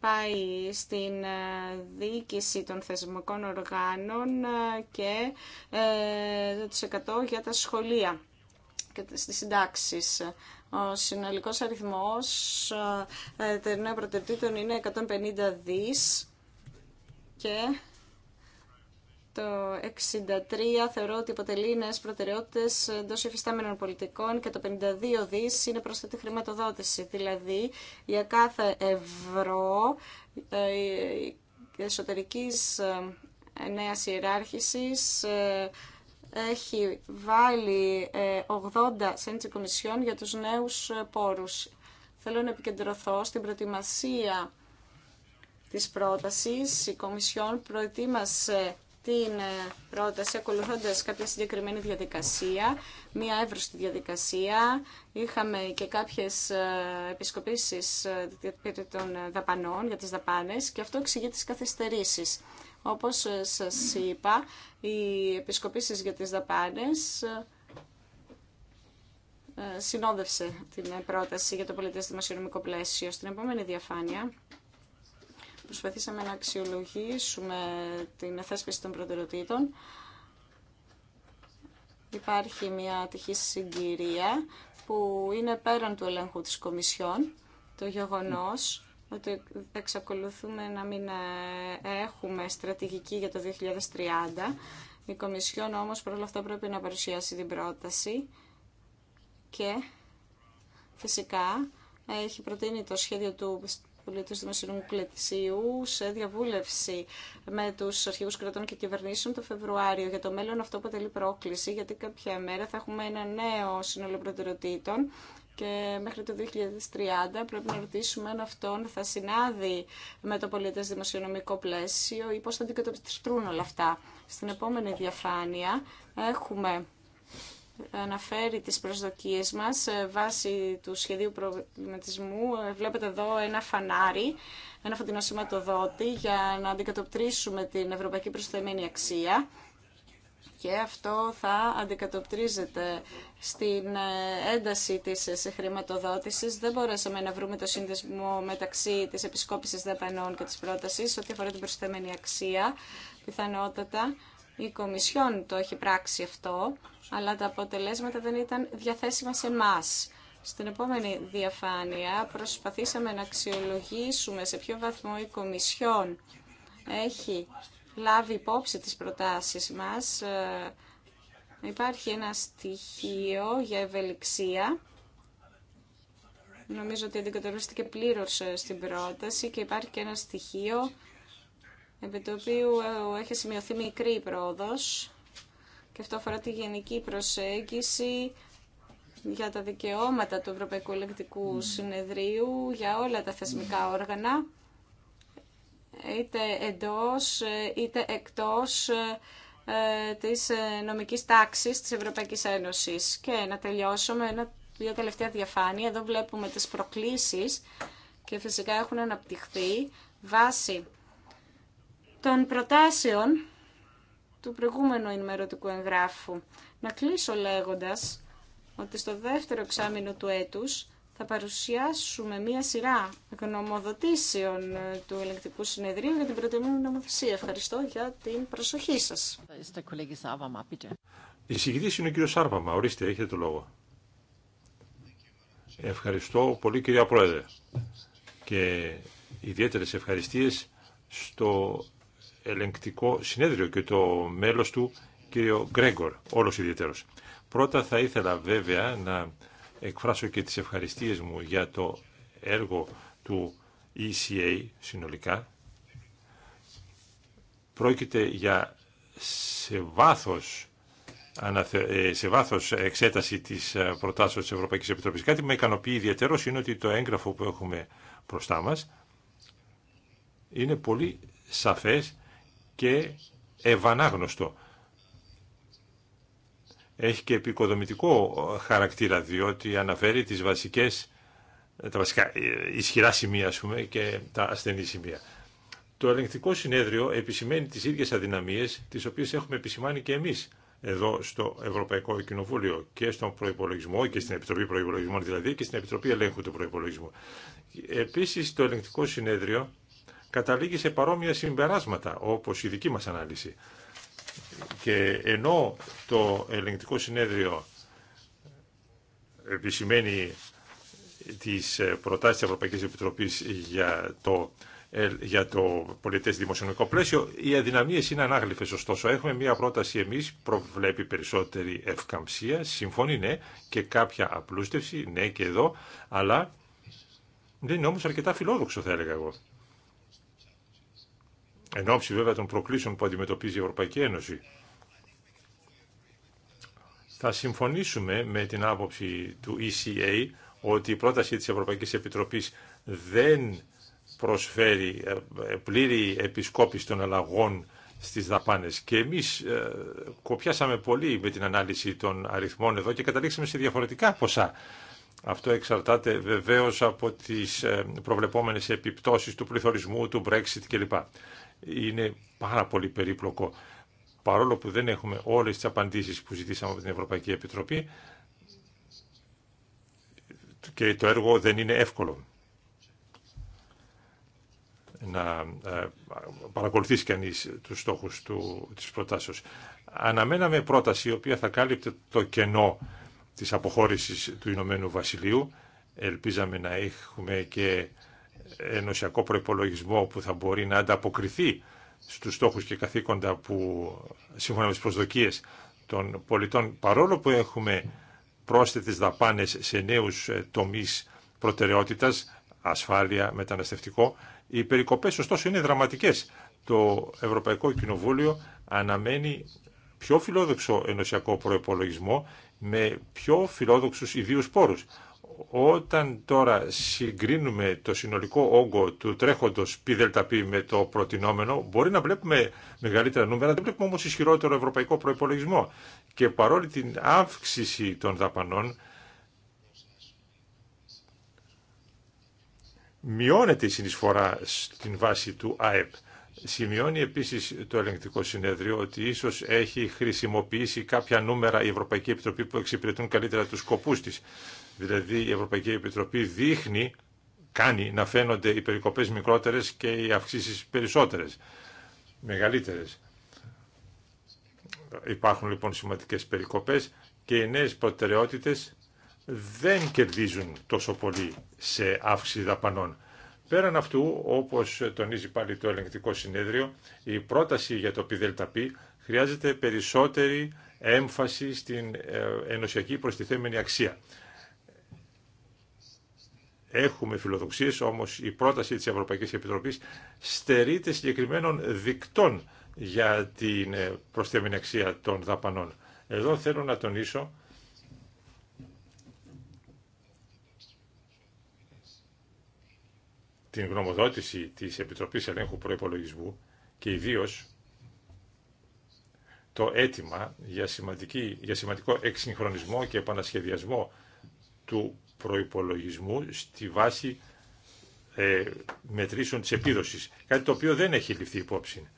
S3: πάει στην ε, διοίκηση των θεσμικών οργάνων ε, και 100% ε, για τα σχολεία και στις συντάξεις. Ο συνολικός αριθμός των νέων είναι 150 δις και το 63 θεωρώ ότι αποτελεί νέε προτεραιότητε εντό υφιστάμενων πολιτικών και το 52 δι είναι προσθέτη χρηματοδότηση. Δηλαδή, για κάθε ευρώ ε, εσωτερική ε, νέα ιεράρχηση ε, έχει βάλει 80 σέντσι κομισιόν για τους νέους πόρους. Θέλω να επικεντρωθώ στην προετοιμασία της πρότασης. Η Κομισιόν προετοίμασε την ε, πρόταση ακολουθώντας κάποια συγκεκριμένη διαδικασία, μία εύρωστη διαδικασία. Είχαμε και κάποιες ε, επισκοπήσεις ε, των δαπανών για τις δαπάνες και αυτό εξηγεί τις καθυστερήσεις. Όπως σας είπα, οι επισκοπήσεις για τις δαπάνες συνόδευσε την πρόταση για το πολιτές δημοσιονομικό πλαίσιο. Στην επόμενη διαφάνεια Προσπαθήσαμε να αξιολογήσουμε την θέσπιση των προτεραιοτήτων. Υπάρχει μια τυχή συγκυρία που είναι πέραν του ελέγχου της Κομισιόν. Το γεγονός ότι εξακολουθούμε να μην ε, έχουμε στρατηγική για το 2030. Η Κομισιόν όμως παρόλα αυτά πρέπει να παρουσιάσει την πρόταση και φυσικά έχει προτείνει το σχέδιο του πολιτού δημοσιονομικού πλαισίου σε διαβούλευση με του αρχηγού κρατών και κυβερνήσεων το Φεβρουάριο. Για το μέλλον αυτό αποτελεί πρόκληση, γιατί κάποια μέρα θα έχουμε ένα νέο σύνολο προτεραιοτήτων και μέχρι το 2030 πρέπει να ρωτήσουμε αν αυτόν θα συνάδει με το πολιτές δημοσιονομικό πλαίσιο ή πώς θα αντικατοπιστρουν όλα αυτά. Στην επόμενη διαφάνεια έχουμε αναφέρει τις προσδοκίες μας ε, βάσει του σχεδίου προβληματισμού. Ε, βλέπετε εδώ ένα φανάρι, ένα φωτεινό σηματοδότη για να αντικατοπτρίσουμε την ευρωπαϊκή προσθεμένη αξία και αυτό θα αντικατοπτρίζεται στην ε, ένταση της χρηματοδότησης. Δεν μπορέσαμε να βρούμε το σύνδεσμο μεταξύ της επισκόπησης δεπανών και της πρότασης ό,τι αφορά την προσθεμένη αξία, πιθανότατα η Κομισιόν το έχει πράξει αυτό, αλλά τα αποτελέσματα δεν ήταν διαθέσιμα σε εμά. Στην επόμενη διαφάνεια προσπαθήσαμε να αξιολογήσουμε σε ποιο βαθμό η Κομισιόν έχει λάβει υπόψη τις προτάσεις μας. Ε, υπάρχει ένα στοιχείο για ευελιξία. Νομίζω ότι αντικατορίστηκε πλήρως ε, στην πρόταση και υπάρχει και ένα στοιχείο επί του οποίου ε, έχει σημειωθεί μικρή πρόοδος και αυτό αφορά τη γενική προσέγγιση για τα δικαιώματα του Ευρωπαϊκού Ελεκτικού Συνεδρίου για όλα τα θεσμικά όργανα είτε εντός είτε εκτός ε, της ε, νομικής τάξης της Ευρωπαϊκής Ένωσης. Και να τελειώσω με ένα, τελευταία διαφάνεια. Εδώ βλέπουμε τις προκλήσεις και φυσικά έχουν αναπτυχθεί βάσει των προτάσεων του προηγούμενου ενημερωτικού εγγράφου. Να κλείσω λέγοντας ότι στο δεύτερο εξάμεινο του έτους θα παρουσιάσουμε μία σειρά γνωμοδοτήσεων ε, του ελεγκτικού συνεδρίου για την προτεμμένη νομοθεσία. Ευχαριστώ για την προσοχή σας.
S2: Η συγκεκριτής είναι ο κύριος Σάρβαμα. Ορίστε, έχετε το λόγο. Ευχαριστώ πολύ κυρία Πρόεδρε και ιδιαίτερες ευχαριστίες στο ελεγκτικό συνέδριο και το μέλος του κύριο Γκρέγκορ, όλος ιδιαίτερος. Πρώτα θα ήθελα βέβαια να εκφράσω και τις ευχαριστίες μου για το έργο του ECA συνολικά. Πρόκειται για σε βάθος, ε, σε εξέταση της ε, προτάσεως της Ευρωπαϊκής Επιτροπής. Κάτι που με ικανοποιεί ιδιαίτερο είναι ότι το έγγραφο που έχουμε μπροστά μας είναι πολύ σαφές και ευανάγνωστο. Έχει και επικοδομητικό χαρακτήρα, διότι αναφέρει τις βασικές, τα βασικά ε, ισχυρά σημεία ας πούμε, και τα ασθενή σημεία. Το ελεγκτικό συνέδριο επισημαίνει τις ίδιες αδυναμίες, τις οποίες έχουμε επισημάνει και εμείς εδώ στο Ευρωπαϊκό Κοινοβούλιο και στον προπολογισμό και στην Επιτροπή Προϋπολογισμών... δηλαδή και στην Επιτροπή Ελέγχου του Προϋπολογισμού. Επίσης το Ελεγκτικό Συνέδριο καταλήγει σε παρόμοια συμπεράσματα, όπως η δική μας ανάλυση. Και ενώ το ελεγκτικό συνέδριο επισημαίνει τις προτάσεις της Ευρωπαϊκής Επιτροπής για το, για το πολιτές δημοσιονομικό πλαίσιο, οι αδυναμίες είναι ανάγλυφες. Ωστόσο, έχουμε μία πρόταση εμείς, προβλέπει περισσότερη ευκαμψία, συμφωνεί ναι, και κάποια απλούστευση, ναι και εδώ, αλλά δεν είναι όμως αρκετά φιλόδοξο θα έλεγα εγώ εν ώψη βέβαια των προκλήσεων που αντιμετωπίζει η Ευρωπαϊκή Ένωση. Θα συμφωνήσουμε με την άποψη του ECA ότι η πρόταση της Ευρωπαϊκής Επιτροπής δεν προσφέρει ε, ε, πλήρη επισκόπηση των αλλαγών στις δαπάνες. Και εμείς ε, κοπιάσαμε πολύ με την ανάλυση των αριθμών εδώ και καταλήξαμε σε διαφορετικά ποσά. Αυτό εξαρτάται βεβαίως από τις προβλεπόμενες επιπτώσεις του πληθωρισμού, του Brexit κλπ είναι πάρα πολύ περίπλοκο. Παρόλο που δεν έχουμε όλες τις απαντήσεις που ζητήσαμε από την Ευρωπαϊκή Επιτροπή και το έργο δεν είναι εύκολο να ε, παρακολουθήσει κανείς τους στόχους του, της προτάσεως. Αναμέναμε πρόταση η οποία θα κάλυπτε το κενό της αποχώρησης του Ηνωμένου Βασιλείου. Ελπίζαμε να έχουμε και ενωσιακό προπολογισμό που θα μπορεί να ανταποκριθεί στους στόχους και καθήκοντα που σύμφωνα με τις προσδοκίες των πολιτών, παρόλο που έχουμε πρόσθετες δαπάνες σε νέους ε, τομείς προτεραιότητας, ασφάλεια, μεταναστευτικό, οι περικοπές ωστόσο είναι δραματικές. Το Ευρωπαϊκό Κοινοβούλιο αναμένει πιο φιλόδοξο ενωσιακό προπολογισμό με πιο φιλόδοξους ιδίους πόρους. Όταν τώρα συγκρίνουμε το συνολικό όγκο του τρέχοντος ΠΔΠ με το προτινόμενο, μπορεί να βλέπουμε μεγαλύτερα νούμερα, δεν βλέπουμε όμως ισχυρότερο ευρωπαϊκό προϋπολογισμό. Και παρόλη την αύξηση των δαπανών, μειώνεται η συνεισφορά στην βάση του ΑΕΠ. Σημειώνει επίσης το ελεγκτικό συνέδριο ότι ίσως έχει χρησιμοποιήσει κάποια νούμερα η Ευρωπαϊκή Επιτροπή που εξυπηρετούν καλύτερα τους σκοπούς της. Δηλαδή η Ευρωπαϊκή Επιτροπή δείχνει, κάνει να φαίνονται οι περικοπές μικρότερες και οι αυξήσει περισσότερες, μεγαλύτερες. Υπάρχουν λοιπόν σημαντικές περικοπές και οι νέες προτεραιότητες δεν κερδίζουν τόσο πολύ σε αύξηση δαπανών. Πέραν αυτού, όπως τονίζει πάλι το ελεγκτικό συνέδριο, η πρόταση για το ΠΔΠ χρειάζεται περισσότερη έμφαση στην ε, ενωσιακή προστιθέμενη αξία. Έχουμε φιλοδοξίες, όμως η πρόταση της Ευρωπαϊκής Επιτροπής στερείται συγκεκριμένων δικτών για την ε, προσθέμενη αξία των δαπανών. Εδώ θέλω να τονίσω την γνωμοδότηση της Επιτροπής Ελέγχου Προϋπολογισμού και ιδίω το αίτημα για, για σημαντικό εξυγχρονισμό και επανασχεδιασμό του προϋπολογισμού στη βάση ε, μετρήσεων της επίδοσης, κάτι το οποίο δεν έχει ληφθεί υπόψη.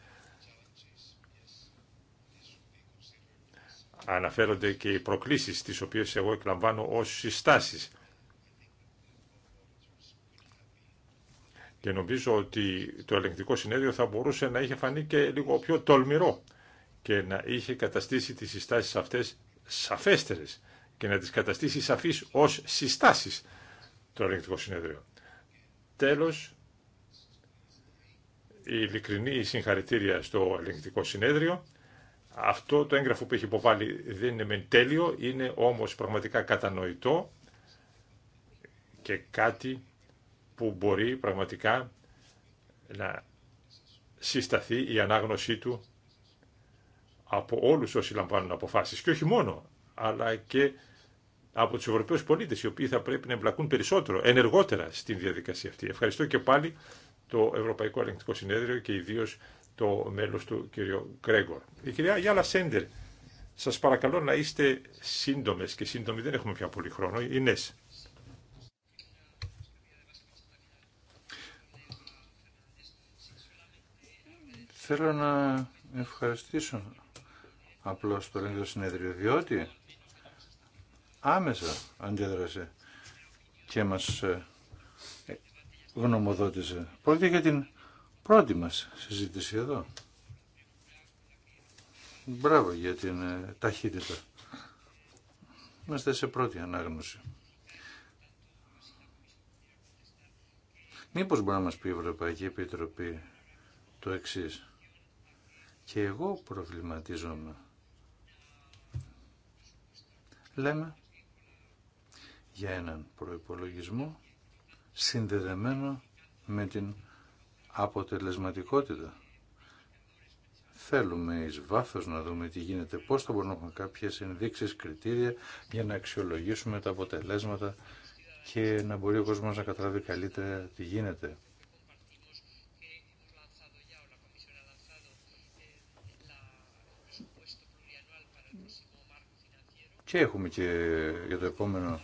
S2: Αναφέρονται και οι προκλήσεις, τις οποίες εγώ εκλαμβάνω ως συστάσεις. Και νομίζω ότι το ελεγκτικό συνέδριο θα μπορούσε να είχε φανεί και λίγο πιο τολμηρό και να είχε καταστήσει τις συστάσεις αυτές σαφέστερες και να τις καταστήσει σαφείς ως συστάσεις το ελεγκτικό συνέδριο. Τέλος, η ειλικρινή συγχαρητήρια στο ελεγκτικό συνέδριο. Αυτό το έγγραφο που έχει υποβάλει δεν είναι μεν τέλειο, είναι όμως πραγματικά κατανοητό και κάτι που μπορεί πραγματικά να συσταθεί η ανάγνωσή του από όλους όσοι λαμβάνουν αποφάσεις και όχι μόνο, αλλά και από τους Ευρωπαίους πολίτες, οι οποίοι θα πρέπει να εμπλακούν περισσότερο, ενεργότερα στην διαδικασία αυτή. Ευχαριστώ και πάλι το Ευρωπαϊκό Ελεγκτικό Συνέδριο και ιδίω το μέλος του κ. Γκρέγκορ. Η κυρία Γιάλα Σέντερ, σας παρακαλώ να είστε σύντομε και σύντομοι, δεν έχουμε πια πολύ χρόνο. Είναι
S4: Θέλω να ευχαριστήσω απλώς το Ελληνικό Συνέδριο, διότι άμεσα αντέδρασε και μας ε, γνωμοδότησε. Πρόκειται για την πρώτη μας συζήτηση εδώ. Μπράβο για την ε, ταχύτητα. Είμαστε σε πρώτη ανάγνωση. Μήπως μπορεί να μας πει η Ευρωπαϊκή Επιτροπή το εξής. Και εγώ προβληματίζομαι. Λέμε για έναν προϋπολογισμό συνδεδεμένο με την αποτελεσματικότητα. Θέλουμε εις βάθος να δούμε τι γίνεται, πώς θα μπορούμε να έχουμε κάποιες ενδείξεις, κριτήρια για να αξιολογήσουμε τα αποτελέσματα και να μπορεί ο κόσμος να καταλάβει καλύτερα τι γίνεται. Και έχουμε και για το επόμενο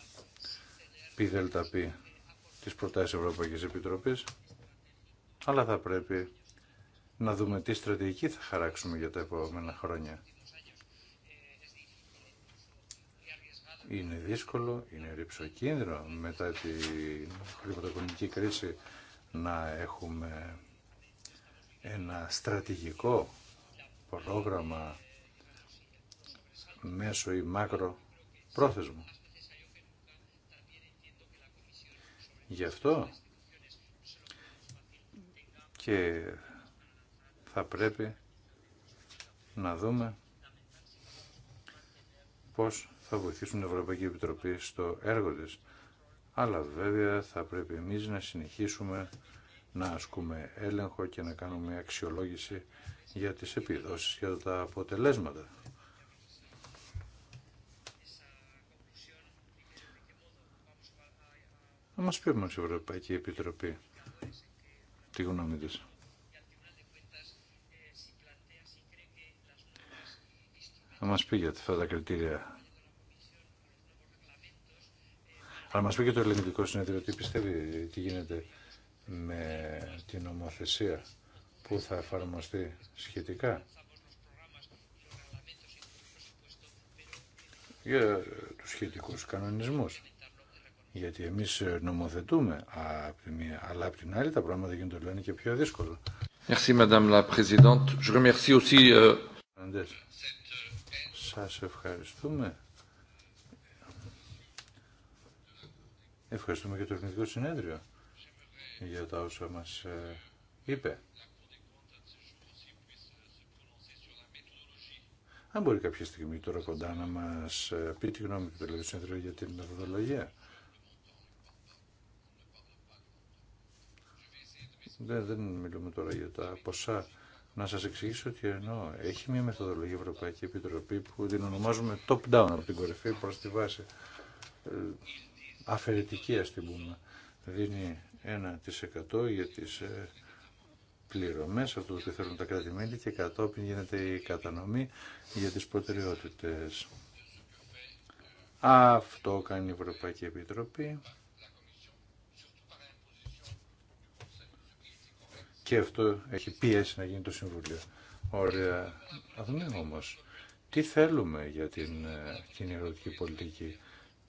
S4: ΠΔΠ τις προτάσεις Ευρωπαϊκής Επιτροπής, αλλά θα πρέπει να δούμε τι στρατηγική θα χαράξουμε για τα επόμενα χρόνια. Είναι δύσκολο, είναι ρηψοκίνδυνο μετά τη χρηματοοικονομική κρίση να έχουμε ένα στρατηγικό πρόγραμμα μέσω ή μάκρο πρόθεσμου. Γι' αυτό και θα πρέπει να δούμε πώς θα βοηθήσουν η Ευρωπαϊκή Επιτροπή στο έργο της. Αλλά βέβαια θα πρέπει εμείς να συνεχίσουμε να ασκούμε έλεγχο και να κάνουμε αξιολόγηση για τις επιδόσεις για τα αποτελέσματα. να μας πει όμως η Ευρωπαϊκή Επιτροπή τη γνώμη της. Να μας πει για αυτά τα κριτήρια. Αλλά μας πει και το ελληνικό συνέδριο τι πιστεύει, τι γίνεται με την νομοθεσία που θα εφαρμοστεί σχετικά. για τους σχετικούς κανονισμούς. Γιατί εμείς ε, νομοθετούμε από τη μία, αλλά από την άλλη τα πράγματα γίνονται λένε και πιο δύσκολα. Merci, Madame la Présidente. Je remercie aussi, euh, Σας ευχαριστούμε. Ευχαριστούμε και το Εθνικό Συνέδριο για τα όσα μας ε, είπε. Αν μπορεί κάποια στιγμή τώρα κοντά να μας ε, πει τη γνώμη του Εθνικού Συνέδριου για την μεθοδολογία. Δεν, ναι, δεν μιλούμε τώρα για τα ποσά. Να σας εξηγήσω ότι ενώ έχει μια μεθοδολογία Ευρωπαϊκή Επιτροπή που την ονομάζουμε top-down από την κορυφή προς τη βάση ε, αφαιρετική ας την πούμε. Δίνει 1% για τις ε, πληρωμές, αυτό που θέλουν τα κράτη-μέλη και κατόπιν γίνεται η κατανομή για τις προτεραιότητες. Αυτό κάνει η Ευρωπαϊκή Επιτροπή Και αυτό έχει πίεση να γίνει το Συμβούλιο. Ωραία. Να όμως τι θέλουμε για ε, την ερωτική πολιτική.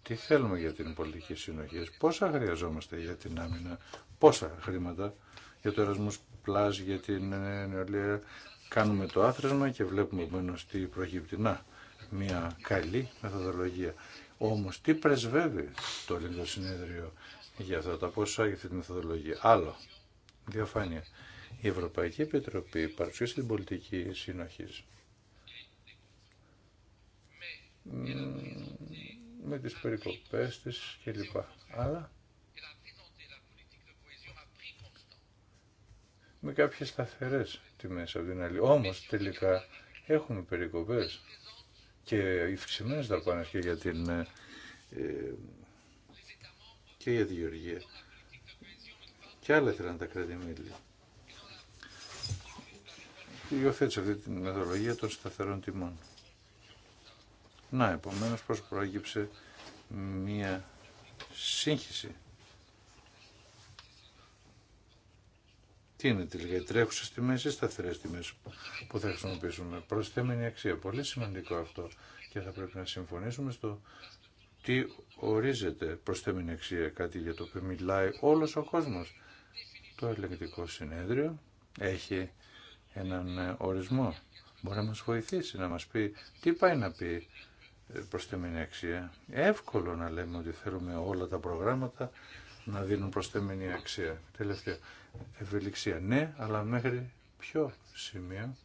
S4: Τι θέλουμε για την πολιτική συνοχή. Πόσα χρειαζόμαστε για την άμυνα. Πόσα χρήματα για το Erasmus Plus, για την ε, νεολαία. Κάνουμε το άθροισμα και βλέπουμε μόνο τι προκύπτει. Να, μια καλή μεθοδολογία. Όμως τι πρεσβεύει το ελληνικό συνέδριο για αυτά τα ποσά, για αυτή τη μεθοδολογία. Άλλο, διαφάνεια. Η Ευρωπαϊκή Επιτροπή παρουσίασε την πολιτική συνοχή με τις περικοπές της κλπ. Αλλά με κάποιες σταθερές τιμές από την άλλη. Όμως τελικά έχουμε περικοπές και υψημένες δαπάνε και για την ε, και για τη Γεωργία. Και άλλα ήθελαν τα κρατη υιοθέτησε αυτή τη μεθοδολογία των σταθερών τιμών. Να, επομένως πώς προέγυψε μία σύγχυση. Τι είναι τελικά, οι τρέχουσε τιμέ ή σταθερέ τιμέ που θα χρησιμοποιήσουμε. Προσθέμενη αξία. Πολύ σημαντικό αυτό και θα πρέπει να συμφωνήσουμε στο τι ορίζεται προσθέμενη αξία, κάτι για το οποίο μιλάει όλο ο κόσμο. Το ελεγκτικό συνέδριο έχει έναν ε, ορισμό. Μπορεί να μας βοηθήσει, να μας πει τι πάει να πει ε, προς αξία. Εύκολο να λέμε ότι θέλουμε όλα τα προγράμματα να δίνουν προσθέμενη αξία. Τελευταία, ευελιξία. Ναι, αλλά μέχρι ποιο σημείο.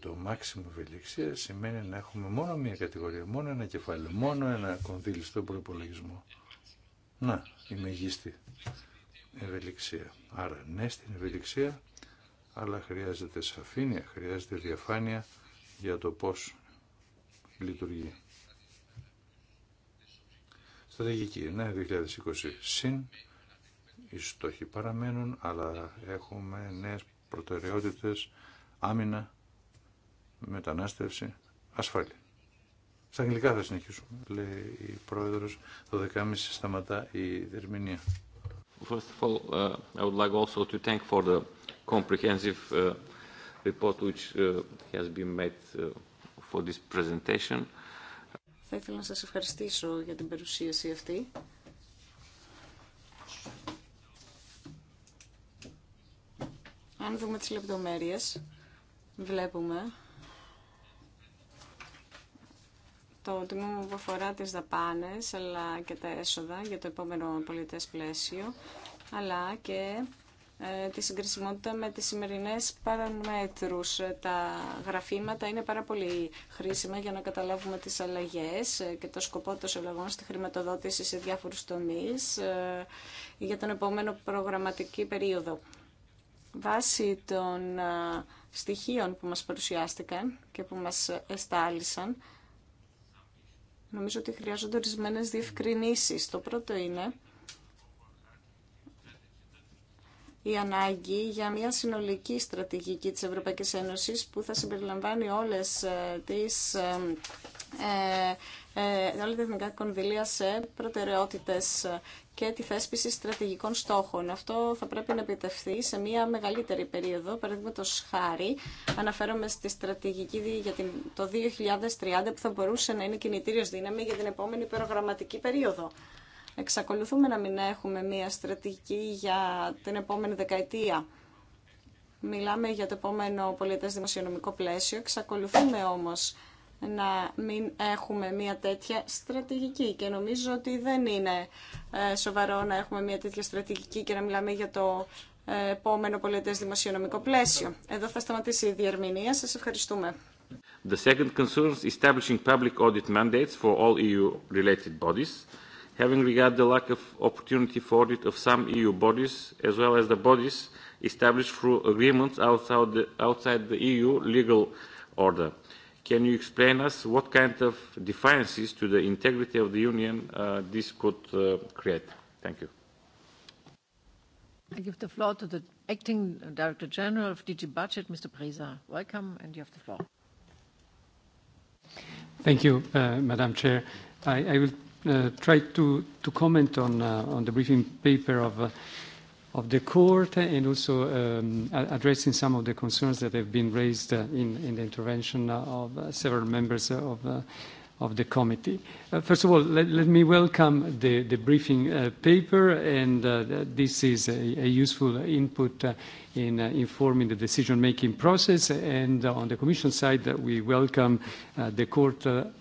S4: Το μάξιμο ευελιξία σημαίνει να έχουμε μόνο μία κατηγορία, μόνο ένα κεφάλαιο, μόνο ένα κονδύλι στον προπολογισμό. Να, η μεγίστη ευελιξία. Άρα ναι στην ευελιξία, αλλά χρειάζεται σαφήνεια, χρειάζεται διαφάνεια για το πώς λειτουργεί. Στρατηγική, ναι, 2020 συν, οι στόχοι παραμένουν, αλλά έχουμε νέες προτεραιότητες, άμυνα, μετανάστευση, ασφάλεια. Στα αγγλικά θα συνεχίσουμε, λέει η πρόεδρος, το 12.30 σταματά η δερμηνία. First of
S2: all, I would like also to thank for the comprehensive report which has been made for this presentation.
S3: Θα ήθελα να σας ευχαριστήσω για την παρουσίαση αυτή. Αν δούμε τις λεπτομέρειες, βλέπουμε το τμήμα που αφορά τις δαπάνες αλλά και τα έσοδα για το επόμενο πολιτές πλαίσιο αλλά και ε, τη συγκρισιμότητα με τις σημερινές παραμέτρους. Τα γραφήματα είναι πάρα πολύ χρήσιμα για να καταλάβουμε τις αλλαγές ε, και το σκοπό των συλλογών στη χρηματοδότηση σε διάφορους τομείς ε, για τον επόμενο προγραμματική περίοδο. Βάσει των στοιχείων που μας παρουσιάστηκαν και που μας εστάλησαν, Νομίζω ότι χρειάζονται ορισμένε διευκρινήσεις. Το πρώτο είναι η ανάγκη για μια συνολική στρατηγική της Ευρωπαϊκής Ένωσης που θα συμπεριλαμβάνει όλες ε, τις ε, ε, ε κονδυλία σε προτεραιότητες και τη θέσπιση στρατηγικών στόχων. Αυτό θα πρέπει να επιτευχθεί σε μια μεγαλύτερη περίοδο. Παραδείγματο χάρη, αναφέρομαι στη στρατηγική για το 2030 που θα μπορούσε να είναι κινητήριο δύναμη για την επόμενη προγραμματική περίοδο. Εξακολουθούμε να μην έχουμε μια στρατηγική για την επόμενη δεκαετία. Μιλάμε για το επόμενο πολιτές δημοσιονομικό πλαίσιο. Εξακολουθούμε όμως να μην έχουμε μια τέτοια στρατηγική και νομίζω ότι δεν είναι σοβαρό να έχουμε μια τέτοια στρατηγική και να μιλάμε για το επόμενο πολιτές δημοσιονομικό πλαίσιο. Εδώ θα σταματήσει η διερμηνία. Σας ευχαριστούμε.
S2: The second concerns establishing public audit mandates for all EU-related bodies, having regard the lack of opportunity for audit of some EU bodies, as well as the bodies established through agreements outside the, outside the EU legal order. Can you explain us what kind of defiances to the integrity of the Union this could create? Thank you.
S1: I give the floor to the Acting Director General of DG Budget, Mr. Preza. Welcome,
S2: and you have the floor.
S5: Thank you, Madam Chair. I will try to comment on the briefing paper of of the court and also addressing some of the concerns that have been raised in in the intervention of several members of of the committee. First of all, let me welcome the briefing paper, and this is a useful input in informing the decision-making process, and on the Commission side, we welcome the Court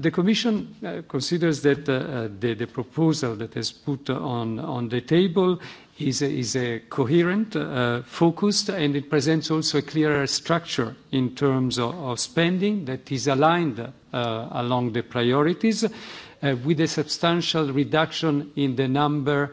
S5: The Commission considers that the proposal that is put on the table is a coherent, focused, and it presents also a clearer structure in terms of spending that is aligned along the priorities, with a substantial reduction in the number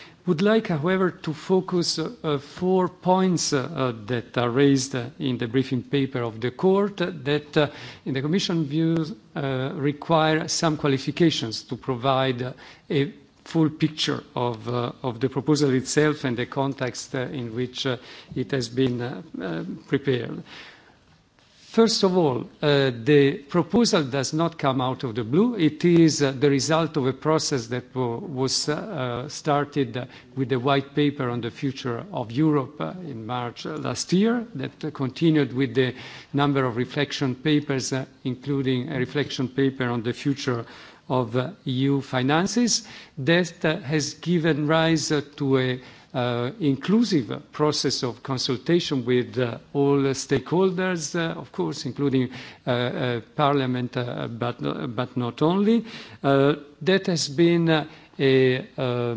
S5: would like, however, to focus four points that are raised in the briefing paper of the Court that, in the Commission views, require some qualifications to provide a full picture of the proposal itself and the context in which it has been prepared. First of all, the proposal does not come out of the blue. It is the result of a process that was started with the white paper on the future of Europe in March last year, that continued with the number of reflection papers, including a reflection paper on the future of EU finances, that has given rise to a inclusive process of consultation with all stakeholders, of course, including Parliament, but not only. That has been a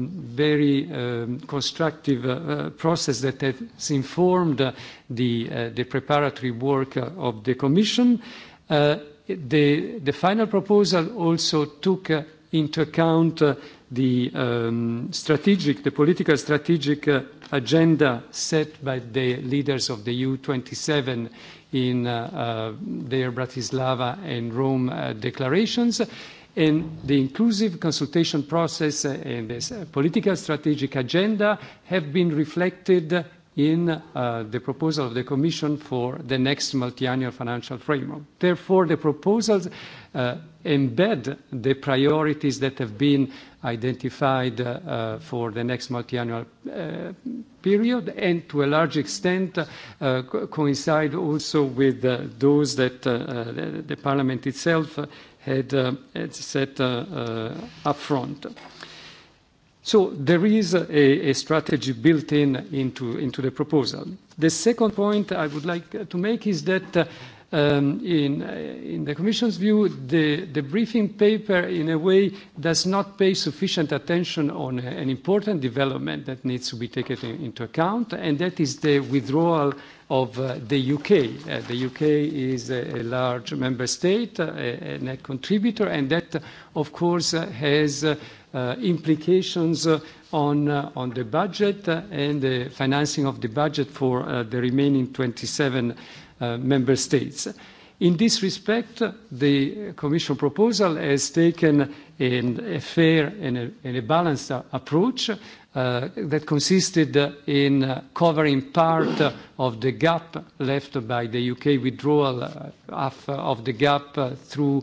S5: very constructive process that has informed the preparatory work of the Commission. The final proposal also took into account the strategic, the political strategic agenda set by the leaders of the EU27 in their Bratislava and Rome declarations, and the inclusive consultation process and this political strategic agenda have been reflected in the proposal of the Commission for the next multiannual financial framework. Therefore, the proposals embed the priorities that have been identified for the next multi-annual period and to a large extent coincide also with those that the Parliament itself had set up front. So there is a strategy built in into the proposal. The second point I would like to make is that In the Commission's view, the briefing paper, in a way, does not pay sufficient attention on an important development that needs to be taken into account, and that is the withdrawal of the UK. The UK is a large member state, a net contributor, and that, of course, has implications on the budget and the financing of the budget for the remaining 27 member states. In this respect, the Commission proposal has taken a fair and a balanced approach that consisted in covering part of the gap left by the UK withdrawal, half of the gap through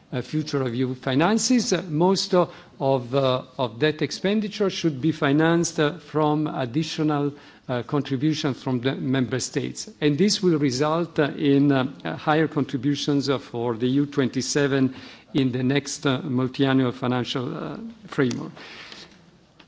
S5: future of EU finances. Most of that expenditure should be financed from additional contributions from the member states. And this will result in higher contributions for the EU 27 in the next multiannual financial framework.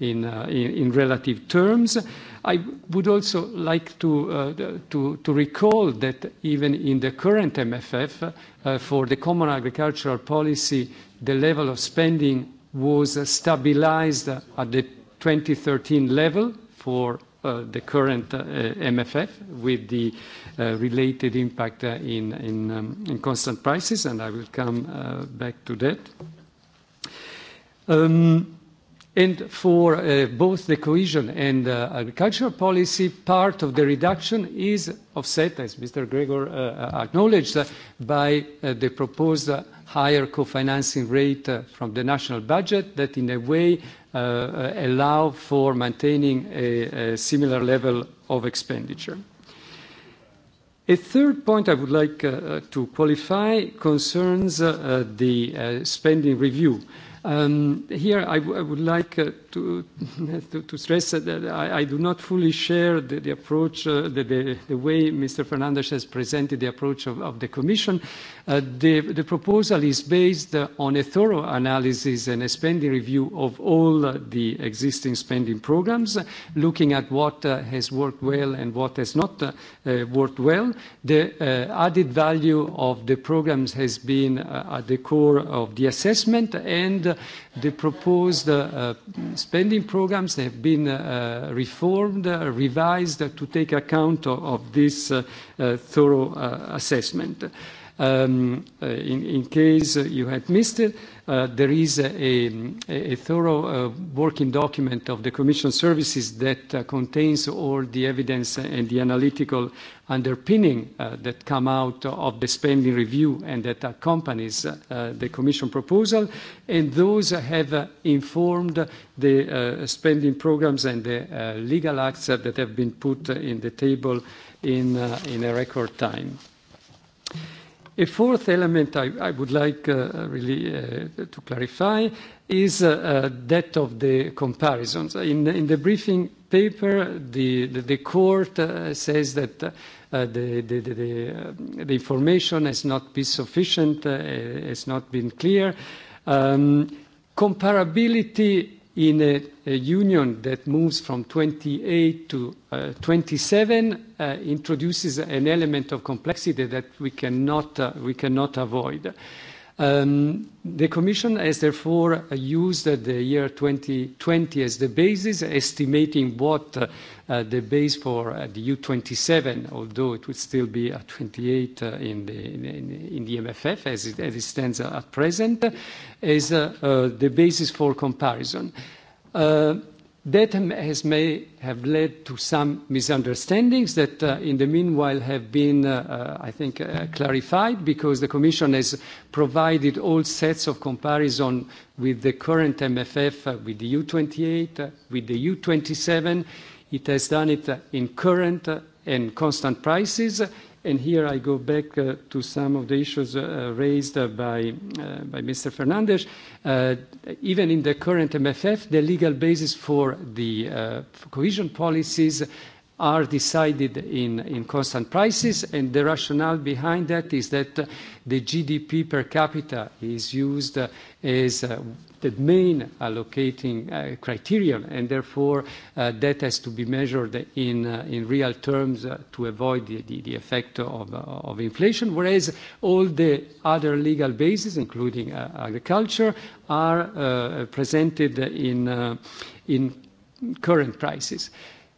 S5: in relative terms. I would also like to recall that even in the current MFF, for the common agricultural policy, the level of spending was stabilized at the 2013 level for the current MFF with the related impact in constant prices, and I will come back to that. And for both the cohesion and agricultural policy, part of the reduction is offset, as Mr. Gregor acknowledged, by the proposed higher co-financing rate from the national budget that in a way allow for maintaining a similar level of expenditure. A third point I would like to qualify concerns the spending review. Here, I would like to stress that I do not fully share the approach, the way Mr. Fernandes has presented the approach of the Commission. The proposal is based on a thorough analysis and a spending review of all the existing spending programs, looking at what has worked well and what has not worked well. The added value of the programs has been at the core of the assessment and The proposed spending programs have been reformed, revised to take account of this thorough assessment. In case you had missed it, There is a thorough working document of the Commission services that contains all the evidence and the analytical underpinning that come out of the spending review and that accompanies the Commission proposal, and those have informed the spending programs and the legal acts that have been put in the table in a record time. A fourth element I would like really to clarify is that of the comparisons. In the briefing paper, the court says that the information has not been sufficient, has not been clear. Comparability in a union that moves from 28 to 27 introduces an element of complexity that we cannot we cannot avoid The Commission has therefore used the year 2020 as the basis, estimating what the base for the EU27, although it would still be at 28 in the MFF as it stands at present, is the basis for comparison. That has may have led to some misunderstandings that in the meanwhile have been, I think, clarified because the Commission has provided all sets of comparison with the current MFF, with the U28, with the U27. It has done it in current and constant prices. And here I go back to some of the issues raised by by Mr. Fernandes. Even in the current MFF, the legal basis for the cohesion policies are decided in constant prices and the rationale behind that is that the GDP per capita is used as the main allocating criterion and therefore that has to be measured in real terms to avoid the effect of inflation whereas all the other legal bases including agriculture are presented in current prices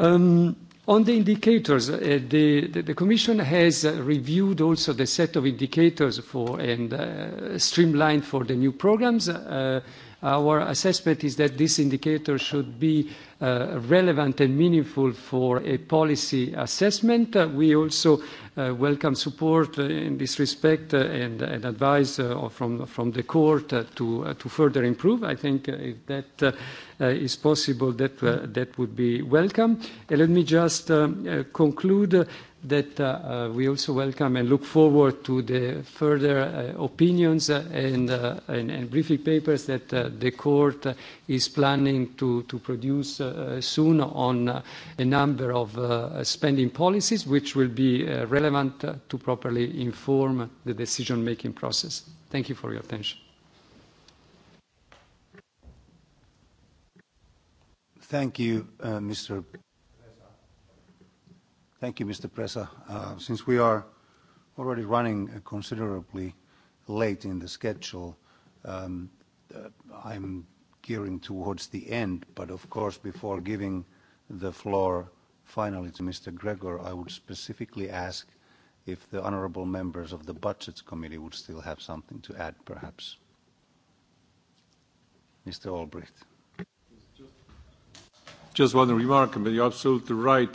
S5: On the indicators, the Commission has reviewed also the set of indicators for and streamlined for the new programs. Our assessment is that this indicator should be relevant and meaningful for a policy assessment. We also welcome support in this respect and advice from the court to further improve. I think if that is possible, that would be welcome. Let me just conclude that we also welcome and look forward to the further opinions and briefing papers that the court is planning to produce soon on a number of spending policies which will be relevant to properly inform the decision making process. Thank you for your attention.
S6: Thank you, Mr. Thank you, Mr. Presa. Since we are already running considerably late in the schedule, I'm gearing towards the end, but of course, before giving the floor finally to Mr. Gregor, I would specifically ask if the honorable members of the Budgets Committee would still have something to add, perhaps. Mr. Albrecht.
S1: Just one remark, but you're absolutely right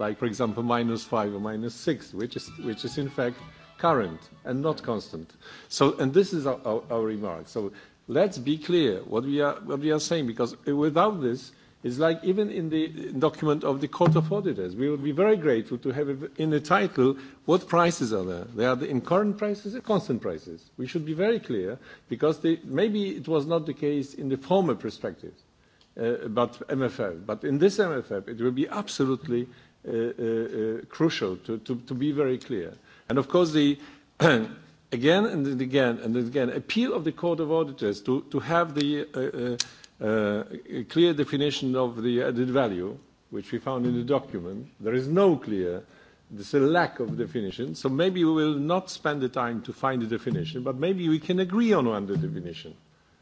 S1: like for example minus five or minus six, which is which is in fact current and not constant. So and this is our, our, remark. So let's be clear what we are what we are saying because without this it's like even in the document of the Court of Auditors, we would be very grateful to have in the title what prices are there. They are the in current prices or constant prices. We should be very clear because they, maybe it was not the case in the former perspective uh, but MFF. But in this MFF, it will be absolutely crucial to be very clear. And of course, the again and again and again appeal of the Court of Auditors to to have the clear definition of the added value, which we found in the document, there is no clear. There's a lack of definition, so maybe we will not spend the time to find the definition, but maybe we can agree on one definition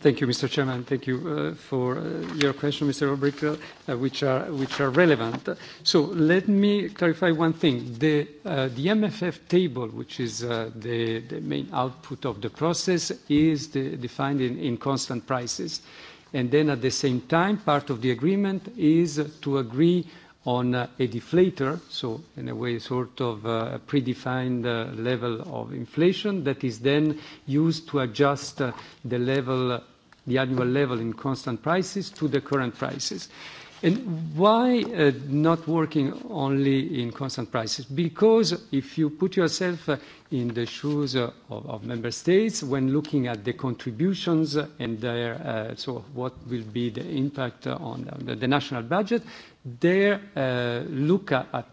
S5: Thank you, Mr. Chairman. Thank you for your question, Mr. Obrik, which are relevant. So let me clarify one thing. The MFF table, which is the main output of the process, is defined in constant prices, and then at the same time, part of the agreement is to agree on a deflator, so in a way sort of a predefined level of inflation that is then used to adjust the level, the annual level in constant prices to the current prices. And why not working only in constant prices? Because if you put yourself in the shoes of member states when looking at the contributions and their, so what will be the impact on the national budget, they look at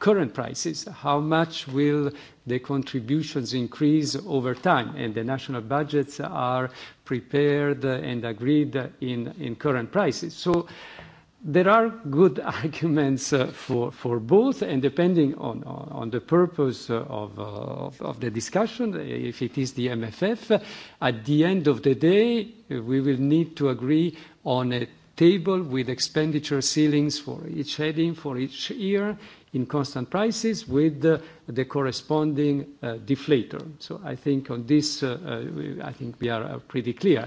S5: current prices, how much will the contributions increase over time, and the national budgets are prepared and agreed in current prices. So There are good arguments for for both, and depending on on the purpose of of the discussion, if it is the MFF, at the end of the day, we will need to agree on a table with expenditure ceilings for each heading, for each year, in constant prices, with the corresponding deflator. So I think on this, I think we are pretty clear.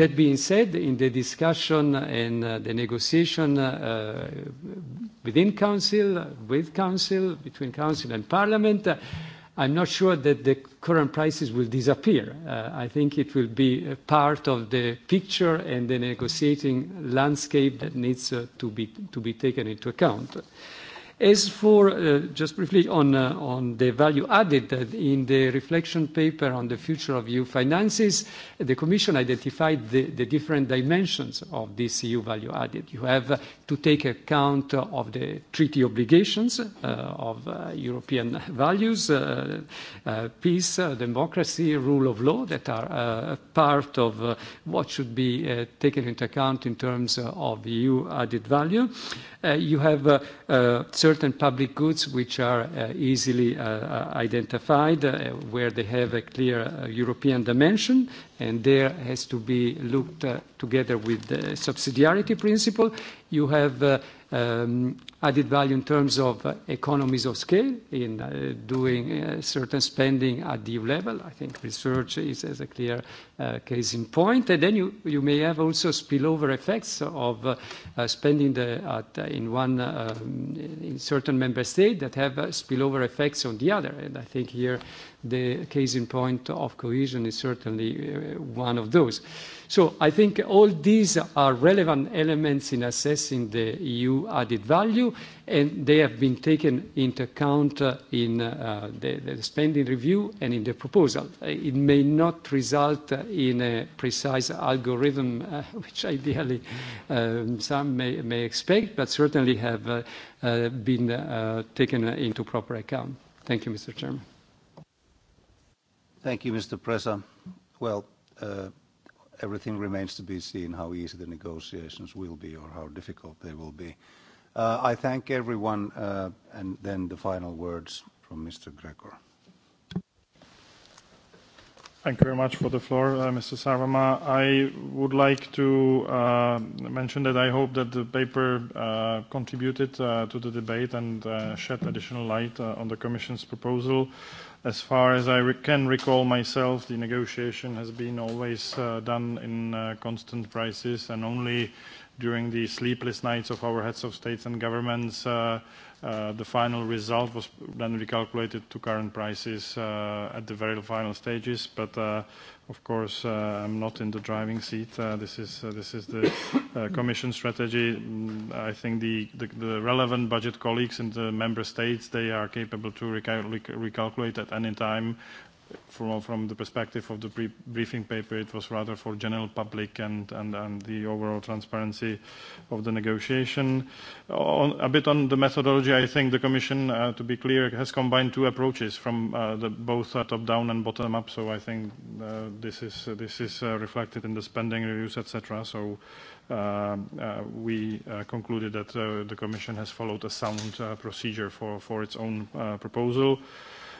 S5: That being said, in the discussion and the negotiation within Council, with Council, between Council and Parliament, I'm not sure that the current prices will disappear. I think it will be part of the picture and the negotiating landscape that needs to be taken into account. As for, just briefly, on on the value added, in the reflection paper on the future of EU finances, the Commission identified the different dimensions of this EU value added. You have to take account of the treaty obligations of European values, peace, democracy, rule of law that are part of what should be taken into account in terms of EU added value. You have certain public goods which are easily identified where they have a clear European dimension and there has to be looked together with the subsidiarity principle. You have added value in terms of economies of scale in doing certain spending at the EU level. I think research is a clear case in point. And then you may have also spillover effects of spending in one in certain member state that have spillover effects on the other. And I think here The case in point of cohesion is certainly one of those. So I think all these are relevant elements in assessing the EU added value, and they have been taken into account in the spending review and in the proposal. It may not result in a precise algorithm, which ideally some may expect, but certainly have been taken into proper account. Thank you, Mr. Chairman.
S6: Thank you, Mr. Presa. Well, everything remains to be seen how easy the negotiations will be or how difficult they will be. I thank everyone, and then the final words from Mr. Gregor.
S7: Thank you very much for the floor, Mr. Sarvamaa. I would like to mention that I hope that the paper contributed to the debate and shed additional light on the Commission's proposal. As far as I can recall myself, the negotiation has been always done in constant prices and only during the sleepless nights of our heads of states and governments The final result was then recalculated to current prices at the very final stages, but of course, I'm not in the driving seat. This is the Commission strategy. I think the relevant budget colleagues in the member states, they are capable to recalculate at any time from the perspective of the briefing paper, it was rather for general public and the overall transparency of the negotiation. A bit on the methodology, I think the Commission, to be clear, has combined two approaches from both top-down and bottom-up, so I think this is reflected in the spending reviews, etc. So we concluded that the Commission has followed a sound procedure for its own proposal.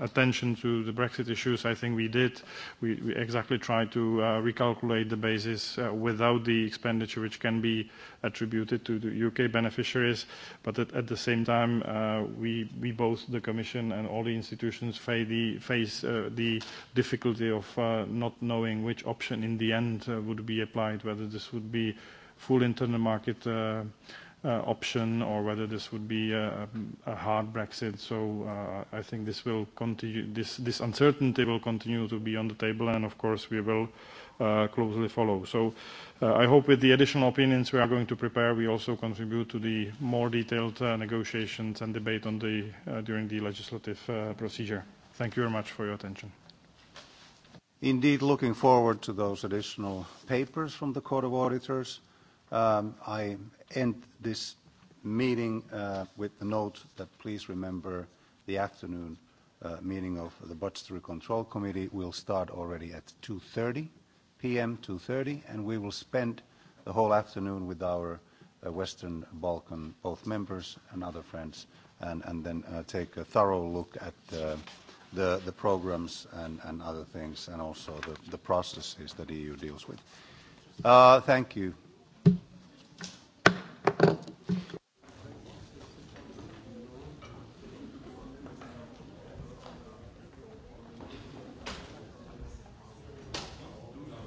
S7: attention to the Brexit issues, I think we did. We we exactly tried to recalculate the basis without the expenditure which can be attributed to the U.K. beneficiaries. But at the same time, we we both, the Commission and all the institutions, face the difficulty of not knowing which option in the end would be applied, whether this would be full internal market option or whether this would be a hard Brexit. So I think this will continue, this this uncertainty will continue to be on the table, and of course we will closely follow. So I hope with the additional opinions we are going to prepare, we also contribute to the more detailed negotiations and debate on the during the legislative procedure. Thank you very much for your attention.
S6: Indeed, looking forward to those additional papers from the Court of Auditors. I end this meeting with the note that please remember the afternoon meeting of the Budgetary Control Committee will start already at 2.30 p.m., 2.30, and we will spend the whole afternoon with our Western Balkan, both members and other friends, and, and then take a thorough look at the, the, the programs and, and other things, and also the, the processes that EU deals with. Uh, thank you.